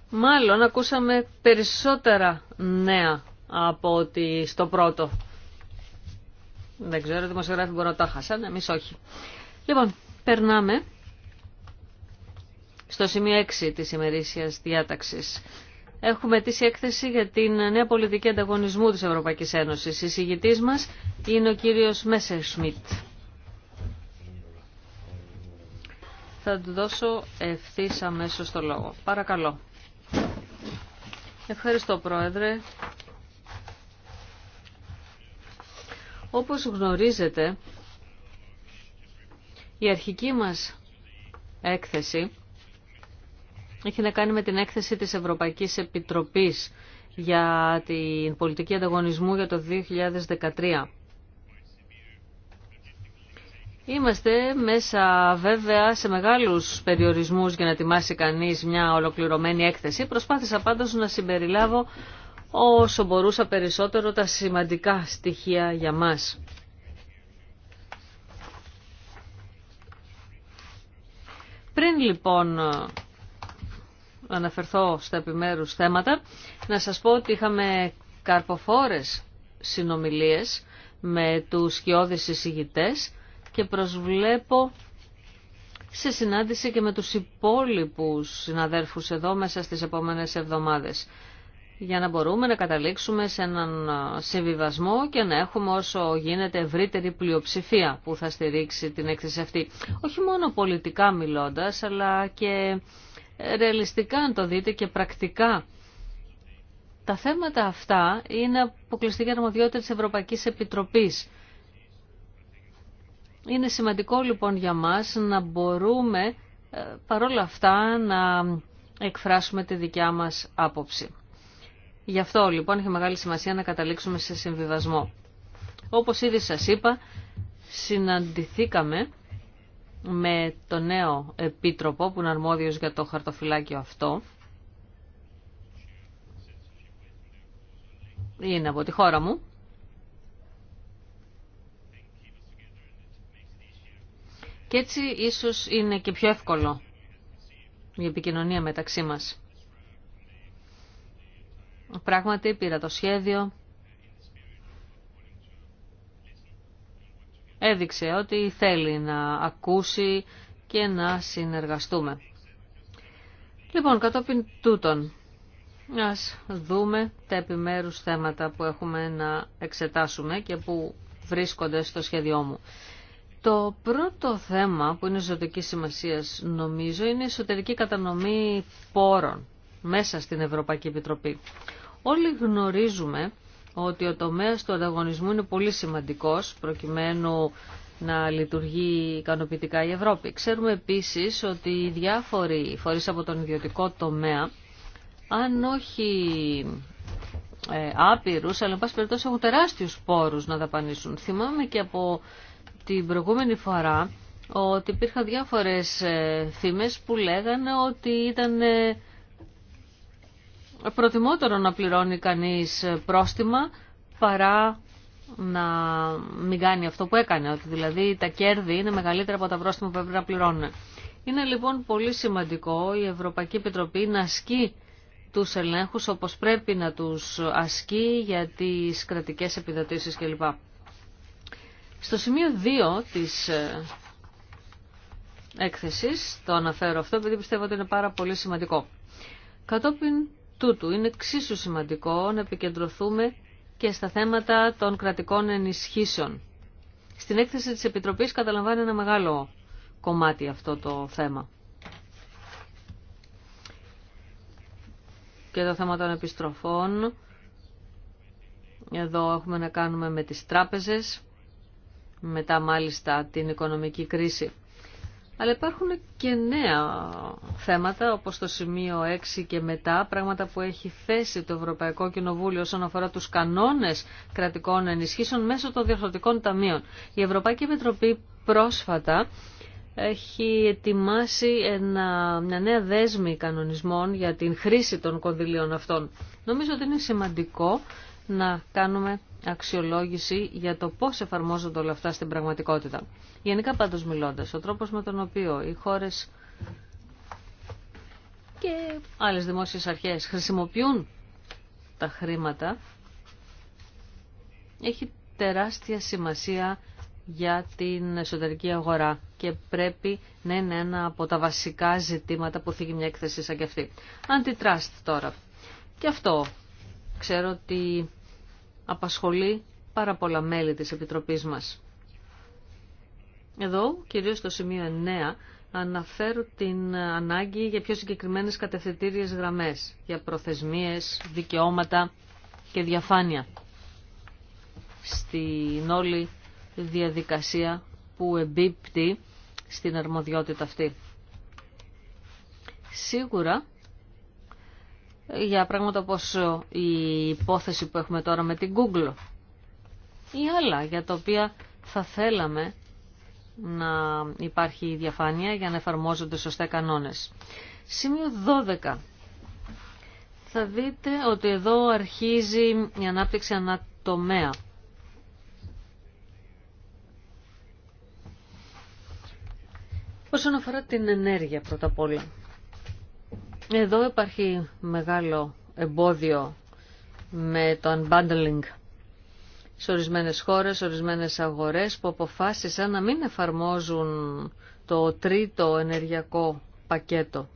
μάλλον ακούσαμε περισσότερα νέα από ότι στο πρώτο. Δεν ξέρω, δημοσιογράφοι μπορούν να τα χάσανε, εμείς όχι. Λοιπόν, περνάμε στο σημείο 6 της ημερήσιας διάταξης. Έχουμε τη έκθεση για την νέα πολιτική ανταγωνισμού της Ευρωπαϊκής Ένωσης. Η συγητής μας είναι ο κύριος Μέσερ Σμιτ. Θα του δώσω ευθύ αμέσω το λόγο. Παρακαλώ. Ευχαριστώ Πρόεδρε. Όπως γνωρίζετε, η αρχική μας έκθεση έχει να κάνει με την έκθεση της Ευρωπαϊκής Επιτροπής για την πολιτική ανταγωνισμού για το 2013. Είμαστε μέσα βέβαια σε μεγάλους περιορισμούς για να ετοιμάσει κανείς μια ολοκληρωμένη έκθεση. Προσπάθησα πάντως να συμπεριλάβω όσο μπορούσα περισσότερο τα σημαντικά στοιχεία για μας. Πριν λοιπόν αναφερθώ στα επιμέρους θέματα, να σας πω ότι είχαμε καρποφόρες συνομιλίες με τους σκιώδεις εισηγητές και προσβλέπω σε συνάντηση και με τους υπόλοιπους συναδέρφους εδώ μέσα στις επόμενες εβδομάδες για να μπορούμε να καταλήξουμε σε έναν συμβιβασμό και να έχουμε όσο γίνεται ευρύτερη πλειοψηφία που θα στηρίξει την έκθεση αυτή. Όχι μόνο πολιτικά μιλώντας, αλλά και ρεαλιστικά αν το δείτε και πρακτικά. Τα θέματα αυτά είναι αποκλειστική αρμοδιότητα της Ευρωπαϊκής Επιτροπής. Είναι σημαντικό λοιπόν για μας να μπορούμε ε, παρόλα αυτά να εκφράσουμε τη δικιά μας άποψη. Γι' αυτό λοιπόν έχει μεγάλη σημασία να καταλήξουμε σε συμβιβασμό. Όπως ήδη σας είπα, συναντηθήκαμε με το νέο επίτροπο που είναι αρμόδιος για το χαρτοφυλάκιο αυτό. Είναι από τη χώρα μου. Και έτσι ίσως είναι και πιο εύκολο η επικοινωνία μεταξύ μας. Πράγματι πήρα το σχέδιο έδειξε ότι θέλει να ακούσει και να συνεργαστούμε. Λοιπόν, κατόπιν τούτων, ας δούμε τα επιμέρους θέματα που έχουμε να εξετάσουμε και που βρίσκονται στο σχέδιό μου. Το πρώτο θέμα που είναι ζωτική σημασία νομίζω είναι η εσωτερική κατανομή πόρων μέσα στην Ευρωπαϊκή Επιτροπή. Όλοι γνωρίζουμε ότι ο τομέας του ανταγωνισμού είναι πολύ σημαντικός προκειμένου να λειτουργεί ικανοποιητικά η Ευρώπη. Ξέρουμε επίσης ότι οι διάφοροι φορείς από τον ιδιωτικό τομέα, αν όχι ε, άπειρους, αλλά εν πάση περιπτώσει έχουν τεράστιους πόρους να δαπανίσουν. Θυμάμαι και από την προηγούμενη φορά ότι υπήρχαν διάφορες ε, που λέγανε ότι ήταν ε, προτιμότερο να πληρώνει κανείς πρόστιμα παρά να μην κάνει αυτό που έκανε, ότι δηλαδή τα κέρδη είναι μεγαλύτερα από τα πρόστιμα που έπρεπε να πληρώνουν. Είναι λοιπόν πολύ σημαντικό η Ευρωπαϊκή Επιτροπή να ασκεί τους ελέγχους όπως πρέπει να τους ασκεί για τις κρατικές επιδοτήσεις κλπ. Στο σημείο 2 της ε, έκθεσης, το αναφέρω αυτό επειδή πιστεύω ότι είναι πάρα πολύ σημαντικό. Κατόπιν τούτου είναι εξίσου σημαντικό να επικεντρωθούμε και στα θέματα των κρατικών ενισχύσεων. Στην έκθεση της Επιτροπής καταλαμβάνει ένα μεγάλο κομμάτι αυτό το θέμα. Και το θέμα των επιστροφών. Εδώ έχουμε να κάνουμε με τις τράπεζες, μετά μάλιστα την οικονομική κρίση. Αλλά υπάρχουν και νέα θέματα, όπως το σημείο 6 και μετά, πράγματα που έχει θέσει το Ευρωπαϊκό Κοινοβούλιο όσον αφορά τους κανόνες κρατικών ενισχύσεων μέσω των διορθωτικών ταμείων. Η Ευρωπαϊκή Επιτροπή πρόσφατα έχει ετοιμάσει ένα, μια νέα δέσμη κανονισμών για την χρήση των κονδυλίων αυτών. Νομίζω ότι είναι σημαντικό να κάνουμε αξιολόγηση για το πώς εφαρμόζονται όλα αυτά στην πραγματικότητα. Γενικά πάντως μιλώντα. ο τρόπος με τον οποίο οι χώρες και άλλε δημόσιες αρχές χρησιμοποιούν τα χρήματα έχει τεράστια σημασία για την εσωτερική αγορά και πρέπει να είναι ένα από τα βασικά ζητήματα που θίγει μια έκθεση σαν και αυτή. Αντιτράστ τώρα. Και αυτό ξέρω ότι απασχολεί πάρα πολλά μέλη της Επιτροπής μας. Εδώ, κυρίως στο σημείο 9, αναφέρω την ανάγκη για πιο συγκεκριμένες κατευθυντήριες γραμμές, για προθεσμίες, δικαιώματα και διαφάνεια στην όλη διαδικασία που εμπίπτει στην αρμοδιότητα αυτή. Σίγουρα για πράγματα όπως η υπόθεση που έχουμε τώρα με την Google ή άλλα για τα οποία θα θέλαμε να υπάρχει διαφάνεια για να εφαρμόζονται σωστά κανόνες. Σημείο 12. Θα δείτε ότι εδώ αρχίζει η ανάπτυξη ανατομέα. Όσον αφορά την ενέργεια πρώτα απ' όλα. Εδώ υπάρχει μεγάλο εμπόδιο με το unbundling σε ορισμένες χώρες, σε ορισμένες αγορές που αποφάσισαν να μην εφαρμόζουν το τρίτο ενεργειακό πακέτο.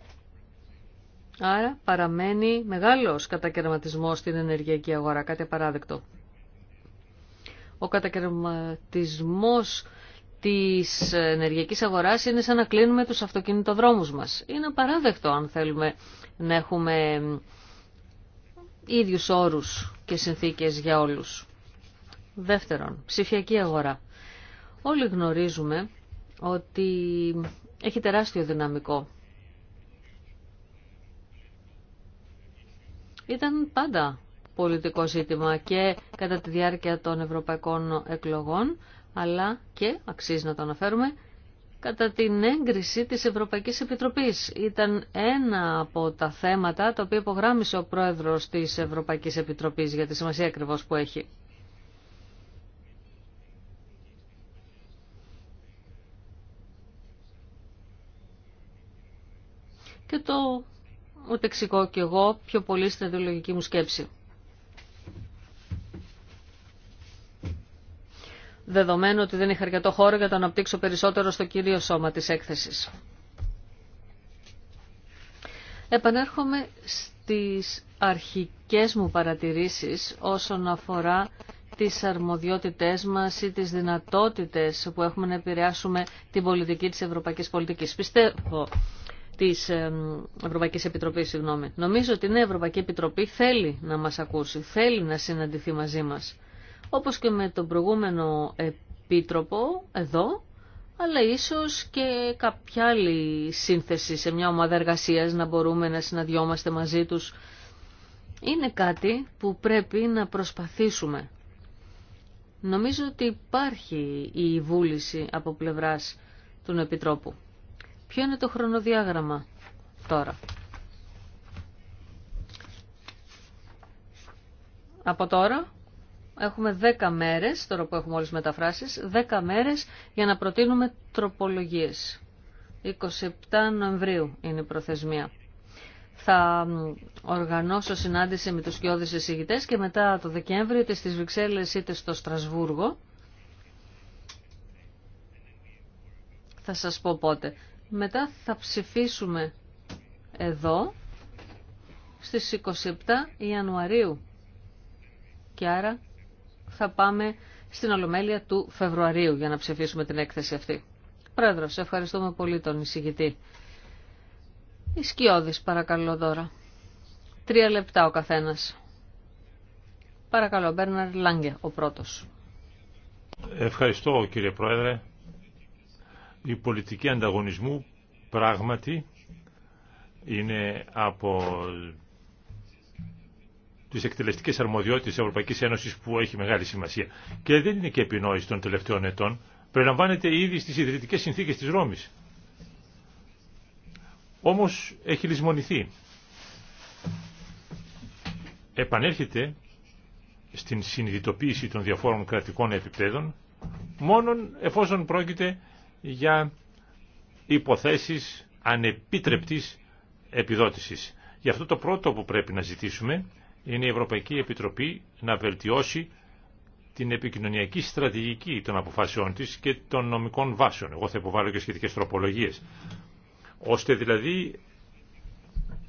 Άρα παραμένει μεγάλος κατακαιρματισμός στην ενεργειακή αγορά, κάτι απαράδεκτο. Ο κατακαιρματισμός της ενεργειακής αγοράς είναι σαν να κλείνουμε τους αυτοκινητοδρόμους μας. Είναι απαράδεκτο αν θέλουμε να έχουμε ίδιους όρους και συνθήκες για όλους. Δεύτερον, ψηφιακή αγορά. Όλοι γνωρίζουμε ότι έχει τεράστιο δυναμικό. Ήταν πάντα πολιτικό ζήτημα και κατά τη διάρκεια των ευρωπαϊκών εκλογών αλλά και, αξίζει να το αναφέρουμε, κατά την έγκριση της Ευρωπαϊκής Επιτροπής. Ήταν ένα από τα θέματα τα οποία υπογράμμισε ο πρόεδρος της Ευρωπαϊκής Επιτροπής για τη σημασία ακριβώ που έχει. Και το εξηγώ και εγώ πιο πολύ στην ιδεολογική μου σκέψη. δεδομένου ότι δεν είχα αρκετό χώρο για το να αναπτύξω περισσότερο στο κύριο σώμα της έκθεσης. Επανέρχομαι στις αρχικές μου παρατηρήσεις όσον αφορά τις αρμοδιότητές μας ή τις δυνατότητες που έχουμε να επηρεάσουμε την πολιτική της Ευρωπαϊκής Πολιτικής. Πιστεύω της Ευρωπαϊκής Επιτροπής, συγγνώμη. Νομίζω ότι η Ευρωπαϊκή Επιτροπή θέλει να μας ακούσει, θέλει να συναντηθεί μαζί μας όπως και με τον προηγούμενο επίτροπο εδώ, αλλά ίσως και κάποια άλλη σύνθεση σε μια ομάδα εργασίας να μπορούμε να συναντιόμαστε μαζί τους. Είναι κάτι που πρέπει να προσπαθήσουμε. Νομίζω ότι υπάρχει η βούληση από πλευράς του Επιτρόπου. Ποιο είναι το χρονοδιάγραμμα τώρα. Από τώρα Έχουμε 10 μέρες, τώρα που έχουμε όλες μεταφράσεις, 10 μέρες για να προτείνουμε τροπολογίες. 27 Νοεμβρίου είναι η προθεσμία. Θα οργανώσω συνάντηση με τους κοιόδης εισηγητές και μετά το Δεκέμβριο είτε στις Βρυξέλλες είτε στο Στρασβούργο. Θα σας πω πότε. Μετά θα ψηφίσουμε εδώ στις 27 Ιανουαρίου. Και άρα θα πάμε στην Ολομέλεια του Φεβρουαρίου για να ψηφίσουμε την έκθεση αυτή. Πρόεδρος, ευχαριστούμε πολύ τον εισηγητή. Η Σκιώδης, παρακαλώ τώρα. Τρία λεπτά ο καθένας. Παρακαλώ, Μπέρναρ Λάγκε, ο πρώτος. Ευχαριστώ κύριε Πρόεδρε. Η πολιτική ανταγωνισμού πράγματι είναι από τι εκτελεστικέ αρμοδιότητες της Ευρωπαϊκής Ένωσης που έχει μεγάλη σημασία. Και δεν είναι και επινόηση των τελευταίων ετών. Περιλαμβάνεται ήδη στις ιδρυτικές συνθήκες τη Ρώμης. Όμως έχει λησμονηθεί. Επανέρχεται στην συνειδητοποίηση των διαφόρων κρατικών επιπέδων μόνον εφόσον πρόκειται για υποθέσεις ανεπίτρεπτης επιδότησης. Γι' αυτό το πρώτο που πρέπει να ζητήσουμε είναι η Ευρωπαϊκή Επιτροπή να βελτιώσει την επικοινωνιακή στρατηγική των αποφάσεών της και των νομικών βάσεων. Εγώ θα υποβάλω και σχετικές τροπολογίες. Ώστε δηλαδή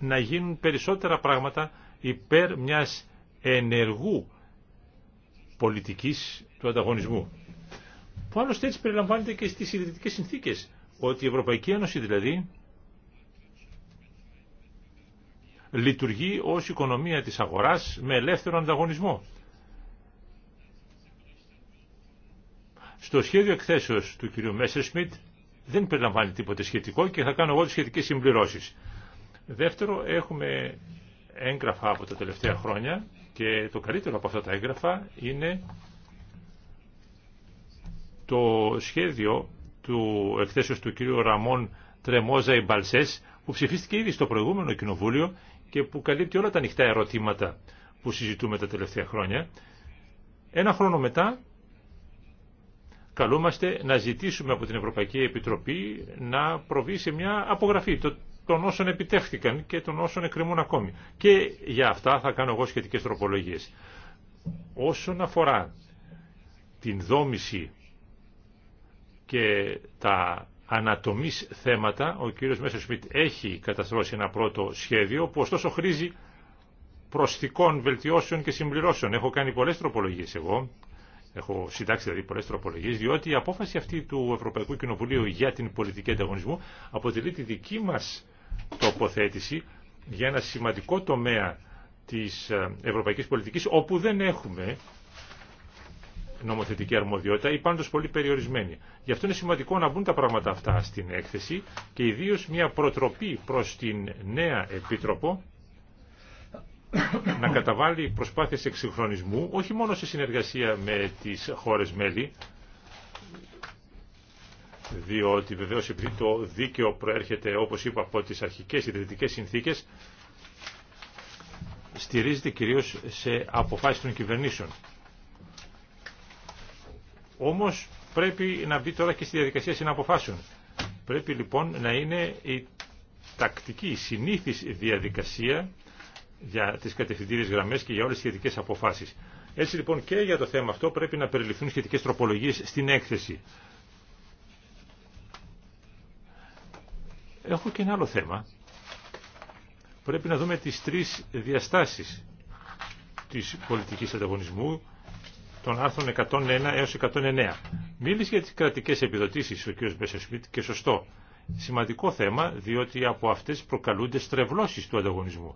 να γίνουν περισσότερα πράγματα υπέρ μιας ενεργού πολιτικής του ανταγωνισμού. Που άλλωστε έτσι περιλαμβάνεται και στις ιδρυτικές συνθήκες. Ότι η Ευρωπαϊκή Ένωση δηλαδή λειτουργεί ως οικονομία της αγοράς με ελεύθερο ανταγωνισμό. Στο σχέδιο εκθέσεως του κ. Σμιτ δεν περιλαμβάνει τίποτε σχετικό και θα κάνω εγώ τις σχετικές συμπληρώσεις. Δεύτερο, έχουμε έγγραφα από τα τελευταία χρόνια και το καλύτερο από αυτά τα έγγραφα είναι το σχέδιο του εκθέσεως του κ. Ραμών Τρεμόζα Ιμπαλσές που ψηφίστηκε ήδη στο προηγούμενο κοινοβούλιο και που καλύπτει όλα τα ανοιχτά ερωτήματα που συζητούμε τα τελευταία χρόνια. Ένα χρόνο μετά καλούμαστε να ζητήσουμε από την Ευρωπαϊκή Επιτροπή να προβεί σε μια απογραφή των όσων επιτέχθηκαν και των όσων εκκρεμούν ακόμη. Και για αυτά θα κάνω εγώ σχετικές τροπολογίες. Όσον αφορά την δόμηση και τα ανατομής θέματα. Ο κύριος Μέσο Σμιτ έχει καταστρώσει ένα πρώτο σχέδιο που ωστόσο χρήζει προσθήκων βελτιώσεων και συμπληρώσεων. Έχω κάνει πολλές τροπολογίες εγώ, έχω συντάξει δηλαδή πολλές τροπολογίες, διότι η απόφαση αυτή του Ευρωπαϊκού Κοινοβουλίου για την πολιτική ανταγωνισμού αποτελεί τη δική μας τοποθέτηση για ένα σημαντικό τομέα της ε, ευρωπαϊκής πολιτικής, όπου δεν έχουμε νομοθετική αρμοδιότητα ή πάντως πολύ περιορισμένη. Γι' αυτό είναι σημαντικό να μπουν τα πράγματα αυτά στην έκθεση και ιδίως μια προτροπή προς την νέα Επίτροπο να καταβάλει προσπάθειες εξυγχρονισμού όχι μόνο σε συνεργασία με τις χώρες μέλη διότι βεβαίως επειδή το δίκαιο προέρχεται όπως είπα από τις αρχικές ιδρυτικές συνθήκες στηρίζεται κυρίως σε αποφάσεις των κυβερνήσεων. Όμως πρέπει να μπει τώρα και στη διαδικασία συναποφάσεων. Πρέπει λοιπόν να είναι η τακτική, η συνήθις διαδικασία για τις κατευθυντήριες γραμμές και για όλες τις σχετικές αποφάσεις. Έτσι λοιπόν και για το θέμα αυτό πρέπει να περιληφθούν σχετικές τροπολογίες στην έκθεση. Έχω και ένα άλλο θέμα. Πρέπει να δούμε τις τρεις διαστάσεις της πολιτικής ανταγωνισμού, των άρθρων 101 έως 109. Μίλησε για τις κρατικές επιδοτήσεις ο κ. Μπεσεσμίτ και σωστό. Σημαντικό θέμα διότι από αυτές προκαλούνται στρεβλώσεις του ανταγωνισμού.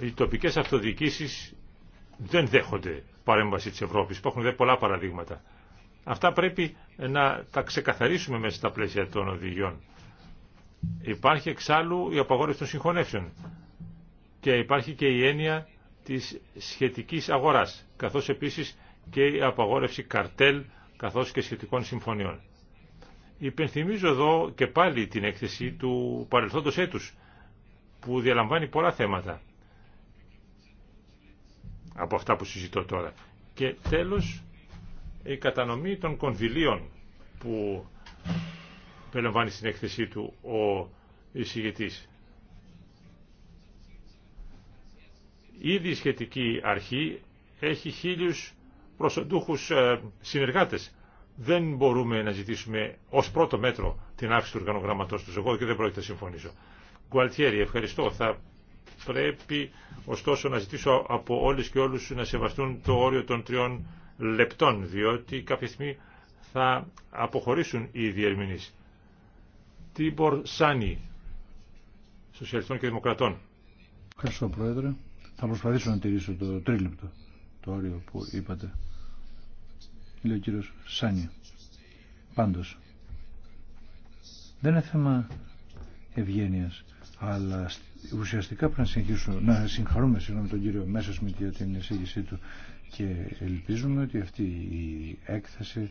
Οι τοπικές αυτοδιοίκησεις δεν δέχονται παρέμβαση της Ευρώπης. Υπάρχουν δε πολλά παραδείγματα. Αυτά πρέπει να τα ξεκαθαρίσουμε μέσα στα πλαίσια των οδηγιών. Υπάρχει εξάλλου η απαγόρευση των συγχωνεύσεων και υπάρχει και η έννοια της σχετικής αγοράς, καθώς επίσης και η απαγόρευση καρτέλ, καθώς και σχετικών συμφωνιών. Υπενθυμίζω εδώ και πάλι την έκθεση του παρελθόντος έτους, που διαλαμβάνει πολλά θέματα από αυτά που συζητώ τώρα. Και τέλος, η κατανομή των κονδυλίων που περιλαμβάνει στην έκθεσή του ο εισηγητής. Ήδη η σχετική αρχή έχει χίλιους προσοντούχους ε, συνεργάτες. Δεν μπορούμε να ζητήσουμε ως πρώτο μέτρο την αύξηση του οργανογραμματός τους. Εγώ και δεν πρόκειται να συμφωνήσω. Γκουαλτιέρη, ευχαριστώ. Θα πρέπει ωστόσο να ζητήσω από όλες και όλους να σεβαστούν το όριο των τριών λεπτών, διότι κάποια στιγμή θα αποχωρήσουν οι διερμηνείς. Τίμπορ Σάνι, Σοσιαλιστών και Δημοκρατών. Ευχαριστώ, Πρόεδρε. Θα προσπαθήσω να τηρήσω το τρίλεπτο, το όριο που είπατε. Λέει ο κύριος Σάνι. Πάντως, δεν είναι θέμα ευγένειας, αλλά ουσιαστικά πρέπει να, να συγχαρούμε συγγνώμη, τον κύριο Μέσος για την εισήγησή του και ελπίζουμε ότι αυτή η έκθεση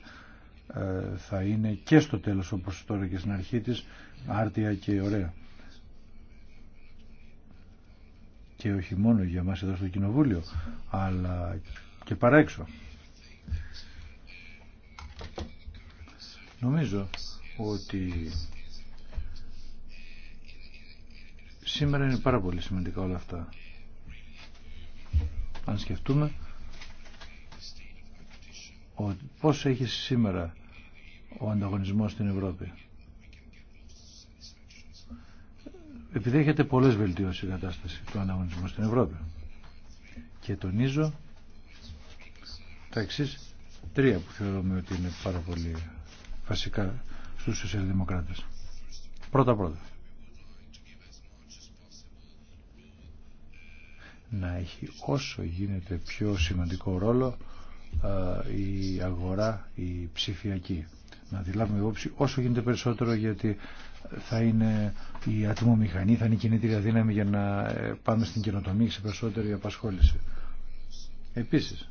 ε, θα είναι και στο τέλος όπως τώρα και στην αρχή της άρτια και ωραία. και όχι μόνο για μας εδώ στο Κοινοβούλιο αλλά και έξω. Νομίζω ότι σήμερα είναι πάρα πολύ σημαντικά όλα αυτά. Αν σκεφτούμε πώς έχει σήμερα ο ανταγωνισμός στην Ευρώπη. έχετε πολλές βελτιώσει η κατάσταση του ανάγωνισμού στην Ευρώπη. Και τονίζω τα εξή τρία που θεωρούμε ότι είναι πάρα πολύ βασικά στους σοσιαλδημοκράτες. Πρώτα πρώτα. Να έχει όσο γίνεται πιο σημαντικό ρόλο η αγορά, η ψηφιακή. Να τη λάβουμε υπόψη όσο γίνεται περισσότερο γιατί θα είναι η ατμομηχανή, θα είναι η κινητήρια δύναμη για να ε, πάμε στην καινοτομία και σε περισσότερη απασχόληση. Επίσης,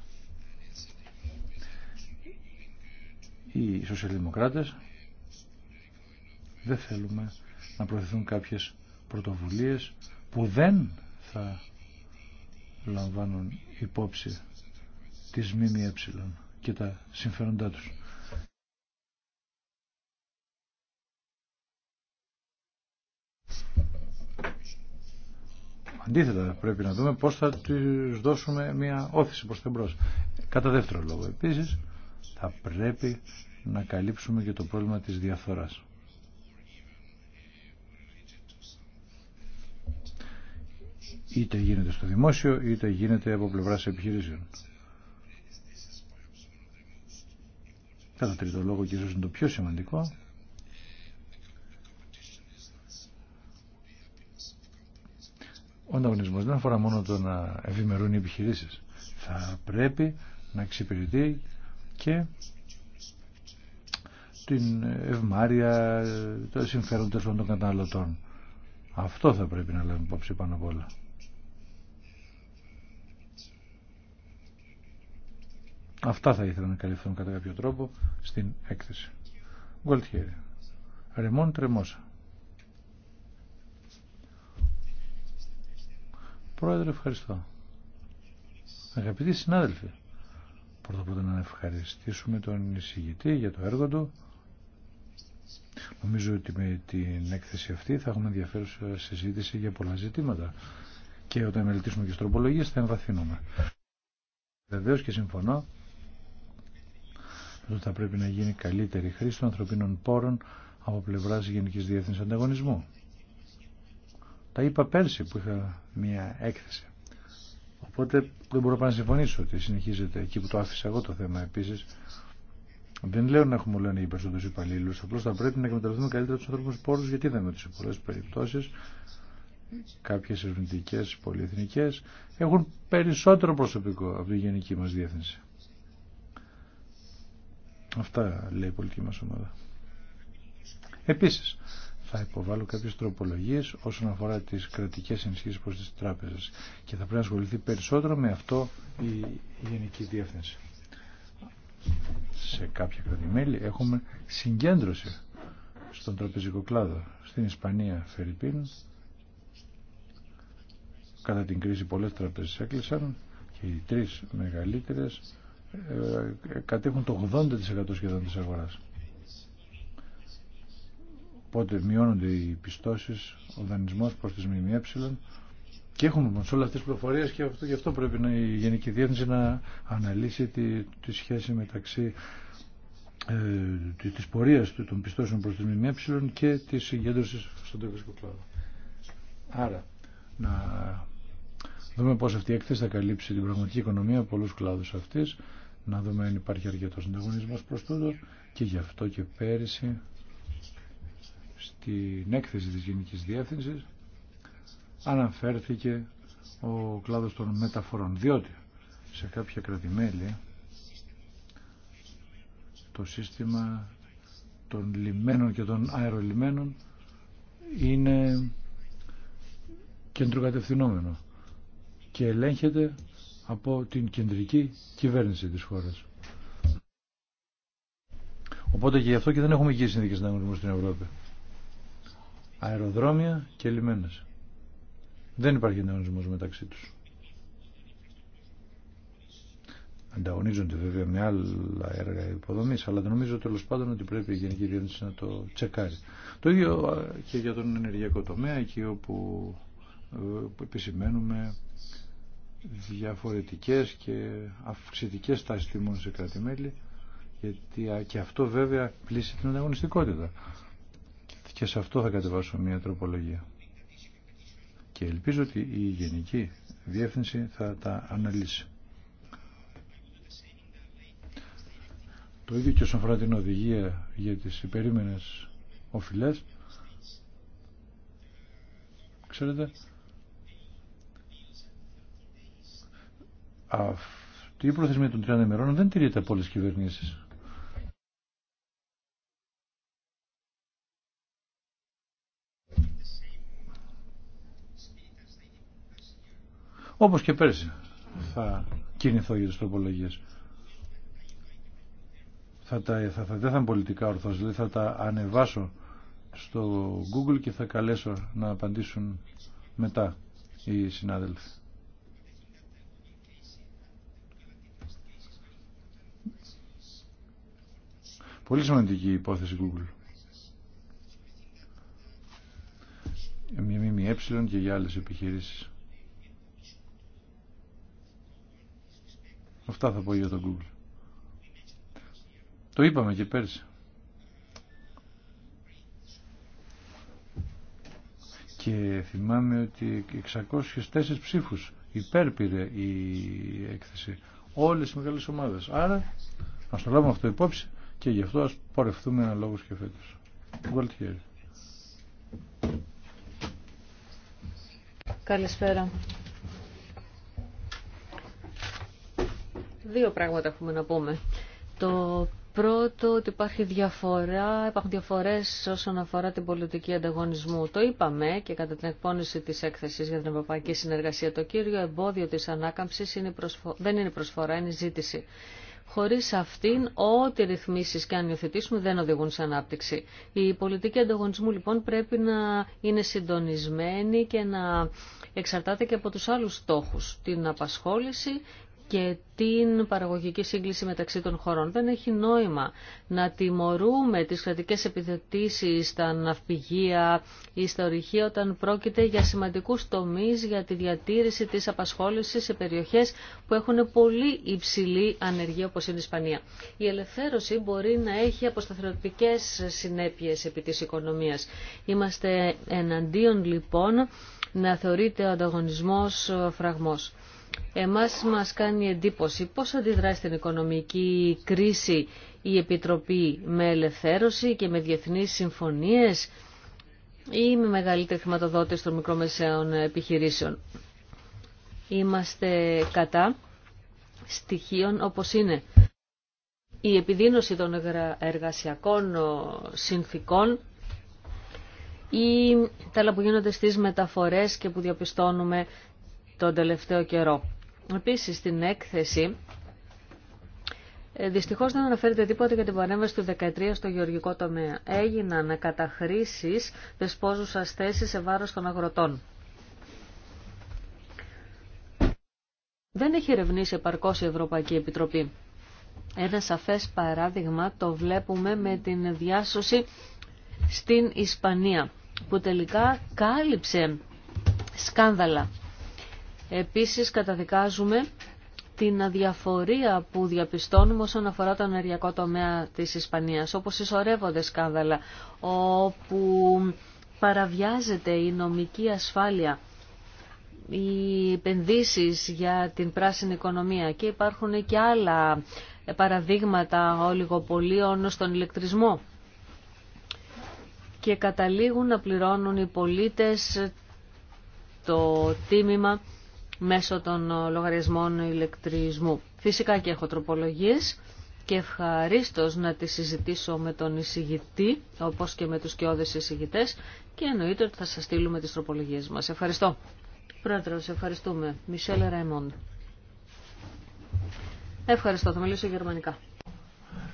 οι σοσιαλδημοκράτες δεν θέλουμε να προωθηθούν κάποιες πρωτοβουλίες που δεν θα λαμβάνουν υπόψη της ΜΜΕ και τα συμφέροντά τους. Αντίθετα, πρέπει να δούμε πώς θα του δώσουμε μια όθηση προ τον μπρο. Κατά δεύτερο λόγο, επίσης, θα πρέπει να καλύψουμε και το πρόβλημα της διαφθοράς. Είτε γίνεται στο δημόσιο, είτε γίνεται από πλευρά επιχειρήσεων. Κατά τρίτο λόγο και ίσω είναι το πιο σημαντικό, ο ανταγωνισμό δεν αφορά μόνο το να ευημερούν οι επιχειρήσεις. Θα πρέπει να εξυπηρετεί και την ευμάρεια, το συμφέροντων των καταναλωτών. Αυτό θα πρέπει να λέμε υπόψη πάνω απ' όλα. Αυτά θα ήθελα να καλυφθούν κατά κάποιο τρόπο στην έκθεση. Χέρι Ρεμόν Τρεμόσα. Πρόεδρε, ευχαριστώ. Αγαπητοί συνάδελφοι, πρώτα πρώτα να ευχαριστήσουμε τον εισηγητή για το έργο του. Νομίζω ότι με την έκθεση αυτή θα έχουμε ενδιαφέρουσα συζήτηση για πολλά ζητήματα και όταν μελετήσουμε και στροπολογίες θα εμβαθύνουμε. Βεβαίω και συμφωνώ ότι θα πρέπει να γίνει καλύτερη χρήση των ανθρωπίνων πόρων από πλευράς Γενικής Διεύθυνσης Ανταγωνισμού. Τα είπα πέρσι που είχα μία έκθεση. Οπότε δεν μπορώ να συμφωνήσω ότι συνεχίζεται εκεί που το άφησα εγώ το θέμα επίση. Δεν λέω να έχουμε λένε οι περισσότερου υπαλλήλου, απλώ θα πρέπει να εκμεταλλευτούμε καλύτερα του ανθρώπινου πόρου γιατί είδαμε ότι σε πολλέ περιπτώσει κάποιε ερευνητικέ πολυεθνικέ έχουν περισσότερο προσωπικό από τη γενική μα διεύθυνση. Αυτά λέει η πολιτική μα ομάδα. Επίση, θα υποβάλω κάποιες τροπολογίες όσον αφορά τις κρατικές ενισχύσεις προς τις τράπεζες και θα πρέπει να ασχοληθεί περισσότερο με αυτό η Γενική Διεύθυνση. Σε κάποια κρατημέλη έχουμε συγκέντρωση στον τραπεζικό κλάδο. Στην Ισπανία, Φερρυπίν, κατά την κρίση πολλές τραπεζές έκλεισαν και οι τρεις μεγαλύτερες ε, ε, κατέχουν το 80% σχεδόν της αγοράς. Οπότε μειώνονται οι πιστώσει, ο δανεισμό προ τι ΜΜΕ και έχουμε όμω λοιπόν όλε αυτέ τι πληροφορίε και αυτό, γι' αυτό πρέπει να, η Γενική Διεύθυνση να αναλύσει τη, τη σχέση μεταξύ ε, της του των πιστώσεων προ τι ΜΜΕ και τη συγκέντρωση στον τραπεζικό κλάδο. Άρα, να δούμε πώ αυτή η έκθεση θα καλύψει την πραγματική οικονομία πολλού κλάδου αυτή, να δούμε αν υπάρχει αρκετό ανταγωνισμό προ τούτο και γι' αυτό και πέρυσι στην έκθεση της Γενικής Διεύθυνσης αναφέρθηκε ο κλάδος των μεταφορών διότι σε κάποια κρατημέλη το σύστημα των λιμένων και των αερολιμένων είναι κεντροκατευθυνόμενο και ελέγχεται από την κεντρική κυβέρνηση της χώρας. Οπότε και γι' αυτό και δεν έχουμε εκεί συνδίκες να στην Ευρώπη αεροδρόμια και λιμένες. Δεν υπάρχει ανταγωνισμός μεταξύ τους. Ανταγωνίζονται βέβαια με άλλα έργα υποδομή, αλλά νομίζω τέλος πάντων ότι πρέπει η Γενική Διεύθυνση να το τσεκάρει. Το ίδιο και για τον ενεργειακό τομέα, εκεί όπου ε, επισημαίνουμε διαφορετικές και αυξητικές τάσεις τιμών σε κράτη-μέλη, γιατί και αυτό βέβαια πλήσει την ανταγωνιστικότητα. Και σε αυτό θα κατεβάσω μια τροπολογία. Και ελπίζω ότι η Γενική Διεύθυνση θα τα αναλύσει. Το ίδιο και όσον αφορά την οδηγία για τις υπερήμενες οφειλές. Ξέρετε, αυτή η προθεσμία των 30 ημερών δεν τηρείται από όλες τις κυβερνήσεις. Όπως και πέρσι θα κινηθώ για τις τροπολογίες. Θα τα, θα, θα, δεν θα είναι πολιτικά ορθώς, δηλαδή θα τα ανεβάσω στο Google και θα καλέσω να απαντήσουν μετά οι συνάδελφοι. Πολύ σημαντική η υπόθεση Google. Μια ΜΜΕ και για άλλες επιχειρήσεις. Αυτά θα πω για το Google. Το είπαμε και πέρσι. Και θυμάμαι ότι 604 ψήφους υπέρ η έκθεση. Όλες οι μεγάλες ομάδες. Άρα ας το λάβουμε αυτό υπόψη και γι' αυτό ας πορευτούμε ένα λόγο και φέτος. Καλησπέρα. Δύο πράγματα έχουμε να πούμε. Το πρώτο ότι υπάρχει διαφορά, υπάρχουν διαφορές όσον αφορά την πολιτική ανταγωνισμού. Το είπαμε και κατά την εκπόνηση της έκθεσης για την Ευρωπαϊκή Συνεργασία. Το κύριο εμπόδιο της ανάκαμψης δεν είναι προσφορά, είναι ζήτηση. Χωρίς αυτήν, ό,τι ρυθμίσεις και αν υιοθετήσουμε δεν οδηγούν σε ανάπτυξη. Η πολιτική ανταγωνισμού λοιπόν πρέπει να είναι συντονισμένη και να εξαρτάται και από τους άλλους στόχους. Την απασχόληση και την παραγωγική σύγκληση μεταξύ των χωρών. Δεν έχει νόημα να τιμωρούμε τις κρατικές επιθετήσεις στα ναυπηγεία ή στα ορυχεία όταν πρόκειται για σημαντικούς τομείς για τη διατήρηση της απασχόλησης σε περιοχές που έχουν πολύ υψηλή ανεργία όπως είναι η Ισπανία. Η ελευθέρωση μπορεί να έχει αποσταθεροτικές συνέπειες επί της οικονομίας. Είμαστε εναντίον λοιπόν να θεωρείται ο ανταγωνισμός φραγμός. Εμάς μας κάνει εντύπωση πώς αντιδρά στην οικονομική κρίση η Επιτροπή με ελευθέρωση και με διεθνείς συμφωνίες ή με μεγαλύτερη χρηματοδότηση των μικρομεσαίων επιχειρήσεων. Είμαστε κατά στοιχείων όπως είναι η επιδείνωση των εργασιακών συνθήκων ή τα άλλα που γίνονται στις μεταφορές και που διαπιστώνουμε τον τελευταίο καιρό. Επίσης στην έκθεση ε, δυστυχώς δεν αναφέρεται τίποτα για την παρέμβαση του 13 στο γεωργικό τομέα. Έγιναν καταχρήσεις δεσπόζουσας θέσης σε βάρος των αγροτών. Δεν έχει ερευνήσει επαρκώς η Ευρωπαϊκή Επιτροπή. Ένα σαφές παράδειγμα το βλέπουμε με την διάσωση στην Ισπανία που τελικά κάλυψε σκάνδαλα Επίσης καταδικάζουμε την αδιαφορία που διαπιστώνουμε όσον αφορά τον ενεργειακό τομέα της Ισπανίας, όπως συσσωρεύονται σκάνδαλα, όπου παραβιάζεται η νομική ασφάλεια, οι επενδύσεις για την πράσινη οικονομία και υπάρχουν και άλλα παραδείγματα ολιγοπολίων στον ηλεκτρισμό και καταλήγουν να πληρώνουν οι πολίτες το τίμημα μέσω των ε, λογαριασμών ηλεκτρισμού. Φυσικά και έχω τροπολογίες και ευχαρίστω να τις συζητήσω με τον εισηγητή, όπως και με τους κοιόδες εισηγητές και εννοείται ότι θα σας στείλουμε τις τροπολογίες μας. Ευχαριστώ. σε ευχαριστούμε. Μισελ Ραϊμόντ. Ευχαριστώ. Θα μιλήσω γερμανικά.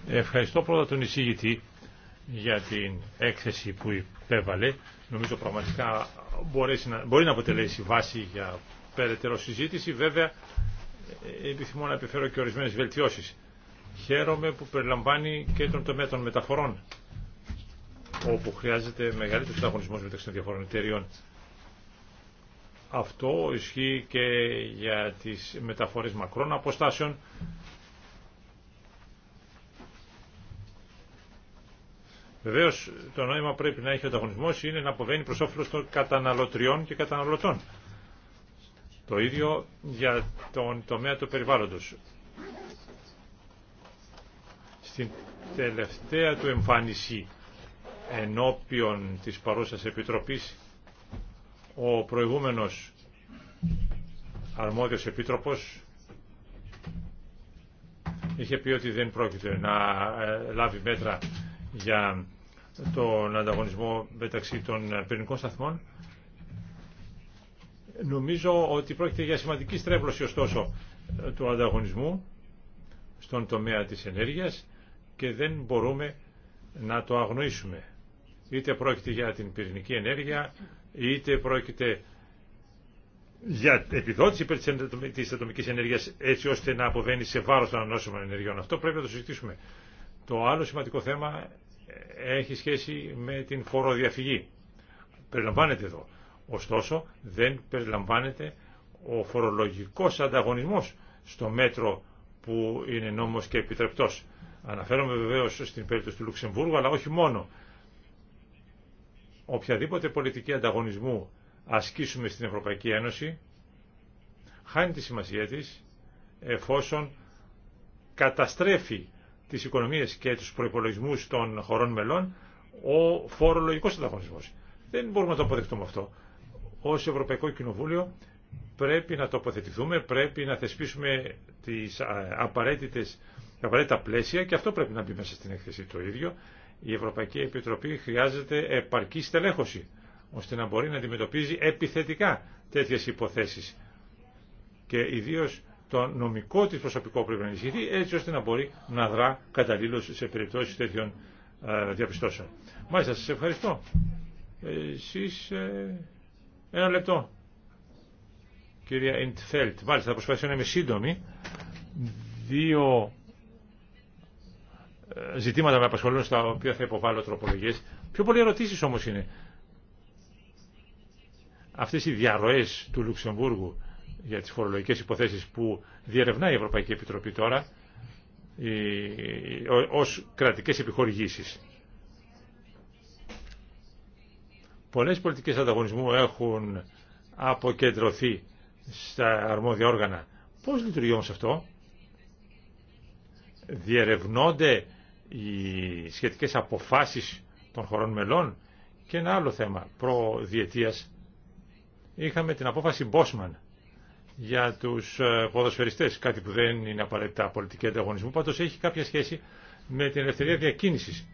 Ευχαριστώ πρώτα τον εισηγητή για την έκθεση που υπέβαλε. Νομίζω πραγματικά μπορεί να αποτελέσει βάση για περαιτέρω συζήτηση. Βέβαια, ε, επιθυμώ να επιφέρω και ορισμένες βελτιώσεις. Χαίρομαι που περιλαμβάνει και τον τομέα των μεταφορών, όπου χρειάζεται μεγαλύτερο ανταγωνισμό μεταξύ των διαφορών εταιριών. Αυτό ισχύει και για τις μεταφορές μακρών αποστάσεων. Βεβαίω, το νόημα πρέπει να έχει ο ανταγωνισμό είναι να αποβαίνει προ όφελο των καταναλωτριών και καταναλωτών. Το ίδιο για τον τομέα του περιβάλλοντος. Στην τελευταία του εμφάνιση ενώπιον της παρούσας Επιτροπής, ο προηγούμενος αρμόδιος Επίτροπος είχε πει ότι δεν πρόκειται να ε, λάβει μέτρα για τον ανταγωνισμό μεταξύ των πυρηνικών σταθμών Νομίζω ότι πρόκειται για σημαντική στρέβλωση ωστόσο του ανταγωνισμού στον τομέα της ενέργειας και δεν μπορούμε να το αγνοήσουμε. Είτε πρόκειται για την πυρηνική ενέργεια, είτε πρόκειται για επιδότηση υπέρ της ατομικής ενέργειας έτσι ώστε να αποβαίνει σε βάρος των ανώσιμων ενεργειών. Αυτό πρέπει να το συζητήσουμε. Το άλλο σημαντικό θέμα έχει σχέση με την φοροδιαφυγή. Περιλαμβάνεται εδώ. Ωστόσο δεν περιλαμβάνεται ο φορολογικός ανταγωνισμός στο μέτρο που είναι νόμος και επιτρεπτός. Αναφέρομαι βεβαίως στην περίπτωση του Λουξεμβούργου, αλλά όχι μόνο. Οποιαδήποτε πολιτική ανταγωνισμού ασκήσουμε στην Ευρωπαϊκή Ένωση, χάνει τη σημασία της εφόσον καταστρέφει τις οικονομίες και τους προϋπολογισμούς των χωρών μελών ο φορολογικός ανταγωνισμός. Δεν μπορούμε να το αποδεχτούμε αυτό ως Ευρωπαϊκό Κοινοβούλιο πρέπει να τοποθετηθούμε, πρέπει να θεσπίσουμε τις απαραίτητες, απαραίτητα πλαίσια και αυτό πρέπει να μπει μέσα στην έκθεση το ίδιο. Η Ευρωπαϊκή Επιτροπή χρειάζεται επαρκή στελέχωση ώστε να μπορεί να αντιμετωπίζει επιθετικά τέτοιες υποθέσεις και ιδίως το νομικό της προσωπικό πρέπει να ενισχυθεί έτσι ώστε να μπορεί να δρά καταλήλως σε περιπτώσεις τέτοιων διαπιστώσεων. Μάλιστα, σας ευχαριστώ. Εσείς ε, ένα λεπτό. Κυρία Ιντφέλτ, μάλιστα θα προσπαθήσω να είμαι σύντομη. Δύο ε, ζητήματα με απασχολούν στα οποία θα υποβάλω τροπολογίε. Πιο πολλοί ερωτήσει όμως είναι. Αυτές οι διαρροέ του Λουξεμβούργου για τις φορολογικέ υποθέσεις που διερευνά η Ευρωπαϊκή Επιτροπή τώρα ω κρατικέ επιχορηγήσεις. Πολλές πολιτικές ανταγωνισμού έχουν αποκεντρωθεί στα αρμόδια όργανα. Πώς λειτουργεί όμως αυτό. Διερευνώνται οι σχετικές αποφάσεις των χωρών μελών και ένα άλλο θέμα προδιετίας. Είχαμε την απόφαση Μπόσμαν για τους ε, ποδοσφαιριστές, κάτι που δεν είναι απαραίτητα πολιτική ανταγωνισμού, πάντως έχει κάποια σχέση με την ελευθερία διακίνησης.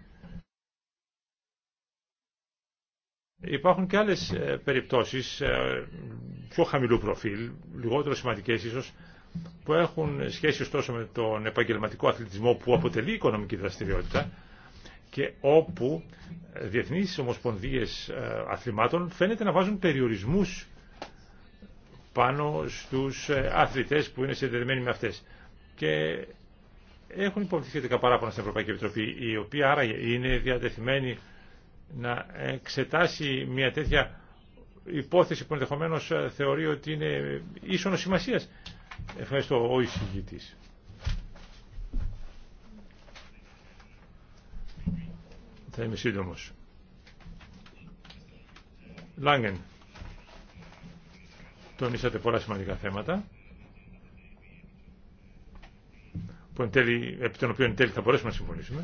Υπάρχουν και άλλες ε, περιπτώσεις ε, πιο χαμηλού προφίλ, λιγότερο σημαντικές ίσως, που έχουν σχέση ωστόσο με τον επαγγελματικό αθλητισμό που αποτελεί οικονομική δραστηριότητα και όπου ε, διεθνείς ομοσπονδίες αθλημάτων φαίνεται να βάζουν περιορισμούς πάνω στους αθλητές που είναι συνδεδεμένοι με αυτές. Και έχουν υποβληθεί παράπονα στην Ευρωπαϊκή Επιτροπή, η οποία άραγε είναι διατεθειμένη να εξετάσει μια τέτοια υπόθεση που ενδεχομένω ε, θεωρεί ότι είναι ίσονο σημασία. Ευχαριστώ ο εισηγητή. Θα είμαι σύντομο. Λάγκεν. Τονίσατε πολλά σημαντικά θέματα που εν τέλει, επί των οποίων εν τέλει θα μπορέσουμε να συμφωνήσουμε.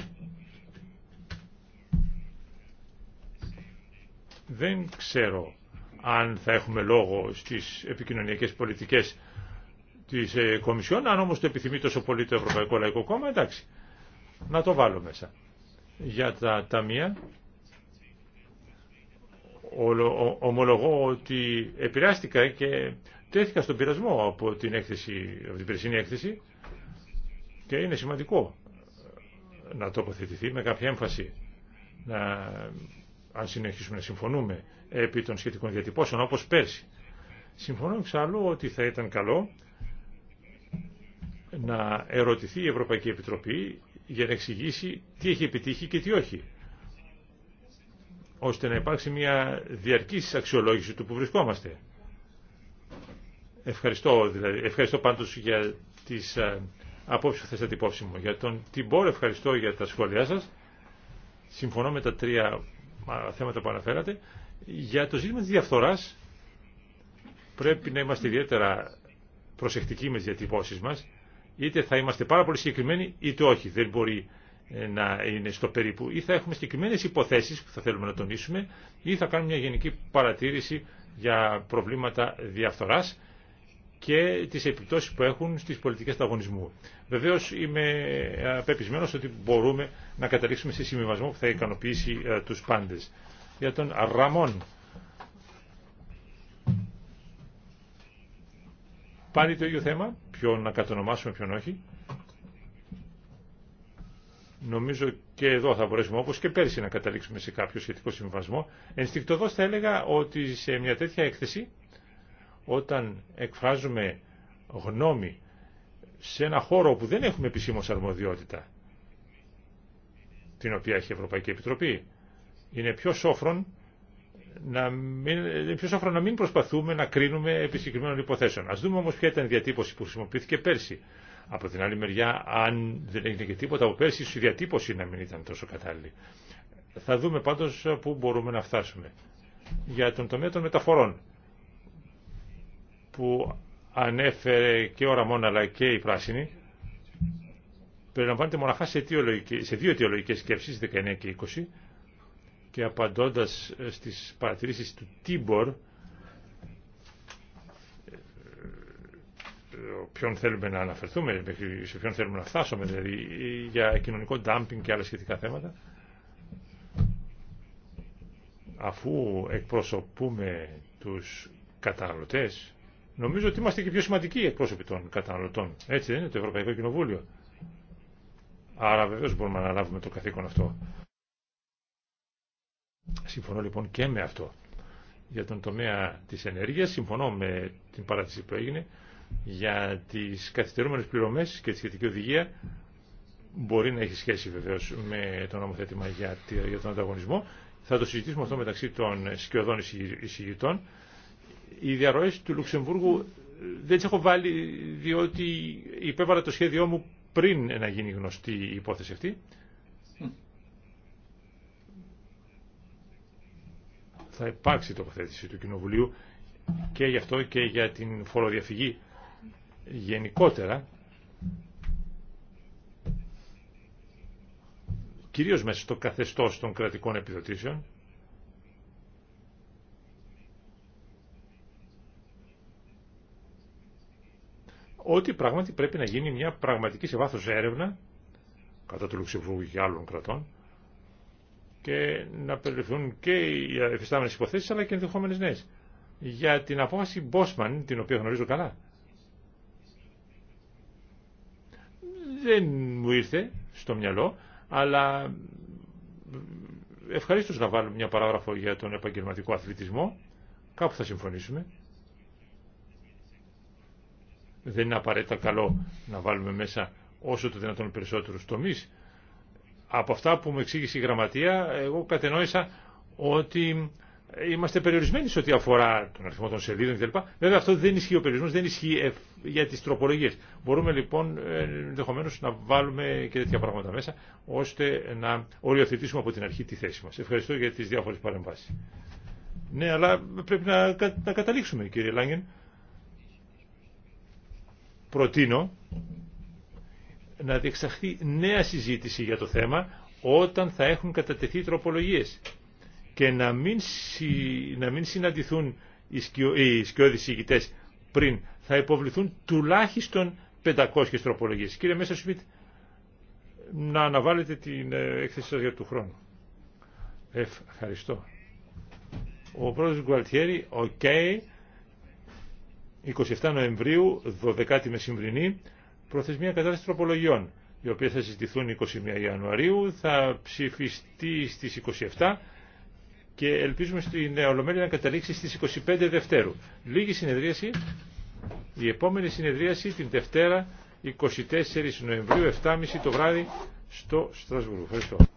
Δεν ξέρω αν θα έχουμε λόγο στις επικοινωνιακές πολιτικές της ε, Κομισιόν, αν όμως το επιθυμεί τόσο πολύ το Ευρωπαϊκό Λαϊκό Κόμμα, εντάξει, να το βάλω μέσα. Για τα ταμεία, ομολογώ ότι επηρεάστηκα και τέθηκα στον πειρασμό από την, έκθεση, από την περσινή έκθεση και είναι σημαντικό να τοποθετηθεί με κάποια έμφαση αν συνεχίσουμε να συμφωνούμε επί των σχετικών διατυπώσεων, όπως πέρσι. Συμφωνώ εξάλλου ότι θα ήταν καλό να ερωτηθεί η Ευρωπαϊκή Επιτροπή για να εξηγήσει τι έχει επιτύχει και τι όχι, ώστε να υπάρξει μια διαρκής αξιολόγηση του που βρισκόμαστε. Ευχαριστώ, δηλαδή, ευχαριστώ πάντως για τις ε, απόψεις που θέσατε υπόψη μου. Για τον Τιμπόρ ευχαριστώ για τα σχόλιά σας. Συμφωνώ με τα τρία θέματα που αναφέρατε. Για το ζήτημα της διαφθοράς πρέπει να είμαστε ιδιαίτερα προσεκτικοί με τις διατυπώσεις μας. Είτε θα είμαστε πάρα πολύ συγκεκριμένοι είτε όχι. Δεν μπορεί ε, να είναι στο περίπου. Ή θα έχουμε συγκεκριμένε υποθέσεις που θα θέλουμε να τονίσουμε ή θα κάνουμε μια γενική παρατήρηση για προβλήματα διαφθοράς και τις επιπτώσεις που έχουν στις πολιτικές του αγωνισμού. Βεβαίως είμαι ε, πεπισμένος ότι μπορούμε να καταλήξουμε σε συμβιβασμό που θα ικανοποιήσει ε, τους πάντες. Για τον Ραμόν. Πάλι το ίδιο θέμα, ποιον να κατονομάσουμε, ποιον όχι. Νομίζω και εδώ θα μπορέσουμε όπως και πέρσι να καταλήξουμε σε κάποιο σχετικό συμβιβασμό. Ενστικτοδός θα έλεγα ότι σε μια τέτοια έκθεση όταν εκφράζουμε γνώμη σε ένα χώρο που δεν έχουμε επισήμως αρμοδιότητα, την οποία έχει η Ευρωπαϊκή Επιτροπή, είναι πιο σόφρον να μην, πιο σόφρον να μην προσπαθούμε να κρίνουμε επί συγκεκριμένων υποθέσεων. Ας δούμε όμως ποια ήταν η διατύπωση που χρησιμοποιήθηκε πέρσι. Από την άλλη μεριά, αν δεν έγινε και τίποτα από πέρσι, η διατύπωση να μην ήταν τόσο κατάλληλη. Θα δούμε πάντως πού μπορούμε να φτάσουμε. Για τον τομέα των μεταφορών που ανέφερε και ο Ραμόν αλλά και η Πράσινη περιλαμβάνεται μοναχά σε, δύο αιτιολογικές σκέψεις, 19 και 20 και απαντώντας ε, στις παρατηρήσεις του Τίμπορ ε, ε, ποιον θέλουμε να αναφερθούμε, σε ποιον θέλουμε να φτάσουμε, δηλαδή για κοινωνικό ντάμπινγκ και άλλα σχετικά θέματα. Αφού εκπροσωπούμε τους καταναλωτές, Νομίζω ότι είμαστε και πιο σημαντικοί εκπρόσωποι των καταναλωτών. Έτσι δεν είναι το Ευρωπαϊκό Κοινοβούλιο. Άρα βεβαίω μπορούμε να αναλάβουμε το καθήκον αυτό. Συμφωνώ λοιπόν και με αυτό. Για τον τομέα τη ενέργεια, συμφωνώ με την παράτηση που έγινε για τι καθυστερούμενε πληρωμέ και τη σχετική οδηγία μπορεί να έχει σχέση βεβαίω με το νομοθέτημα για τον ανταγωνισμό. Θα το συζητήσουμε αυτό μεταξύ των σκιωδών εισηγητών οι διαρροές του Λουξεμβούργου ε, δεν τις έχω βάλει διότι υπέβαλα το σχέδιό μου πριν να γίνει γνωστή η υπόθεση αυτή. Θα υπάρξει τοποθέτηση του Κοινοβουλίου και γι' αυτό και για την φοροδιαφυγή γενικότερα. κυρίως μέσα στο καθεστώς των κρατικών επιδοτήσεων ότι πράγματι πρέπει να γίνει μια πραγματική σε βάθος έρευνα κατά του Λουξεμβούργου και άλλων κρατών και να περιληφθούν και οι εφιστάμενες υποθέσεις αλλά και ενδεχόμενε νέε. Για την απόφαση Μπόσμαν, την οποία γνωρίζω καλά, δεν μου ήρθε στο μυαλό, αλλά ευχαρίστως να βάλω μια παράγραφο για τον επαγγελματικό αθλητισμό, κάπου θα συμφωνήσουμε δεν είναι απαραίτητα καλό να βάλουμε μέσα όσο το δυνατόν περισσότερους τομείς. Από αυτά που μου εξήγησε η γραμματεία, εγώ κατενόησα ότι είμαστε περιορισμένοι σε ό,τι αφορά τον αριθμό των σελίδων κτλ. Βέβαια αυτό δεν ισχύει ο περιορισμός, δεν ισχύει για τις τροπολογίες. Μπορούμε λοιπόν ενδεχομένω να βάλουμε και τέτοια πράγματα μέσα, ώστε να οριοθετήσουμε από την αρχή τη θέση μας. Ευχαριστώ για τις διάφορες παρεμβάσεις. Ναι, αλλά πρέπει να, να καταλήξουμε κύριε Λάγκεν προτείνω να διεξαχθεί νέα συζήτηση για το θέμα όταν θα έχουν κατατεθεί τροπολογίες και να μην, να μην συναντηθούν οι, σκιο, οι σκιώδεις πριν. Θα υποβληθούν τουλάχιστον 500 τροπολογίες. Κύριε Μέσα Σουμίτ, να αναβάλλετε την ε, έκθεση σας για του χρόνου. Ευχαριστώ. Ο πρόεδρος Γκουαλτιέρη, οκ, 27 Νοεμβρίου, 12η μεσημβρινή, προθεσμία κατάσταση τροπολογιών, οι οποίες θα συζητηθούν 21 Ιανουαρίου, θα ψηφιστεί στις 27 και ελπίζουμε στην Ολομέλεια να καταλήξει στις 25 Δευτέρου. Λίγη συνεδρίαση, η επόμενη συνεδρίαση την Δευτέρα 24 Νοεμβρίου, 7.30 το βράδυ στο Στρασβούργο. Ευχαριστώ.